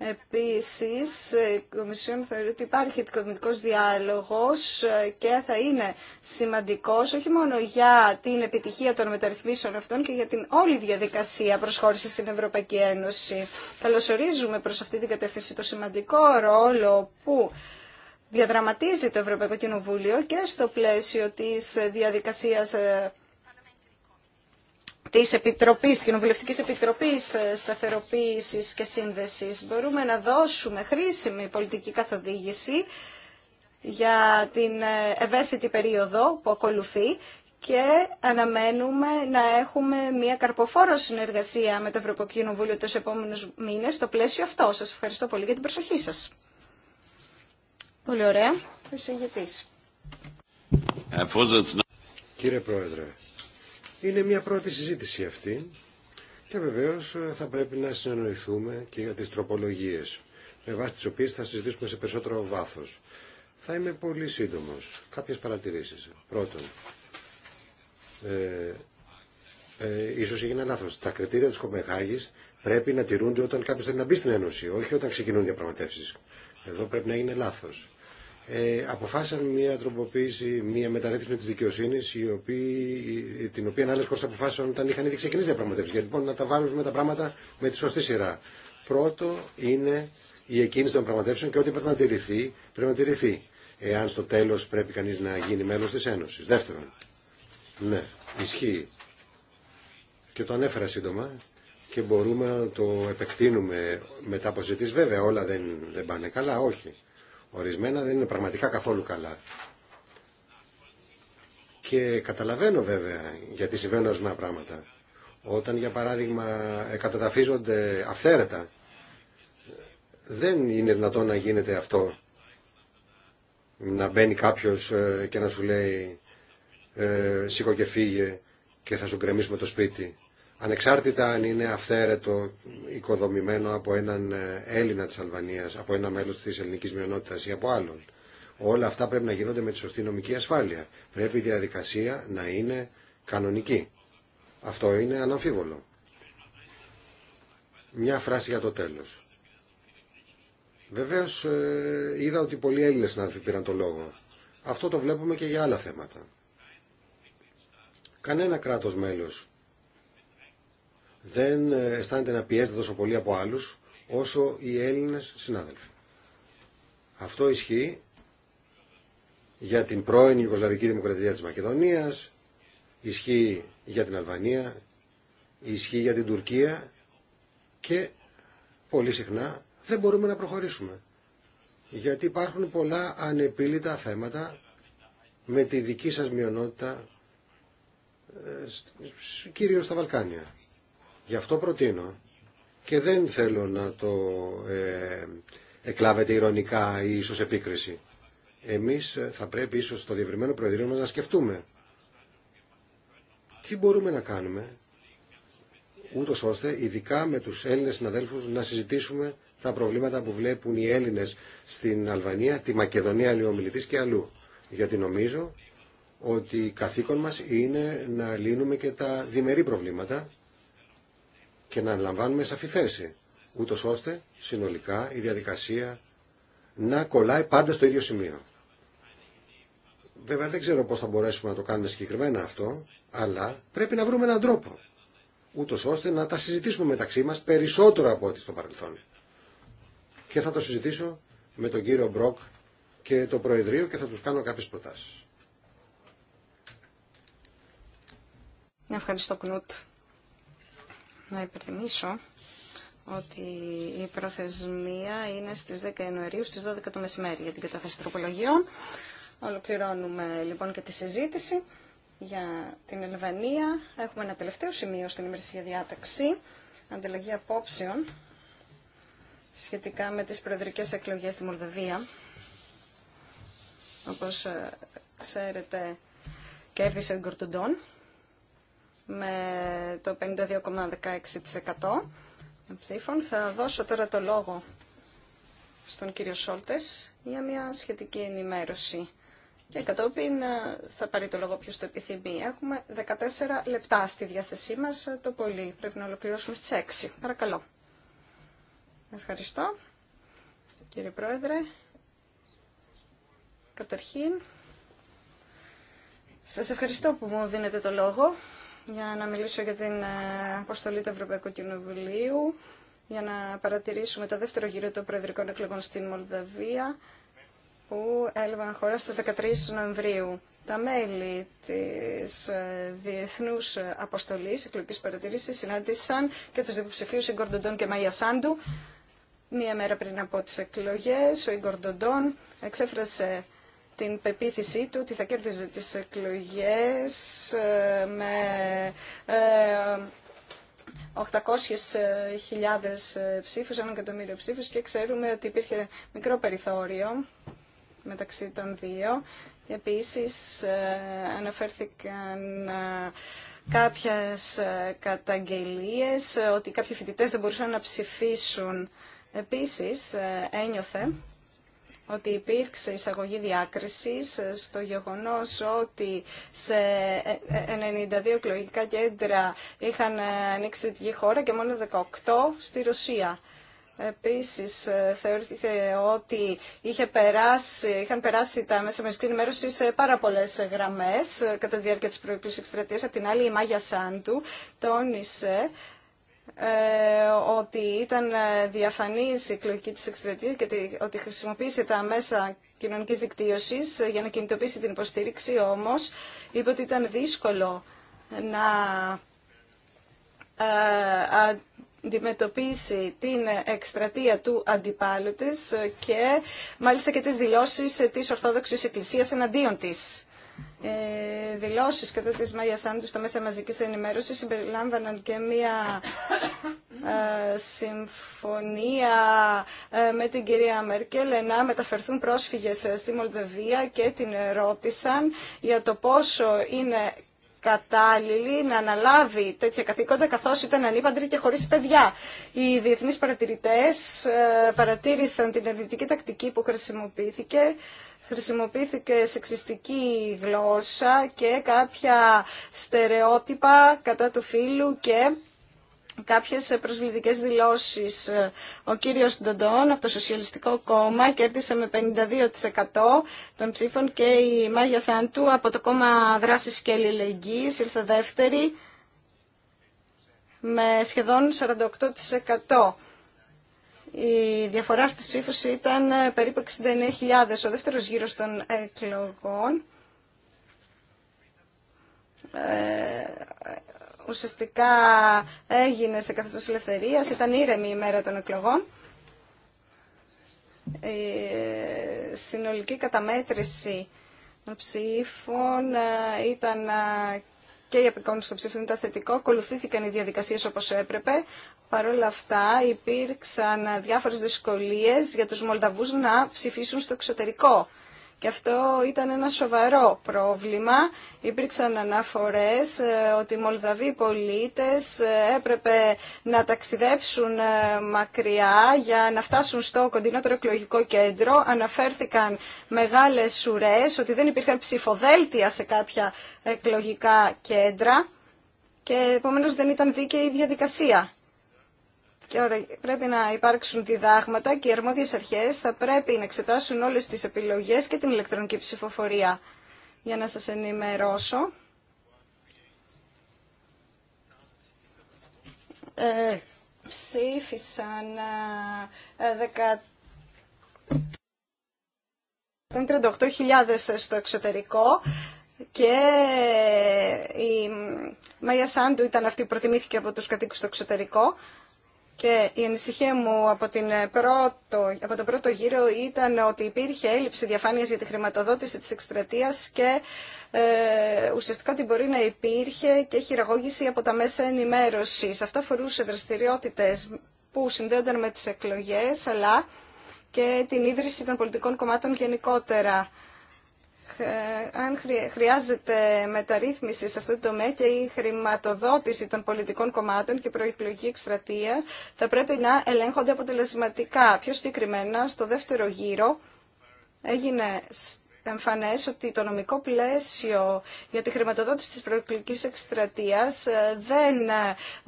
Επίσης, η Κομισιόν θεωρεί ότι υπάρχει επικοδομητικός διάλογος και θα είναι σημαντικός όχι μόνο για την επιτυχία των μεταρρυθμίσεων αυτών και για την όλη διαδικασία προσχώρηση στην Ευρωπαϊκή Ένωση. Καλωσορίζουμε προς αυτή την κατεύθυνση το σημαντικό ρόλο που διαδραματίζει το Ευρωπαϊκό Κοινοβούλιο και στο πλαίσιο της διαδικασίας ε, της Επιτροπής, της Κοινοβουλευτικής Επιτροπής ε, Σταθεροποίησης και Σύνδεσης. Μπορούμε να δώσουμε χρήσιμη πολιτική καθοδήγηση για την ε, ευαίσθητη περίοδο που ακολουθεί και αναμένουμε να έχουμε μια καρποφόρο συνεργασία με το Ευρωπαϊκό Κοινοβούλιο τους επόμενους μήνες στο πλαίσιο αυτό. Σας ευχαριστώ πολύ για την προσοχή σας. Πολύ ωραία. Κύριε Πρόεδρε, είναι μια πρώτη συζήτηση αυτή και βεβαίως ε, θα πρέπει να συνεννοηθούμε και για τις τροπολογίες με βάση τις οποίες θα συζητήσουμε σε περισσότερο βάθος. Θα είμαι πολύ σύντομος. Κάποιες παρατηρήσεις. Πρώτον, ε, ε, ίσως έγινε λάθος. Τα κριτήρια της Κοπεχάγης πρέπει να τηρούνται όταν κάποιος θέλει να μπει στην Ένωση, όχι όταν ξεκινούν διαπραγματεύσεις. Εδώ πρέπει να έγινε λάθος ε, αποφάσισαν μια τροποποίηση, μια μεταρρύθμιση τη δικαιοσύνη, την οποία άλλε χώρε αποφάσισαν όταν είχαν ήδη ξεκινήσει διαπραγματεύσει. Γιατί λοιπόν να τα βάλουμε τα πράγματα με τη σωστή σειρά. Πρώτο είναι η εκκίνηση των πραγματεύσεων και ό,τι πρέπει να τηρηθεί, πρέπει να τηρηθεί. Εάν στο τέλο πρέπει κανεί να γίνει μέλο τη Ένωση. Δεύτερον, ναι, ισχύει. Και το ανέφερα σύντομα και μπορούμε να το επεκτείνουμε μετά από ζητήσει. Βέβαια, όλα δεν, δεν πάνε καλά, όχι. Ορισμένα δεν είναι πραγματικά καθόλου καλά. Και καταλαβαίνω βέβαια γιατί συμβαίνουν ορισμένα πράγματα. Όταν για παράδειγμα καταταφίζονται αυθαίρετα, δεν είναι δυνατόν να γίνεται αυτό. Να μπαίνει κάποιος ε, και να σου λέει ε, σήκω και φύγε και θα σου κρεμίσουμε το σπίτι ανεξάρτητα αν είναι αυθαίρετο οικοδομημένο από έναν ε, Έλληνα της Αλβανίας, από ένα μέλος της ελληνικής μειονότητας ή από άλλον. Όλα αυτά πρέπει να γίνονται με τη σωστή νομική ασφάλεια. Πρέπει η διαδικασία να είναι κανονική. Αυτό είναι αναμφίβολο. Μια φράση για το τέλος. Βεβαίως ε, είδα ότι πολλοί Έλληνες συνάδελφοι πήραν το λόγο. Αυτό το βλέπουμε και για άλλα θέματα. Κανένα κράτος μέλος δεν ε, αισθάνεται να πιέζεται τόσο πολύ από άλλους όσο οι Έλληνες συνάδελφοι. Αυτό ισχύει για την πρώην Ιουγκοσλαβική Δημοκρατία της Μακεδονίας, ισχύει για την Αλβανία, ισχύει για την Τουρκία και πολύ συχνά δεν μπορούμε να προχωρήσουμε. Γιατί υπάρχουν πολλά ανεπίλητα θέματα με τη δική σας μειονότητα, ε, κυρίως στα Βαλκάνια. Γι' αυτό προτείνω και δεν θέλω να το ε, εκλάβετε ηρωνικά ή ίσως επίκριση. Εμείς ε, θα πρέπει ίσως στο διευρυμένο προεδρείο μας να σκεφτούμε τι μπορούμε να κάνουμε ούτω ώστε ειδικά με τους Έλληνες συναδέλφους να συζητήσουμε τα προβλήματα που βλέπουν οι Έλληνες στην Αλβανία, τη Μακεδονία αλλιομιλητής και αλλού. Γιατί νομίζω ότι καθήκον μας είναι να λύνουμε και τα διμερεί προβλήματα και να λαμβάνουμε σαφή θέση, ούτω ώστε συνολικά η διαδικασία να κολλάει πάντα στο ίδιο σημείο. Βέβαια δεν ξέρω πώς θα μπορέσουμε να το κάνουμε συγκεκριμένα αυτό, αλλά πρέπει να βρούμε έναν τρόπο, ούτω ώστε να τα συζητήσουμε μεταξύ μας περισσότερο από ό,τι στο παρελθόν. Και θα το συζητήσω με τον κύριο Μπροκ και το Προεδρείο και θα τους κάνω κάποιες προτάσεις. Ευχαριστώ Κνούτ να υπενθυμίσω ότι η προθεσμία είναι στις 10 Ιανουαρίου στις 12 το μεσημέρι για την κατάθεση τροπολογιών. Ολοκληρώνουμε λοιπόν και τη συζήτηση για την Ελβανία. Έχουμε ένα τελευταίο σημείο στην ημερησία διάταξη, Αντιλογή απόψεων σχετικά με τις προεδρικές εκλογές στη Μολδαβία. Όπως ε, ξέρετε, κέρδισε ο Γκορτοντών με το 52,16% ψήφων. Θα δώσω τώρα το λόγο στον κύριο Σόλτες για μια σχετική ενημέρωση. Και κατόπιν ε, θα πάρει το λόγο ποιος το επιθυμεί. Έχουμε 14 λεπτά στη διάθεσή μας ε, το πολύ. Πρέπει να ολοκληρώσουμε στις 6. Παρακαλώ. Ευχαριστώ. Κύριε Πρόεδρε, καταρχήν, σας ευχαριστώ που μου δίνετε το λόγο για να μιλήσω για την ε, αποστολή του Ευρωπαϊκού Κοινοβουλίου για να παρατηρήσουμε το δεύτερο γύρο των προεδρικών εκλογών στην Μολδαβία που έλαβαν χώρα στις 13 Νοεμβρίου. Τα μέλη της ε, Διεθνούς Αποστολής Εκλογικής Παρατηρήσης συνάντησαν και τους διποψηφίους Ιγκορντοντών και Μαϊα Σάντου. Μία μέρα πριν από τις εκλογές, ο Ιγκορντοντών εξέφρασε την πεποίθησή του ότι θα κέρδιζε τις εκλογές ε, με 800.000 ε, ε, ψήφους, έναν εκατομμύριο ψήφους και ξέρουμε ότι υπήρχε μικρό περιθώριο μεταξύ των δύο. Επίσης αναφέρθηκαν κάποιες καταγγελίες ότι κάποιοι φοιτητές δεν μπορούσαν να ψηφίσουν. Επίσης ένιωθε ότι υπήρξε εισαγωγή διάκρισης ε, στο γεγονός ότι σε 92 ε, ε, εκλογικά κέντρα είχαν ανοίξει δική χώρα και μόνο 18 στη Ρωσία. Επίσης θεωρήθηκε ότι είχε περάσει, είχαν περάσει τα μέσα μαζικής ενημέρωση σε πάρα πολλέ γραμμές κατά τη διάρκεια της προηγούμενης εκστρατείας. Απ' την άλλη η Μάγια Σάντου τόνισε ε, ότι ήταν ε, διαφανής η εκλογική της εκστρατεία και ότι χρησιμοποίησε τα μέσα κοινωνικής δικτύωσης ε, για να κινητοποιήσει την υποστήριξη, όμως είπε ότι ήταν δύσκολο να αντιμετωπίσει την εκστρατεία του αντιπάλου της και μάλιστα και τις δηλώσεις της Ορθόδοξης Εκκλησίας εναντίον της. Ε, δηλώσεις κατά της Μάγια Σάντου στα μέσα μαζικής ενημέρωσης συμπεριλάμβαναν και μία ε, συμφωνία ε, με την κυρία Μέρκελ να μεταφερθούν πρόσφυγες στη Μολδαβία και την ρώτησαν για το πόσο είναι κατάλληλη να αναλάβει τέτοια καθήκοντα καθώς ήταν ανήπαντρη και χωρίς παιδιά. Οι διεθνείς παρατηρητές παρατήρησαν την αρνητική τακτική που χρησιμοποιήθηκε χρησιμοποιήθηκε σεξιστική γλώσσα και κάποια στερεότυπα κατά του φίλου και κάποιες προσβλητικές δηλώσεις. Ο κύριος Ντοντών από το Σοσιαλιστικό Κόμμα κέρδισε με 52% των ψήφων και η Μάγια Σάντου από το Κόμμα Δράσης και Αλληλεγγύης ήρθε δεύτερη με σχεδόν 48%. Η διαφορά στις ψήφους ήταν ε, περίπου 69.000. Ο δεύτερος γύρος των εκλογών ε, ουσιαστικά έγινε σε καθεστώς ελευθερίας. Ήταν ήρεμη η μέρα των εκλογών. Η ε, συνολική καταμέτρηση των ψήφων ήταν και η απεικόνηση των ψήφων ήταν θετικό. Ακολουθήθηκαν οι διαδικασίε όπω έπρεπε. Παρ' όλα αυτά, υπήρξαν διάφορε δυσκολίε για του Μολδαβού να ψηφίσουν στο εξωτερικό. Και αυτό ήταν ένα σοβαρό πρόβλημα. Υπήρξαν αναφορές ε, ότι οι Μολδαβοί πολίτες ε, έπρεπε να ταξιδέψουν ε, μακριά για να φτάσουν στο κοντινότερο εκλογικό κέντρο. Αναφέρθηκαν μεγάλες σουρές, ότι δεν υπήρχαν ψηφοδέλτια σε κάποια εκλογικά κέντρα και επομένως δεν ήταν δίκαιη η διαδικασία. Και πρέπει να υπάρξουν διδάγματα και οι αρμόδιε αρχέ θα πρέπει να εξετάσουν όλες τις επιλογές και την ηλεκτρονική ψηφοφορία. Για να σας ενημερώσω. Ε, ψήφισαν ε, 38.000 στο εξωτερικό και ε, η Μαία Σάντου ήταν αυτή που προτιμήθηκε από τους κατοίκους στο εξωτερικό και η ανησυχία μου από, την πρώτο, από τον πρώτο γύρο ήταν ότι υπήρχε έλλειψη διαφάνειας για τη χρηματοδότηση της εκστρατείας και ε, ουσιαστικά ότι μπορεί να υπήρχε και χειραγώγηση από τα μέσα ενημέρωσης. Αυτό αφορούσε δραστηριότητες που συνδέονταν με τις εκλογές, αλλά και την ίδρυση των πολιτικών κομμάτων γενικότερα. Ε, αν χρειάζεται μεταρρύθμιση σε αυτό το τομέα και η χρηματοδότηση των πολιτικών κομμάτων και προεκλογική εκστρατεία θα πρέπει να ελέγχονται αποτελεσματικά. Πιο συγκεκριμένα, στο δεύτερο γύρο έγινε εμφανές ότι το νομικό πλαίσιο για τη χρηματοδότηση της προεκλογικής εκστρατείας ε, δεν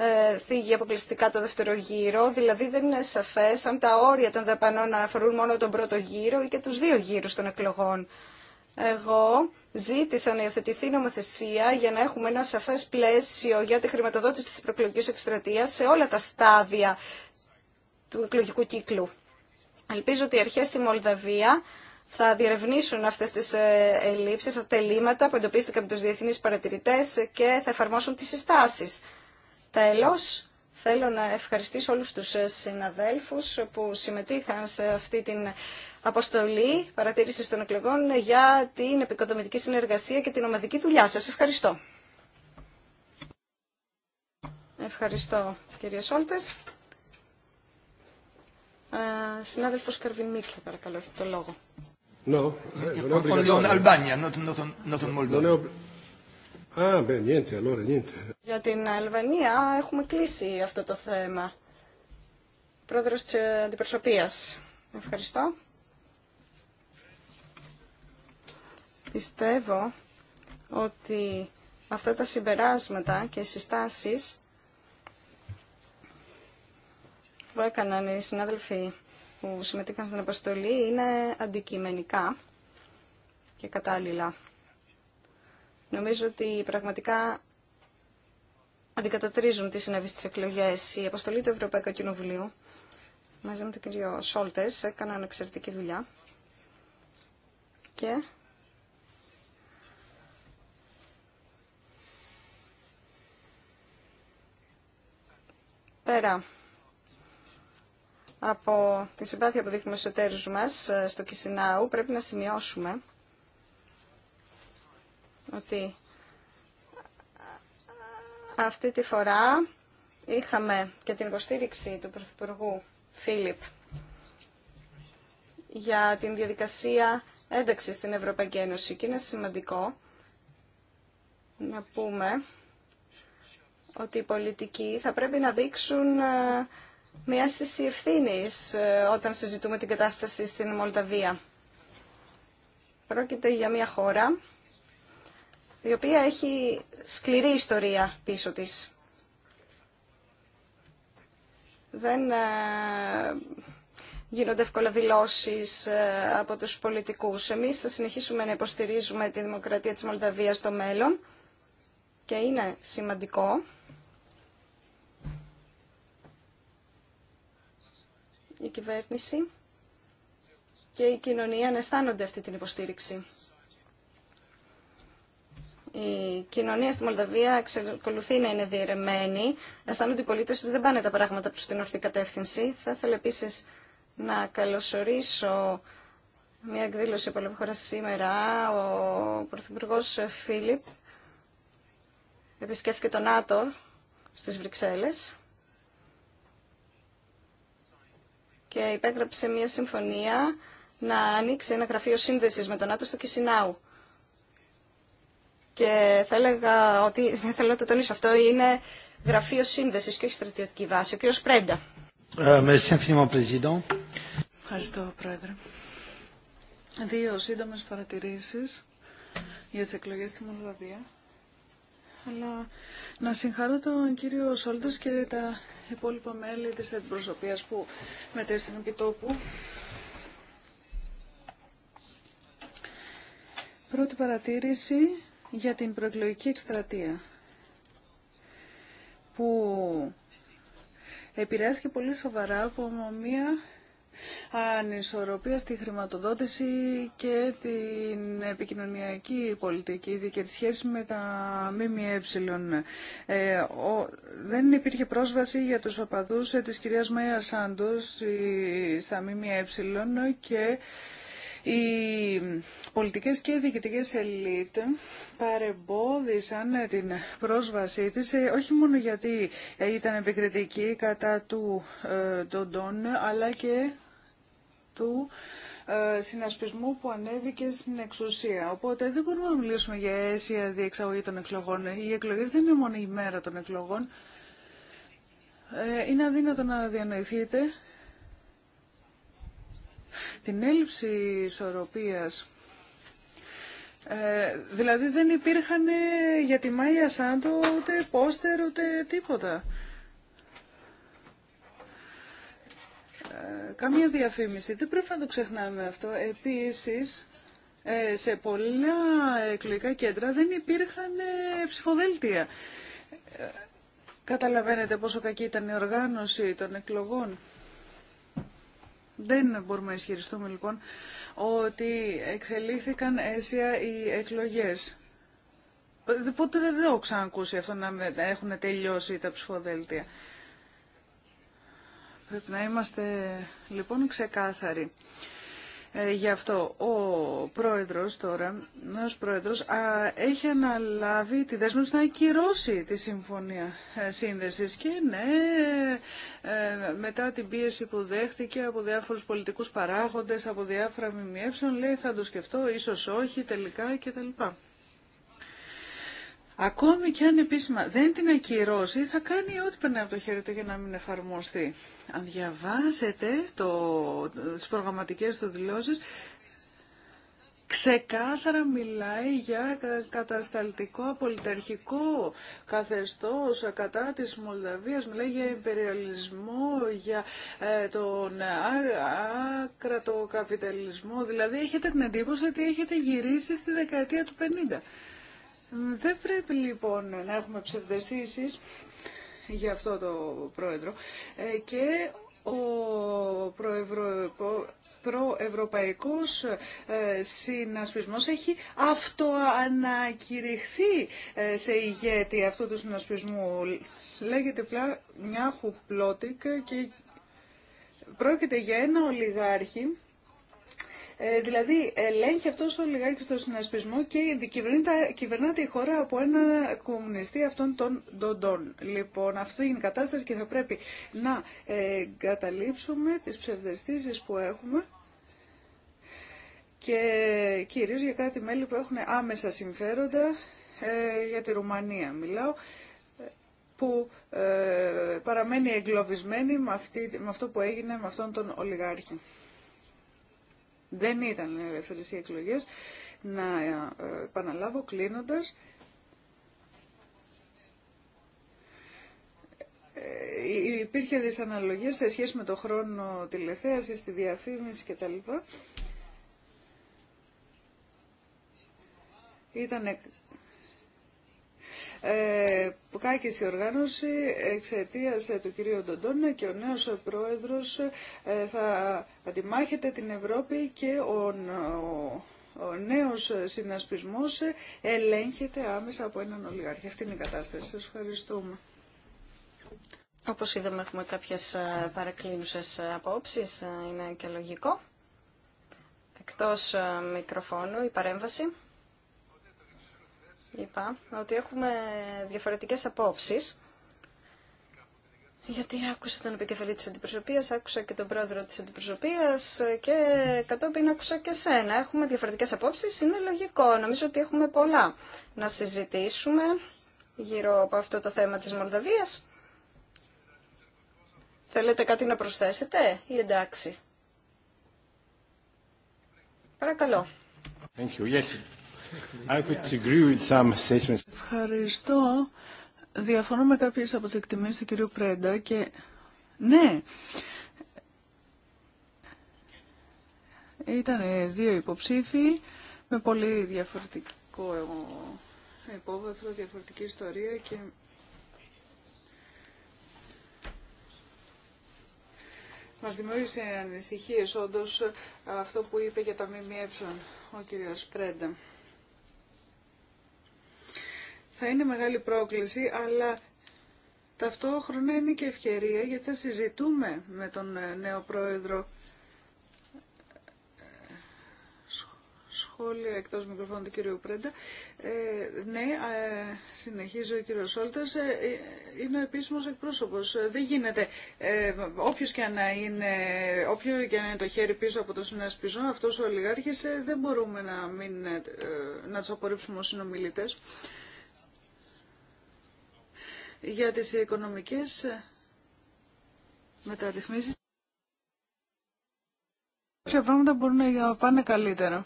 ε, θίγει αποκλειστικά το δεύτερο γύρο, δηλαδή δεν είναι σαφές αν τα όρια των δαπανών αφορούν μόνο τον πρώτο γύρο ή και τους δύο γύρους των εκλογών εγώ ζήτησα να υιοθετηθεί νομοθεσία για να έχουμε ένα σαφές πλαίσιο για τη χρηματοδότηση της προκλογικής εκστρατεία σε όλα τα στάδια του εκλογικού κύκλου. Ελπίζω ότι οι αρχέ στη Μολδαβία θα διερευνήσουν αυτές τις ε, ελλείψεις, τα τελήματα που εντοπίστηκαν από τους διεθνείς παρατηρητές και θα εφαρμόσουν τις συστάσεις. Τέλος, θέλω να ευχαριστήσω όλους τους ε, συναδέλφους που συμμετείχαν σε αυτή την αποστολή παρατήρηση των εκλογών για την επικοδομητική συνεργασία και την ομαδική δουλειά σας. Ευχαριστώ. Ευχαριστώ, κυρία Σόλτες. Συνάδελφο συνάδελφος Καρβινίκη, παρακαλώ, έχει το λόγο. για την Αλβανία έχουμε κλείσει αυτό το θέμα. Πρόεδρος της Αντιπροσωπείας. Ευχαριστώ. Πιστεύω ότι αυτά τα συμπεράσματα και συστάσεις που έκαναν οι συνάδελφοι που συμμετείχαν στην αποστολή είναι αντικειμενικά και κατάλληλα. Νομίζω ότι πραγματικά αντικατοπτρίζουν τι συνέβη στι εκλογέ. Η αποστολή του Ευρωπαϊκού Κοινοβουλίου μαζί με τον κύριο Σόλτε έκαναν εξαιρετική δουλειά και Πέρα από τη συμπάθεια που δείχνουμε στους εταίρους μας ε, στο Κισινάου, πρέπει να σημειώσουμε ότι αυτή τη φορά είχαμε και την υποστήριξη του Πρωθυπουργού Φίλιπ για την διαδικασία ένταξης στην Ευρωπαϊκή Ένωση και είναι σημαντικό να πούμε ότι οι πολιτικοί θα πρέπει να δείξουν ε, μια αίσθηση ευθύνη ε, όταν συζητούμε την κατάσταση στην Μολδαβία. Πρόκειται για μια χώρα η οποία έχει σκληρή ιστορία πίσω της. Δεν ε, γίνονται εύκολα δηλώσει από τους πολιτικούς. Εμείς θα συνεχίσουμε να υποστηρίζουμε τη δημοκρατία της Μολδαβίας στο μέλλον και είναι σημαντικό η κυβέρνηση και η κοινωνία να αισθάνονται αυτή την υποστήριξη. Η κοινωνία στη Μολδαβία εξακολουθεί να είναι διαιρεμένη. Αισθάνονται οι πολίτε ότι δεν πάνε τα πράγματα προ την ορθή κατεύθυνση. Θα ήθελα επίση να καλωσορίσω μια εκδήλωση από χώρα σήμερα. Ο Πρωθυπουργό Φίλιπ επισκέφθηκε το ΝΑΤΟ στις Βρυξέλλες και υπέγραψε μια συμφωνία να ανοίξει ένα γραφείο σύνδεσης με τον Άτομο στο Κισινάου. Και θα έλεγα ότι, θέλω να το τονίσω αυτό, είναι γραφείο σύνδεσης και όχι στρατιωτική βάση. Ο κύριος Πρέντα. Ε, Ευχαριστώ, Πρόεδρε. Δύο σύντομε παρατηρήσει για τι εκλογέ στη Μολδαβία. Αλλά να συγχαρώ τον κύριο Σόλτος και τα υπόλοιπα μέλη της αντιπροσωπείας που μετέστησαν επί τόπου. Πρώτη παρατήρηση για την προεκλογική εκστρατεία που επηρεάστηκε πολύ σοβαρά από μια ανισορροπία στη χρηματοδότηση και την επικοινωνιακή πολιτική και τη σχέση με τα ΜΜΕ. Ε, ο, δεν υπήρχε πρόσβαση για τους οπαδούς της κυρίας Μαία Σάντος στα ΜΜΕ και οι πολιτικές και διοικητικές ελίτ παρεμπόδισαν την πρόσβασή της, ε, όχι μόνο γιατί ήταν επικριτική κατά του ε, τον αλλά και του ε, συνασπισμού που ανέβηκε στην εξουσία. Οπότε δεν μπορούμε να μιλήσουμε για αίσια διεξαγωγή των εκλογών. Οι εκλογές δεν είναι μόνο η μέρα των εκλογών. Ε, είναι αδύνατο να διανοηθείτε την έλλειψη ισορροπίας. Ε, δηλαδή δεν υπήρχαν για τη Μάια Σάντο ούτε πόστερ ούτε τίποτα. καμία διαφήμιση. Δεν πρέπει να το ξεχνάμε αυτό. Επίσης, ε, σε πολλά εκλογικά κέντρα δεν υπήρχαν ε, ψηφοδέλτια. Καταλαβαίνετε πόσο κακή ήταν η οργάνωση των εκλογών. Δεν μπορούμε να ισχυριστούμε λοιπόν ότι εξελίχθηκαν αίσια οι εκλογές. Πότε δεν έχω ξανακούσει αυτό να έχουν τελειώσει τα ψηφοδέλτια. Πρέπει να είμαστε λοιπόν ξεκάθαροι. Ε, γι' αυτό ο πρόεδρος τώρα, νέος πρόεδρος, α, έχει αναλάβει τη δέσμευση να ακυρώσει τη συμφωνία ε, σύνδεσης και ναι, ε, μετά την πίεση που δέχτηκε από διάφορους πολιτικούς παράγοντες, από διάφορα μιμιέψεων, λέει θα το σκεφτώ, ίσως όχι τελικά κτλ. Ακόμη και αν επίσημα δεν την ακυρώσει, θα κάνει ό,τι περνάει από το χέρι του για να μην εφαρμοστεί. Αν διαβάσετε το, τις προγραμματικές του δηλώσεις, ξεκάθαρα μιλάει για κατασταλτικό, απολυταρχικό καθεστώς κατά της Μολδαβίας, μιλάει για υπεριαλισμό, για ε, τον άκρατο καπιταλισμό. Δηλαδή έχετε την εντύπωση ότι έχετε γυρίσει στη δεκαετία του 50. Δεν πρέπει λοιπόν να έχουμε ψευδεστήσεις για αυτό το πρόεδρο ε, και ο προευρωπαϊκός προευρωπαϊκός συνασπισμός έχει αυτοανακηρυχθεί ε, σε ηγέτη αυτού του συνασπισμού. Λέγεται πλά μια Πλότικ και πρόκειται για ένα ολιγάρχη ε, δηλαδή ελέγχει αυτός ο λιγάκι στο συνασπισμό και κυβερνάται η χώρα από έναν κομμουνιστή αυτών των ντοντών. Λοιπόν, αυτή είναι η κατάσταση και θα πρέπει να καταλήψουμε τις ψευδεστήσεις που έχουμε και κυρίως για κάτι μελη που έχουν άμεσα συμφέροντα ε, για τη Ρουμανία μιλάω που ε, παραμένει εγκλωβισμένη με, με αυτό που έγινε με αυτόν τον ολιγάρχη δεν ήταν ελεύθερες οι εκλογές. Να ε, επαναλάβω κλείνοντας, ε, υπήρχε δυσαναλογία σε σχέση με το χρόνο τηλεθέασης, τη διαφήμιση κτλ. Ήταν ε, που στη οργάνωση εξαιτίας ε, του κυρίου Ντοντόνα και ο νέος πρόεδρος ε, θα αντιμάχεται την Ευρώπη και ο, ο νέος συνασπισμός ελέγχεται άμεσα από έναν ολιγάρχη. Αυτή είναι η κατάσταση. Σας ευχαριστούμε. Όπως είδαμε έχουμε κάποιες παρακλίνουσες απόψεις, είναι και λογικό. Εκτός μικροφώνου η παρέμβαση είπα ότι έχουμε διαφορετικές απόψεις γιατί άκουσα τον επικεφαλή της αντιπροσωπείας, άκουσα και τον πρόεδρο της αντιπροσωπείας και κατόπιν άκουσα και σένα. Έχουμε διαφορετικές απόψεις, είναι λογικό. Νομίζω ότι έχουμε πολλά να συζητήσουμε γύρω από αυτό το θέμα της Μολδαβίας. Θέλετε κάτι να προσθέσετε ή εντάξει. Παρακαλώ. Thank Ευχαριστώ. Διαφωνώ με κάποιες από τις εκτιμήσεις του κυρίου Πρέντα και ναι, ήταν δύο υποψήφοι με πολύ διαφορετικό υπόβαθρο, διαφορετική ιστορία και Μας δημιούργησε ανησυχίες όντως αυτό που είπε για τα ΜΜΕ ο κύριος Πρέντα θα είναι μεγάλη πρόκληση, αλλά ταυτόχρονα είναι και ευκαιρία γιατί θα συζητούμε με τον ε, νέο πρόεδρο ε, σχόλια εκτός μικροφώνου του κύριου Πρέντα. Ε, ναι, συνεχίζω, συνεχίζει ο Σόλτας, ε, είναι ο επίσημος εκπρόσωπος. Δεν γίνεται, όποιος και να είναι, όποιο και να είναι το χέρι πίσω από το συνασπισμό, αυτός ο ολιγάρχης δεν μπορούμε να, μην, να απορρίψουμε ως συνομιλητές για τις οικονομικές μεταρρυθμίσεις. Ποια πράγματα μπορούν να πάνε καλύτερα.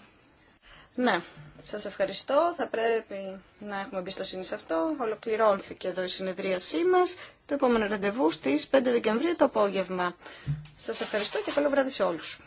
Ναι, σας ευχαριστώ. Θα πρέπει να έχουμε εμπιστοσύνη σε αυτό. Ολοκληρώθηκε εδώ η συνεδρίασή μας. Το επόμενο ραντεβού στις 5 Δεκεμβρίου το απόγευμα. Σας ευχαριστώ και καλό βράδυ σε όλους.